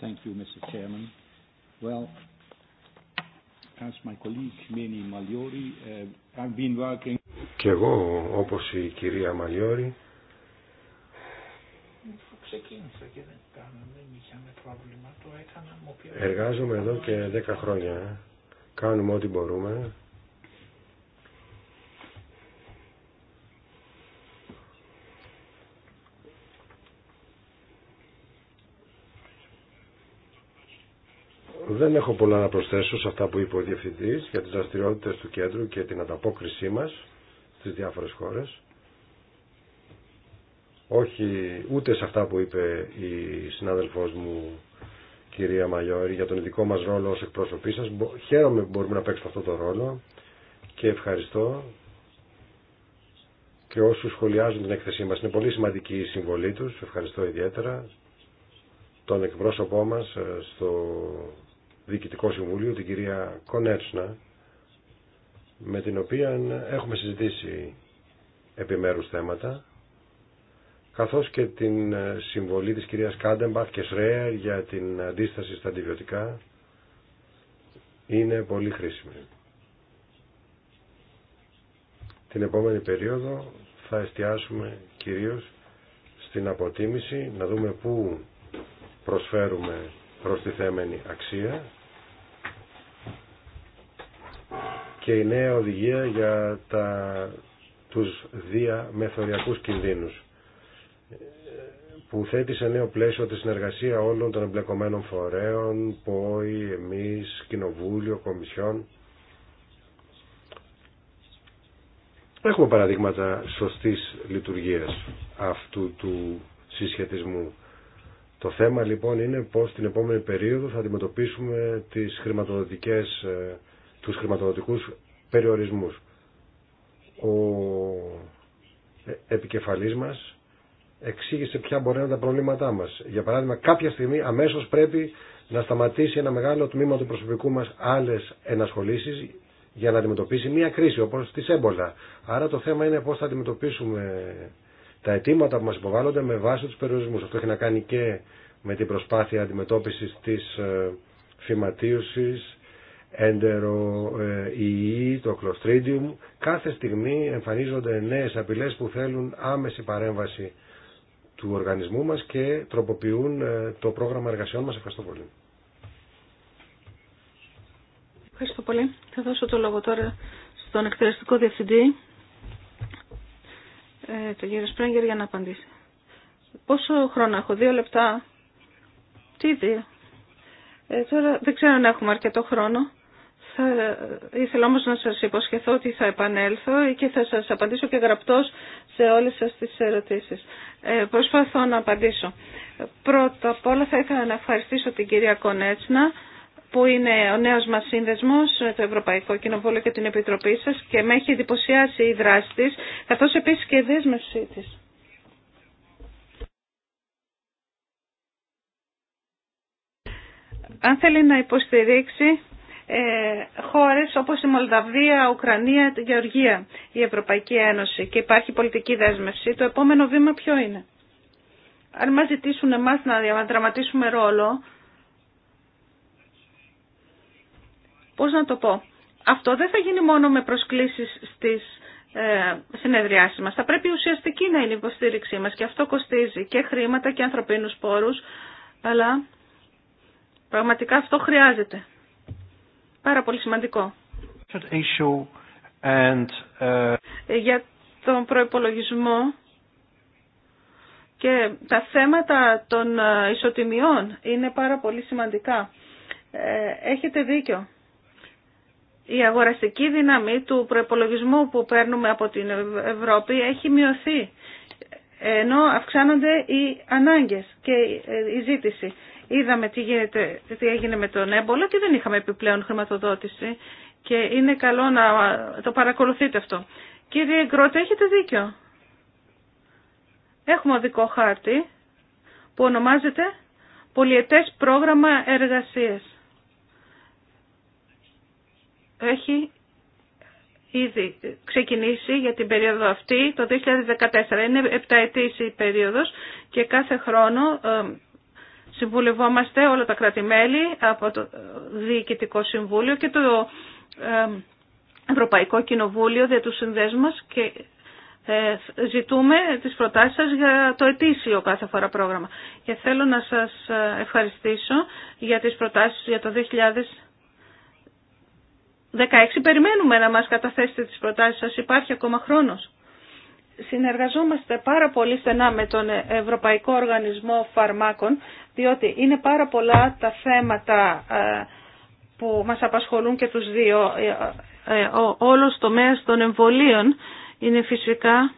Thank you, Mr. Chairman. Well, as my colleague Mini Maliori, uh, I've been working. Και εγώ, όπως η κυρία Μαλιόρη, ξεκίνησα και δεν κάναμε, είχαμε πρόβλημα, το έκανα, μου Εργάζομαι εδώ και 10 χρόνια. Κάνουμε ό,τι μπορούμε Δεν έχω πολλά να προσθέσω σε αυτά που είπε ο Διευθυντής για τις δραστηριότητες του κέντρου και την ανταπόκρισή μας στις διάφορες χώρες. Όχι ούτε σε αυτά που είπε η συνάδελφός μου κυρία Μαγιόρη για τον ειδικό μας ρόλο ως εκπρόσωπή σας. Χαίρομαι που μπορούμε να παίξουμε αυτό τον ρόλο και ευχαριστώ και όσους σχολιάζουν την έκθεσή μας. Είναι πολύ σημαντική η συμβολή τους. Ευχαριστώ ιδιαίτερα τον εκπρόσωπό μας ε, στο Διοικητικό Συμβούλιο, την κυρία Κονέτσνα, με την οποία έχουμε συζητήσει επιμέρους θέματα, καθώς και την συμβολή της κυρίας Κάντεμπαθ και Σρέα για την αντίσταση στα αντιβιωτικά, είναι πολύ χρήσιμη. Την επόμενη περίοδο θα εστιάσουμε κυρίως στην αποτίμηση, να δούμε πού προσφέρουμε θέμενη αξία και η νέα οδηγία για τα, τους διαμεθοριακούς κινδύνους που θέτει σε νέο πλαίσιο τη συνεργασία όλων των εμπλεκομένων φορέων, ΠΟΗ, εμείς, Κοινοβούλιο, Κομισιόν. Έχουμε παραδείγματα σωστής λειτουργίας αυτού του συσχετισμού. Το θέμα λοιπόν είναι πώς την επόμενη περίοδο θα αντιμετωπίσουμε τις χρηματοδοτικές ε, τους χρηματοδοτικούς περιορισμούς. Ο ε, επικεφαλής μας εξήγησε ποια μπορεί να είναι τα προβλήματά μας. Για παράδειγμα, κάποια στιγμή αμέσως πρέπει να σταματήσει ένα μεγάλο τμήμα του προσωπικού μας άλλες ενασχολήσεις για να αντιμετωπίσει μια κρίση όπως τη έμπολα. Άρα το θέμα είναι πώς θα αντιμετωπίσουμε τα αιτήματα που μας υποβάλλονται με βάση τους περιορισμούς. Αυτό έχει να κάνει και με την προσπάθεια αντιμετώπισης της ε, φυματίωσης, έντερο, ε, η το κλωστρίντιουμ. Κάθε στιγμή εμφανίζονται νέες απειλές που θέλουν άμεση παρέμβαση του οργανισμού μας και τροποποιούν ε, το πρόγραμμα εργασιών μας. Ευχαριστώ πολύ. Ευχαριστώ πολύ. Θα δώσω το λόγο τώρα στον εκτελεστικό διευθυντή, ε, τον κύριο Σπρέγγερ, για να απαντήσει. Πόσο χρόνο έχω, δύο λεπτά. Τι δύο. Ε, τώρα δεν ξέρω αν έχουμε αρκετό χρόνο. Θα ήθελα όμως να σας υποσχεθώ ότι θα επανέλθω και θα σας απαντήσω και γραπτός σε όλες σας τις ερωτήσεις. Ε, προσπαθώ να απαντήσω. Πρώτα απ' όλα θα ήθελα να ευχαριστήσω την κυρία Κονέτσνα που είναι ο νέος μας σύνδεσμος με το Ευρωπαϊκό Κοινοβούλιο και την Επιτροπή σας και με έχει εντυπωσιάσει η δράση της, καθώς επίσης και η δέσμευσή της. Αν θέλει να υποστηρίξει ε, χώρες όπως η Μολδαβία, Ουκρανία, η Γεωργία, η Ευρωπαϊκή Ένωση και υπάρχει πολιτική δέσμευση, το επόμενο βήμα ποιο είναι. Αν μας ζητήσουν εμάς να διαδραματίσουμε ρόλο, πώς να το πω, αυτό δεν θα γίνει μόνο με προσκλήσεις στις ε, συνεδριάσεις μας. Θα πρέπει ουσιαστική να είναι η υποστήριξή μας και αυτό κοστίζει και χρήματα και ανθρωπίνους πόρους, αλλά πραγματικά αυτό χρειάζεται. Πάρα πολύ σημαντικό. Uh, Για τον προϋπολογισμό και τα θέματα των ε, ισοτιμιών είναι πάρα πολύ σημαντικά. Ε, έχετε δίκιο. Η αγοραστική δύναμη του προϋπολογισμού που παίρνουμε από την Ευρώπη έχει μειωθεί, ενώ αυξάνονται οι ανάγκες και ε, η ζήτηση. Είδαμε τι, γίνεται, τι έγινε με τον έμπολο και δεν είχαμε επιπλέον χρηματοδότηση και είναι καλό να το παρακολουθείτε αυτό. Κύριε Γκρότε, έχετε δίκιο. Έχουμε οδικό χάρτη που ονομάζεται Πολιετές Πρόγραμμα Εργασίες. Έχει ήδη ξεκινήσει για την περίοδο αυτή το 2014. Είναι επταετής η περίοδος και κάθε χρόνο ε, Συμβουλευόμαστε όλα τα κράτη-μέλη από το Διοικητικό Συμβούλιο και το Ευρωπαϊκό Κοινοβούλιο για του συνδέσμου μας και ε, ζητούμε τις προτάσεις σας για το ετήσιο κάθε φορά πρόγραμμα. Και θέλω να σας ε, ευχαριστήσω για τις προτάσεις για το 2016. Περιμένουμε να μας καταθέσετε τις προτάσεις σας. Υπάρχει ακόμα χρόνος συνεργαζόμαστε πάρα πολύ στενά με τον Ευρωπαϊκό Οργανισμό Φαρμάκων, διότι είναι πάρα πολλά τα θέματα ε, που μας απασχολούν και τους δύο. Ε, ε, ο όλος τομέας των εμβολίων είναι φυσικά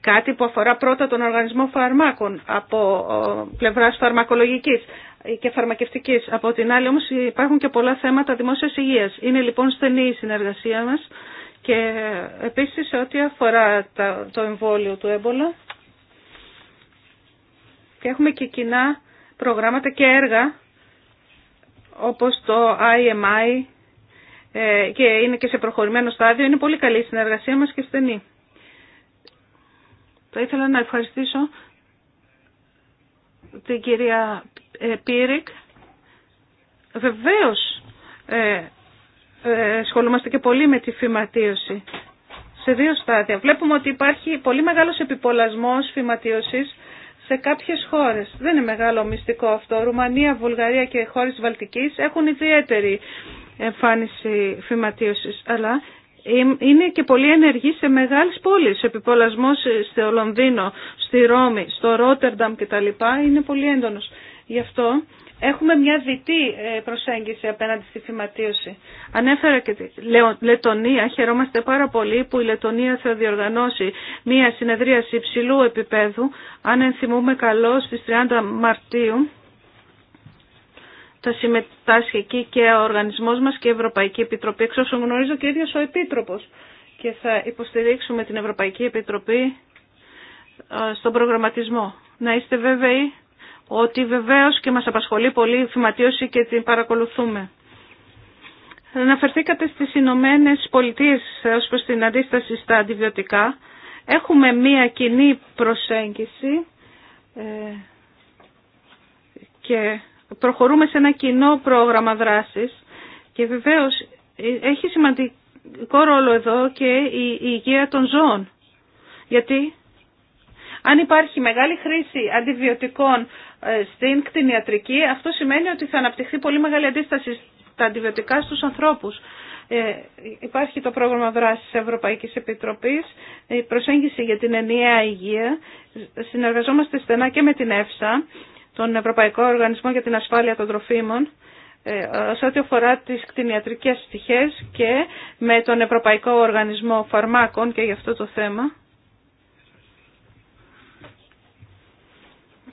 κάτι που αφορά πρώτα τον οργανισμό φαρμάκων από πλευράς φαρμακολογικής και φαρμακευτικής. Από την άλλη όμως υπάρχουν και πολλά θέματα δημόσιας υγείας. Είναι λοιπόν στενή η συνεργασία μας και επίσης ό,τι αφορά το εμβόλιο του έμπολα και έχουμε και κοινά προγράμματα και έργα όπως το IMI ε, και είναι και σε προχωρημένο στάδιο. Είναι πολύ καλή η συνεργασία μας και στενή. Θα ήθελα να ευχαριστήσω την κυρία ε, Πύρικ. Βεβαίως ε, ε, ασχολούμαστε και πολύ με τη φυματίωση σε δύο στάδια. Βλέπουμε ότι υπάρχει πολύ μεγάλος επιπολασμός φυματίωσης σε κάποιες χώρες. Δεν είναι μεγάλο μυστικό αυτό. Ρουμανία, Βουλγαρία και χώρες Βαλτικής έχουν ιδιαίτερη εμφάνιση φυματίωσης. Αλλά είναι και πολύ ενεργή σε μεγάλες πόλεις. Ο επιπολασμός στο Λονδίνο, στη Ρώμη, στο Ρότερνταμ κτλ. είναι πολύ έντονος. Γι' αυτό Έχουμε μια διτή ε, προσέγγιση απέναντι στη φυματίωση. Ανέφερα και τη Λετωνία. Χαιρόμαστε πάρα πολύ που η Λετωνία θα διοργανώσει μια συνεδρίαση υψηλού επίπεδου, αν ενθυμούμε καλώ, στις 30 Μαρτίου. Θα συμμετάσχει εκεί και ο οργανισμός μας και η Ευρωπαϊκή Επιτροπή. Εξ όσων γνωρίζω και ίδιος ο Επίτροπος. Και θα υποστηρίξουμε την Ευρωπαϊκή Επιτροπή ε, στον προγραμματισμό. Να είστε βέβαιοι ότι βεβαίως και μας απασχολεί πολύ η φυματίωση και την παρακολουθούμε. Αναφερθήκατε στις Ηνωμένε Πολιτείε ως προς την αντίσταση στα αντιβιωτικά. Έχουμε μία κοινή προσέγγιση ε, και προχωρούμε σε ένα κοινό πρόγραμμα δράσης και βεβαίως ε, έχει σημαντικό ρόλο εδώ και η υγεία των ζώων. Γιατί αν υπάρχει μεγάλη χρήση αντιβιωτικών ε, στην κτηνιατρική, αυτό σημαίνει ότι θα αναπτυχθεί πολύ μεγάλη αντίσταση στα αντιβιωτικά στους ανθρώπους. Ε, υπάρχει το πρόγραμμα δράσης της Ευρωπαϊκής Επιτροπής, η προσέγγιση για την ενιαία υγεία. Συνεργαζόμαστε στενά και με την ΕΦΣΑ, τον Ευρωπαϊκό Οργανισμό για την Ασφάλεια των Τροφίμων, ε, σε ό,τι αφορά τις κτηνιατρικές στοιχές και με τον Ευρωπαϊκό Οργανισμό Φαρμάκων και για αυτό το θέμα.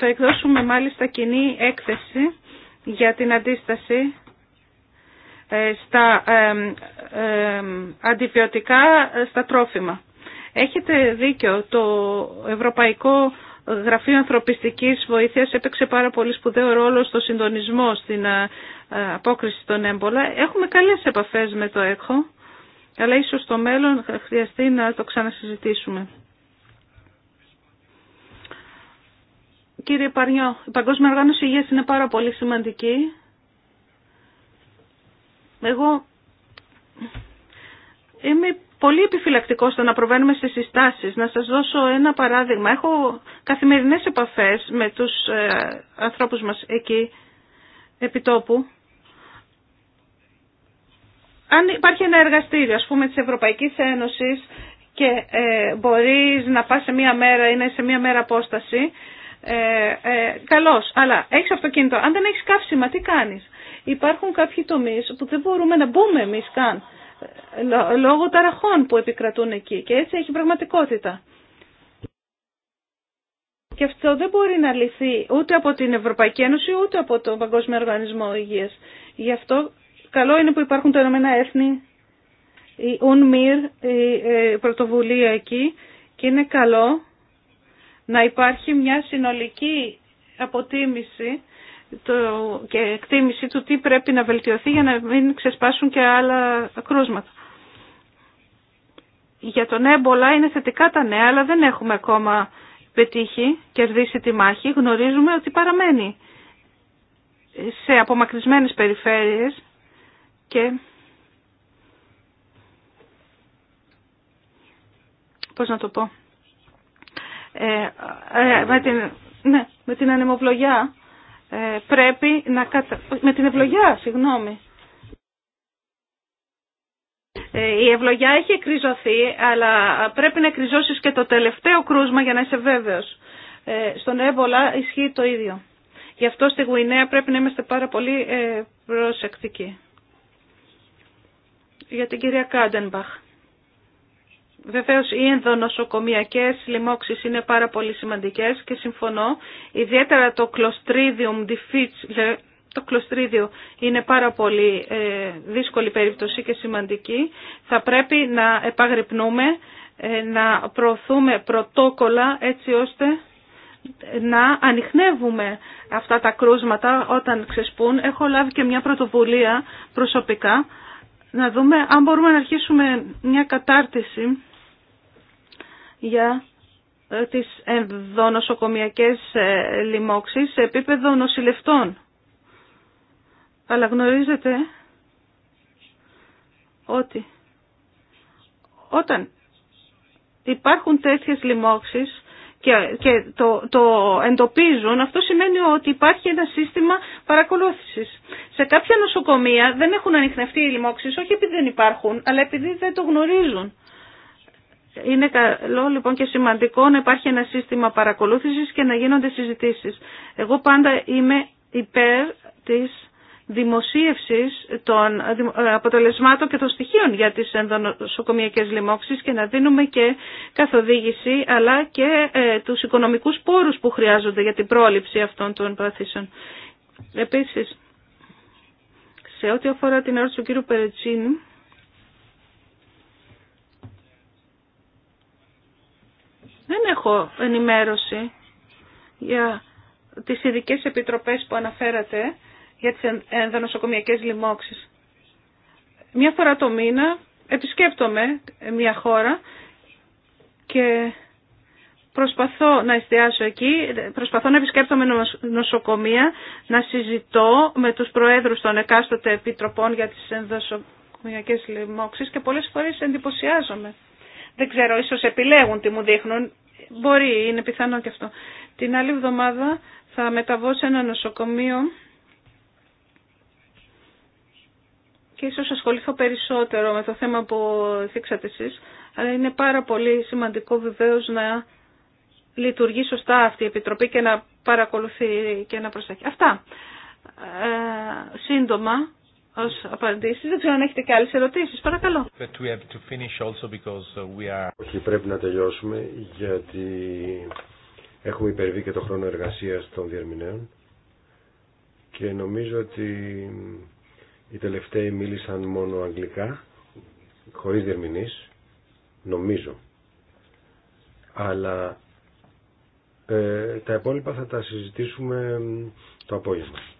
Θα εκδώσουμε μάλιστα κοινή έκθεση για την αντίσταση ε, στα ε, ε, αντιβιωτικά στα τρόφιμα. Έχετε δίκιο, το Ευρωπαϊκό Γραφείο Ανθρωπιστικής Βοήθειας έπαιξε πάρα πολύ σπουδαίο ρόλο στο συντονισμό, στην απόκριση των έμπολα. Έχουμε καλές επαφές με το ΕΚΧΟ, αλλά ίσως στο μέλλον χρειαστεί να το ξανασυζητήσουμε. Κύριε Παρνιό, η Παγκόσμια Οργάνωση Υγείας είναι πάρα πολύ σημαντική. Εγώ είμαι πολύ επιφυλακτικό στο να προβαίνουμε στις συστάσεις. Να σας δώσω ένα παράδειγμα. Έχω καθημερινές επαφές με τους ε, ανθρώπους μας εκεί, επί τόπου. Αν υπάρχει ένα εργαστήριο, ας πούμε, της Ευρωπαϊκής Ένωσης και ε, μπορείς να πας σε μία μέρα ή να είσαι σε μία μέρα απόσταση, ε, ε, καλός, αλλά έχεις αυτοκίνητο. Αν δεν έχεις καύσιμα, τι κάνεις. Υπάρχουν κάποιοι τομείς που δεν μπορούμε να μπούμε εμεί καν, ε, λόγω ταραχών που επικρατούν εκεί και έτσι έχει πραγματικότητα. Και αυτό δεν μπορεί να λυθεί ούτε από την Ευρωπαϊκή Ένωση ούτε από τον Παγκόσμιο Οργανισμό Υγείας. Γι' αυτό καλό είναι που υπάρχουν τα Ηνωμένα Έθνη, η UNMIR, η ε, πρωτοβουλία εκεί και είναι καλό να υπάρχει μια συνολική αποτίμηση και εκτίμηση του τι πρέπει να βελτιωθεί για να μην ξεσπάσουν και άλλα κρούσματα. Για τον έμπολα είναι θετικά τα νέα, αλλά δεν έχουμε ακόμα πετύχει, κερδίσει τη μάχη. Γνωρίζουμε ότι παραμένει σε απομακρυσμένες περιφέρειες και πώς να το πω. Ε, ε, με την, ναι, με την ε, πρέπει να κατα... με την ευλογιά, συγγνώμη. η ευλογιά έχει εκκριζωθεί, αλλά πρέπει να εκκριζώσεις και το τελευταίο κρούσμα για να είσαι βέβαιος. στον έμπολα ισχύει το ίδιο. Γι' αυτό στη Γουινέα πρέπει να είμαστε πάρα πολύ προσεκτικοί. Για την κυρία Κάντενμπαχ. Βεβαίως οι ενδονοσοκομιακές λοιμώξεις είναι πάρα πολύ σημαντικές και συμφωνώ. Ιδιαίτερα το Clostridium difficile, το κλωστρίδιο είναι πάρα πολύ ε, δύσκολη περίπτωση και σημαντική. Θα πρέπει να επαγρυπνούμε, ε, να προωθούμε πρωτόκολλα έτσι ώστε να ανοιχνεύουμε αυτά τα κρούσματα όταν ξεσπούν. Έχω λάβει και μια πρωτοβουλία προσωπικά να δούμε αν μπορούμε να αρχίσουμε μια κατάρτιση για ε, τις ενδονοσοκομιακές ε, λοιμώξεις σε επίπεδο νοσηλευτών. Αλλά γνωρίζετε ότι όταν υπάρχουν τέτοιες λοιμώξεις και, και το, το εντοπίζουν, αυτό σημαίνει ότι υπάρχει ένα σύστημα παρακολούθησης. Σε κάποια νοσοκομεία δεν έχουν ανοιχνευτεί οι λοιμώξεις, όχι επειδή δεν υπάρχουν, αλλά επειδή δεν το γνωρίζουν. Είναι καλό λοιπόν και σημαντικό να υπάρχει ένα σύστημα παρακολούθησης και να γίνονται συζητήσεις. Εγώ πάντα είμαι υπέρ της δημοσίευσης των αποτελεσμάτων και των στοιχείων για τις ενδοσοκομιακές λοιμώξεις και να δίνουμε και καθοδήγηση αλλά και ε, τους οικονομικούς πόρους που χρειάζονται για την πρόληψη αυτών των παθήσεων. Επίσης, σε ό,τι αφορά την ερώτηση του κύριου Περετσίνη, Δεν έχω ενημέρωση για τις ειδικέ επιτροπές που αναφέρατε για τις ενδονοσοκομιακές λοιμώξεις. Μια φορά το μήνα επισκέπτομαι μια χώρα και προσπαθώ να εστιάσω εκεί, προσπαθώ να επισκέπτομαι νοσοκομεία, να συζητώ με τους προέδρους των εκάστοτε επιτροπών για τις ενδοσοκομιακές λοιμώξεις και πολλές φορές εντυπωσιάζομαι. Δεν ξέρω, ίσως επιλέγουν τι μου δείχνουν, Μπορεί, είναι πιθανό και αυτό. Την άλλη εβδομάδα θα μεταβώ σε ένα νοσοκομείο και ίσως ασχοληθώ περισσότερο με το θέμα που θίξατε εσείς, αλλά είναι πάρα πολύ σημαντικό βεβαίως να λειτουργεί σωστά αυτή η Επιτροπή και να παρακολουθεί και να προσέχει. Αυτά. Ε, σύντομα ως απαντήσεις. Δεν ξέρω αν έχετε και άλλες Παρακαλώ. Uh, Όχι, πρέπει να τελειώσουμε γιατί έχουμε υπερβεί και το χρόνο εργασίας των διερμηνέων και νομίζω ότι οι τελευταίοι μίλησαν μόνο αγγλικά, χωρίς διερμηνείς, νομίζω. Αλλά ε, τα υπόλοιπα θα τα συζητήσουμε το απόγευμα.